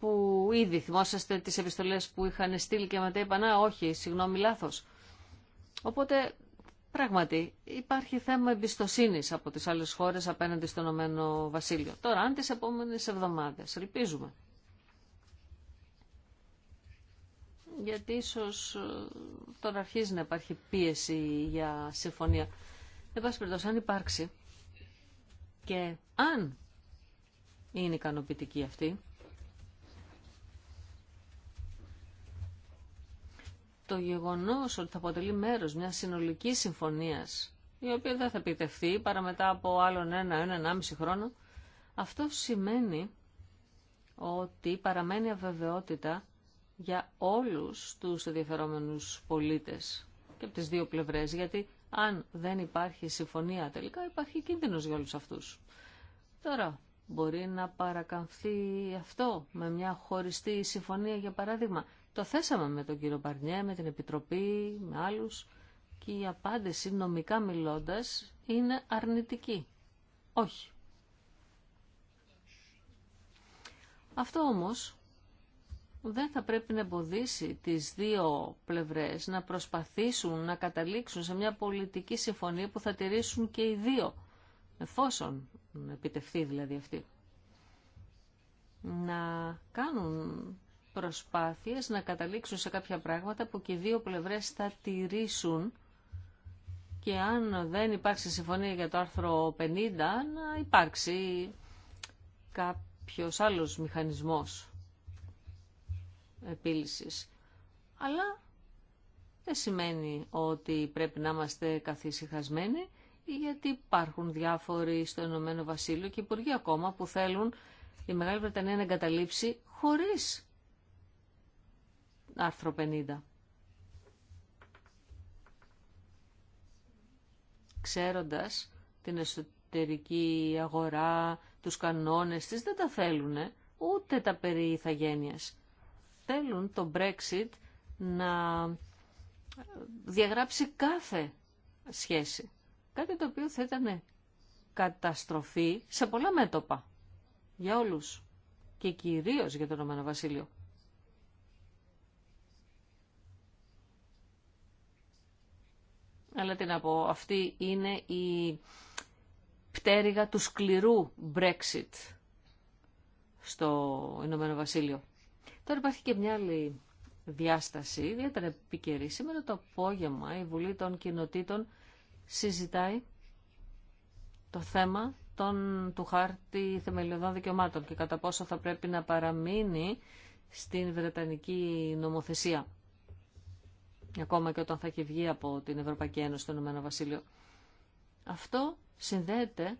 που ήδη θυμόσαστε τις επιστολές που είχαν στείλει και μετά είπα όχι, συγγνώμη λάθος. Οπότε πράγματι υπάρχει θέμα εμπιστοσύνης από τις άλλες χώρες απέναντι στον Ομένο Βασίλειο. Τώρα αν τις επόμενες εβδομάδες, ελπίζουμε. Γιατί ίσως ε, τώρα αρχίζει να υπάρχει πίεση για συμφωνία. Εν πάση περιπτώσει, αν υπάρξει και αν είναι ικανοποιητική αυτή, το γεγονός ότι θα αποτελεί μέρος μιας συνολικής συμφωνίας, η οποία δεν θα επιτευχθεί παρά μετά από άλλον ένα, ένα, χρόνο, αυτό σημαίνει ότι παραμένει αβεβαιότητα για όλους τους ενδιαφερόμενους πολίτες και από τις δύο πλευρές, γιατί αν δεν υπάρχει συμφωνία τελικά υπάρχει κίνδυνος για όλου αυτούς. Τώρα, μπορεί να παρακαμφθεί αυτό με μια χωριστή συμφωνία για παράδειγμα το θέσαμε με τον κύριο Μπαρνιέ, με την Επιτροπή, με άλλους και η απάντηση νομικά μιλώντας είναι αρνητική. Όχι. Αυτό όμως δεν θα πρέπει να εμποδίσει τις δύο πλευρές να προσπαθήσουν να καταλήξουν σε μια πολιτική συμφωνία που θα τηρήσουν και οι δύο, εφόσον επιτευχθεί δηλαδή αυτή. Να κάνουν προσπάθειες να καταλήξουν σε κάποια πράγματα που και οι δύο πλευρές θα τηρήσουν και αν δεν υπάρξει συμφωνία για το άρθρο 50 να υπάρξει κάποιος άλλος μηχανισμός επίλυσης. Αλλά δεν σημαίνει ότι πρέπει να είμαστε καθυσυχασμένοι γιατί υπάρχουν διάφοροι στο Ηνωμένο Βασίλειο και υπουργοί ακόμα που θέλουν η Μεγάλη Βρετανία να εγκαταλείψει χωρίς άρθρο 50. Ξέροντας την εσωτερική αγορά, τους κανόνες της, δεν τα θέλουν ούτε τα περί ηθαγένειας. Θέλουν το Brexit να διαγράψει κάθε σχέση. Κάτι το οποίο θα ήταν καταστροφή σε πολλά μέτωπα. Για όλους. Και κυρίως για το Ρωμανοβασίλειο Βασίλειο. αλλά τι να πω, αυτή είναι η πτέρυγα του σκληρού Brexit στο Ηνωμένο Βασίλειο. Τώρα υπάρχει και μια άλλη διάσταση, ιδιαίτερα επικαιρή. Σήμερα το απόγευμα η Βουλή των Κοινοτήτων συζητάει το θέμα των, του χάρτη θεμελιωδών δικαιωμάτων και κατά πόσο θα πρέπει να παραμείνει στην Βρετανική νομοθεσία ακόμα και όταν θα έχει βγει από την Ευρωπαϊκή Ένωση το Ηνωμένο Βασίλειο. Αυτό συνδέεται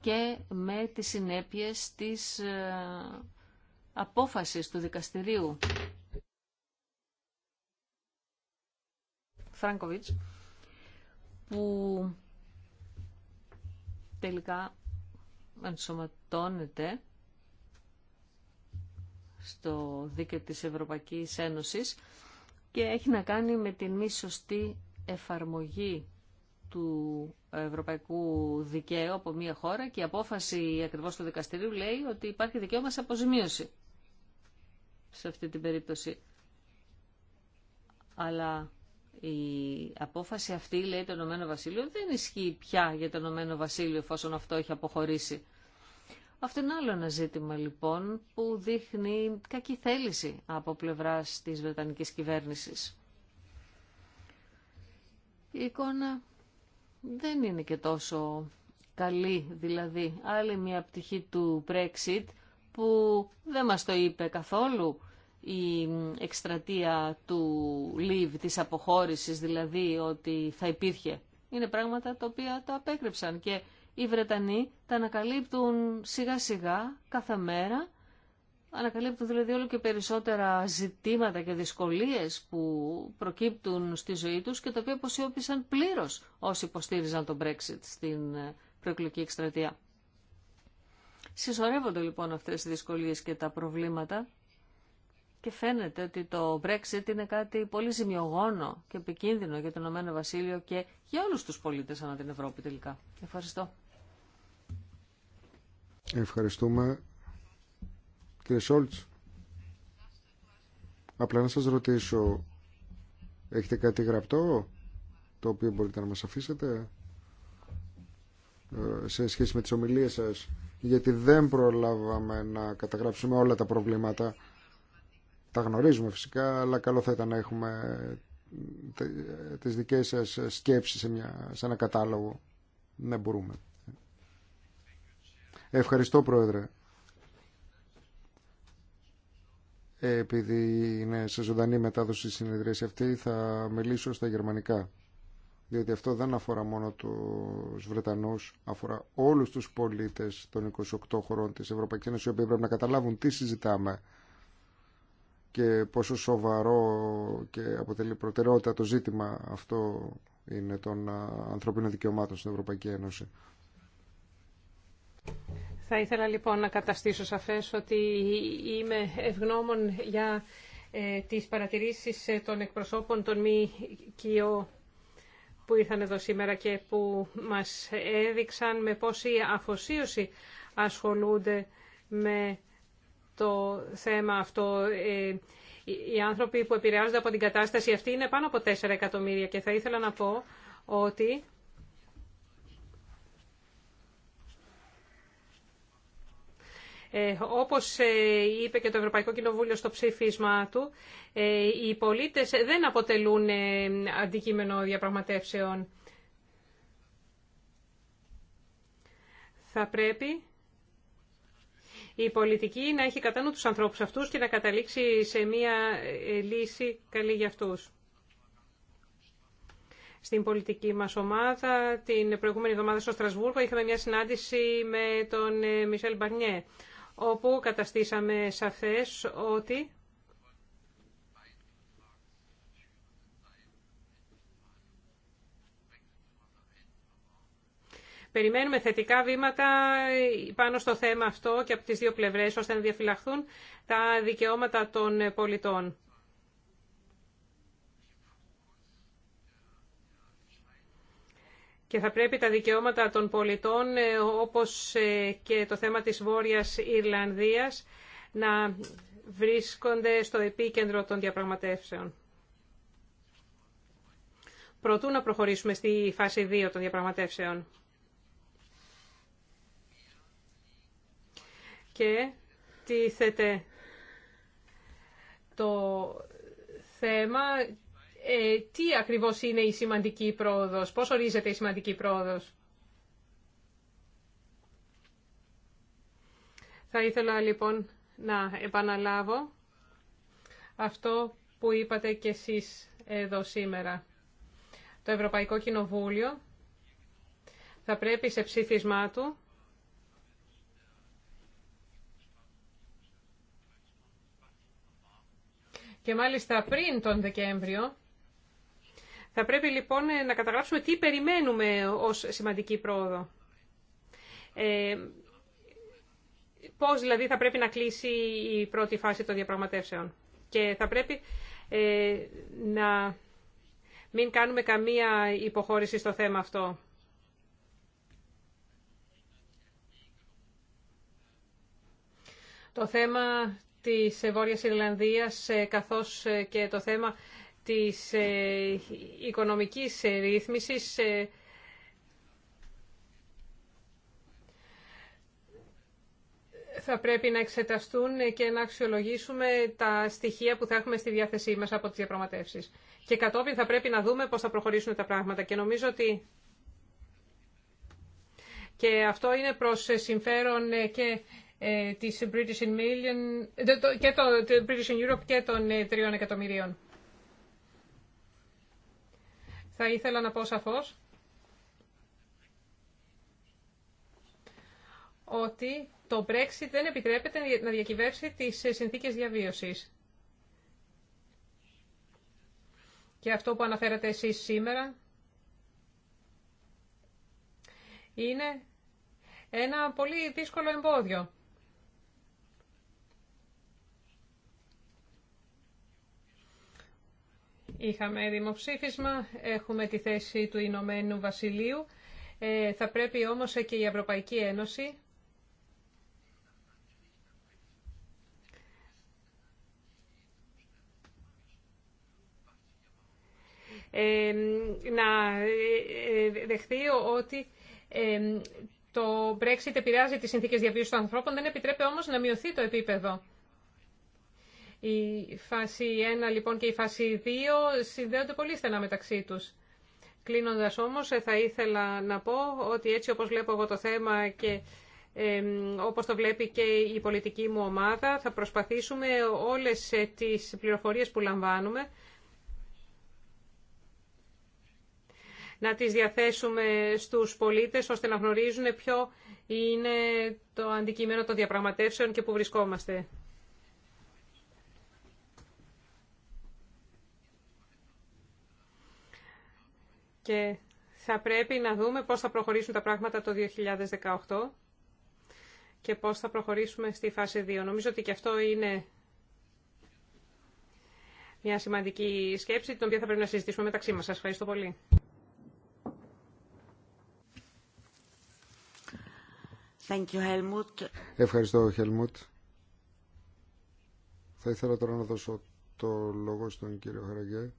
και με τις συνέπειες της ε, απόφασης του δικαστηρίου Φρανκοβιτς που τελικά ενσωματώνεται στο δίκαιο της Ευρωπαϊκής Ένωσης και έχει να κάνει με την μη σωστή εφαρμογή του ευρωπαϊκού δικαίου από μια χώρα και η απόφαση ακριβώς του δικαστηρίου λέει ότι υπάρχει δικαίωμα σε αποζημίωση σε αυτή την περίπτωση. Αλλά η απόφαση αυτή, λέει το Ηνωμένο Βασίλειο, δεν ισχύει πια για το Ηνωμένο Βασίλειο εφόσον αυτό έχει αποχωρήσει. Αυτό είναι άλλο ένα ζήτημα λοιπόν που δείχνει κακή θέληση από πλευράς της Βρετανικής κυβέρνησης. Η εικόνα δεν είναι και τόσο καλή δηλαδή. Άλλη μια πτυχή του Brexit που δεν μας το είπε καθόλου η εκστρατεία του Λίβ, της αποχώρησης δηλαδή ότι θα υπήρχε. Είναι πράγματα τα οποία το απέκρυψαν και οι Βρετανοί τα ανακαλύπτουν σιγά σιγά κάθε μέρα Ανακαλύπτουν δηλαδή όλο και περισσότερα ζητήματα και δυσκολίες που προκύπτουν στη ζωή τους και τα οποία αποσιώπησαν πλήρως όσοι υποστήριζαν τον Brexit στην ε, προεκλογική εκστρατεία. Συσσωρεύονται λοιπόν αυτές οι δυσκολίες και τα προβλήματα και φαίνεται ότι το Brexit είναι κάτι πολύ ζημιογόνο και επικίνδυνο για το Ηνωμένο Βασίλειο και για όλους τους πολίτες ανά την Ευρώπη τελικά. Ευχαριστώ. Ευχαριστούμε. Κύριε Σόλτς, απλά να σας ρωτήσω, έχετε κάτι γραπτό το οποίο μπορείτε να μας αφήσετε ε, σε σχέση με τις ομιλίες σας, γιατί δεν προλάβαμε να καταγράψουμε όλα τα προβλήματα τα γνωρίζουμε φυσικά, αλλά καλό θα ήταν να έχουμε τις δικές σας σκέψεις σε, μια, σε ένα κατάλογο. Ναι, μπορούμε. Ευχαριστώ, Πρόεδρε. Επειδή είναι σε ζωντανή μετάδοση η συνεδρίαση αυτή, θα μιλήσω στα γερμανικά. Διότι αυτό δεν αφορά μόνο τους Βρετανούς, αφορά όλους τους πολίτες των 28 χωρών της Ευρωπαϊκής Ένωσης, οι οποίοι πρέπει να καταλάβουν τι συζητάμε και πόσο σοβαρό και αποτελεί προτεραιότητα το ζήτημα αυτό είναι των ανθρωπίνων δικαιωμάτων στην Ευρωπαϊκή Ένωση. Θα ήθελα λοιπόν να καταστήσω σαφές ότι είμαι ευγνώμων για ε, τις παρατηρήσεις ε, των εκπροσώπων των μη που ήρθαν εδώ σήμερα και που μας έδειξαν με πόση αφοσίωση ασχολούνται με το θέμα αυτό. Ε, οι άνθρωποι που επηρεάζονται από την κατάσταση αυτή είναι πάνω από 4 εκατομμύρια και θα ήθελα να πω ότι ε, όπως ε, είπε και το Ευρωπαϊκό Κοινοβούλιο στο ψήφισμα του, οι πολίτες δεν αποτελούν αντικείμενο διαπραγματεύσεων. Θα πρέπει η πολιτική να έχει κατά νου τους ανθρώπους αυτούς και να καταλήξει σε μια ε, λύση καλή για αυτούς. Στην πολιτική μας ομάδα, την προηγούμενη εβδομάδα στο Στρασβούργο, είχαμε μια συνάντηση με τον ε, Μισελ Μπαρνιέ, όπου καταστήσαμε σαφές ότι Περιμένουμε θετικά βήματα πάνω στο θέμα αυτό και από τις δύο πλευρές, ώστε να διαφυλαχθούν τα δικαιώματα των πολιτών. Και θα πρέπει τα δικαιώματα των πολιτών, ε, όπως ε, και το θέμα της Βόρειας Ιρλανδίας, να βρίσκονται στο επίκεντρο των διαπραγματεύσεων. Προτού να προχωρήσουμε στη φάση 2 των διαπραγματεύσεων. και τίθεται το θέμα ε, τι ακριβώς είναι η σημαντική πρόοδος, πώς ορίζεται η σημαντική πρόοδος. Θα ήθελα λοιπόν να επαναλάβω αυτό που είπατε και εσείς εδώ σήμερα. Το Ευρωπαϊκό Κοινοβούλιο θα πρέπει σε ψήφισμά του και μάλιστα πριν τον Δεκέμβριο. Θα πρέπει λοιπόν να καταγράψουμε τι περιμένουμε ως σημαντική πρόοδο. Ε, πώς δηλαδή θα πρέπει να κλείσει η πρώτη φάση των διαπραγματεύσεων. Και θα πρέπει ε, να μην κάνουμε καμία υποχώρηση στο θέμα αυτό. Το θέμα της Βόρειας Ιρλανδίας ε, καθώς ε, και το θέμα της ε, οικονομικής ρύθμισης θα πρέπει να εξεταστούν και να αξιολογήσουμε τα στοιχεία που θα έχουμε στη διάθεσή μας από τις διαπραγματεύσεις. Και κατόπιν θα πρέπει να δούμε πώς θα προχωρήσουν τα πράγματα. Και νομίζω ότι και αυτό είναι προς συμφέρον και ε, της British in Million, ε, και το, το British in Europe και των ε, τριών εκατομμυρίων. Θα ήθελα να πω σαφώς ότι το Brexit δεν επιτρέπεται να διακυβεύσει τις συνθήκες διαβίωσης. Και αυτό που αναφέρατε εσείς σήμερα είναι ένα πολύ δύσκολο εμπόδιο. Είχαμε δημοψήφισμα, έχουμε τη θέση του Ηνωμένου Βασιλείου. Ε, θα πρέπει όμως και η Ευρωπαϊκή Ένωση ε, να ε, δεχθεί ότι ε, το Brexit επηρεάζει τις συνθήκες διαβίωσης των ανθρώπων, δεν επιτρέπει όμως να μειωθεί το επίπεδο η φάση 1 λοιπόν και η φάση 2 συνδέονται πολύ στενά μεταξύ τους. Κλείνοντας όμως ε, θα ήθελα να πω ότι έτσι όπως βλέπω εγώ το θέμα και ε, όπως το βλέπει και η πολιτική μου ομάδα θα προσπαθήσουμε όλες ε, τις πληροφορίες που λαμβάνουμε να τις διαθέσουμε στους πολίτες ώστε να γνωρίζουν ποιο είναι το αντικείμενο των διαπραγματεύσεων και που βρισκόμαστε. και θα πρέπει να δούμε πώς θα προχωρήσουν τα πράγματα το 2018 και πώς θα προχωρήσουμε στη φάση 2. Νομίζω ότι και αυτό είναι μια σημαντική σκέψη, την οποία θα πρέπει να συζητήσουμε μεταξύ μας. Σας ευχαριστώ πολύ. Thank you, Helmut. Ευχαριστώ, Χελμούτ. Θα ήθελα τώρα να δώσω το λόγο στον κύριο Χαραγέ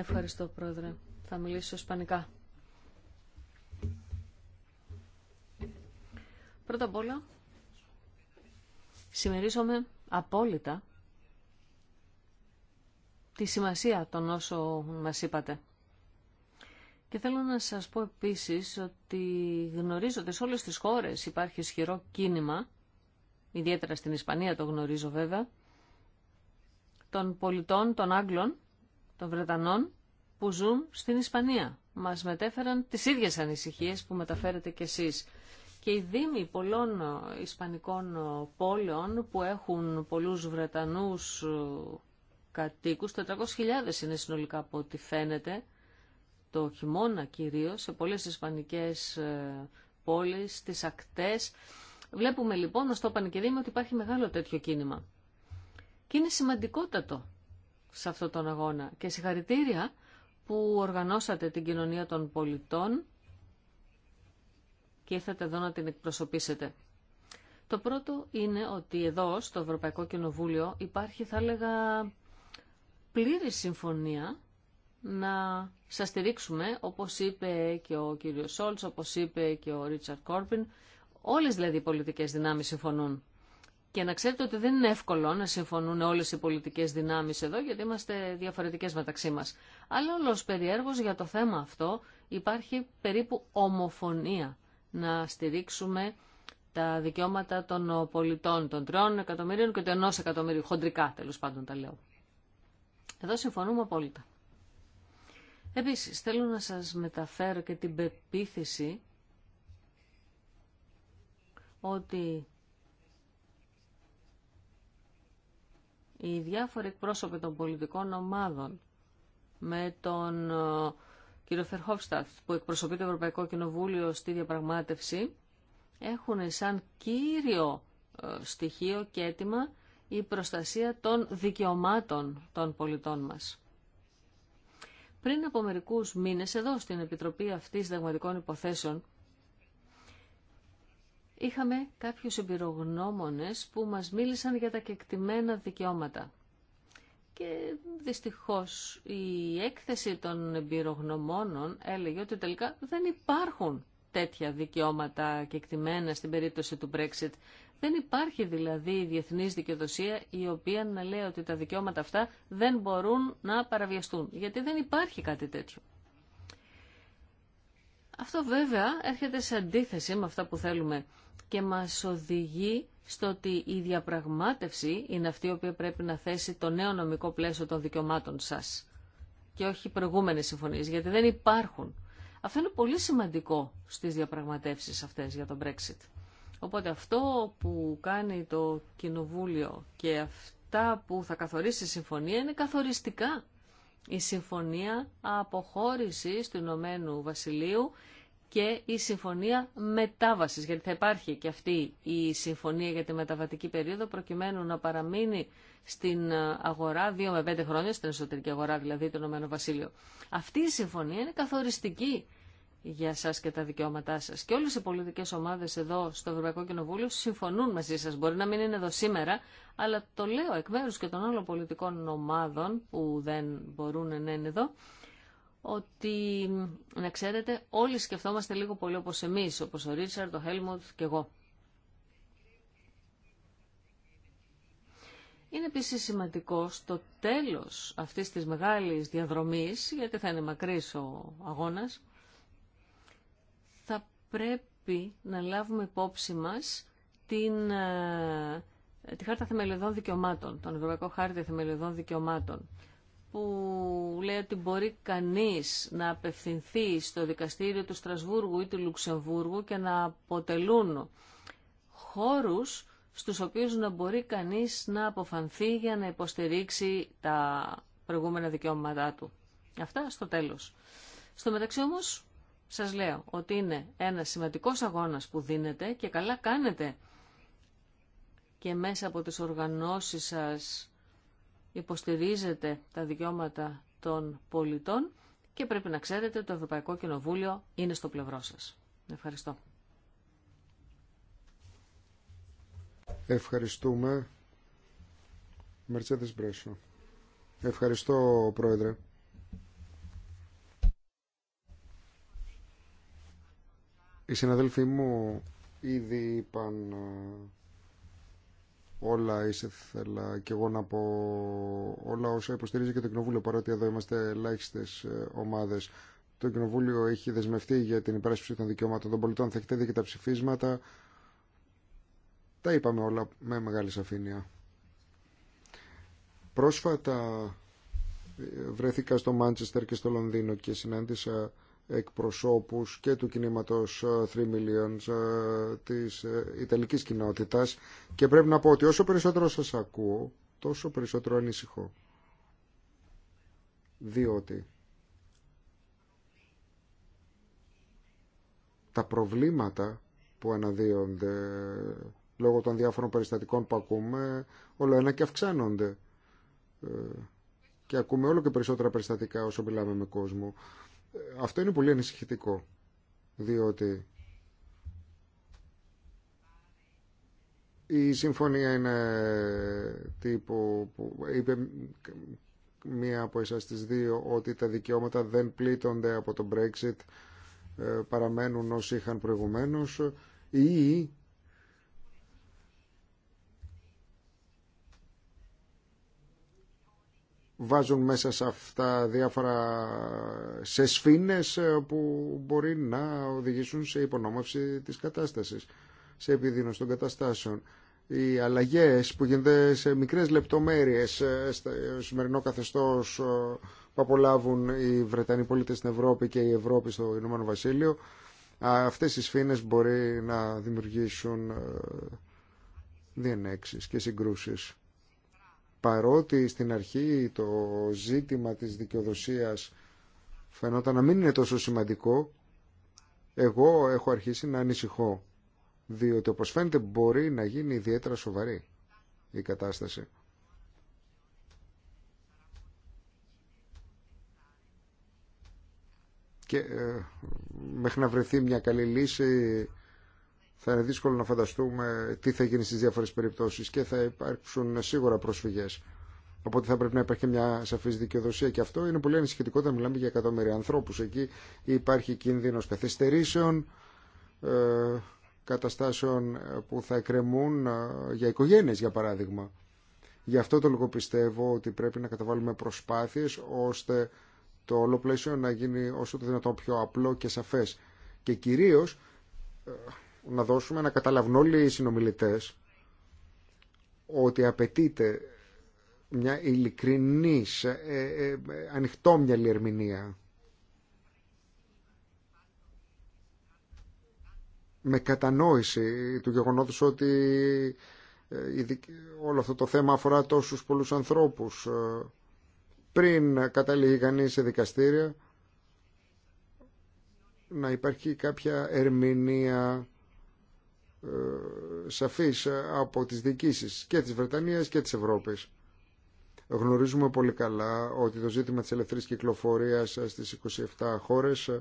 Ευχαριστώ, Πρόεδρε. Θα μιλήσω ισπανικά. Πρώτα απ' όλα, συμμερίζομαι απόλυτα τη σημασία των όσων μας είπατε. Και θέλω να σας πω επίσης ότι γνωρίζω ότι σε όλες τις χώρες υπάρχει ισχυρό κίνημα, ιδιαίτερα στην Ισπανία το γνωρίζω βέβαια, των πολιτών, των Άγγλων, των Βρετανών που ζουν στην Ισπανία. Μας μετέφεραν τις ίδιες ανησυχίες που μεταφέρετε κι εσείς. Και οι δήμοι πολλών ε, ισπανικών ε, πόλεων που έχουν πολλούς Βρετανούς ε, κατοίκους, 400.000 είναι συνολικά από ό,τι φαίνεται, το χειμώνα κυρίως, σε πολλές ισπανικές πόλεις, τις ακτές. Βλέπουμε λοιπόν, ως το είπαν ότι υπάρχει μεγάλο τέτοιο κίνημα. Και είναι σημαντικότατο σε αυτόν τον αγώνα. Και συγχαρητήρια που οργανώσατε την κοινωνία των πολιτών και ήρθατε εδώ να την εκπροσωπήσετε. Το πρώτο είναι ότι εδώ στο Ευρωπαϊκό Κοινοβούλιο υπάρχει θα έλεγα πλήρη συμφωνία να σας στηρίξουμε όπως είπε και ο κύριος Σόλτς, όπως είπε και ο Ρίτσαρτ Κόρπιν. Όλες δηλαδή οι πολιτικές δυνάμεις συμφωνούν. Και να ξέρετε ότι δεν είναι εύκολο να συμφωνούν όλες οι πολιτικές δυνάμεις εδώ, γιατί είμαστε διαφορετικές μεταξύ μα. Αλλά όλο περιέργως για το θέμα αυτό υπάρχει περίπου ομοφωνία να στηρίξουμε τα δικαιώματα των πολιτών, των τριών εκατομμυρίων και του ενό εκατομμυρίου, χοντρικά τέλο πάντων τα λέω. Εδώ συμφωνούμε απόλυτα. Επίση θέλω να σα μεταφέρω και την πεποίθηση ότι οι διάφοροι εκπρόσωποι των πολιτικών ομάδων με τον ε, κύριο Φερχόφσταθ που εκπροσωπεί το Ευρωπαϊκό Κοινοβούλιο στη διαπραγμάτευση έχουν σαν κύριο ε, στοιχείο και αίτημα η προστασία των δικαιωμάτων των πολιτών μας. Πριν από μερικούς μήνες εδώ στην Επιτροπή αυτής Δεγματικών Υποθέσεων είχαμε κάποιους εμπειρογνώμονες που μας μίλησαν για τα κεκτημένα δικαιώματα. Και δυστυχώς η έκθεση των εμπειρογνωμόνων έλεγε ότι τελικά δεν υπάρχουν τέτοια δικαιώματα κεκτημένα στην περίπτωση του Brexit. Δεν υπάρχει δηλαδή η διεθνής δικαιοδοσία η οποία να λέει ότι τα δικαιώματα αυτά δεν μπορούν να παραβιαστούν, γιατί δεν υπάρχει κάτι τέτοιο. Αυτό βέβαια έρχεται σε αντίθεση με αυτά που θέλουμε και μας οδηγεί στο ότι η διαπραγμάτευση είναι αυτή η οποία πρέπει να θέσει το νέο νομικό πλαίσιο των δικαιωμάτων σας και όχι προηγούμενες συμφωνίες, γιατί δεν υπάρχουν. Αυτό είναι πολύ σημαντικό στις διαπραγματεύσεις αυτές για τον Brexit. Οπότε αυτό που κάνει το Κοινοβούλιο και αυτά που θα καθορίσει η συμφωνία είναι καθοριστικά. Η συμφωνία αποχώρησης του Ηνωμένου Βασιλείου και η συμφωνία μετάβασης, γιατί θα υπάρχει και αυτή η συμφωνία για τη μεταβατική περίοδο προκειμένου να παραμείνει στην αγορά δύο με πέντε χρόνια, στην εσωτερική αγορά δηλαδή το Ηνωμένο Βασίλειο. Αυτή η συμφωνία είναι καθοριστική για σας και τα δικαιώματά σας. Και όλες οι πολιτικές ομάδες εδώ στο Ευρωπαϊκό Κοινοβούλιο συμφωνούν μαζί σας. Μπορεί να μην είναι εδώ σήμερα, αλλά το λέω εκ μέρους και των άλλων πολιτικών ομάδων που δεν μπορούν να είναι εδώ, ότι, να ξέρετε, όλοι σκεφτόμαστε λίγο πολύ όπως εμείς, όπως ο Ρίτσαρντ, ο Χέλμοντ και εγώ. Είναι επίση σημαντικό στο τέλος αυτής της μεγάλης διαδρομής, γιατί θα είναι μακρύς ο αγώνας, θα πρέπει να λάβουμε υπόψη μας την, ε, τη Χάρτα Θεμελιωδών Δικαιωμάτων, τον Ευρωπαϊκό Χάρτη Θεμελιωδών Δικαιωμάτων που λέει ότι μπορεί κανείς να απευθυνθεί στο δικαστήριο του Στρασβούργου ή του Λουξεμβούργου και να αποτελούν χώρους στους οποίους να μπορεί κανείς να αποφανθεί για να υποστηρίξει τα προηγούμενα δικαιώματά του. Αυτά στο τέλος. Στο μεταξύ όμως σας λέω ότι είναι ένα σημαντικός αγώνας που δίνετε και καλά κάνετε και μέσα από τις οργανώσεις σας υποστηρίζετε τα δικαιώματα των πολιτών και πρέπει να ξέρετε το Ευρωπαϊκό Κοινοβούλιο είναι στο πλευρό σας. Ευχαριστώ. Ευχαριστούμε. Μερτσέδες Μπρέσο. Ευχαριστώ, Πρόεδρε. Οι συναδέλφοι μου ήδη είπαν ε, όλα ήθελα και εγώ να πω όλα όσα υποστηρίζει και το Κοινοβούλιο παρότι εδώ είμαστε ελάχιστε ε, ομάδες το Κοινοβούλιο έχει δεσμευτεί για την υπεράσπιση των δικαιωμάτων των πολιτών θα έχετε δει και τα ψηφίσματα τα είπαμε όλα με μεγάλη σαφήνεια πρόσφατα ε, βρέθηκα στο Μάντσεστερ και στο Λονδίνο και συνάντησα εκπροσώπους και του κινήματος 3 ε, Millions ε, της ε, Ιταλικής κοινότητας και πρέπει να πω ότι όσο περισσότερο σας ακούω τόσο περισσότερο ανησυχώ διότι τα προβλήματα που αναδύονται λόγω των διάφορων περιστατικών που ακούμε όλο ένα και αυξάνονται και ακούμε όλο και περισσότερα περιστατικά όσο μιλάμε με κόσμο αυτό είναι πολύ ανησυχητικό, διότι η συμφωνία είναι τύπου που είπε μία από εσάς τις δύο ότι τα δικαιώματα δεν πλήττονται από το Brexit ε, παραμένουν όσοι είχαν προηγουμένως ή βάζουν μέσα σε αυτά διάφορα σε σφήνες ε, που μπορεί να οδηγήσουν σε υπονόμευση της κατάστασης, σε επιδείνωση των καταστάσεων. Οι αλλαγές που γίνονται σε μικρές λεπτομέρειες ε, στο ε, σημερινό καθεστώς που απολάβουν οι Βρετανοί πολίτες στην Ευρώπη και η Ευρώπη στο Ηνωμένο Βασίλειο, αυτές οι σφήνες μπορεί να δημιουργήσουν διενέξεις και συγκρούσεις παρότι στην αρχή το ζήτημα της δικαιοδοσίας φαινόταν να μην είναι τόσο σημαντικό, εγώ έχω αρχίσει να ανησυχώ, διότι όπως φαίνεται μπορεί να γίνει ιδιαίτερα σοβαρή η κατάσταση. Και ε, μέχρι να βρεθεί μια καλή λύση θα είναι δύσκολο να φανταστούμε τι θα γίνει στις διάφορες περιπτώσεις και θα υπάρξουν σίγουρα προσφυγές. Οπότε θα πρέπει να υπάρχει μια σαφή δικαιοδοσία και αυτό είναι πολύ ανησυχητικό όταν μιλάμε για εκατομμύρια ανθρώπου. Εκεί υπάρχει κίνδυνο καθυστερήσεων, ε, καταστάσεων που θα εκκρεμούν ε, για οικογένειε, για παράδειγμα. Γι' αυτό το λόγο πιστεύω ότι πρέπει να καταβάλουμε προσπάθειε ώστε το όλο πλαίσιο να γίνει όσο το δυνατόν πιο απλό και σαφέ. Και κυρίω ε, να δώσουμε να καταλαβούν όλοι οι συνομιλητέ ότι απαιτείται μια ειλικρινή, ε, ε, ανοιχτόμυαλη ερμηνεία με κατανόηση του γεγονότος ότι ε, όλο αυτό το θέμα αφορά τόσους πολλούς ανθρώπους πριν καταλήγει κανείς σε δικαστήρια να υπάρχει κάποια ερμηνεία ε, σαφής ε, από τις διοικήσεις και της Βρετανίας και της Ευρώπης. Γνωρίζουμε πολύ καλά ότι το ζήτημα της ελευθερής κυκλοφορίας ε, στις 27 χώρες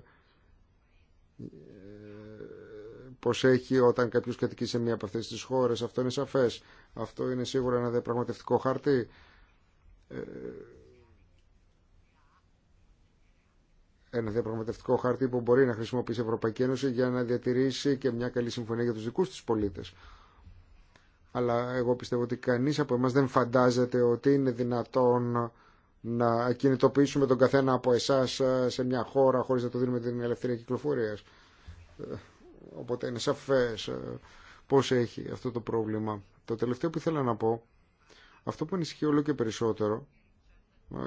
πως έχει όταν κάποιος κατοικεί σε μία από αυτές τις χώρες. Αυτό είναι σαφές. Αυτό είναι σίγουρα ένα διαπραγματευτικό χαρτί ένα διαπραγματευτικό χάρτη που μπορεί να χρησιμοποιήσει η Ευρωπαϊκή Ένωση για να διατηρήσει και μια καλή συμφωνία για τους δικούς της πολίτες. Αλλά εγώ πιστεύω ότι κανείς από εμάς δεν φαντάζεται ότι είναι δυνατόν να κινητοποιήσουμε τον καθένα από εσάς σε μια χώρα χωρίς να το δίνουμε την ελευθερία κυκλοφορίας. Ε, οπότε είναι σαφές ε, πώς έχει αυτό το πρόβλημα. Το τελευταίο που ήθελα να πω, αυτό που ανησυχεί όλο και περισσότερο,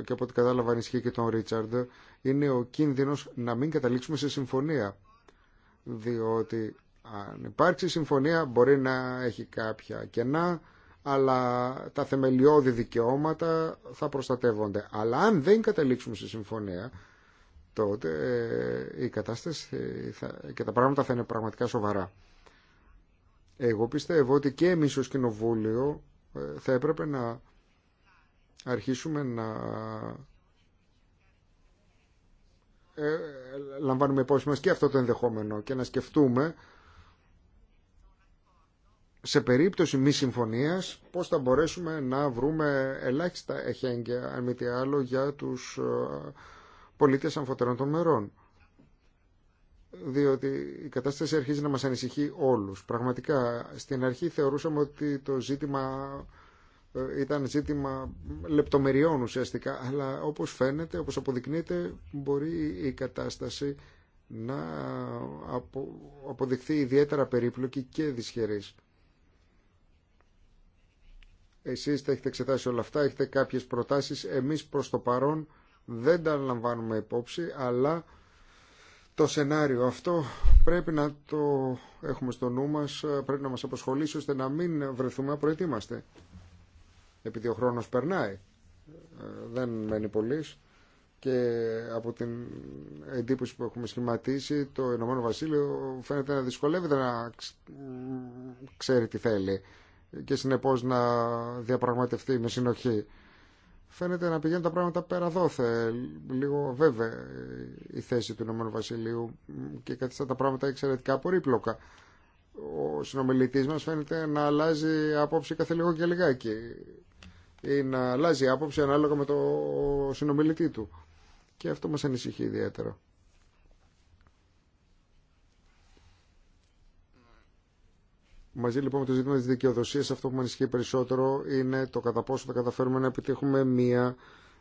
και από ό,τι κατάλαβα ανισχύει και τον Ρίτσαρντ, είναι ο κίνδυνος να μην καταλήξουμε σε συμφωνία. Διότι αν υπάρξει συμφωνία μπορεί να έχει κάποια κενά, αλλά τα θεμελιώδη δικαιώματα θα προστατεύονται. Αλλά αν δεν καταλήξουμε σε συμφωνία, τότε ε, η κατάσταση θα, και τα πράγματα θα είναι πραγματικά σοβαρά. Εγώ πιστεύω ότι και εμείς ως Κοινοβούλιο ε, θα έπρεπε να αρχίσουμε να ε, λαμβάνουμε υπόψη μας και αυτό το ενδεχόμενο και να σκεφτούμε σε περίπτωση μη συμφωνίας πώς θα μπορέσουμε να βρούμε ελάχιστα εχέγγυα αν μη τι άλλο για τους ε, πολίτες αμφωτερών των μερών διότι η κατάσταση αρχίζει να μας ανησυχεί όλους. Πραγματικά, στην αρχή θεωρούσαμε ότι το ζήτημα ε, ήταν ζήτημα λεπτομεριών ουσιαστικά, αλλά όπως φαίνεται, όπως αποδεικνύεται, μπορεί η κατάσταση να αποδειχθεί ιδιαίτερα περίπλοκη και δυσχερής. Εσείς τα έχετε εξετάσει όλα αυτά, έχετε κάποιες προτάσεις. Εμείς προς το παρόν δεν τα λαμβάνουμε υπόψη, αλλά το σενάριο αυτό πρέπει να το έχουμε στο νου μας, πρέπει να μας απασχολήσει ώστε να μην βρεθούμε απροετοίμαστε επειδή ο χρόνος περνάει ε, δεν μένει πολύ και από την εντύπωση που έχουμε σχηματίσει το Ηνωμένο Βασίλειο φαίνεται να δυσκολεύεται να ξέρει τι θέλει και συνεπώς να διαπραγματευτεί με συνοχή φαίνεται να πηγαίνουν τα πράγματα πέρα δόθε λίγο βέβαια η θέση του Ηνωμένου Βασιλείου και καθιστά τα πράγματα εξαιρετικά απορρίπλοκα ο συνομιλητής μας φαίνεται να αλλάζει απόψη κάθε λίγο και λιγάκι ή να αλλάζει άποψη ανάλογα με το συνομιλητή του. Και αυτό μας ανησυχεί ιδιαίτερα. Μαζί λοιπόν με το ζήτημα της δικαιοδοσίας αυτό που με ανησυχεί περισσότερο είναι το κατά πόσο θα καταφέρουμε να επιτύχουμε μία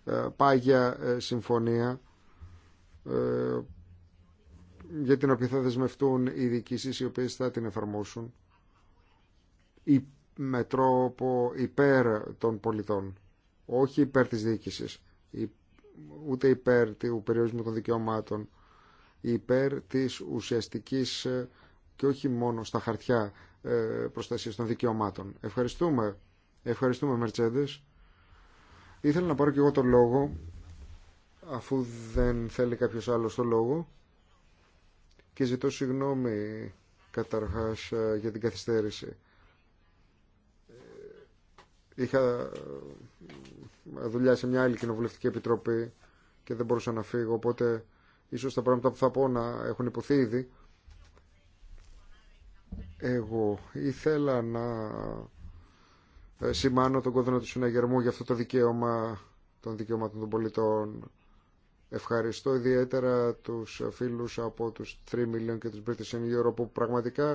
ε, πάγια ε, συμφωνία ε, για την οποία θα δεσμευτούν οι διοικήσεις οι οποίες θα την εφαρμόσουν με τρόπο υπέρ των πολιτών, όχι υπέρ της διοίκησης, ούτε υπέρ του περιορισμού των δικαιωμάτων, υπέρ της ουσιαστικής ε, και όχι μόνο στα χαρτιά ε, προστασίας των δικαιωμάτων. Ευχαριστούμε. Ευχαριστούμε Μερτσέντες. Ήθελα να πάρω κι εγώ τον λόγο, αφού δεν θέλει κάποιος άλλο τον λόγο. Και ζητώ συγγνώμη καταρχάς ε, για την καθυστέρηση. Είχα ε, δουλειά σε μια άλλη κοινοβουλευτική επιτροπή και δεν μπορούσα να φύγω, οπότε ίσως τα πράγματα που θα πω να έχουν υποθεί ήδη. Εγώ ήθελα να ε, σημάνω τον κόδωνα του συναγερμού για αυτό το δικαίωμα των δικαιωμάτων των πολιτών. Ευχαριστώ ιδιαίτερα τους φίλους από τους 3 Million και τους British in Europe που πραγματικά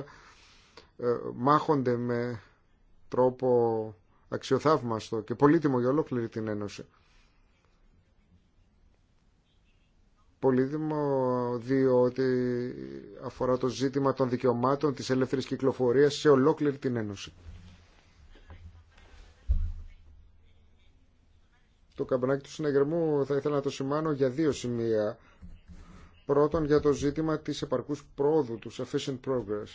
ε, μάχονται με τρόπο αξιοθαύμαστο και πολύτιμο για ολόκληρη την Ένωση. Πολύτιμο διότι αφορά το ζήτημα των δικαιωμάτων της ελεύθερης κυκλοφορίας σε ολόκληρη την Ένωση. Το καμπανάκι του συναγερμού θα ήθελα να το σημάνω για δύο σημεία. Πρώτον για το ζήτημα της επαρκούς πρόοδου, του sufficient progress.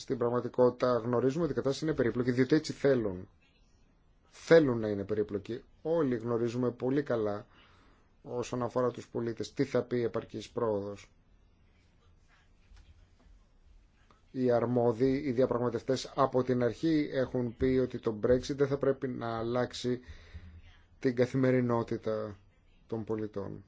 στην πραγματικότητα γνωρίζουμε ότι η κατάσταση είναι περίπλοκη, διότι έτσι θέλουν. Θέλουν να είναι περίπλοκη. Όλοι γνωρίζουμε πολύ καλά όσον αφορά τους πολίτες τι θα πει επαρκής πρόοδος. Οι αρμόδιοι, οι διαπραγματευτές από την αρχή έχουν πει ότι το Brexit δεν θα πρέπει να αλλάξει την καθημερινότητα των πολιτών.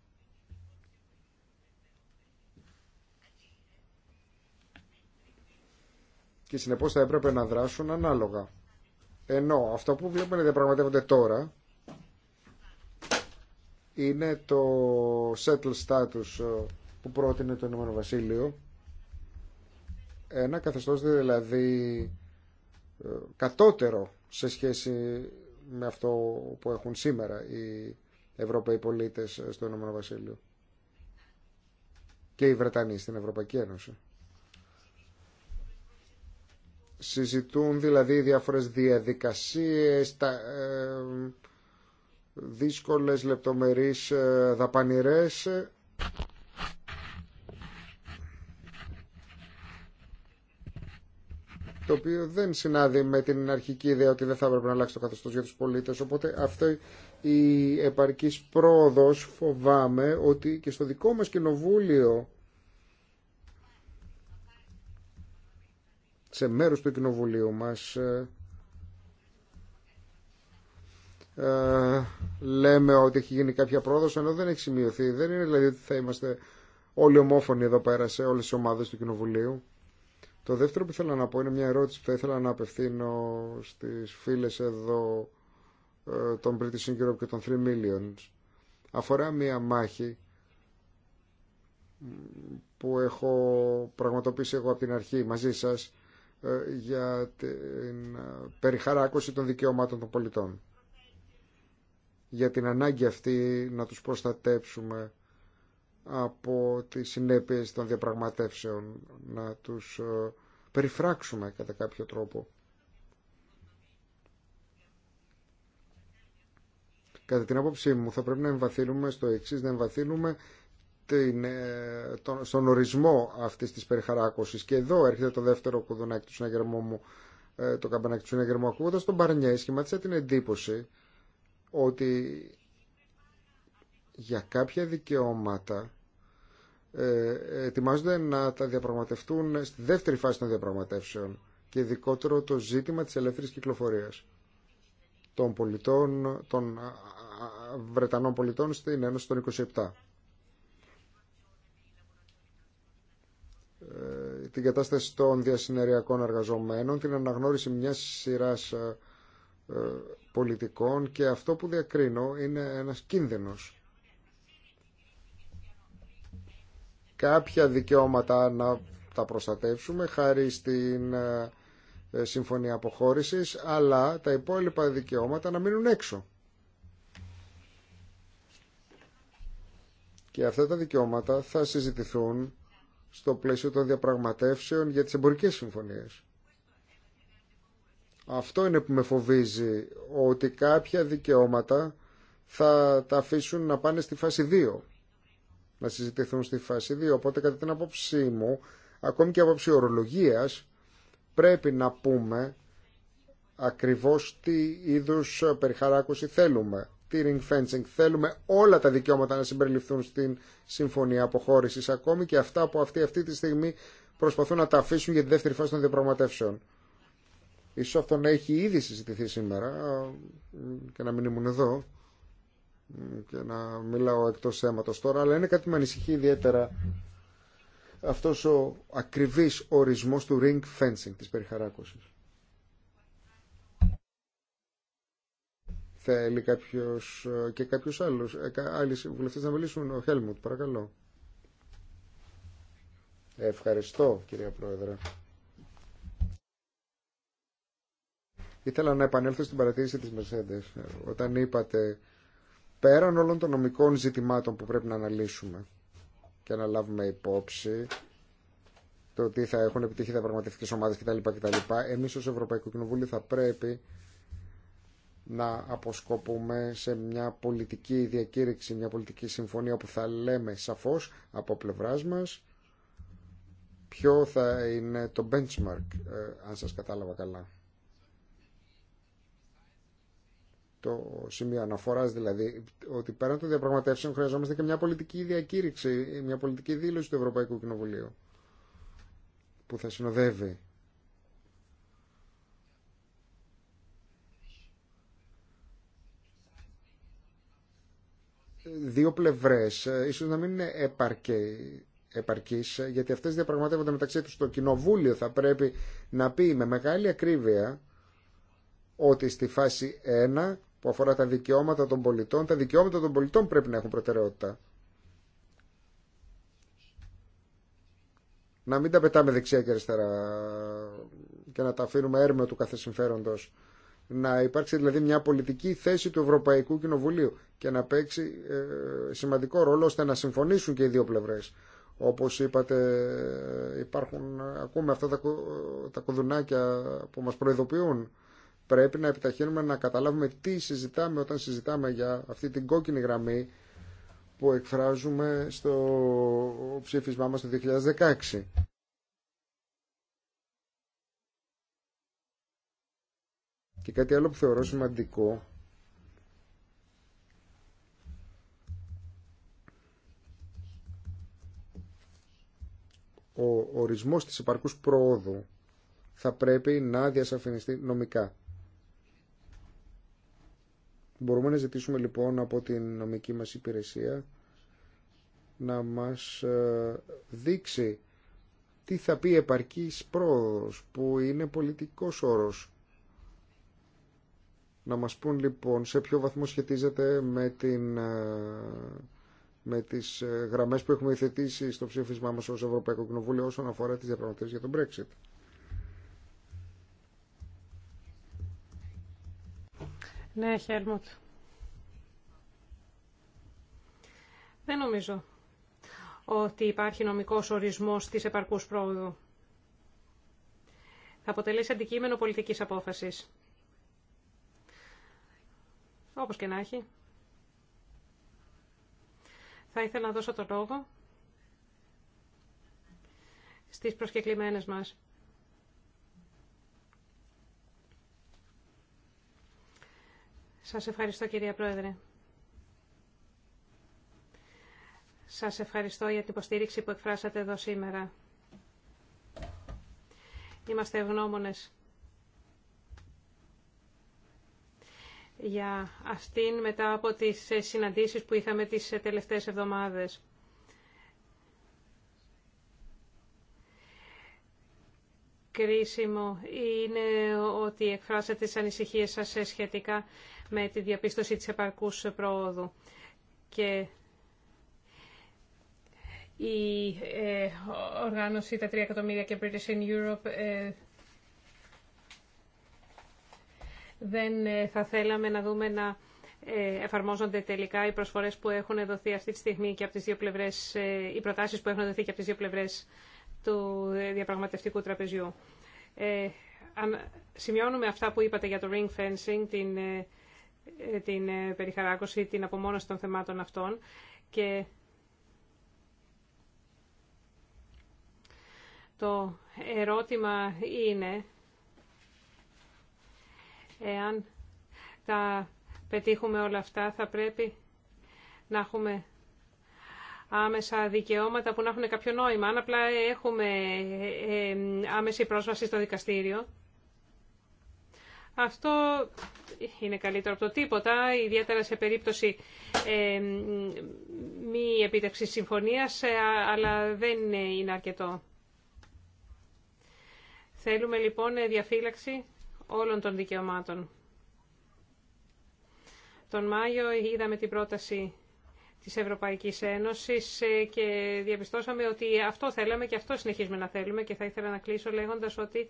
και συνεπώς θα έπρεπε να δράσουν ανάλογα. Ενώ αυτό που βλέπουμε να διαπραγματεύονται τώρα είναι το settled status ε, που πρότεινε το Ηνωμένο Βασίλειο ένα καθεστώς δηλαδή ε, κατώτερο σε σχέση με αυτό που έχουν σήμερα οι Ευρωπαίοι πολίτες ε, στο Ηνωμένο Βασίλειο και οι Βρετανοί στην Ευρωπαϊκή Ένωση. Συζητούν δηλαδή διάφορες διαδικασίες, τα, ε, δύσκολες λεπτομερείς ε, δαπανηρές. το οποίο δεν συνάδει με την αρχική ιδέα ότι δεν θα έπρεπε να αλλάξει το καθεστώς για τους πολίτες. Οπότε αυτή η επαρκή πρόοδο φοβάμαι ότι και στο δικό μας κοινοβούλιο σε μέρος του κοινοβουλίου μας ε, ε, λέμε ότι έχει γίνει κάποια πρόοδος ενώ δεν έχει σημειωθεί. Δεν είναι δηλαδή ότι θα είμαστε όλοι ομόφωνοι εδώ πέρα σε όλες τις ομάδες του Κοινοβουλίου. Το δεύτερο που ήθελα να πω είναι μια ερώτηση που θα ήθελα να απευθύνω στις φίλες εδώ ε, των British Europe και των 3 Millions. Αφορά μια μάχη που έχω πραγματοποιήσει εγώ από την αρχή μαζί σας ε, για την ε, περιχαράκωση των δικαιωμάτων των πολιτών. Για την ανάγκη αυτή να τους προστατέψουμε από τις συνέπειες των διαπραγματεύσεων, να τους ε, περιφράξουμε κατά κάποιο τρόπο. Κατά την άποψή μου θα πρέπει να εμβαθύνουμε στο εξής, να εμβαθύνουμε ε, τον, στον ορισμό αυτής της περιχαράκωσης και εδώ έρχεται το δεύτερο κουδουνάκι του συναγερμού μου ε, το καμπανάκι του συναγερμού ακούγοντα τον Παρνιέ σχηματίσα την εντύπωση ότι για κάποια δικαιώματα ε, ετοιμάζονται να τα διαπραγματευτούν στη δεύτερη φάση των διαπραγματεύσεων και ειδικότερο το ζήτημα της ελεύθερης κυκλοφορίας των πολιτών, των Βρετανών πολιτών στην Ένωση των 27. Ε, την κατάσταση των διασυνεριακών εργαζομένων, την αναγνώριση μιας σειράς ε, ε, πολιτικών και αυτό που διακρίνω είναι ένας κίνδυνος. Κάποια δικαιώματα να τα προστατεύσουμε χάρη στην συμφωνία αποχώρησης, αλλά τα υπόλοιπα δικαιώματα να μείνουν έξω. Και αυτά τα δικαιώματα θα συζητηθούν στο πλαίσιο των διαπραγματεύσεων για τις εμπορικές συμφωνίες. Αυτό είναι που με φοβίζει, ότι κάποια δικαιώματα θα τα αφήσουν να πάνε στη φάση 2, να συζητηθούν στη φάση 2. Οπότε κατά την απόψή μου, ακόμη και απόψη ορολογίας, πρέπει να πούμε ακριβώς τι είδους περιχαράκωση θέλουμε ring fencing. Θέλουμε όλα τα δικαιώματα να συμπεριληφθούν στην συμφωνία αποχώρηση ακόμη και αυτά που αυτοί αυτή τη στιγμή προσπαθούν να τα αφήσουν για τη δεύτερη φάση των διαπραγματεύσεων. Η αυτό να έχει ήδη συζητηθεί σήμερα και να μην ήμουν εδώ και να μιλάω εκτός θέματος τώρα, αλλά είναι κάτι που με ανησυχεί ιδιαίτερα αυτός ο ακριβής ορισμός του ring fencing της περιχαράκωσης. Θέλει κάποιος ε, και κάποιο άλλος, ε, άλλοι βουλευτέ να μιλήσουν. Ο Χέλμουτ, παρακαλώ. Ευχαριστώ, κυρία Πρόεδρε. Ήθελα να επανέλθω στην παρατήρηση της Μερσέντες, όταν είπατε πέραν όλων των νομικών ζητημάτων που πρέπει να αναλύσουμε και να λάβουμε υπόψη το ότι θα έχουν επιτύχει τα πραγματευτικέ ομάδε κτλ. κτλ. Εμεί ω Ευρωπαϊκό Κοινοβούλιο θα πρέπει να αποσκοπούμε σε μια πολιτική διακήρυξη, μια πολιτική συμφωνία που θα λέμε σαφώς από πλευράς μας ποιο θα είναι το benchmark, ε, αν σας κατάλαβα καλά. Το σημείο αναφοράς δηλαδή ότι πέραν των διαπραγματεύσεων χρειαζόμαστε και μια πολιτική διακήρυξη, μια πολιτική δήλωση του Ευρωπαϊκού Κοινοβουλίου που θα συνοδεύει δύο πλευρές ε, ίσως να μην είναι επαρκή, γιατί αυτές διαπραγματεύονται μεταξύ τους το κοινοβούλιο θα πρέπει να πει με μεγάλη ακρίβεια ότι στη φάση 1 που αφορά τα δικαιώματα των πολιτών τα δικαιώματα των πολιτών πρέπει να έχουν προτεραιότητα να μην τα πετάμε δεξιά και αριστερά και να τα αφήνουμε έρμεο του κάθε συμφέροντος να υπάρξει δηλαδή μια πολιτική θέση του Ευρωπαϊκού Κοινοβουλίου και να παίξει ε, σημαντικό ρόλο ώστε να συμφωνήσουν και οι δύο πλευρές. Όπως είπατε υπάρχουν, ακούμε αυτά τα, τα κουδουνάκια που μας προειδοποιούν. Πρέπει να επιταχύνουμε να καταλάβουμε τι συζητάμε όταν συζητάμε για αυτή την κόκκινη γραμμή που εκφράζουμε στο ψήφισμά μας το 2016. Και κάτι άλλο που θεωρώ σημαντικό ο ορισμός της επαρκούς προόδου θα πρέπει να διασαφινιστεί νομικά. Μπορούμε να ζητήσουμε λοιπόν από την νομική μας υπηρεσία να μας ε, δείξει τι θα πει επαρκής πρόοδος που είναι πολιτικός όρος να μας πούν λοιπόν σε ποιο βαθμό σχετίζεται με, την, ε, με τις ε, γραμμές που έχουμε υθετήσει στο ψήφισμά μας ως Ευρωπαϊκό Κοινοβούλιο όσον αφορά τις διαπραγματεύσεις για τον Brexit. Ναι, Χέρμοντ. Δεν νομίζω ότι υπάρχει νομικός ορισμός της επαρκούς πρόοδου. Θα αποτελέσει αντικείμενο πολιτικής απόφασης. Όπως και να έχει. Θα ήθελα να δώσω το λόγο στις προσκεκλημένες μας. Σας ευχαριστώ κυρία Πρόεδρε. Σας ευχαριστώ για την υποστήριξη που εκφράσατε εδώ σήμερα. Είμαστε ευγνώμονες για αυτήν μετά από τις συναντήσεις που είχαμε τις τελευταίες εβδομάδες. Κρίσιμο είναι ότι εκφράσατε τις ανησυχίες σας σχετικά με τη διαπίστωση της επαρκούς πρόοδου. Και η ε, οργάνωση τα 3 εκατομμύρια και British in Europe ε, δεν ε, θα θέλαμε να δούμε να ε, εφαρμόζονται τελικά οι προσφορές που έχουν δοθεί αυτή τη στιγμή και από τις δύο πλευρές, ε, οι προτάσεις που έχουν δοθεί και από τις δύο πλευρές του διαπραγματευτικού τραπεζιού. Ε, σημειώνουμε αυτά που είπατε για το ring fencing, την, την περιχαράκωση, την απομόνωση των θεμάτων αυτών και το ερώτημα είναι Εάν τα πετύχουμε όλα αυτά, θα πρέπει να έχουμε άμεσα δικαιώματα που να έχουν κάποιο νόημα. Αν απλά έχουμε ε, ε, άμεση πρόσβαση στο δικαστήριο, αυτό είναι καλύτερο από το τίποτα, ιδιαίτερα σε περίπτωση ε, μη επίτευξης συμφωνίας, αλλά δεν είναι αρκετό. Θέλουμε λοιπόν διαφύλαξη όλων των δικαιωμάτων. Τον Μάιο είδαμε την πρόταση της Ευρωπαϊκής Ένωσης ε, και διαπιστώσαμε ότι αυτό θέλαμε και αυτό συνεχίζουμε να θέλουμε και θα ήθελα να κλείσω λέγοντας ότι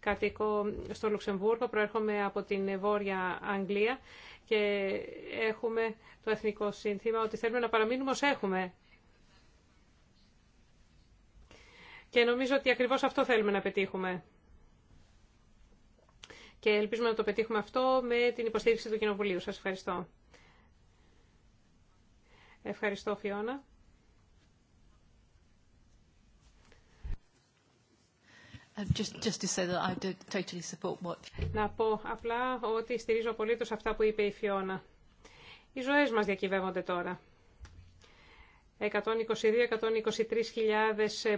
κατοικώ στο Λουξεμβούργο, προέρχομαι από την Βόρεια Αγγλία και έχουμε το εθνικό σύνθημα ότι θέλουμε να παραμείνουμε ως έχουμε. Και νομίζω ότι ακριβώς αυτό θέλουμε να πετύχουμε και ελπίζουμε να το πετύχουμε αυτό με την υποστήριξη του Κοινοβουλίου. Σας ευχαριστώ. Ευχαριστώ, Φιώνα. Να πω απλά ότι στηρίζω απολύτως αυτά που είπε η Φιώνα. Οι ζωές μας διακυβεύονται τώρα. 122-123.000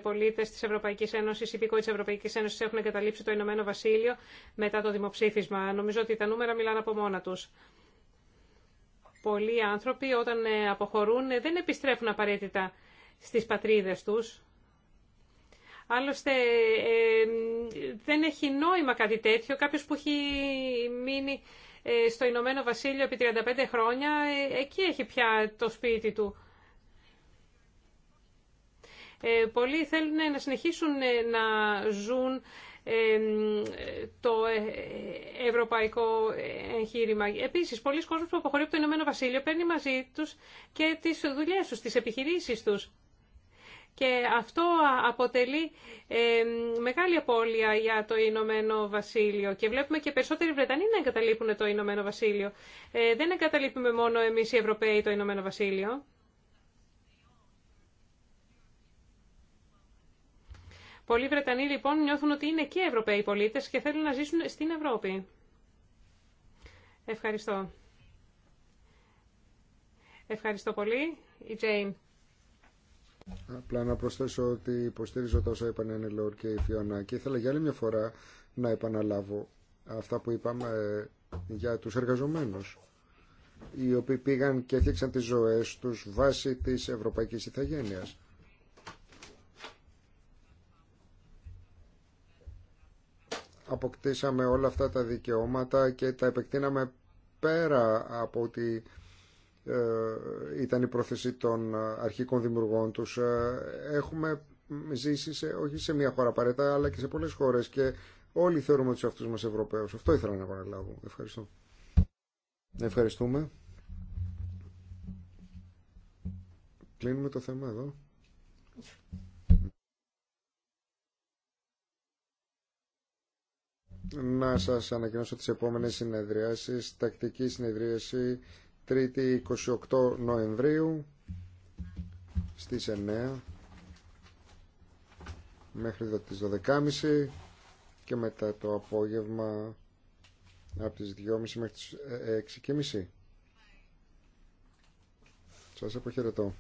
πολίτες της Ευρωπαϊκής Ένωση, υπηκόοι τη Ευρωπαϊκής Ένωση, έχουν εγκαταλείψει το Ηνωμένο Βασίλειο μετά το δημοψήφισμα. Νομίζω ότι τα νούμερα μιλάνε από μόνα του. Πολλοί άνθρωποι όταν ε, αποχωρούν ε, δεν επιστρέφουν απαραίτητα στις πατρίδες τους. Άλλωστε ε, δεν έχει νόημα κάτι τέτοιο. Κάποιος που έχει μείνει στο Ηνωμένο Βασίλειο επί 35 χρόνια, εκεί έχει πια το σπίτι του. Ε, πολλοί θέλουν να συνεχίσουν ε, να ζουν ε, το ευρωπαϊκό εγχείρημα. Επίσης, πολλοί κόσμοι που αποχωρεί από το Ηνωμένο Βασίλειο παίρνει μαζί τους και τις δουλειές τους, τις επιχειρήσεις τους. Και αυτό αποτελεί μεγάλη απώλεια για το Ηνωμένο Βασίλειο. Και βλέπουμε και περισσότεροι Βρετανοί να εγκαταλείπουν το Ηνωμένο Βασίλειο. Δεν εγκαταλείπουμε μόνο εμείς οι Ευρωπαίοι το Ηνωμένο Βασίλειο. Πολλοί Βρετανοί λοιπόν νιώθουν ότι είναι και Ευρωπαίοι πολίτες και θέλουν να ζήσουν στην Ευρώπη. Ευχαριστώ. Ευχαριστώ πολύ. Η Τζέιν. Απλά να προσθέσω ότι υποστήριζω τόσο όσα είπαν η και η Φιώνα και ήθελα για άλλη μια φορά να επαναλάβω αυτά που είπαμε ε, για τους εργαζομένους οι οποίοι πήγαν και έφτιαξαν τις ζωές τους βάσει της ευρωπαϊκής ηθαγένειας. αποκτήσαμε όλα αυτά τα δικαιώματα και τα επεκτείναμε πέρα από ότι ε, ήταν η πρόθεση των αρχικών δημιουργών τους. Ε, έχουμε ζήσει όχι σε μία χώρα παρέτα, αλλά και σε πολλές χώρες και όλοι θεωρούμε τους αυτούς μας Ευρωπαίους. Αυτό ήθελα να παραλάβω. Ευχαριστώ. Ευχαριστούμε. Κλείνουμε το θέμα εδώ. Να σας ανακοινώσω τις επόμενες συνεδριάσεις. Τακτική συνεδρίαση 3η 28 Νοεμβρίου στις 9 μέχρι τις 12.30 και μετά το απόγευμα από τις 2.30 μέχρι τις 6.30. Ε, ε, σας αποχαιρετώ.